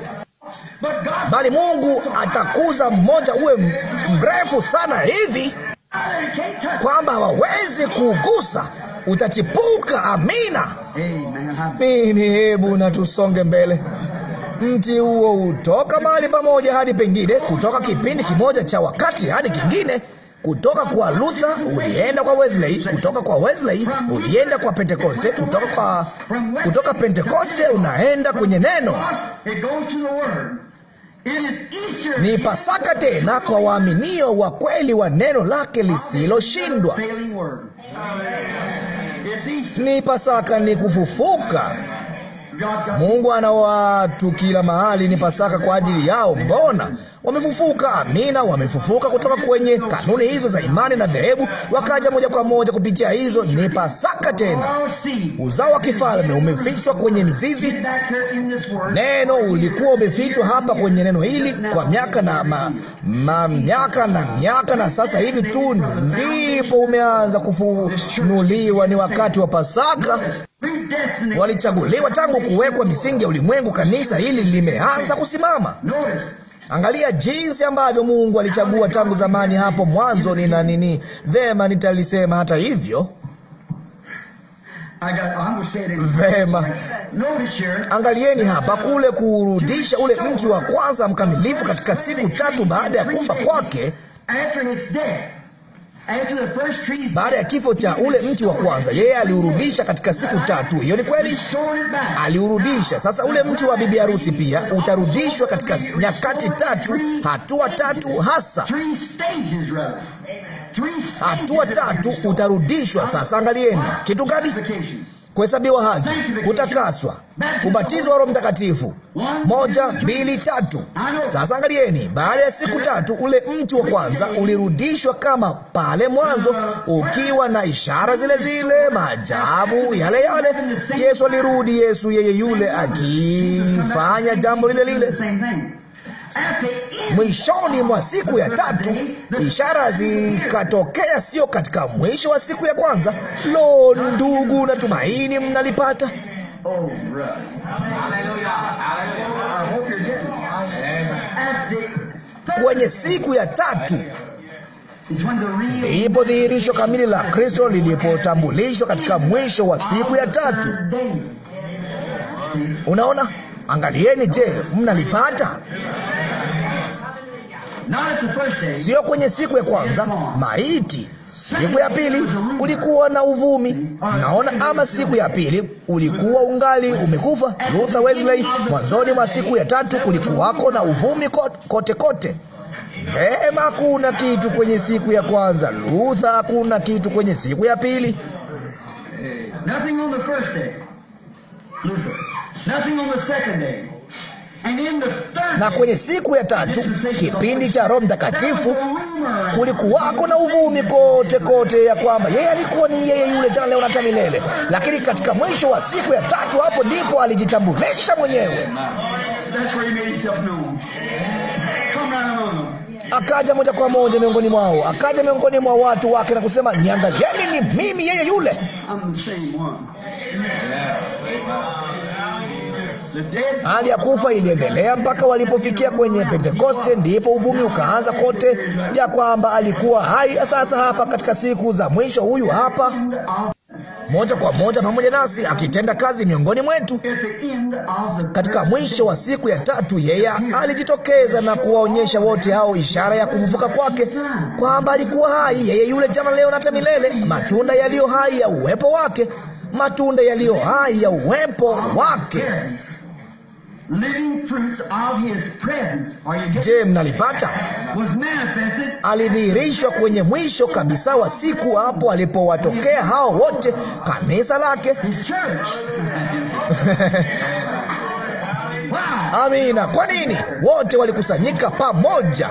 bali Mungu atakuza mmoja uwe mrefu sana hivi kwamba hawawezi kugusa utachipuka. Amina. Mimi hebu na tusonge mbele. Mti huo hutoka mahali pamoja hadi pengine, kutoka kipindi kimoja cha wakati hadi kingine kutoka kwa Luther ulienda kwa Wesley, kutoka kwa Wesley ulienda kwa Pentekoste, kutoka kwa kutoka Pentekoste unaenda kwenye neno. Ni Pasaka tena kwa waaminio wa kweli wa neno lake lisiloshindwa. Ni Pasaka ni kufufuka. Mungu ana watu kila mahali, ni Pasaka kwa ajili yao. Mbona wamefufuka? Amina, wamefufuka kutoka kwenye kanuni hizo za imani na dhehebu, wakaja moja kwa moja kupitia hizo. Ni Pasaka tena. Uzao wa kifalme umefichwa kwenye mizizi. Neno ulikuwa umefichwa hapa kwenye neno hili kwa miaka na ma, ma miaka na miaka, na sasa hivi tu ndipo umeanza kufunuliwa. Ni wakati wa Pasaka walichaguliwa tangu kuwekwa misingi ya ulimwengu. Kanisa hili limeanza kusimama. Angalia jinsi ambavyo Mungu alichagua tangu zamani, hapo mwanzo. ni na nini? Vema, nitalisema hata hivyo. Vema, angalieni hapa, kule kurudisha ule mti wa kwanza mkamilifu katika siku tatu baada ya kufa kwake. Baada ya kifo cha ule mti wa kwanza, yeye aliurudisha katika siku tatu. Hiyo ni kweli, aliurudisha. Sasa ule mti wa bibi harusi pia utarudishwa katika nyakati tatu, hatua tatu hasa hatua tatu utarudishwa. Sasa angalieni kitu gani? kuhesabiwa haki, kutakaswa, ubatizo wa Roho Mtakatifu, moja, mbili, tatu. Sasa angalieni, baada ya siku tatu ule mti wa kwanza ulirudishwa kama pale mwanzo, ukiwa na ishara zile zile, maajabu yale yale. Yesu alirudi, Yesu yeye yule, akifanya jambo lile lile. Mwishoni mwa siku ya tatu ishara zikatokea, sio katika mwisho wa siku ya kwanza. Lo, ndugu, natumaini mnalipata. Kwenye siku ya tatu ndipo dhihirisho kamili la Kristo lilipotambulishwa katika mwisho wa siku ya tatu. Unaona, angalieni, je, mnalipata? sio kwenye siku ya kwanza, maiti. Siku ya pili kulikuwa na uvumi, mm. ah, naona ama siku ya pili ulikuwa ungali umekufa. Luther Wesley, mwanzoni mwa siku ya tatu kulikuwako na uvumi kote kote. Vema, hakuna kitu kwenye siku ya kwanza. Luther, hakuna kitu kwenye siku ya pili. Nothing on the first day. Luther. Nothing on the second day. Na kwenye siku ya tatu, kipindi cha Roho Mtakatifu, kulikuwako na uvumi kote kote ya kwamba yeye alikuwa ni yeye yule jana, leo na hata milele. Lakini katika mwisho wa siku ya tatu, hapo ndipo alijitambulisha mwenyewe, akaja moja kwa moja miongoni mwao, akaja miongoni mwa watu wake na kusema, niangalieni, ni mimi yeye yule. Hali ya kufa iliendelea mpaka walipofikia kwenye Pentekoste, ndipo uvumi ukaanza kote ya kwamba alikuwa hai. Sasa hapa katika siku za mwisho, huyu hapa moja kwa moja pamoja nasi akitenda kazi miongoni mwetu. Katika mwisho wa siku ya tatu, yeye alijitokeza na kuwaonyesha wote hao ishara ya kufufuka kwake, kwamba alikuwa hai, yeye yule jana, leo na hata milele, matunda yaliyo hai ya uwepo wake, matunda yaliyo hai ya uwepo wake. Je, mnalipata? Alidhihirishwa kwenye mwisho kabisa wa siku, hapo alipowatokea hao wote, kanisa lake Amina. Kwa nini wote walikusanyika pamoja?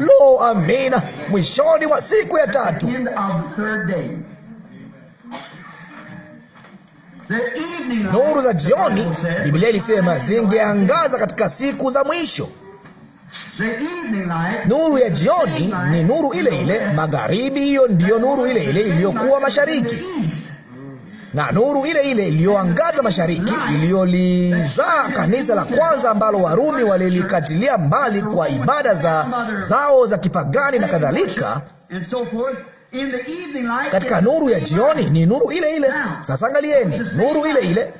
Lo, amina. Mwishoni wa siku ya tatu nuru za jioni, Biblia ilisema zingeangaza katika siku za mwisho. Nuru ya jioni ni nuru ile ile magharibi. Hiyo ndiyo nuru ile ile iliyokuwa mashariki, na nuru ile ile iliyoangaza mashariki iliyolizaa kanisa la kwanza ambalo Warumi walilikatilia mbali kwa ibada za zao za kipagani na kadhalika katika nuru ya jioni ni nuru ile ile. Sasa angalieni nuru ile ile.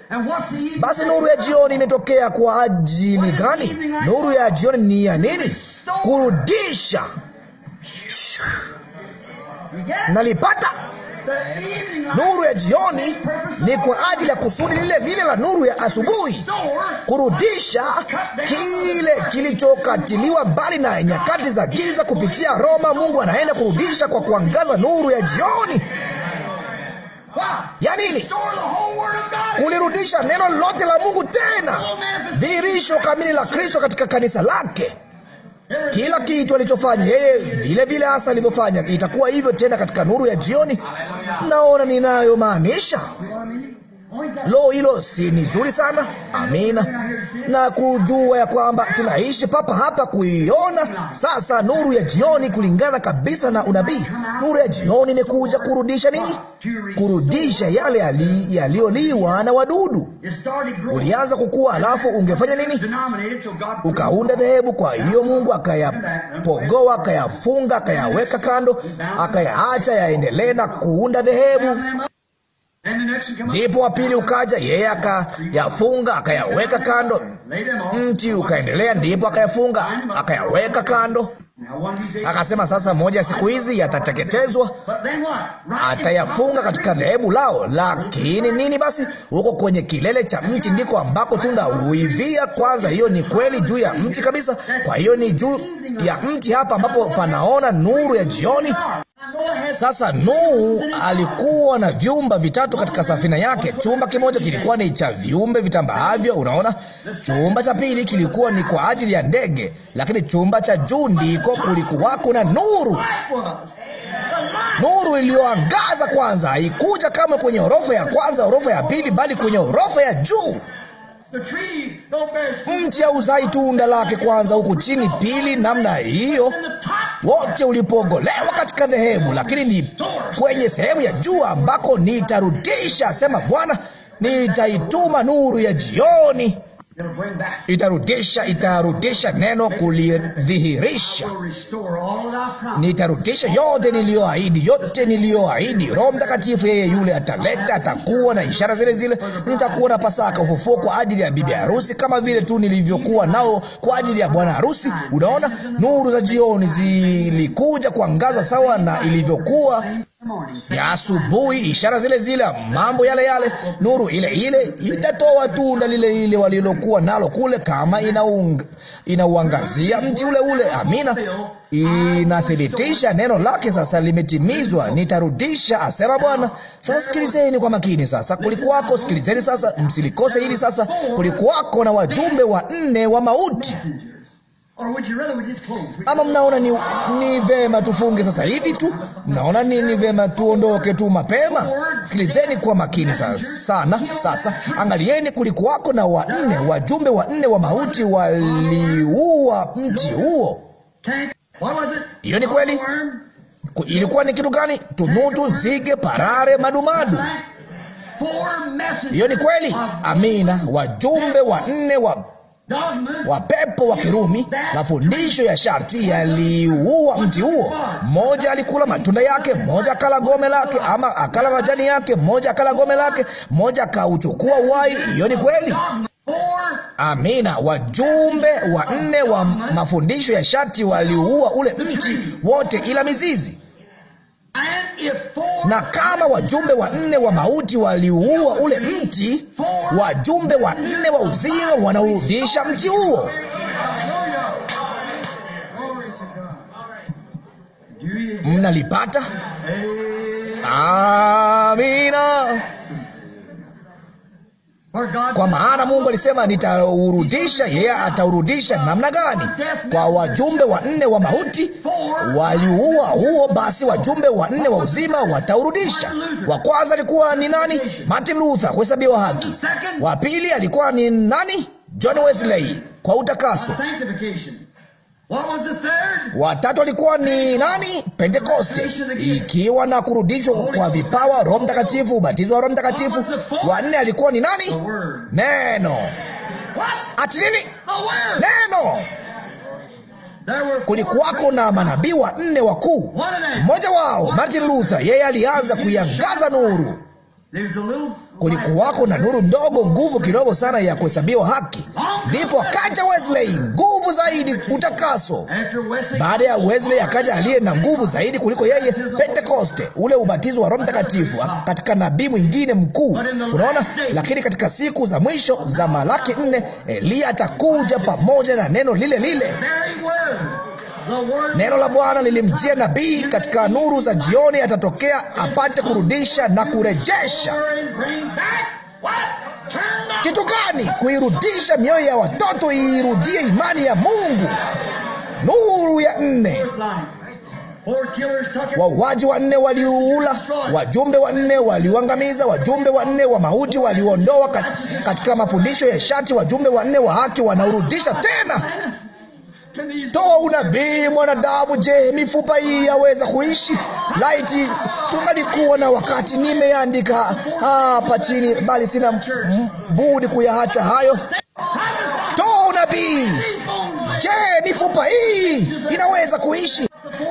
Basi nuru ya jioni imetokea kwa ajili gani? Nuru ya jioni ni ya nini? Kurudisha. Nalipata. Nuru ya jioni ni kwa ajili ya kusudi lile lile la nuru ya asubuhi, kurudisha kile kilichokatiliwa mbali na nyakati za giza. Kupitia Roma, Mungu anaenda kurudisha kwa kuangaza nuru ya jioni ya nini? Kulirudisha neno lote la Mungu, tena dhihirisho kamili la Kristo katika kanisa lake kila kitu alichofanya yeye vile vile hasa alivyofanya. Itakuwa hivyo tena katika nuru ya jioni. Naona ninayomaanisha. Lo, hilo si ni zuri sana? Amina, na kujua ya kwamba tunaishi papa hapa, kuiona sasa nuru ya jioni kulingana kabisa na unabii. Nuru ya jioni imekuja kurudisha nini? Kurudisha yale yaliyoliwa na wadudu. Ulianza kukua, alafu ungefanya nini? Ukaunda dhehebu. Kwa hiyo Mungu akayapogoa, akayafunga, akayaweka kando, akayaacha yaendelee na kuunda dhehebu Ndipo wa pili ukaja, yeye akayafunga akayaweka kando, mti ukaendelea, ndipo akayafunga akayaweka kando. Akasema sasa, moja siku hizi yatateketezwa, atayafunga katika dhehebu lao. Lakini nini basi? Huko kwenye kilele cha mti ndiko ambako tunda huivia kwanza. Hiyo ni kweli, juu ya mti kabisa. Kwa hiyo ni juu ya mti hapa ambapo panaona nuru ya jioni. Sasa Nuhu alikuwa na vyumba vitatu katika safina yake. Chumba kimoja kilikuwa ni cha viumbe vitambaavyo, unaona. Chumba cha pili kilikuwa ni kwa ajili ya ndege, lakini chumba cha juu ndiko kulikuwako na nuru. Nuru iliyoangaza kwanza haikuja kama kwenye orofa ya kwanza, orofa ya pili, bali kwenye orofa ya juu. Mti hauzai tunda lake kwanza huku chini, pili, namna hiyo. Wote ulipogolewa katika dhehebu, lakini ni kwenye sehemu ya juu ambako nitarudisha, asema Bwana, nitaituma nuru ya jioni. Itarudisha, itarudisha neno kulidhihirisha. Nitarudisha yote niliyoahidi, yote niliyoahidi. Roho Mtakatifu yeye yule ataleta, atakuwa na ishara zile zile. Nitakuwa na Pasaka, ufufuo kwa ajili ya bibi harusi, kama vile tu nilivyokuwa nao kwa ajili ya bwana harusi. Unaona, nuru za jioni zilikuja kuangaza sawa na ilivyokuwa ya asubuhi, ishara zile zile, mambo yale yale, nuru ile ile itatoa tunda lile lile walilokuwa nalo kule, kama inaunga, inauangazia mti ule ule. Amina, inathibitisha neno lake, sasa limetimizwa. Nitarudisha, asema Bwana. Sasa sikilizeni kwa makini. Sasa kulikuwako, sikilizeni sasa, msilikose hili. Sasa kulikuwako na wajumbe wanne wa mauti ama mnaona ni, ni vema tufunge sasa hivi tu? Mnaona ni, ni vema tuondoke tu mapema? Sikilizeni kwa makini sa, sana. Sasa angalieni, kulikuwako na wanne wajumbe wanne wa mauti waliua mti huo. Hiyo ni kweli. Ilikuwa ni kitu gani? Tunutu, nzige, parare, madumadu. Hiyo ni kweli. Amina. Wajumbe wanne wa wa pepo wa Kirumi, mafundisho ya sharti yaliuua mti huo. Mmoja alikula matunda yake, mmoja akala gome lake, ama akala majani yake, mmoja akala gome lake, mmoja akauchukua uwai. Hiyo ni kweli. Amina. Wajumbe wanne wa mafundisho ya sharti waliuua ule mti wote ila mizizi na kama wajumbe wa nne wa mauti waliuua ule mti, wajumbe wa nne wa uzima wanaurudisha mti huo. Mnalipata? Amina. Kwa maana Mungu alisema nitaurudisha, yeye ataurudisha. Namna gani? Kwa wajumbe wanne wa mauti waliua huo, basi wajumbe wanne wa uzima wataurudisha. Wa kwanza alikuwa ni nani? Martin Luther, kuhesabiwa haki. Wa pili alikuwa ni nani? John Wesley, kwa utakaso Watatu alikuwa ni nani? Pentekoste, ikiwa na kurudishwa kwa vipawa, Roho Mtakatifu, ubatizo wa Roho Mtakatifu. Wanne alikuwa ni nani? Neno. Ati nini? Neno. Kulikuwako na manabii wa nne wakuu. Mmoja wao Martin Luther, yeye alianza kuiangaza nuru kulikuwako na nuru ndogo, nguvu kidogo sana ya kuhesabiwa haki. Ndipo akaja Wesley, nguvu zaidi, utakaso. Baada ya Wesley akaja aliye na nguvu zaidi kuliko yeye, Pentekoste, ule ubatizo wa Roho Mtakatifu katika nabii mwingine mkuu. Unaona, lakini katika siku za mwisho za Malaki nne, Eliya atakuja pamoja na neno lile lile Neno la Bwana lilimjia nabii katika nuru za jioni, atatokea apate kurudisha na kurejesha kitu gani? Kuirudisha mioyo ya watoto iirudie imani ya Mungu. Nuru ya nne Wauaji nne waliuula, wajumbe wa nne waliuangamiza, wajumbe wa nne wa mauti waliondoa katika mafundisho ya shati, wajumbe wa nne wa haki wanaurudisha tena. Toa unabii mwanadamu. Je, mifupa hii yaweza kuishi? Laiti tungalikuwa na wakati. Nimeandika hapa chini, bali sina budi kuyaacha hayo. Toa unabii. Je, mifupa hii inaweza kuishi?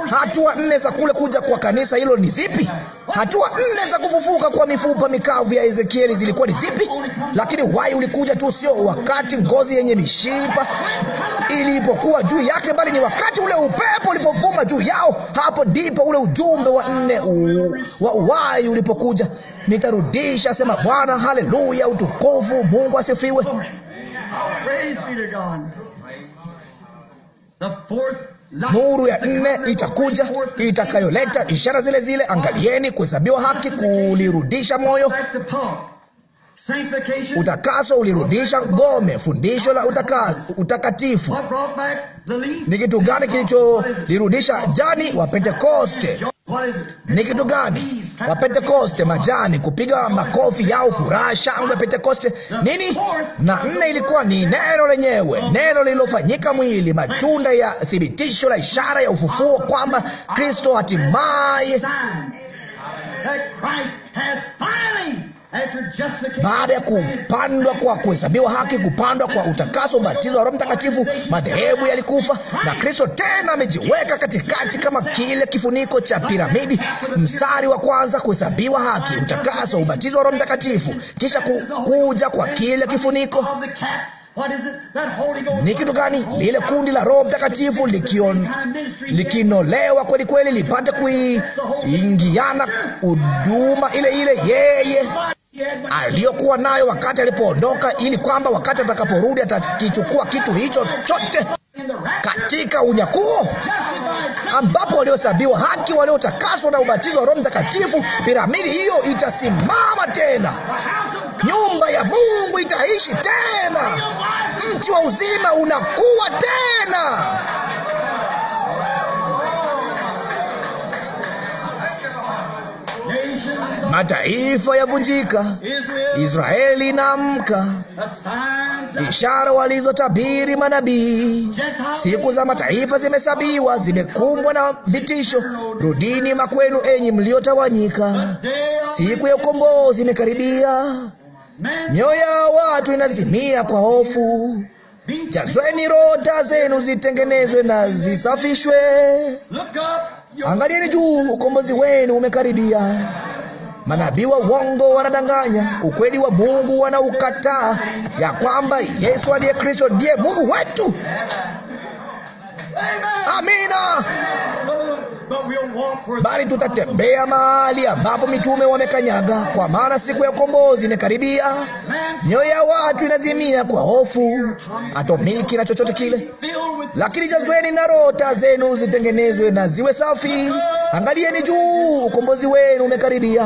Hatua nne za kule kuja kwa kanisa hilo ni zipi? Hatua nne za kufufuka kwa mifupa mikavu ya Ezekieli zilikuwa ni zipi? Lakini wai ulikuja tu, sio wakati. Ngozi yenye mishipa ilipokuwa juu yake, bali ni wakati ule upepo ulipovuma juu yao. Hapo ndipo ule ujumbe wa nne wa uwai ulipokuja, nitarudisha, sema Bwana. Haleluya, utukufu Mungu asifiwe. Nuru ya nne itakuja itakayoleta ishara zile zile. Angalieni kuhesabiwa haki, kulirudisha moyo Utakaso ulirudisha gome, fundisho la utaka, utakatifu. Ni kitu gani kilicholirudisha jani wa Ni kitu gani? Wa majani, kupiga makofi yao, furaha, shangwe, Pentekoste nini? Na nne ilikuwa ni neno lenyewe, neno lililofanyika mwili, matunda ya thibitisho la ishara ya ufufuo, kwamba Kristo hatimaye baada ya kupandwa kwa kuhesabiwa haki, kupandwa kwa utakaso, ubatizo wa Roho Mtakatifu, madhehebu yalikufa, na Kristo tena amejiweka katikati kama kile kifuniko cha piramidi. Mstari wa kwanza, kuhesabiwa haki, utakaso, ubatizo wa Roho Mtakatifu, kisha ku, kuja kwa kile kifuniko ni kitu gani? Lile kundi la Roho Mtakatifu likinolewa kweli kweli, lipate kuingiana huduma ile ile, yeye aliyokuwa nayo wakati alipoondoka, ili kwamba wakati atakaporudi atakichukua kitu hicho chote katika unyakuo, ambapo waliohesabiwa haki, waliotakaswa na ubatizo wa Roho Mtakatifu, piramidi hiyo itasimama tena. Nyumba ya Mungu itaishi tena. Mti wa uzima unakuwa tena. mataifa yavunjika, Israeli inaamka, ishara walizotabiri manabii. Siku za mataifa zimesabiwa, zimekumbwa na vitisho. Rudini makwenu, enyi mliotawanyika, siku ya ukombozi imekaribia. Mioyo ya watu inazimia kwa hofu. Jazweni rota zenu zitengenezwe na zisafishwe. Angalieni juu, ukombozi wenu umekaribia. Manabii wa uongo wanadanganya, ukweli wa Mungu wanaukataa, ya kwamba Yesu aliye Kristo ndiye Mungu wetu. Amina bali tutatembea mahali ambapo mitume wamekanyaga, kwa maana siku ya ukombozi imekaribia. Nyoyo ya watu inazimia kwa hofu atomiki na chochote kile, lakini jazweni na rota zenu zitengenezwe na ziwe safi. Angalieni juu, ukombozi wenu umekaribia.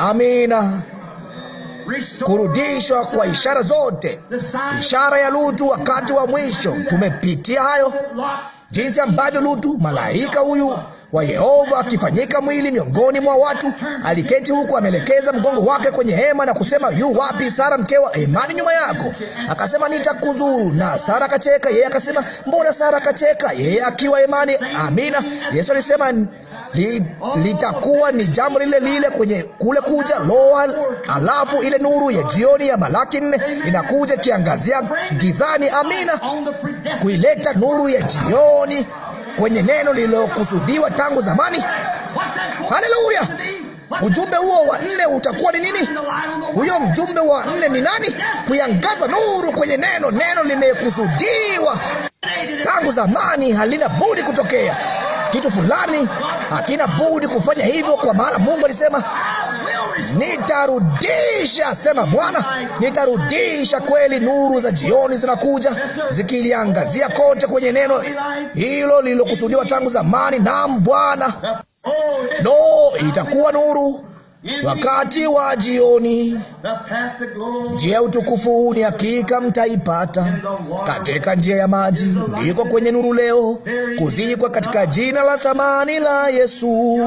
Amina. Kurudishwa kwa ishara zote, ishara ya Lutu wakati wa mwisho. Tumepitia hayo jinsi ambavyo Lutu, malaika huyu wa Yehova, akifanyika mwili miongoni mwa watu, aliketi huku amelekeza mgongo wake kwenye hema na kusema, yu wapi Sara mkewa Imani nyuma yako? Akasema, nitakuzuru. Na Sara akacheka. Yeye akasema, mbona Sara akacheka? Yeye akiwa Imani. Amina. Yesu alisema li, litakuwa ni jambo lile lile kwenye kule kuja loa. Alafu ile nuru ya jioni ya Malaki nne inakuja kiangazia gizani, amina, kuileta nuru ya jioni kwenye neno lililokusudiwa tangu zamani. Haleluya! Ujumbe huo wa nne utakuwa ni nini? Huyo mjumbe wa nne ni nani? Kuiangaza nuru kwenye neno. Neno limekusudiwa tangu zamani, halina budi kutokea. Kitu fulani Hakina budi kufanya hivyo, kwa maana Mungu alisema, nitarudisha, sema Bwana, nitarudisha. Kweli nuru za jioni zinakuja zikiliangazia kote kwenye neno hilo lililokusudiwa tangu zamani. Naam Bwana, lo, itakuwa nuru wakati wa jioni. Njia ya utukufu ni hakika mtaipata katika njia ya maji, ndiko kwenye nuru leo kuzikwa katika jina la thamani la Yesu.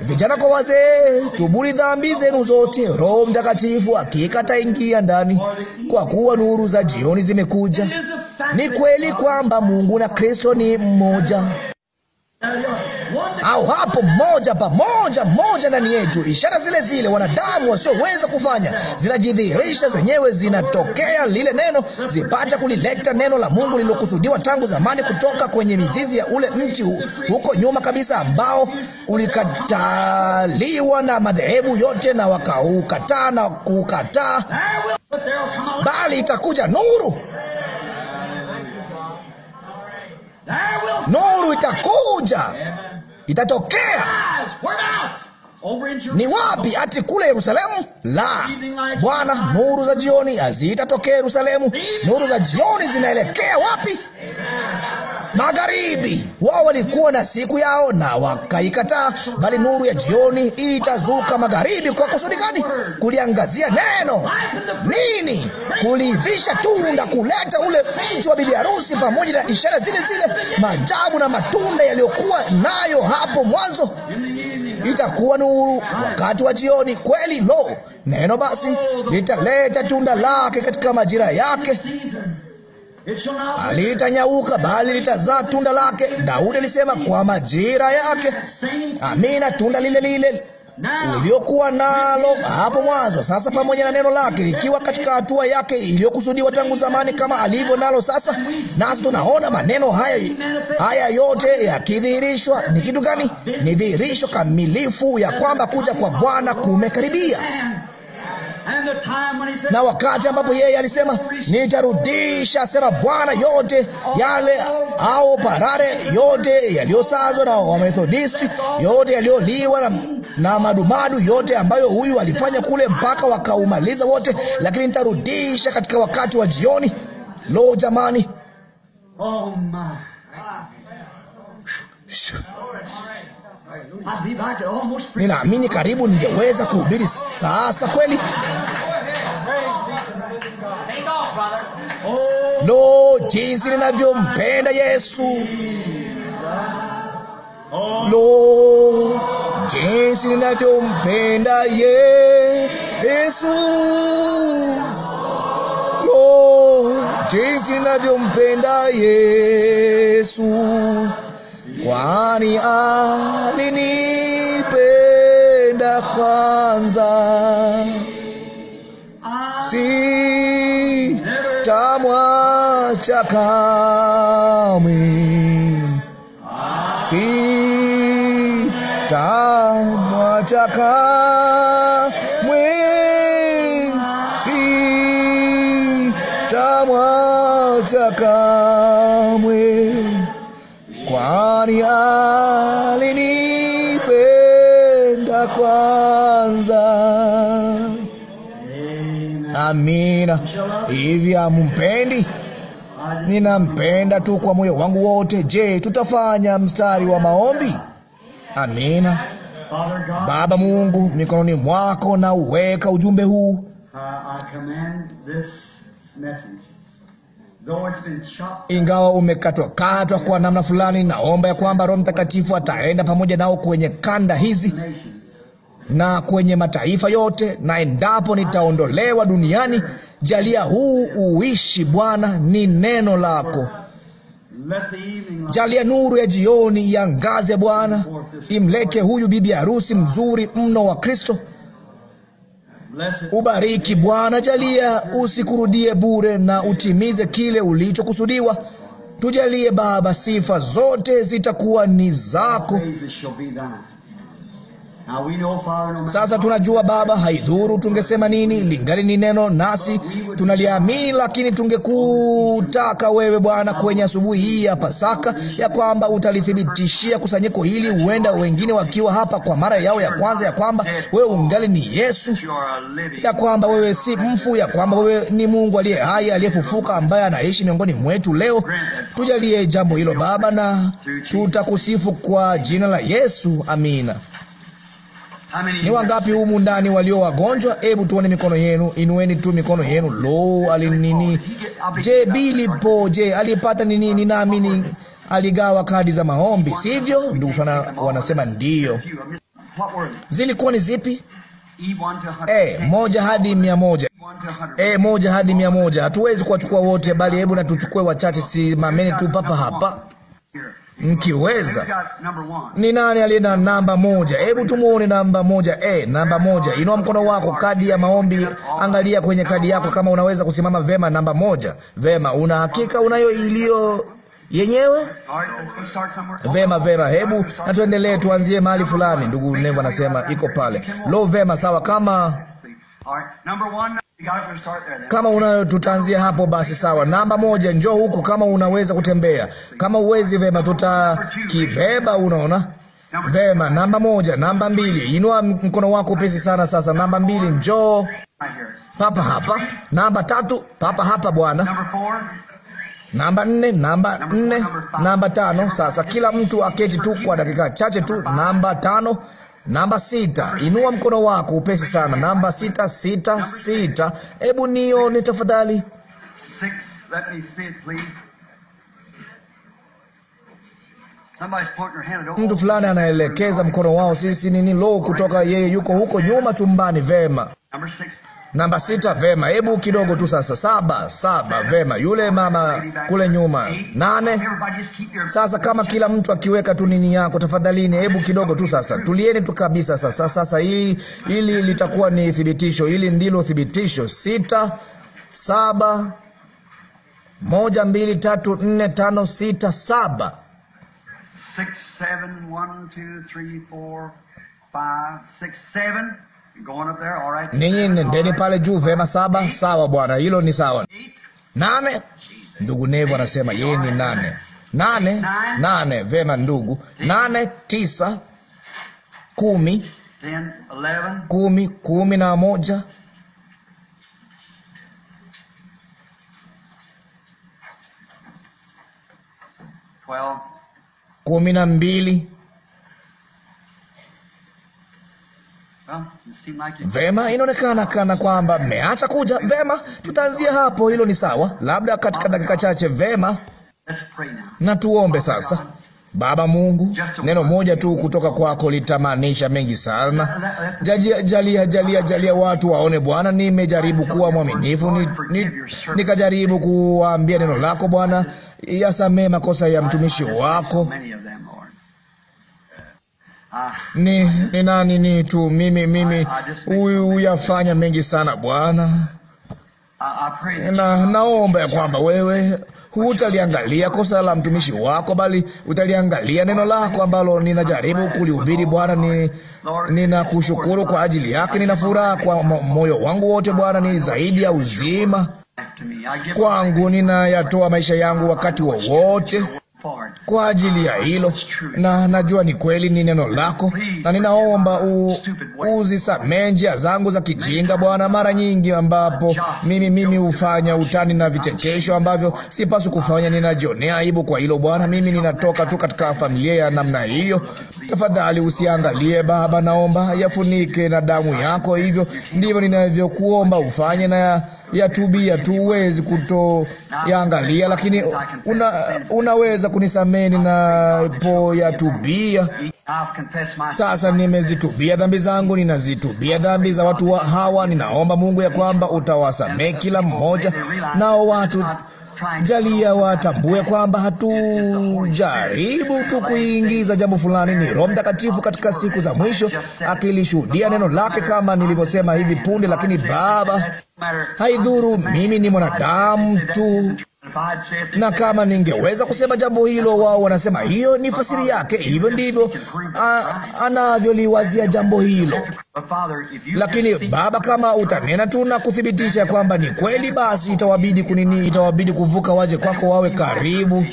Vijana kwa wazee, tubuni dhambi zenu zote. Roho Mtakatifu hakika ataingia ndani, kwa kuwa nuru za jioni zimekuja. Ni kweli kwamba Mungu na Kristo ni mmoja au hapo moja pamoja moja ndani yetu. Ishara zile zile wanadamu wasioweza kufanya zinajidhihirisha zenyewe, zinatokea lile neno, zipata kulileta neno la Mungu lililokusudiwa tangu zamani, kutoka kwenye mizizi ya ule mti huko nyuma kabisa, ambao ulikataliwa na madhehebu yote na wakaukataa na kukataa, bali itakuja nuru Nuru itakuja, itatokea. Ni wapi? Ati kule Yerusalemu? La, Bwana, nuru za jioni hazitatokea Yerusalemu. Nuru za jioni zinaelekea wapi? Amen magharibi. Wao walikuwa na siku yao na wakaikataa, bali nuru ya jioni itazuka magharibi. Kwa kusudi gani? Kuliangazia neno nini? Kulivisha tunda, kuleta ule mji wa bibi harusi, pamoja na ishara zile zile, majabu na matunda yaliyokuwa nayo hapo mwanzo. Itakuwa nuru wakati wa jioni kweli. Lo, neno basi litaleta tunda lake katika majira yake alitanyauka bali litazaa tunda lake. Daudi alisema kwa majira yake. Amina, tunda lile lile uliokuwa nalo hapo mwanzo, sasa pamoja na neno lake likiwa katika hatua yake iliyokusudiwa tangu zamani, kama alivyo nalo sasa. Nasi tunaona maneno haya haya yote yakidhihirishwa. Ni kitu gani? Ni dhihirisho kamilifu ya kwamba kuja kwa Bwana kumekaribia na wakati ambapo yeye alisema nitarudisha, sema Bwana, yote yale au parare yote yaliyosazwa na Wamethodisti, yote yaliyoliwa na, na madumadu yote ambayo huyu alifanya kule mpaka wakaumaliza wote, lakini nitarudisha katika wakati wa jioni. Lo, jamani! Oh Ninaamini karibu ningeweza kuhubiri sasa kweli. Lo, jinsi ninavyompenda Yesu! Lo, jinsi ninavyompenda ye Yesu! Lo, jinsi ninavyompenda Yesu! kwani alinipenda kwanza, sitamwacha kamwe, sitamwacha kamwe, sitamwacha kamwe. Bwana alinipenda kwanza. Amina. Hivi amumpendi Ninampenda tu kwa moyo wangu wote. Je, tutafanya mstari wa maombi? Amina. Baba Mungu, mikononi mwako na uweka ujumbe huu uh, ingawa umekatwakatwa kwa namna fulani, naomba ya kwamba Roho Mtakatifu ataenda pamoja nao kwenye kanda hizi na kwenye mataifa yote, na endapo nitaondolewa duniani, jalia huu uishi. Bwana, ni neno lako. Jalia nuru ya jioni iangaze, Bwana. imleke huyu bibi harusi mzuri mno wa Kristo. Ubariki Bwana, jalia usikurudie bure, na utimize kile ulichokusudiwa. Tujalie Baba, sifa zote zitakuwa ni zako. Sasa tunajua Baba, haidhuru tungesema nini, lingali ni neno nasi tunaliamini, lakini tungekutaka wewe Bwana kwenye asubuhi hii ya Pasaka ya kwamba utalithibitishia kusanyiko hili, huenda wengine wakiwa hapa kwa mara yao ya kwanza, ya kwamba wewe ungali ni Yesu, ya kwamba wewe si mfu, ya kwamba wewe ni Mungu aliye hai aliyefufuka, ambaye anaishi miongoni mwetu leo. Tujalie jambo hilo Baba, na tutakusifu kwa jina la Yesu. Amina. Ni wangapi humu ndani walio wagonjwa? Hebu tuone mikono yenu, inueni tu mikono yenu. Lo, alinini? Je, Bili po, je, alipata nini? Ninaamini aligawa kadi za maombi, sivyo? Ndugu sana wanasema ndiyo. Zilikuwa ni zipi? E, moja hadi mia moja. E, moja hadi mia moja. Hatuwezi kuwachukua wote, bali hebu na tuchukue wachache. Simameni tu papa hapa mkiweza. Ni nani aliye na namba moja? Hebu tumuone namba moja. E, namba moja, inua mkono wako. Kadi ya maombi, angalia kwenye kadi yako kama unaweza kusimama vema. Namba moja, vema. Una hakika unayo iliyo yenyewe vema, vema. Hebu na tuendelee, tuanzie mahali fulani. Ndugu Nevo anasema iko pale. Lo, vema, sawa. Kama kama una tutaanzia hapo basi, sawa. Namba moja, njoo huku kama unaweza kutembea. Kama uwezi, vema, tutakibeba. Unaona vema. Namba moja. Namba mbili, inua mkono wako upesi sana. Sasa namba mbili, njoo papa hapa. Namba tatu, papa hapa bwana. Namba nne, namba nne, namba tano. Sasa kila mtu aketi tu kwa dakika chache tu. Namba tano Namba sita, inua mkono wako upesi sana. Namba sita sita sita, hebu nione tafadhali. Mtu fulani anaelekeza mkono wao. Sisi nini? Lo, kutoka yeye, yuko huko nyuma chumbani. Vema. Namba sita, vema. Hebu kidogo tu sasa. Saba, saba, vema. Yule mama kule nyuma, nane. Sasa kama kila mtu akiweka tu nini yako, tafadhalini. Hebu kidogo tu sasa, tulieni tu kabisa sasa. Sasa hii ili litakuwa ni thibitisho, ili ndilo thibitisho. Sita, saba, moja, mbili, tatu, nne, tano, sita, saba. Six, seven, one, two, three, four, five, six, seven ninyi nendeni pale juu. Vema, saba. Sawa Bwana, hilo ni sawa. Nane, ndugu Nevo anasema yeye ni nane nane nane. Vema ndugu, nane tisa kumi kumi kumi na moja kumi na mbili Vema, inaonekana kana kwamba mmeacha kuja. Vema, tutaanzia hapo, hilo ni sawa, labda katika dakika chache. Vema, na tuombe sasa. Baba Mungu, neno moja tu kutoka kwako litamaanisha mengi sana. Jalia, jalia, jalia, jalia watu waone Bwana, nimejaribu kuwa mwaminifu ni, ni, nikajaribu kuwaambia neno lako Bwana, yasamee makosa ya mtumishi wako Ah, ni, ah, ni nani ni tu mimi mimi huyafanya mengi sana Bwana, na naomba ya kwamba wewe hutaliangalia kosa la mtumishi wako, bali utaliangalia neno lako ambalo ninajaribu kulihubiri. Bwana, ni ninakushukuru kwa ajili yake, nina furaha kwa moyo wangu wote. Bwana, ni zaidi ya uzima kwangu, ninayatoa maisha yangu wakati wowote wa kwa ajili ya hilo, na najua ni kweli, ni neno lako, na ninaomba uzisamee njia zangu za kijinga Bwana, mara nyingi ambapo mimi mimi hufanya utani na vichekesho ambavyo sipaswi kufanya. Ninajionea aibu kwa hilo Bwana, mimi ninatoka tu katika familia ya namna hiyo. Tafadhali usiangalie Baba, naomba yafunike na damu yako. Hivyo ndivyo ninavyokuomba ufanye, na ya tubia tu, huwezi kutoyaangalia, lakini una, unaweza kunisamee ninapoyatubia. Sasa nimezitubia dhambi zangu, ninazitubia dhambi za watu wa hawa. Ninaomba Mungu ya kwamba utawasamee kila mmoja, nao watu jalia watambue kwamba hatujaribu tu kuingiza jambo fulani. Ni Roho Mtakatifu katika siku za mwisho akilishuhudia neno lake, kama nilivyosema hivi punde. Lakini Baba, haidhuru mimi ni mwanadamu tu na kama ningeweza kusema jambo hilo, wao wanasema hiyo ni fasiri yake, hivyo ndivyo anavyoliwazia jambo hilo. Lakini Baba, kama utanena tu na kuthibitisha kwamba ni kweli, basi itawabidi kunini, itawabidi kuvuka waje kwako, wawe karibu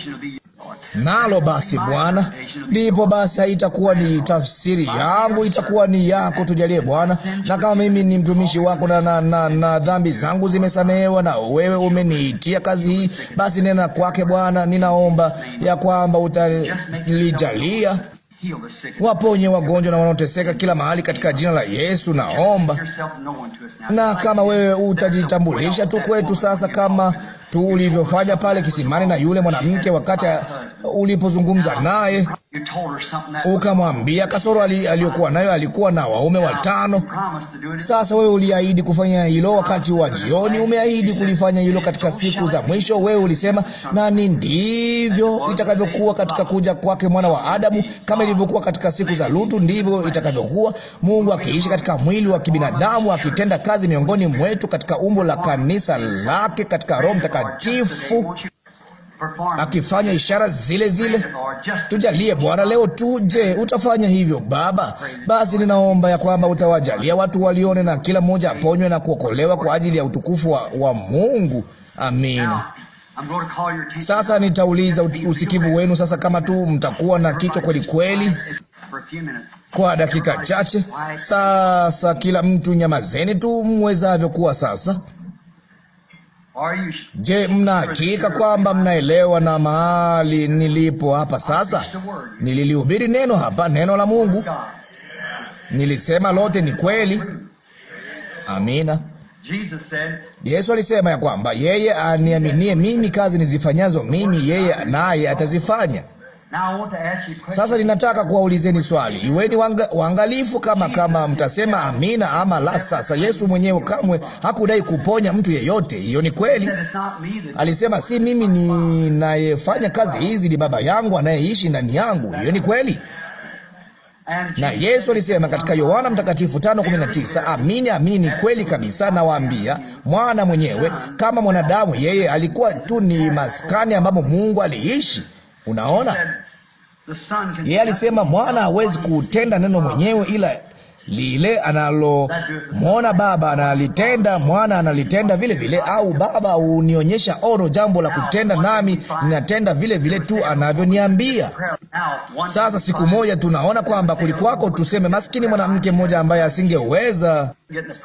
nalo basi Bwana. Ndipo basi haitakuwa ni tafsiri yangu, itakuwa ni yako. Tujalie Bwana, na kama mimi ni mtumishi wako na, na, na, na dhambi zangu zimesamehewa na wewe umeniitia kazi hii, basi nena kwake Bwana, ninaomba ya kwamba utalijalia waponye wagonjwa na wanaoteseka kila mahali katika jina la Yesu, naomba. Na kama wewe utajitambulisha tu kwetu sasa, kama tu ulivyofanya pale kisimani na yule mwanamke wakati ulipozungumza naye ukamwambia kasoro aliyokuwa nayo. Alikuwa na waume watano. Sasa wewe uliahidi kufanya hilo ah, wakati wa jioni, umeahidi kulifanya hilo katika siku za mwisho. Wewe ulisema, nani ndivyo itakavyokuwa katika kuja kwake mwana wa Adamu. Kama ilivyokuwa katika siku za Lutu, ndivyo itakavyokuwa, Mungu akiishi katika mwili wa kibinadamu, akitenda kazi miongoni mwetu katika umbo la kanisa lake katika Roho Mtakatifu akifanya ishara zile zile. Tujalie Bwana leo tu. Je, utafanya hivyo Baba? Basi ninaomba ya kwamba utawajalia watu walione, na kila mmoja aponywe na kuokolewa kwa ajili ya utukufu wa, wa Mungu. Amina. Sasa nitauliza usikivu wenu sasa, kama tu mtakuwa na kichwa kweli kweli kwa dakika chache. Sasa kila mtu nyamazeni tu mwezavyo kuwa sasa Je, mna hakika kwamba mnaelewa na mahali nilipo hapa sasa? Nililihubiri neno hapa, neno la Mungu, nilisema lote ni kweli. Amina. Yesu alisema ya kwamba yeye aniaminie mimi, kazi nizifanyazo mimi yeye naye atazifanya sasa ninataka kuwaulizeni swali, iweni wanga, waangalifu. Kama kama mtasema amina ama la. Sasa Yesu mwenyewe kamwe hakudai kuponya mtu yeyote. Hiyo ni kweli, alisema si mimi ninayefanya kazi hizi, ni Baba yangu anayeishi ndani yangu. Hiyo ni kweli na Yesu alisema katika Yohana Mtakatifu 5:19, amini amini, ni kweli kabisa nawaambia, mwana mwenyewe kama mwanadamu, yeye alikuwa tu ni maskani ambamo Mungu aliishi. Unaona, yeye alisema mwana hawezi kutenda neno mwenyewe, ila lile analomwona Baba analitenda, mwana analitenda vile vile. Au Baba unionyesha ono, jambo la kutenda, nami ninatenda vile vile tu anavyoniambia. Sasa siku moja tunaona kwamba kulikuwako, tuseme, maskini mwanamke mmoja ambaye asingeweza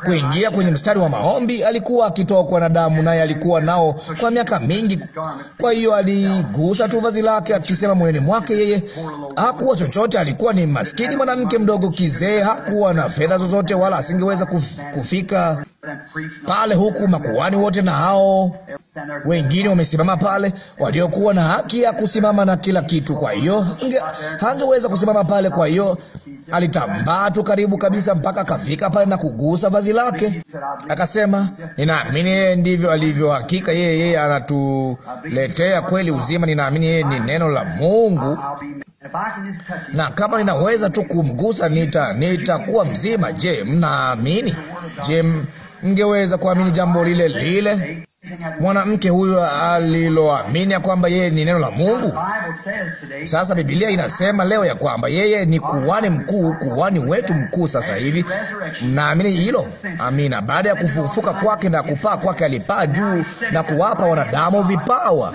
kuingia kwenye mstari wa maombi. Alikuwa akitokwa na damu, naye alikuwa nao kwa miaka mingi. Kwa hiyo aligusa tu vazi lake, akisema moyoni mwake, yeye hakuwa chochote. Alikuwa ni maskini mwanamke mdogo, kizee, hakuwa na fedha zozote, wala asingeweza kufika pale, huku makuhani wote na hao wengine wamesimama pale, waliokuwa na haki ya kusimama na kila kitu. Kwa hiyo hangeweza kusimama pale, kwa hiyo alitambaa tu karibu kabisa mpaka akafika pale na kugusa vazi lake, akasema, ninaamini yeye ndivyo alivyo. Hakika yeye yeye anatuletea kweli uzima. Ninaamini yeye ni neno la Mungu, na kama ninaweza tu kumgusa nita nitakuwa mzima. Je, mnaamini? Je, ngeweza kuamini jambo lile lile mwanamke huyu aliloamini ya kwamba yeye ni neno la Mungu. Sasa Biblia inasema leo ya kwamba yeye ni kuwani mkuu, kuwani wetu mkuu sasa hivi. Mnaamini hilo? Amina. Baada ya kufufuka kwake na kupaa kwake, alipaa juu na kuwapa wanadamu vipawa,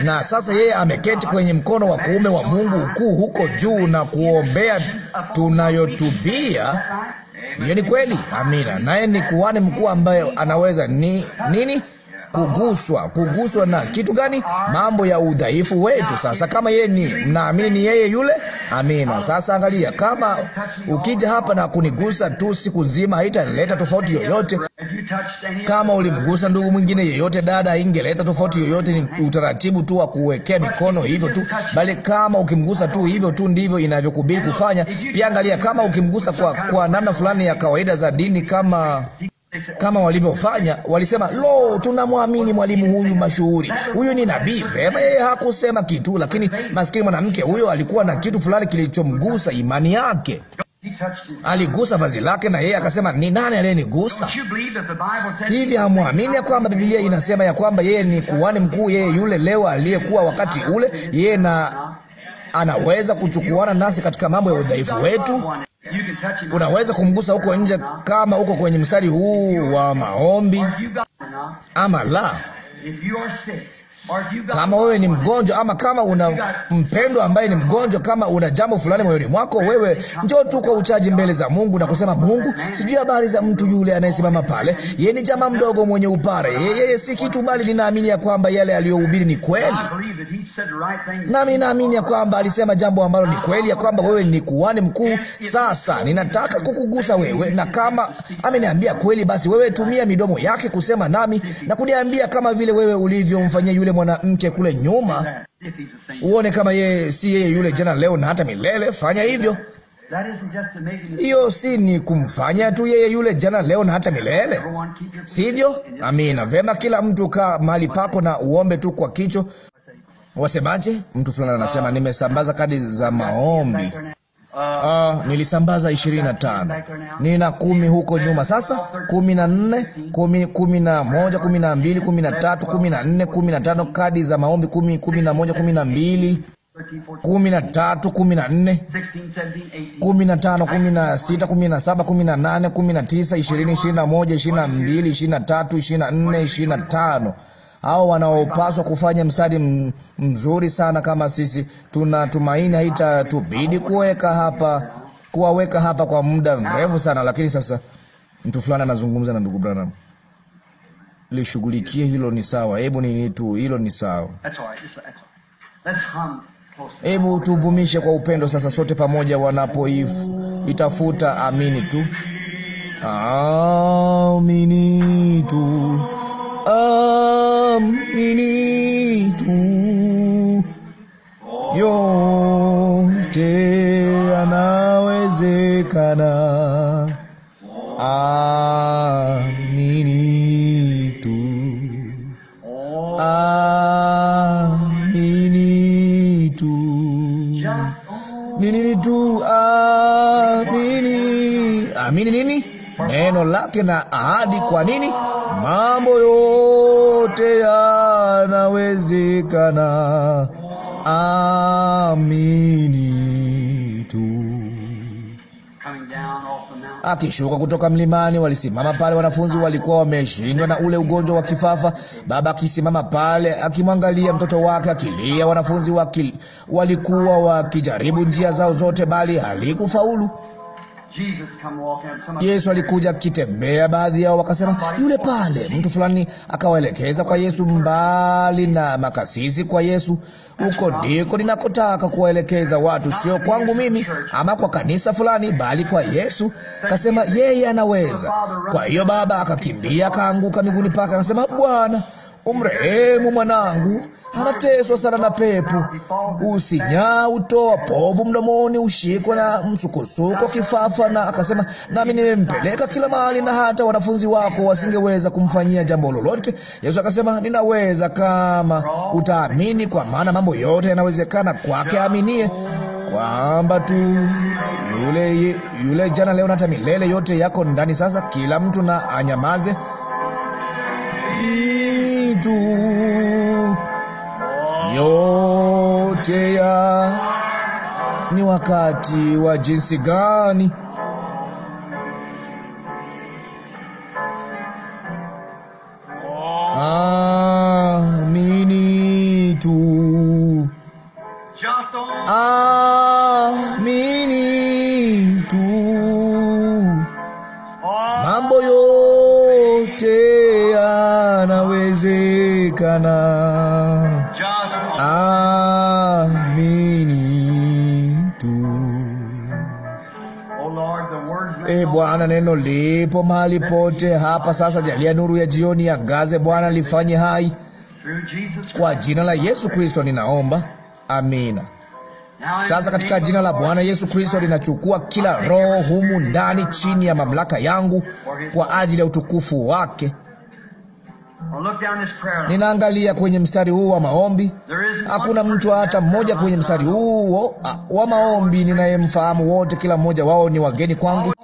na sasa yeye ameketi kwenye mkono wa kuume wa Mungu ukuu huko juu na kuombea tunayotubia hiyo ni kweli. Amina. Naye ni kuhani mkuu ambaye anaweza ni nini? kuguswa, kuguswa na kitu gani? Mambo ya udhaifu wetu. Sasa kama yeye ni naamini ni yeye yule, amina. Sasa angalia, kama ukija hapa na kunigusa tu siku nzima, haitaleta tofauti yoyote. Kama ulimgusa ndugu mwingine yeyote, dada, ingeleta tofauti yoyote. Ni utaratibu tu wa kuwekea mikono hivyo tu, bali kama ukimgusa tu hivyo tu, ndivyo inavyokubidi kufanya. Pia angalia, kama ukimgusa kwa, kwa namna fulani ya kawaida za dini kama kama walivyofanya. Walisema, lo, tunamwamini mwalimu huyu mashuhuri, huyu ni nabii. Vema, yeye hakusema kitu, lakini maskini mwanamke huyo alikuwa na kitu fulani kilichomgusa imani yake aligusa vazi lake, na yeye akasema, ni nani aliyenigusa? Hivi hamwamini ya kwamba Biblia inasema ya kwamba yeye ni kuhani mkuu, yeye yule leo aliyekuwa wakati ule? Yeye na anaweza kuchukuana nasi katika mambo ya udhaifu wetu. Unaweza kumgusa huko nje kama uko kwenye mstari huu wa maombi ama la. Kama wewe ni mgonjwa, ama kama una mpendwa ambaye ni mgonjwa, kama una jambo fulani moyoni mwako, wewe njoo tu kwa uchaji mbele za Mungu na kusema, Mungu, sijui habari za mtu yule anayesimama pale. Yeye ni jamaa mdogo mwenye upare, yeye si kitu, bali ninaamini ya kwamba yale aliyohubiri ni kweli, nami ninaamini ya kwamba alisema jambo ambalo ni kweli, ya kwamba wewe ni kuhani mkuu. Sasa ninataka kukugusa wewe, na kama ameniambia kweli, basi wewe tumia midomo yake kusema nami na kuniambia kama vile wewe ulivyomfanyia yule mwanamke kule nyuma, uone kama yeye si yeye yule jana, leo na hata milele. Fanya hivyo. Hiyo si ni kumfanya tu yeye yule jana, leo na hata milele, sivyo? Amina. Vema, kila mtu kaa mahali pako na uombe tu kwa kicho. Wasemaje? Mtu fulani anasema, nimesambaza kadi za maombi. Uh, nilisambaza ishirini na tano. Nina kumi huko nyuma sasa, kumi na nne, kumi, na moja, kumi na mbili, kumi na tatu, kumi na nne, kumi na tano, kadi za maombi kumi, kumi na moja, kumi na mbili kumi na tatu kumi na nne kumi na tano kumi na sita kumi na saba kumi na nane kumi na tisa ishirini ishirini na moja ishirini na mbili ishirini na tatu ishirini na nne ishirini na tano au wanaopaswa kufanya mstari mzuri sana kama sisi. Tunatumaini haitatubidi kuweka hapa, kuwaweka hapa kwa muda mrefu sana, lakini sasa mtu fulani anazungumza na ndugu Branham lishughulikie hilo. Ni sawa, hebu nini tu hilo ni sawa. Hebu tuvumishe kwa upendo sasa, sote pamoja, wanapoitafuta amini tu, amini lake na ahadi. Kwa nini? Mambo yote yanawezekana, amini tu. Akishuka kutoka mlimani, walisimama pale. Wanafunzi walikuwa wameshindwa na ule ugonjwa wa kifafa. Baba akisimama pale akimwangalia mtoto wake akilia. Wanafunzi wakil... walikuwa wakijaribu njia zao zote, bali halikufaulu. Yesu alikuja akitembea. Baadhi yao wakasema yule pale. Mtu fulani akawaelekeza kwa Yesu, mbali na makasisi kwa Yesu. Huko ndiko ninakotaka kuwaelekeza watu, sio kwangu mimi ama kwa kanisa fulani, bali kwa Yesu. Kasema yeye anaweza. Kwa hiyo baba akakimbia, akaanguka miguuni pake, akasema Bwana umrehemu mwanangu, anateswa sana na pepo. Usinyaa utoa povu mdomoni, ushikwa na msukosuko, kifafa. Na akasema nami nimempeleka kila mahali, na hata wanafunzi wako wasingeweza kumfanyia jambo lolote. Yesu akasema ninaweza, kama utaamini, kwa maana mambo yote yanawezekana kwake aaminie kwamba tu yule yule jana, leo na hata milele, yote yako ndani. Sasa kila mtu na anyamaze vitu yote ya ni wakati wa jinsi gani ah neno lipo mahali pote hapa sasa. Jalia nuru ya jioni angaze Bwana, lifanye hai kwa jina la Yesu Kristo ninaomba, amina. Sasa katika jina la Bwana Yesu Kristo linachukua kila roho humu ndani chini ya mamlaka yangu kwa ajili ya utukufu wake. Ninaangalia kwenye mstari huu wa maombi, hakuna mtu hata mmoja kwenye mstari huu wa maombi ninayemfahamu. Wote, kila mmoja wao ni wageni kwangu.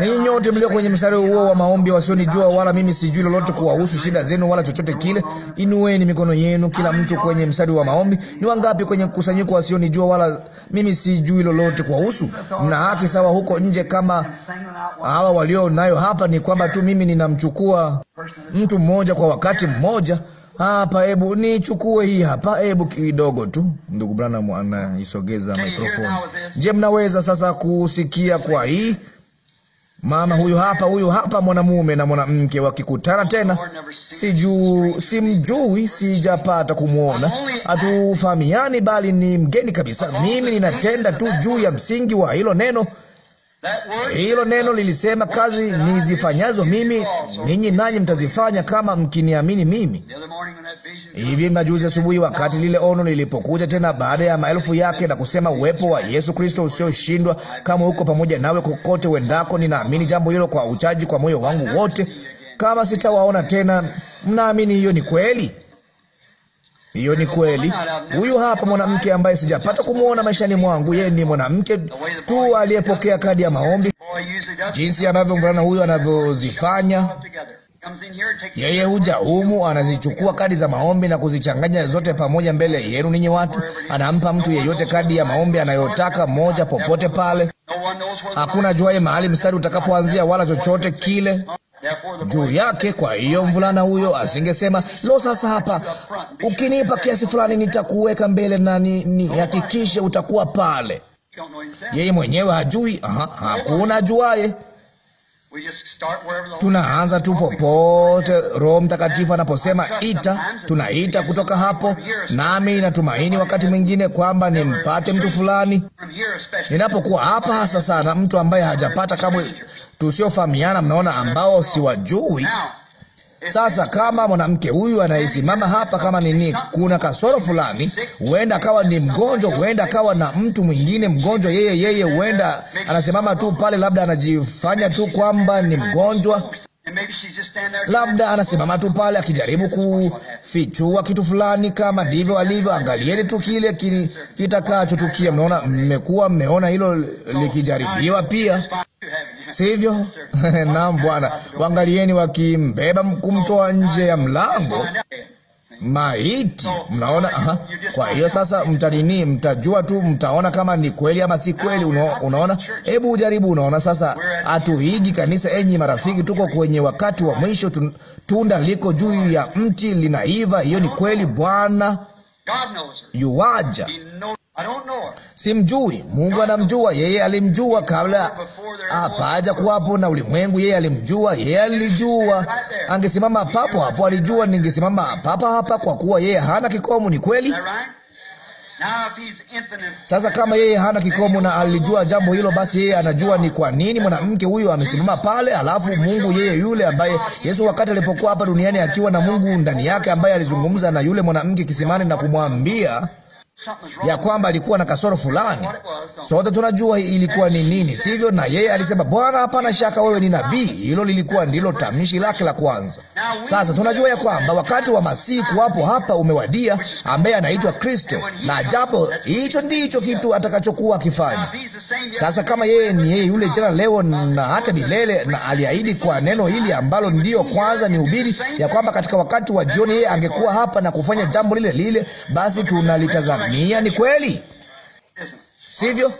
Ninyi nyote mlio kwenye mstari huo wa maombi, wasionijua wala mimi sijui lolote kuwahusu shida zenu wala chochote kile, inueni mikono yenu, kila mtu kwenye mstari wa maombi. Ni wangapi kwenye kusanyiko wasionijua wala mimi sijui lolote kuwahusu? Mna haki sawa huko nje kama hawa walio nayo hapa. Ni kwamba tu mimi ninamchukua mtu mmoja kwa wakati mmoja hapa hebu nichukue hii hapa, hebu kidogo tu. Ndugu Branham anaisogeza mikrofoni. Je, mnaweza sasa kusikia kwa hii? Mama huyu hapa, huyu hapa, mwanamume na mwanamke wakikutana tena. Sijuu, simjui, sijapata kumwona, hatufahamiani, bali ni mgeni kabisa. Mimi ninatenda tu juu ya msingi wa hilo neno hilo neno lilisema, kazi nizifanyazo mimi ninyi nanyi mtazifanya kama mkiniamini mimi. Hivi majuzi asubuhi, wakati lile ono lilipokuja tena baada ya maelfu yake na kusema, uwepo wa Yesu Kristo usioshindwa kama uko pamoja nawe kokote wendako ninaamini jambo hilo kwa uchaji, kwa moyo wangu wote. Kama sitawaona tena, mnaamini hiyo ni kweli? Hiyo ni kweli. Huyu hapa mwanamke ambaye sijapata kumwona maishani mwangu, yeye ni mwanamke tu aliyepokea kadi ya maombi, jinsi ambavyo mvulana huyu anavyozifanya yeye huja humu anazichukua kadi za maombi na kuzichanganya zote pamoja mbele yenu ninyi watu. Anampa mtu yeyote kadi ya maombi anayotaka moja, popote pale. Hakuna juaye mahali mstari utakapoanzia wala chochote kile juu yake. Kwa hiyo mvulana huyo asingesema lo, sasa hapa ukinipa kiasi fulani nitakuweka mbele na nihakikishe ni, utakuwa pale. Yeye mwenyewe hajui. Aha, hakuna ajuaye. Tunaanza tu popote Roho Mtakatifu anaposema ita, tunaita kutoka hapo. Nami natumaini wakati mwingine kwamba nimpate mtu fulani ninapokuwa hapa, hasa sana mtu ambaye hajapata kamwe, tusiofahamiana, mnaona, ambao siwajui. Sasa kama mwanamke huyu anayesimama hapa, kama nini, kuna kasoro fulani, huenda akawa ni mgonjwa, huenda akawa na mtu mwingine mgonjwa, yeye yeye, huenda anasimama tu pale, labda anajifanya tu kwamba ni mgonjwa labda anasimama tu pale akijaribu kufichua kitu fulani. Kama ndivyo alivyo, angalieni tu kile kitakachotukia. Mnaona, mmekuwa mmeona hilo likijaribiwa pia sivyo? Naam, Bwana, wangalieni wakimbeba kumtoa nje ya mlango maiti. Mnaona? Aha. Kwa hiyo sasa mtanini, mtajua tu, mtaona kama ni kweli ama si kweli. Uno, unaona, hebu ujaribu. Unaona, sasa hatuhigi kanisa. Enyi marafiki, tuko kwenye wakati wa mwisho. Tunda liko juu ya mti linaiva. Hiyo ni kweli. Bwana yuwaja, Simjui. Mungu anamjua. Yeye alimjua kabla ah, hapaja kuwapo na ulimwengu. Yeye alimjua, yeye alijua. Angesimama papo hapo, alijua ningesimama papa hapa, kwa kuwa yeye hana kikomo. Ni kweli. Sasa kama yeye hana kikomo na alijua jambo hilo, basi yeye anajua ni kwa nini mwanamke huyo amesimama pale. Alafu Mungu yeye yule ambaye Yesu wakati alipokuwa hapa duniani akiwa na Mungu ndani yake, ambaye alizungumza na yule mwanamke kisimani na kumwambia ya kwamba alikuwa na kasoro fulani. Sote tunajua ilikuwa ni nini, sivyo? Na yeye alisema, Bwana, hapana shaka wewe ni nabii. Hilo lilikuwa ndilo tamshi lake la kwanza. Sasa tunajua ya kwamba wakati wa Masihi kuwapo hapa umewadia, ambaye anaitwa Kristo, na japo hicho ndicho kitu atakachokuwa akifanya. Sasa kama yeye ni yeye yule jana, leo na hata milele, na aliahidi kwa neno hili ambalo ndiyo kwanza ni ubiri, ya kwamba katika wakati wa jioni yeye angekuwa hapa na kufanya jambo lile lile, basi tunalitazama tunauutazamia ni kweli, sivyo?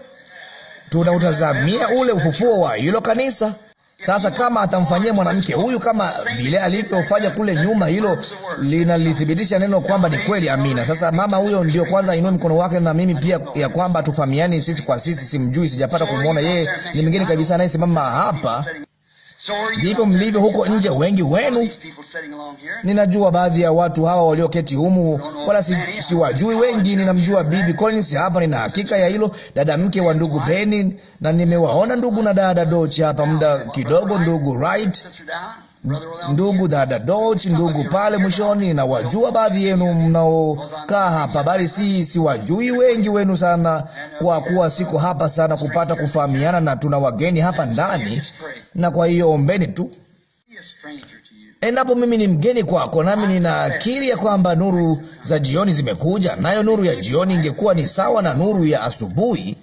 Tunautazamia ule ufufuo wa hilo kanisa. Sasa kama atamfanyia mwanamke huyu kama vile alivyofanya kule nyuma, hilo linalithibitisha neno kwamba ni kweli. Amina. Sasa mama huyo ndio kwanza inue mkono wake, na mimi pia, ya kwamba tufahamiani sisi kwa sisi. Simjui, sijapata kumwona yeye, ni mwingine kabisa anayesimama hapa Ndipo mlivyo huko nje, wengi wenu. Ninajua baadhi ya watu hawa walioketi humu, wala siwajui si wengi. Ninamjua Bibi Collins hapa, nina hakika ya hilo, dada mke wa ndugu Beni, na nimewaona ndugu na dada Dochi hapa muda kidogo, ndugu Wright ndugu dada Doch, ndugu pale mwishoni, na wajua baadhi yenu mnaokaa hapa, bali si siwajui wengi wenu sana, kwa kuwa siko hapa sana kupata kufahamiana, na tuna wageni hapa ndani, na kwa hiyo ombeni tu. Endapo mimi ni mgeni kwako, nami ninakiri ya kwamba nuru za jioni zimekuja, nayo nuru ya jioni ingekuwa ni sawa na nuru ya asubuhi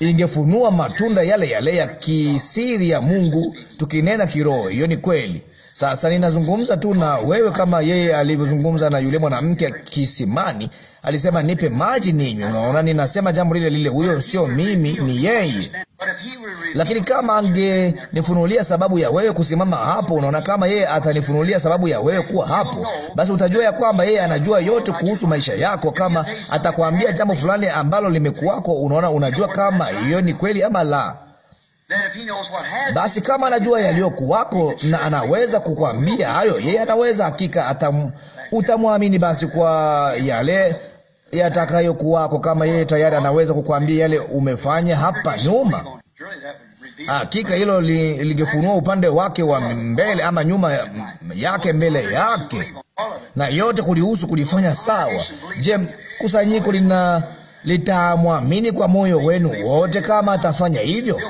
ingefunua matunda yale yale ya kisiri ya Mungu. Tukinena kiroho, hiyo ni kweli. Sasa ninazungumza tu na wewe kama yeye alivyozungumza na yule mwanamke kisimani. Alisema nipe maji ninywe. Unaona, ninasema jambo lile lile. Huyo sio mimi, ni yeye. Lakini kama angenifunulia sababu ya wewe kusimama hapo, unaona, kama yeye atanifunulia sababu ya wewe kuwa hapo, basi utajua ya kwamba yeye anajua yote kuhusu maisha yako. Kama atakwambia jambo fulani ambalo limekuwako, unaona, unajua kama hiyo ni kweli ama la. Basi kama anajua yaliyokuwako na anaweza kukwambia hayo, yeye anaweza hakika atam, utamwamini basi kwa yale yatakayokuwako, kama yeye tayari anaweza kukwambia yale umefanya hapa nyuma. Hakika hilo li, lingefunua upande wake wa mbele ama nyuma yake mbele yake, na yote kulihusu kulifanya sawa. Je, kusanyiko lina litamwamini kwa moyo wenu wote kama atafanya hivyo?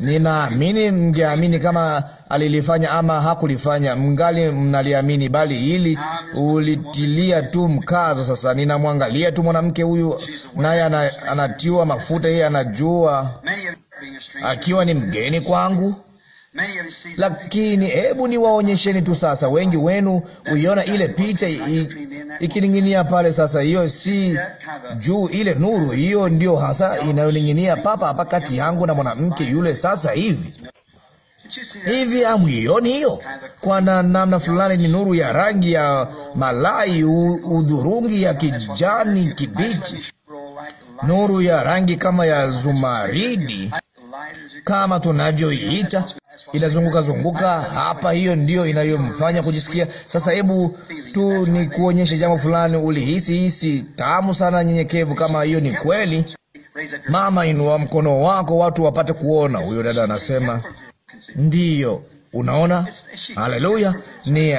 Ninaamini mngeamini kama alilifanya ama hakulifanya, mngali mnaliamini, bali hili ulitilia tu mkazo. Sasa ninamwangalia tu mwanamke huyu, naye anatiwa mafuta. Yeye anajua akiwa ni mgeni kwangu lakini hebu niwaonyesheni tu sasa. Wengi wenu uiona ile picha ikining'inia pale. Sasa hiyo si juu, ile nuru hiyo ndiyo hasa inayoning'inia papa hapa kati yangu na mwanamke yule sasa hivi hivi hamuioni hiyo? Kwa na namna fulani ni nuru ya rangi ya malai udhurungi ya kijani kibichi, nuru ya rangi kama ya zumaridi, kama tunavyoiita inazunguka zunguka hapa. Hiyo ndiyo inayomfanya kujisikia. Sasa hebu tu ni kuonyeshe jambo fulani. Ulihisi hisi tamu sana nyenyekevu, kama hiyo ni kweli. Mama, inua mkono wako watu wapate kuona. Huyo dada anasema ndiyo. Unaona, haleluya! Ni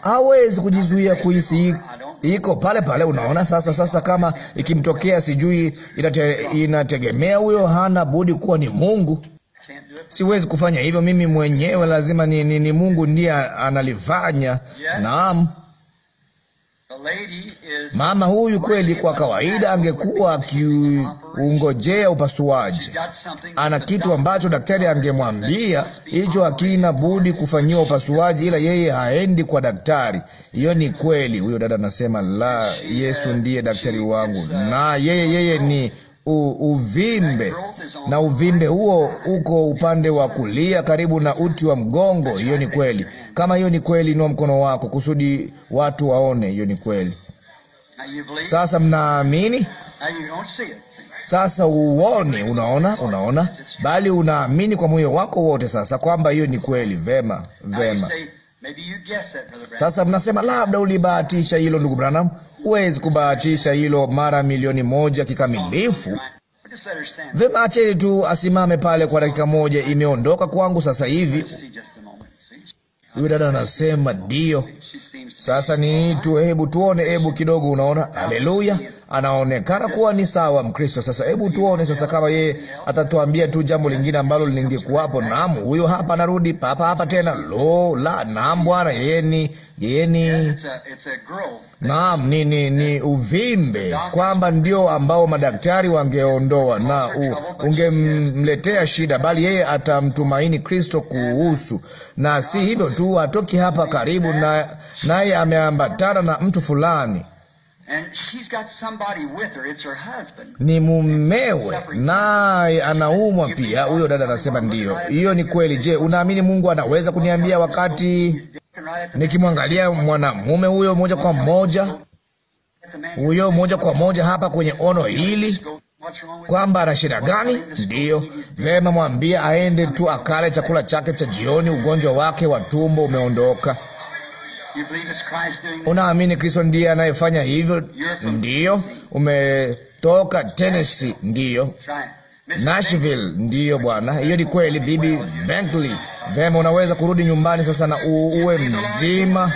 hawezi kujizuia kuhisi iko pale pale. Unaona, sasa sasa, kama ikimtokea sijui, inate, inategemea huyo, hana budi kuwa ni Mungu. Siwezi kufanya hivyo mimi mwenyewe, lazima ni, ni, ni Mungu ndiye analifanya. Naam. Mama huyu kweli, kwa kawaida angekuwa akiungojea upasuaji. Ana kitu ambacho daktari angemwambia hicho hakina budi kufanyiwa upasuaji, ila yeye haendi kwa daktari. Hiyo ni kweli. Huyo dada anasema, la, Yesu ndiye daktari wangu, uh, na yeye yeye ni u, uvimbe na uvimbe huo uko upande wa kulia karibu na uti wa mgongo. Hiyo ni kweli. Kama hiyo ni kweli, inua mkono wako kusudi watu waone hiyo ni kweli. Sasa mnaamini? Sasa uone, unaona, unaona, bali unaamini kwa moyo wako wote sasa kwamba hiyo ni kweli. Vema, vema. Sasa mnasema labda ulibahatisha hilo, ndugu Branham. Huwezi kubahatisha hilo mara milioni moja kikamilifu. Vema, acheni tu asimame pale kwa dakika moja. Imeondoka kwangu sasa hivi. Huyu dada anasema ndio Sasa ni tu, hebu tuone, hebu kidogo. Unaona, haleluya! anaonekana kuwa ni sawa Mkristo. Sasa hebu tuone sasa kama yeye atatuambia tu jambo lingine ambalo lingekuwapo. Naam, huyo hapa anarudi papa hapa tena. Lo la, naam Bwana, yeye ni yeye ni naam, ni, ni, ni uvimbe kwamba ndio ambao madaktari wangeondoa na ungemletea shida, bali yeye atamtumaini Kristo kuhusu. Na si hivyo tu, atoki hapa karibu naye, ameambatana na mtu fulani ni mumewe, naye anaumwa pia. Huyo dada anasema ndiyo, hiyo ni kweli. Je, unaamini Mungu anaweza kuniambia wakati nikimwangalia mwanamume huyo moja kwa moja, huyo moja kwa moja hapa kwenye ono hili kwamba ana shida gani? Ndiyo, vema, mwambie aende tu akale chakula chake cha jioni. Ugonjwa wake wa tumbo umeondoka. Unaamini Kristo ndiye anayefanya hivyo? Ndiyo. Umetoka Tennessee? Ndiyo. Nashville? Ndiyo bwana, hiyo ni kweli. Bibi Bentley, vema, unaweza kurudi nyumbani sasa na uwe mzima,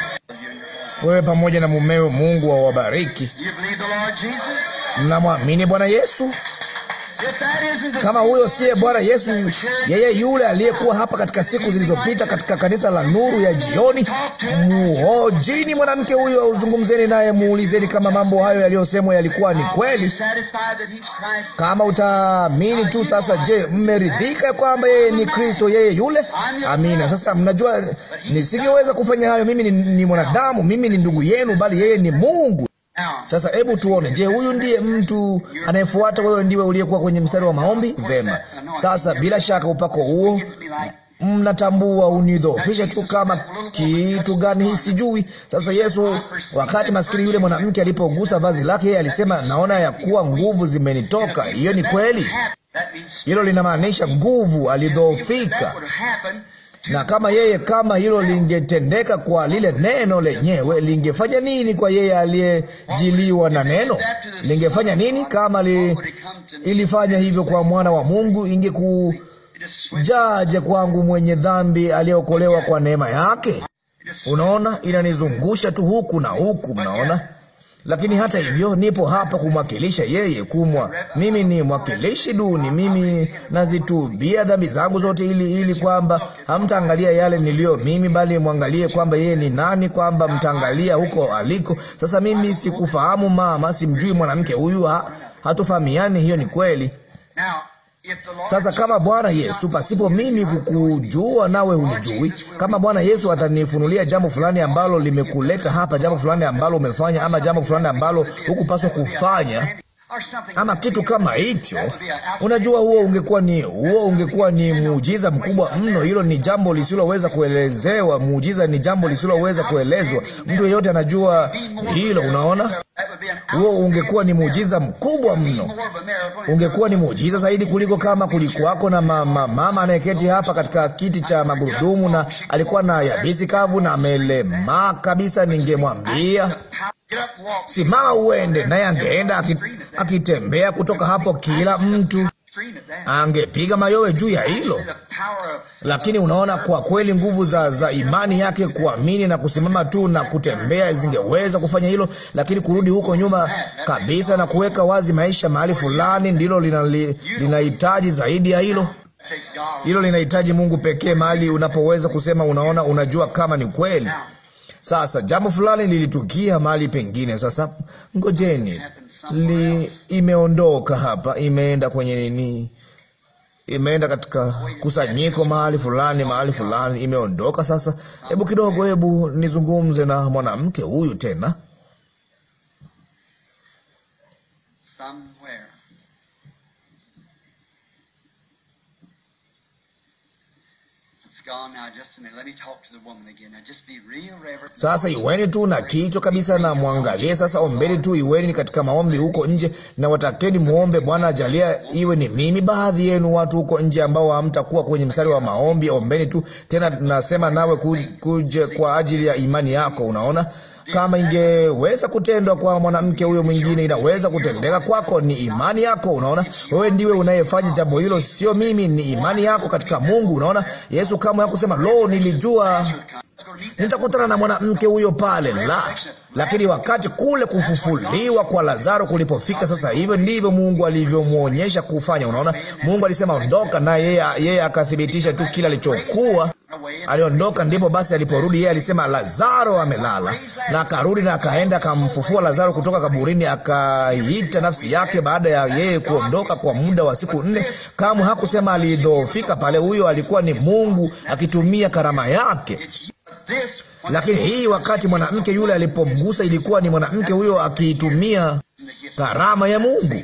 wewe pamoja na mumeo. Mungu awabariki. Mnamwamini Bwana Yesu? Kama huyo siye Bwana Yesu, yeye yule aliyekuwa hapa katika siku zilizopita katika kanisa la nuru ya jioni, muhojini mwanamke huyo, uzungumzeni naye, muulizeni kama mambo hayo yaliyosemwa yalikuwa ni kweli. Kama utaamini tu sasa. Je, mmeridhika kwamba yeye ni Kristo, yeye yule? Amina. Sasa mnajua, nisingeweza kufanya hayo mimi. Ni, ni mwanadamu, mimi ni ndugu yenu, bali yeye ni Mungu. Sasa hebu tuone, je, huyu ndiye mtu anayefuata? Wewe ndiwe uliyekuwa kwenye mstari wa maombi? Vema. Sasa bila shaka upako huo mnatambua unidhofishe tu kama kitu gani hii sijui. Sasa Yesu, wakati maskini yule mwanamke alipogusa vazi lake, yeye alisema naona ya kuwa nguvu zimenitoka. Hiyo ni kweli, hilo linamaanisha nguvu, alidhoofika. Na kama yeye, kama hilo lingetendeka kwa lile neno lenyewe, lingefanya nini kwa yeye aliyejiliwa na neno? Lingefanya nini kama li, ilifanya hivyo kwa mwana wa Mungu? Ingekujaje kwangu mwenye dhambi aliyeokolewa kwa neema yake? Unaona, inanizungusha tu huku na huku, mnaona lakini hata hivyo nipo hapa kumwakilisha yeye, kumwa mimi ni mwakilishi duni. Mimi nazitubia dhambi zangu zote, ili ili kwamba hamtaangalia yale niliyo mimi, bali mwangalie kwamba yeye ni nani, kwamba mtaangalia huko aliko. Sasa mimi sikufahamu mama, simjui mwanamke huyu, hatufahamiani. Hiyo ni kweli. Sasa kama Bwana Yesu, pasipo mimi kukujua nawe unijui, kama Bwana Yesu atanifunulia jambo fulani ambalo limekuleta hapa, jambo fulani ambalo umefanya, ama jambo fulani ambalo hukupaswa kufanya ama kitu kama hicho, unajua, huo ungekuwa ni huo ungekuwa ni muujiza mkubwa mno. Hilo ni jambo lisiloweza kuelezewa. Muujiza ni jambo lisiloweza kuelezwa. Mtu yeyote anajua hilo, unaona huo ungekuwa ni muujiza mkubwa mno, ungekuwa ni muujiza zaidi kuliko kama kulikuwako na mama, mama anayeketi hapa katika kiti cha magurudumu na alikuwa na yabisi kavu na amelemaa kabisa. Ningemwambia simama uende, naye angeenda akitembea kutoka hapo. Kila mtu angepiga mayowe juu ya hilo. Lakini unaona, kwa kweli nguvu za, za imani yake kuamini na kusimama tu na kutembea zingeweza kufanya hilo, lakini kurudi huko nyuma kabisa na kuweka wazi maisha mahali fulani ndilo linahitaji zaidi ya hilo. Hilo linahitaji Mungu pekee, mahali unapoweza kusema, unaona, unajua kama ni kweli. Sasa jambo fulani lilitukia mahali pengine. Sasa ngojeni li imeondoka hapa, imeenda kwenye nini, imeenda katika kusanyiko mahali fulani, mahali fulani, imeondoka sasa. Hebu kidogo, hebu nizungumze na mwanamke huyu tena. Sasa iweni tu na kichwa kabisa na mwangalie sasa, ombeni tu, iweni katika maombi huko nje, na watakeni muombe Bwana ajalia iwe ni mimi. Baadhi yenu watu huko nje ambao hamtakuwa kwenye mstari wa maombi, ombeni tu. Tena nasema nawe kuje kwa ajili ya imani yako. Unaona kama ingeweza kutendwa kwa mwanamke huyo mwingine, inaweza kutendeka kwako. Ni imani yako. Unaona, wewe ndiwe unayefanya jambo hilo, sio mimi. Ni imani yako katika Mungu. Unaona, Yesu kama hakusema lo, nilijua nitakutana na mwanamke huyo pale, la. Lakini wakati kule kufufuliwa kwa Lazaro kulipofika, sasa hivyo ndivyo Mungu alivyomwonyesha kufanya. Unaona, Mungu alisema ondoka, na yeye yeye akathibitisha tu kila alichokuwa Aliondoka. Ndipo basi aliporudi yeye alisema, Lazaro amelala, na akarudi na akaenda akamfufua Lazaro kutoka kaburini, akaiita nafsi yake baada ya yeye kuondoka kwa muda wa siku nne. Kamwe hakusema alidhoofika pale. Huyo alikuwa ni Mungu akitumia karama yake. Lakini hii, wakati mwanamke yule alipomgusa, ilikuwa ni mwanamke huyo akiitumia karama ya Mungu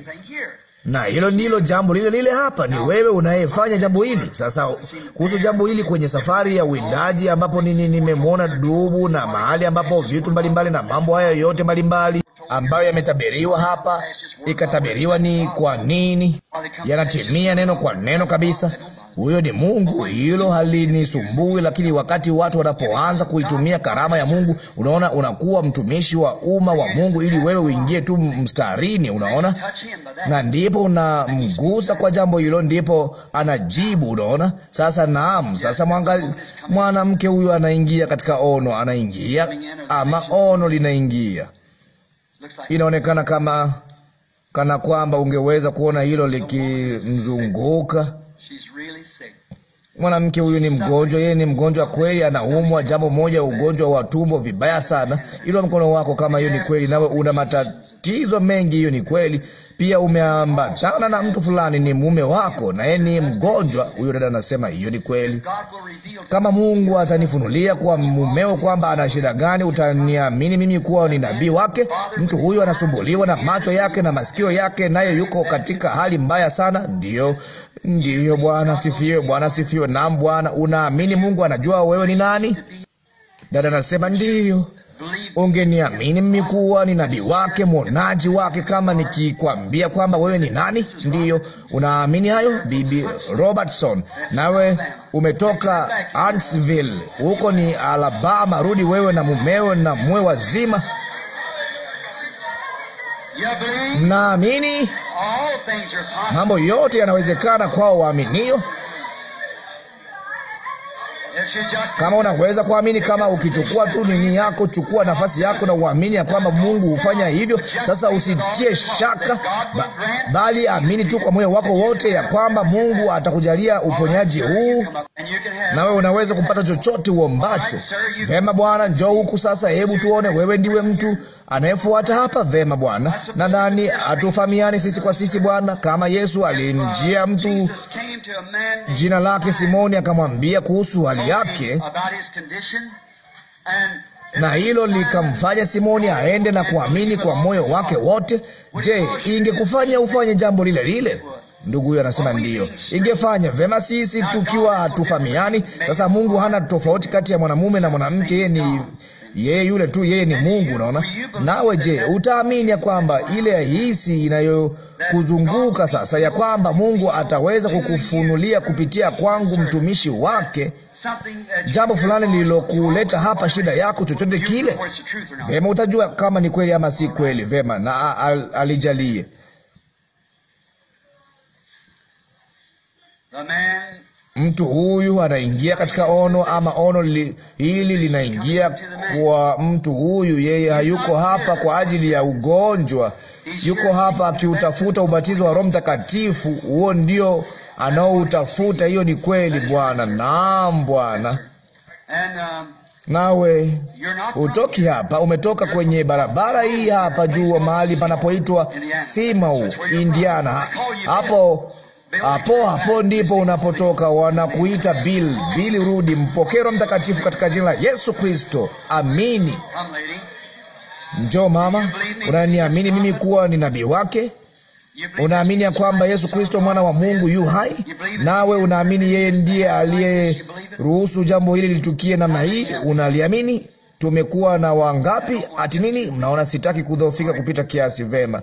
na hilo ndilo jambo lile lile hapa. Ni wewe unayefanya jambo hili sasa. Kuhusu jambo hili kwenye safari ya uwindaji, ambapo nini, nimemwona dubu na mahali ambapo vitu mbalimbali mbali, na mambo haya yote mbalimbali ambayo yametabiriwa hapa, ikatabiriwa ni kwa nini yanatimia neno kwa neno kabisa. Huyo ni Mungu, hilo halinisumbui. Lakini wakati watu wanapoanza kuitumia karama ya Mungu, unaona, unakuwa mtumishi wa umma wa Mungu ili wewe uingie tu mstarini, unaona, na ndipo unamgusa kwa jambo hilo, ndipo anajibu. Unaona sasa. Naam, sasa mwanamke huyo anaingia katika ono, anaingia ama ono linaingia, inaonekana kama kana kwamba ungeweza kuona hilo likimzunguka mwanamke huyu ni mgonjwa, yeye ni mgonjwa kweli, anaumwa jambo moja, ugonjwa wa tumbo vibaya sana. Ilo mkono wako kama hiyo ni kweli, nawe una matatizo mengi, hiyo ni kweli. Pia umeambatana na mtu fulani, ni mume wako, na yeye ni mgonjwa. Huyo dada anasema hiyo ni kweli. Kama Mungu atanifunulia kwa mumeo kwamba ana shida gani, utaniamini mimi kuwa ni nabii wake. Mtu huyu anasumbuliwa na macho yake na masikio yake, naye yuko katika hali mbaya sana. Ndiyo, Ndiyo Bwana sifiwe, Bwana sifiwe. Naam Bwana, unaamini Mungu anajua wewe ni nani? Dada anasema ndiyo. Ungeniamini kuwa ni nabii wake, mwonaji wake, kama nikikwambia kwamba wewe ni nani? Ndiyo, unaamini hayo, Bibi Robertson? Nawe umetoka Huntsville, huko ni Alabama. Rudi wewe na mumeo na mwe wazima. Mnaamini mambo yote yanawezekana kwao waaminio. Kama unaweza kuamini, kama ukichukua tu nini yako, chukua nafasi yako na uamini ya kwamba Mungu hufanya hivyo. Sasa usitie shaka, ba bali amini tu kwa moyo wako wote ya kwamba Mungu atakujalia uponyaji huu, nawe unaweza kupata chochote uombacho. Vema, Bwana, njoo huku sasa, hebu tuone, wewe ndiwe mtu anayefuata hapa. Vema Bwana, nadhani hatufahamiani sisi kwa sisi Bwana. Kama Yesu alimjia mtu jina lake Simoni akamwambia kuhusu hali yake na hilo likamfanya Simoni aende na kuamini kwa moyo wake wote. Je, ingekufanya ufanye jambo lile lile? Ndugu huyo anasema ndiyo, ingefanya vema. Sisi tukiwa hatufahamiani. Sasa Mungu hana tofauti kati ya mwanamume na mwanamke, yeye ni yeye yule tu, yeye ni Mungu. Unaona? Nawe je, utaamini ya kwamba ile hisi inayokuzunguka sasa, ya kwamba Mungu ataweza kukufunulia kupitia kwangu mtumishi wake jambo fulani lililokuleta hapa, shida yako, chochote kile? Vema, utajua kama ni kweli ama si kweli. Vema, na al, alijalie mtu huyu anaingia katika ono ama ono li, hili linaingia kwa mtu huyu. Yeye hayuko hapa kwa ajili ya ugonjwa, yuko hapa akiutafuta ubatizo wa Roho Mtakatifu. Huo ndio anaoutafuta. Hiyo ni kweli, Bwana. Naam, Bwana. Nawe utoki hapa, umetoka kwenye barabara hii hapa juu, mahali panapoitwa Simau, Indiana. Hapo hapo hapo ndipo unapotoka, wanakuita Bill. Bili, rudi, mpokerwa Mtakatifu katika jina la Yesu Kristo. Amini. Njoo mama, unaniamini mimi kuwa ni nabii wake? Unaamini ya kwamba Yesu Kristo mwana wa Mungu yu hai? Nawe unaamini yeye ndiye aliyeruhusu jambo hili litukie namna hii? Unaliamini? Tumekuwa na wangapi ati nini? Mnaona sitaki kudhoofika kupita kiasi. Vema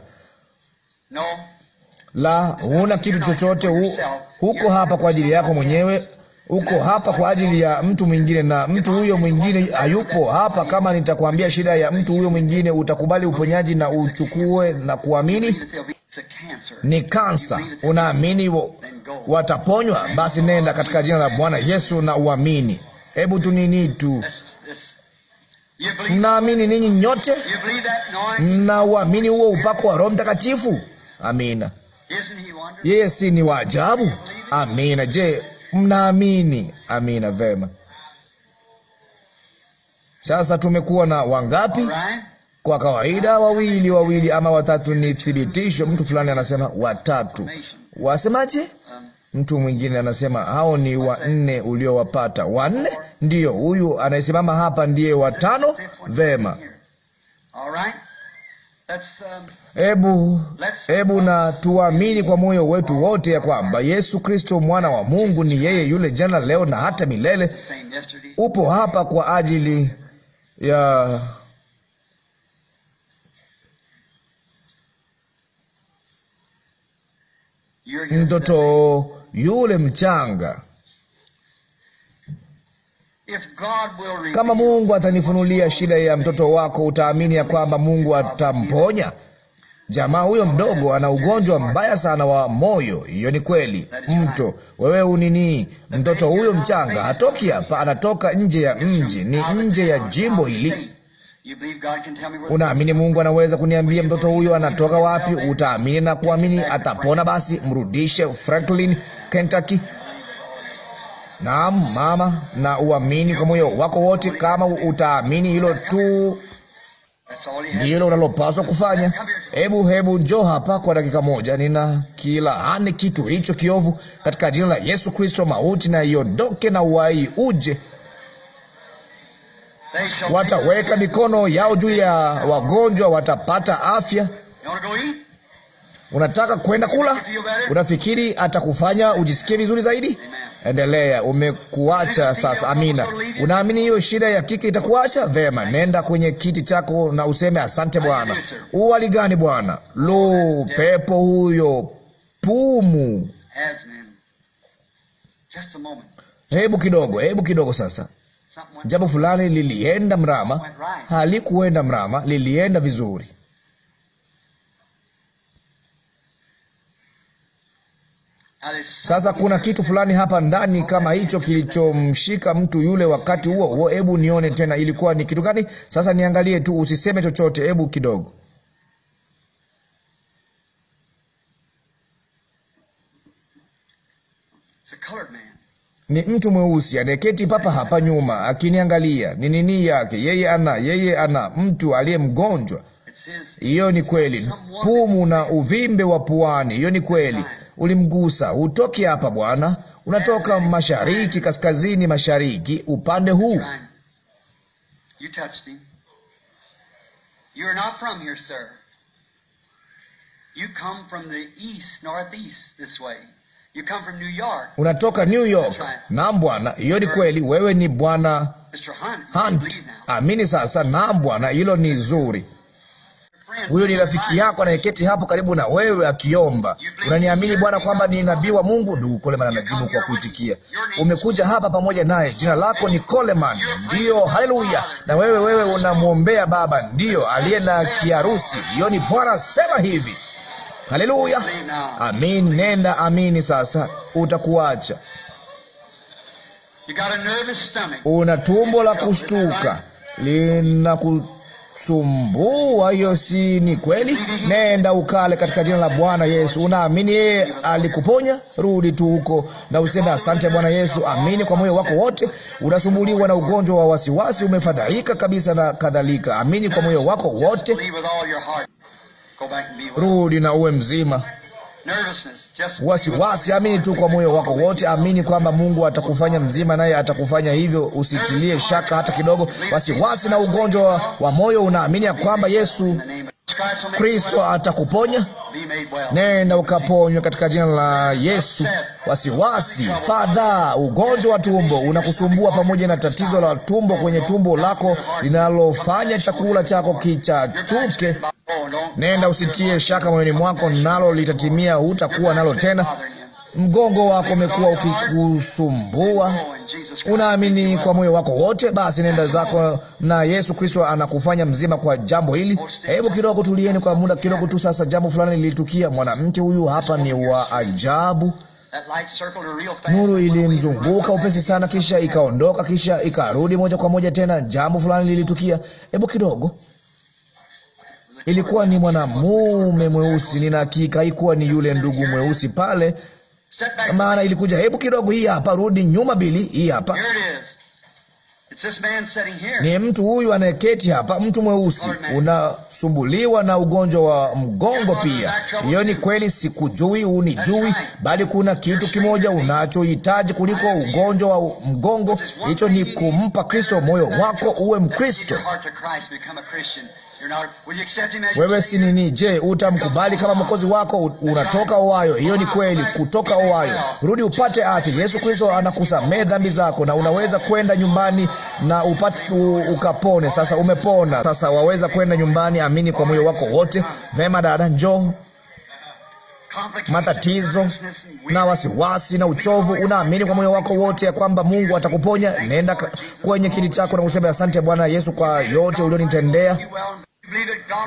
la huna kitu chochote hu, huko hapa kwa ajili yako mwenyewe uko hapa kwa ajili ya mtu mwingine, na mtu huyo mwingine hayupo hapa. Kama nitakwambia shida ya mtu huyo mwingine, utakubali uponyaji na uchukue na kuamini ni kansa, unaamini wataponywa, basi nenda katika jina la Bwana Yesu na uamini. Hebu tu nini tu, mnaamini ninyi nyote? Mnauamini huo upako wa Roho Mtakatifu? Amina. Yeye si ni wa ajabu? Amina. Je, mnaamini? Amina. Vema, sasa tumekuwa na wangapi? Kwa kawaida wawili wawili ama watatu ni thibitisho. Mtu fulani anasema watatu, wasemaje? Um, Mtu mwingine anasema hao ni wanne uliowapata. Wanne? Ndiyo, huyu anayesimama hapa ndiye watano. Vema. Hebu um, hebu na tuamini kwa moyo wetu wote ya kwamba Yesu Kristo mwana wa Mungu ni yeye yule jana, leo na hata milele. Upo hapa kwa ajili ya mtoto yule mchanga. Kama Mungu atanifunulia shida ya mtoto wako, utaamini ya kwamba Mungu atamponya? Jamaa huyo mdogo ana ugonjwa mbaya sana wa moyo. Hiyo ni kweli. Mto wewe unini, mtoto huyo mchanga hatoki hapa, anatoka nje ya mji, ni nje ya jimbo hili. Unaamini Mungu anaweza kuniambia mtoto huyo anatoka wapi? Utaamini na kuamini atapona. Basi mrudishe Franklin, Kentucky. Naam mama, na uamini kwa moyo wako wote. Kama utaamini hilo tu ndilo unalopaswa kufanya. Hebu hebu njoo hapa kwa dakika moja, nina kila ane kitu hicho kiovu katika jina la Yesu Kristo. Mauti na iondoke na uhai uje. Wataweka mikono yao juu ya wagonjwa, watapata afya. Unataka kwenda kula? Unafikiri atakufanya ujisikie vizuri zaidi? Endelea. Umekuacha sasa. Amina. Unaamini hiyo shida ya kike itakuacha? Vema, nenda kwenye kiti chako na useme asante Bwana. Uwali gani Bwana? Lo, pepo huyo, pumu. Hebu kidogo, hebu kidogo sasa. Jambo fulani lilienda mrama, halikuenda mrama, lilienda vizuri. Sasa kuna kitu fulani hapa ndani kama hicho kilichomshika mtu yule wakati huo huo. Hebu nione tena, ilikuwa ni kitu gani? Sasa niangalie tu, usiseme chochote. Hebu kidogo ni mtu mweusi aneketi papa hapa nyuma akiniangalia. Ni nini yake? Yeye ana yeye ana mtu aliye mgonjwa. Hiyo ni kweli. Pumu na uvimbe wa puani, hiyo ni kweli ulimgusa. Hutoki hapa Bwana, unatoka mashariki, kaskazini, mashariki, upande huu. Unatoka New York. Naam bwana, hiyo ni kweli. Wewe ni bwana Hunt. Amini sasa. Naam bwana, hilo ni zuri. Huyo ni rafiki yako anayeketi hapo karibu na wewe akiomba. Unaniamini Bwana kwamba ni nabii wa Mungu? Ndugu Coleman anajibu kwa kuitikia, umekuja hapa pamoja naye. Jina lako ni Coleman, ndiyo. Haleluya! Na wewe wewe unamwombea Baba, ndiyo, aliye na kiharusi. Hiyo ni Bwana sema hivi. Haleluya, amin. Nenda amini sasa, utakuacha una tumbo la kushtuka linaku sumbua. Hiyo si ni kweli? Nenda ukale katika jina la Bwana Yesu. Unaamini yeye alikuponya? Rudi tu huko na useme asante Bwana Yesu, amini kwa moyo wako wote. Unasumbuliwa na ugonjwa wa wasiwasi, umefadhaika kabisa na kadhalika, amini kwa moyo wako wote, rudi na uwe mzima wasiwasi. Amini tu kwa moyo wako wote, amini kwamba Mungu atakufanya mzima, naye atakufanya hivyo. Usitilie shaka hata kidogo wasiwasi na ugonjwa wa moyo. Unaamini ya kwamba Yesu Kristo atakuponya. Nenda ukaponywa katika jina la Yesu. Wasiwasi, fadhaa, ugonjwa wa tumbo unakusumbua, pamoja na tatizo la tumbo kwenye tumbo lako linalofanya chakula chako kichachuke, nenda usitie shaka moyoni mwako, nalo litatimia. Hutakuwa nalo tena mgongo wako umekuwa ukikusumbua, unaamini kwa moyo wako wote, basi nenda zako, na Yesu Kristo anakufanya mzima kwa jambo hili. Hebu kidogo tulieni kwa muda kidogo tu. Sasa jambo fulani lilitukia. Mwanamke huyu hapa ni wa ajabu. Nuru ilimzunguka upesi sana, kisha ikaondoka, kisha ikarudi moja kwa moja tena. Jambo fulani lilitukia. Hebu kidogo Ilikuwa ni mwanamume mweusi, nina hakika haikuwa ni yule ndugu mweusi pale maana ilikuja. Hebu kidogo, hii hapa, rudi nyuma Bili, hii hapa ni mtu huyu anayeketi hapa, mtu mweusi, unasumbuliwa na ugonjwa wa mgongo pia. Hiyo ni kweli, sikujui, unijui, bali kuna kitu kimoja unachohitaji kuliko ugonjwa wa mgongo. Hicho ni kumpa Kristo moyo wako, uwe Mkristo. Wewe si nini? Je, utamkubali kama mwokozi wako? Unatoka uwayo, hiyo ni kweli, kutoka uwayo. Rudi upate afya. Yesu Kristo anakusamehe dhambi zako, na unaweza kwenda nyumbani na upate, u, ukapone. Sasa umepona, sasa waweza kwenda nyumbani. Amini kwa moyo wako wote. Vema dada, njoo matatizo na wasiwasi na uchovu, unaamini kwa moyo wako wote ya kwamba Mungu atakuponya, nenda kwenye kiti chako na kusema asante Bwana Yesu kwa yote ulionitendea.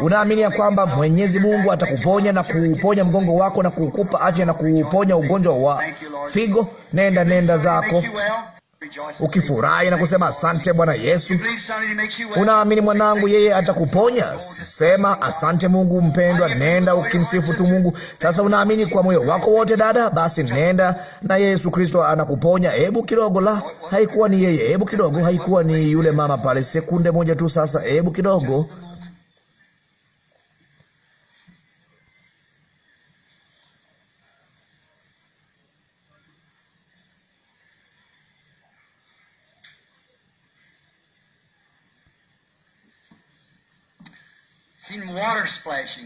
Unaamini ya kwamba Mwenyezi Mungu atakuponya na kuuponya mgongo wako na kukupa afya na kuuponya ugonjwa wa figo? Nenda, nenda zako ukifurahi na kusema asante Bwana Yesu. Unaamini mwanangu, yeye atakuponya? Sema asante Mungu mpendwa, nenda ukimsifu tu Mungu. Sasa unaamini kwa moyo wako wote, dada? Basi nenda na Yesu Kristo anakuponya. Hebu kidogo, la, haikuwa ni yeye. Hebu kidogo, haikuwa ni yule mama pale, sekunde moja tu. Sasa hebu kidogo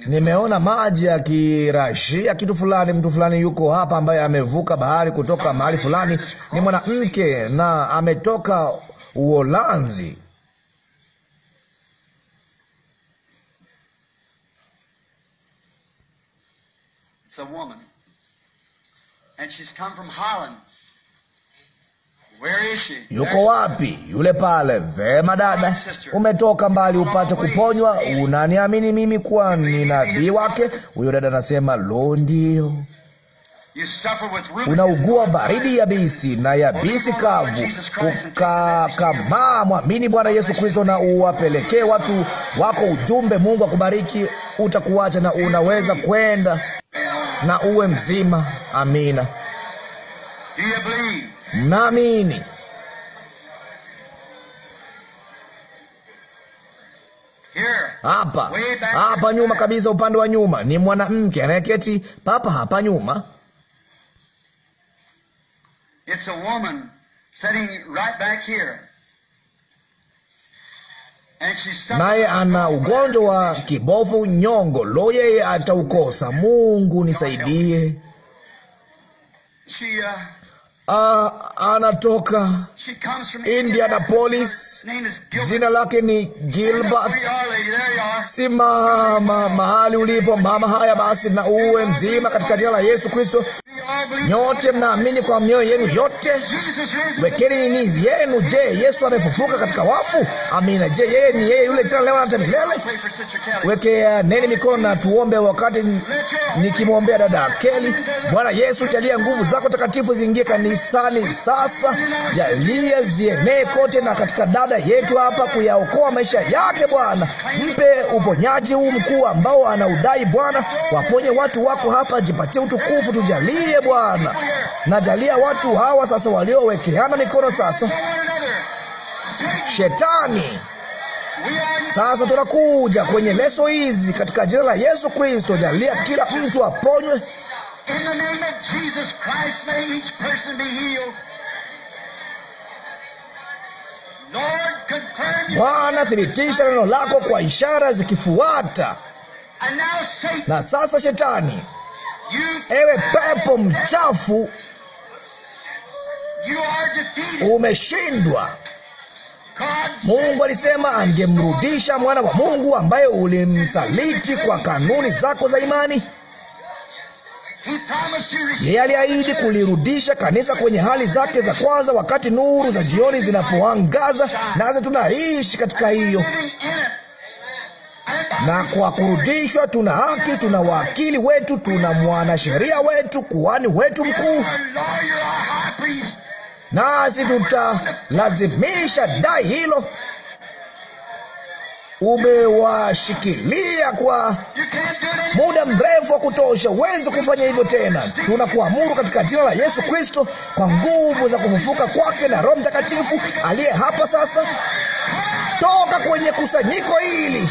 nimeona maji yakirashia kitu fulani. Mtu fulani yuko hapa ambaye amevuka bahari kutoka mahali fulani, ni mwanamke na ametoka Uholanzi yuko wapi? Yule pale. Vema dada, umetoka mbali upate kuponywa. Unaniamini mimi kuwa ni nabii wake? Huyo dada anasema lo, ndio. Unaugua baridi ya bisi na ya bisi kavu, ukakamaa. Mwamini Bwana Yesu Kristo na uwapelekee watu wako ujumbe. Mungu akubariki, utakuacha na unaweza kwenda na uwe mzima. Amina naamini. Hapa hapa nyuma kabisa, upande wa nyuma ni mwanamke anayeketi papa hapa nyuma. It's a woman sitting right back here. Naye ana ugonjwa wa kibofu nyongo. Lo, yeye ataukosa. Mungu nisaidie. She, uh, A, ah, anatoka Indianapolis. Jina lake ni Gilbert. Simama mahali ulipo mama. Haya basi, na uwe mzima katika jina la Yesu Kristo. Nyote mnaamini kwa mioyo yenu yote, wekeni nini yenu. Je, Yesu amefufuka katika wafu? Amina. Je, yeye ni yeye yule jana, leo na hata milele? neni mikono na tuombe. Wakati nikimwombea dada Keli, Bwana Yesu, jalia nguvu zako takatifu ziingie kanisani sasa. Jalia Biblia zienee kote na katika dada yetu hapa, kuyaokoa maisha yake. Bwana, mpe uponyaji huu mkuu ambao anaudai. Bwana, waponye watu wako hapa, jipatie utukufu. Tujalie Bwana, najalia watu hawa sasa waliowekeana mikono sasa. Shetani, sasa tunakuja kwenye leso hizi katika jina la Yesu Kristo, jalia kila mtu aponywe. Bwana, thibitisha neno lako kwa ishara zikifuata. Na sasa Shetani, ewe pepo mchafu, umeshindwa. Mungu alisema angemrudisha mwana wa Mungu ambaye ulimsaliti kwa kanuni zako za imani. Yeye aliahidi kulirudisha kanisa kwenye hali zake za kwanza, wakati nuru za jioni zinapoangaza, nasi tunaishi katika hiyo na kwa kurudishwa, tuna haki, tuna wakili wetu, tuna mwanasheria wetu, kuhani wetu mkuu, nasi tutalazimisha dai hilo umewashikilia kwa muda mrefu wa kutosha. Huwezi kufanya hivyo tena. Tunakuamuru katika jina la Yesu Kristo, kwa nguvu za kufufuka kwake na Roho Mtakatifu aliye hapa sasa, toka kwenye kusanyiko hili.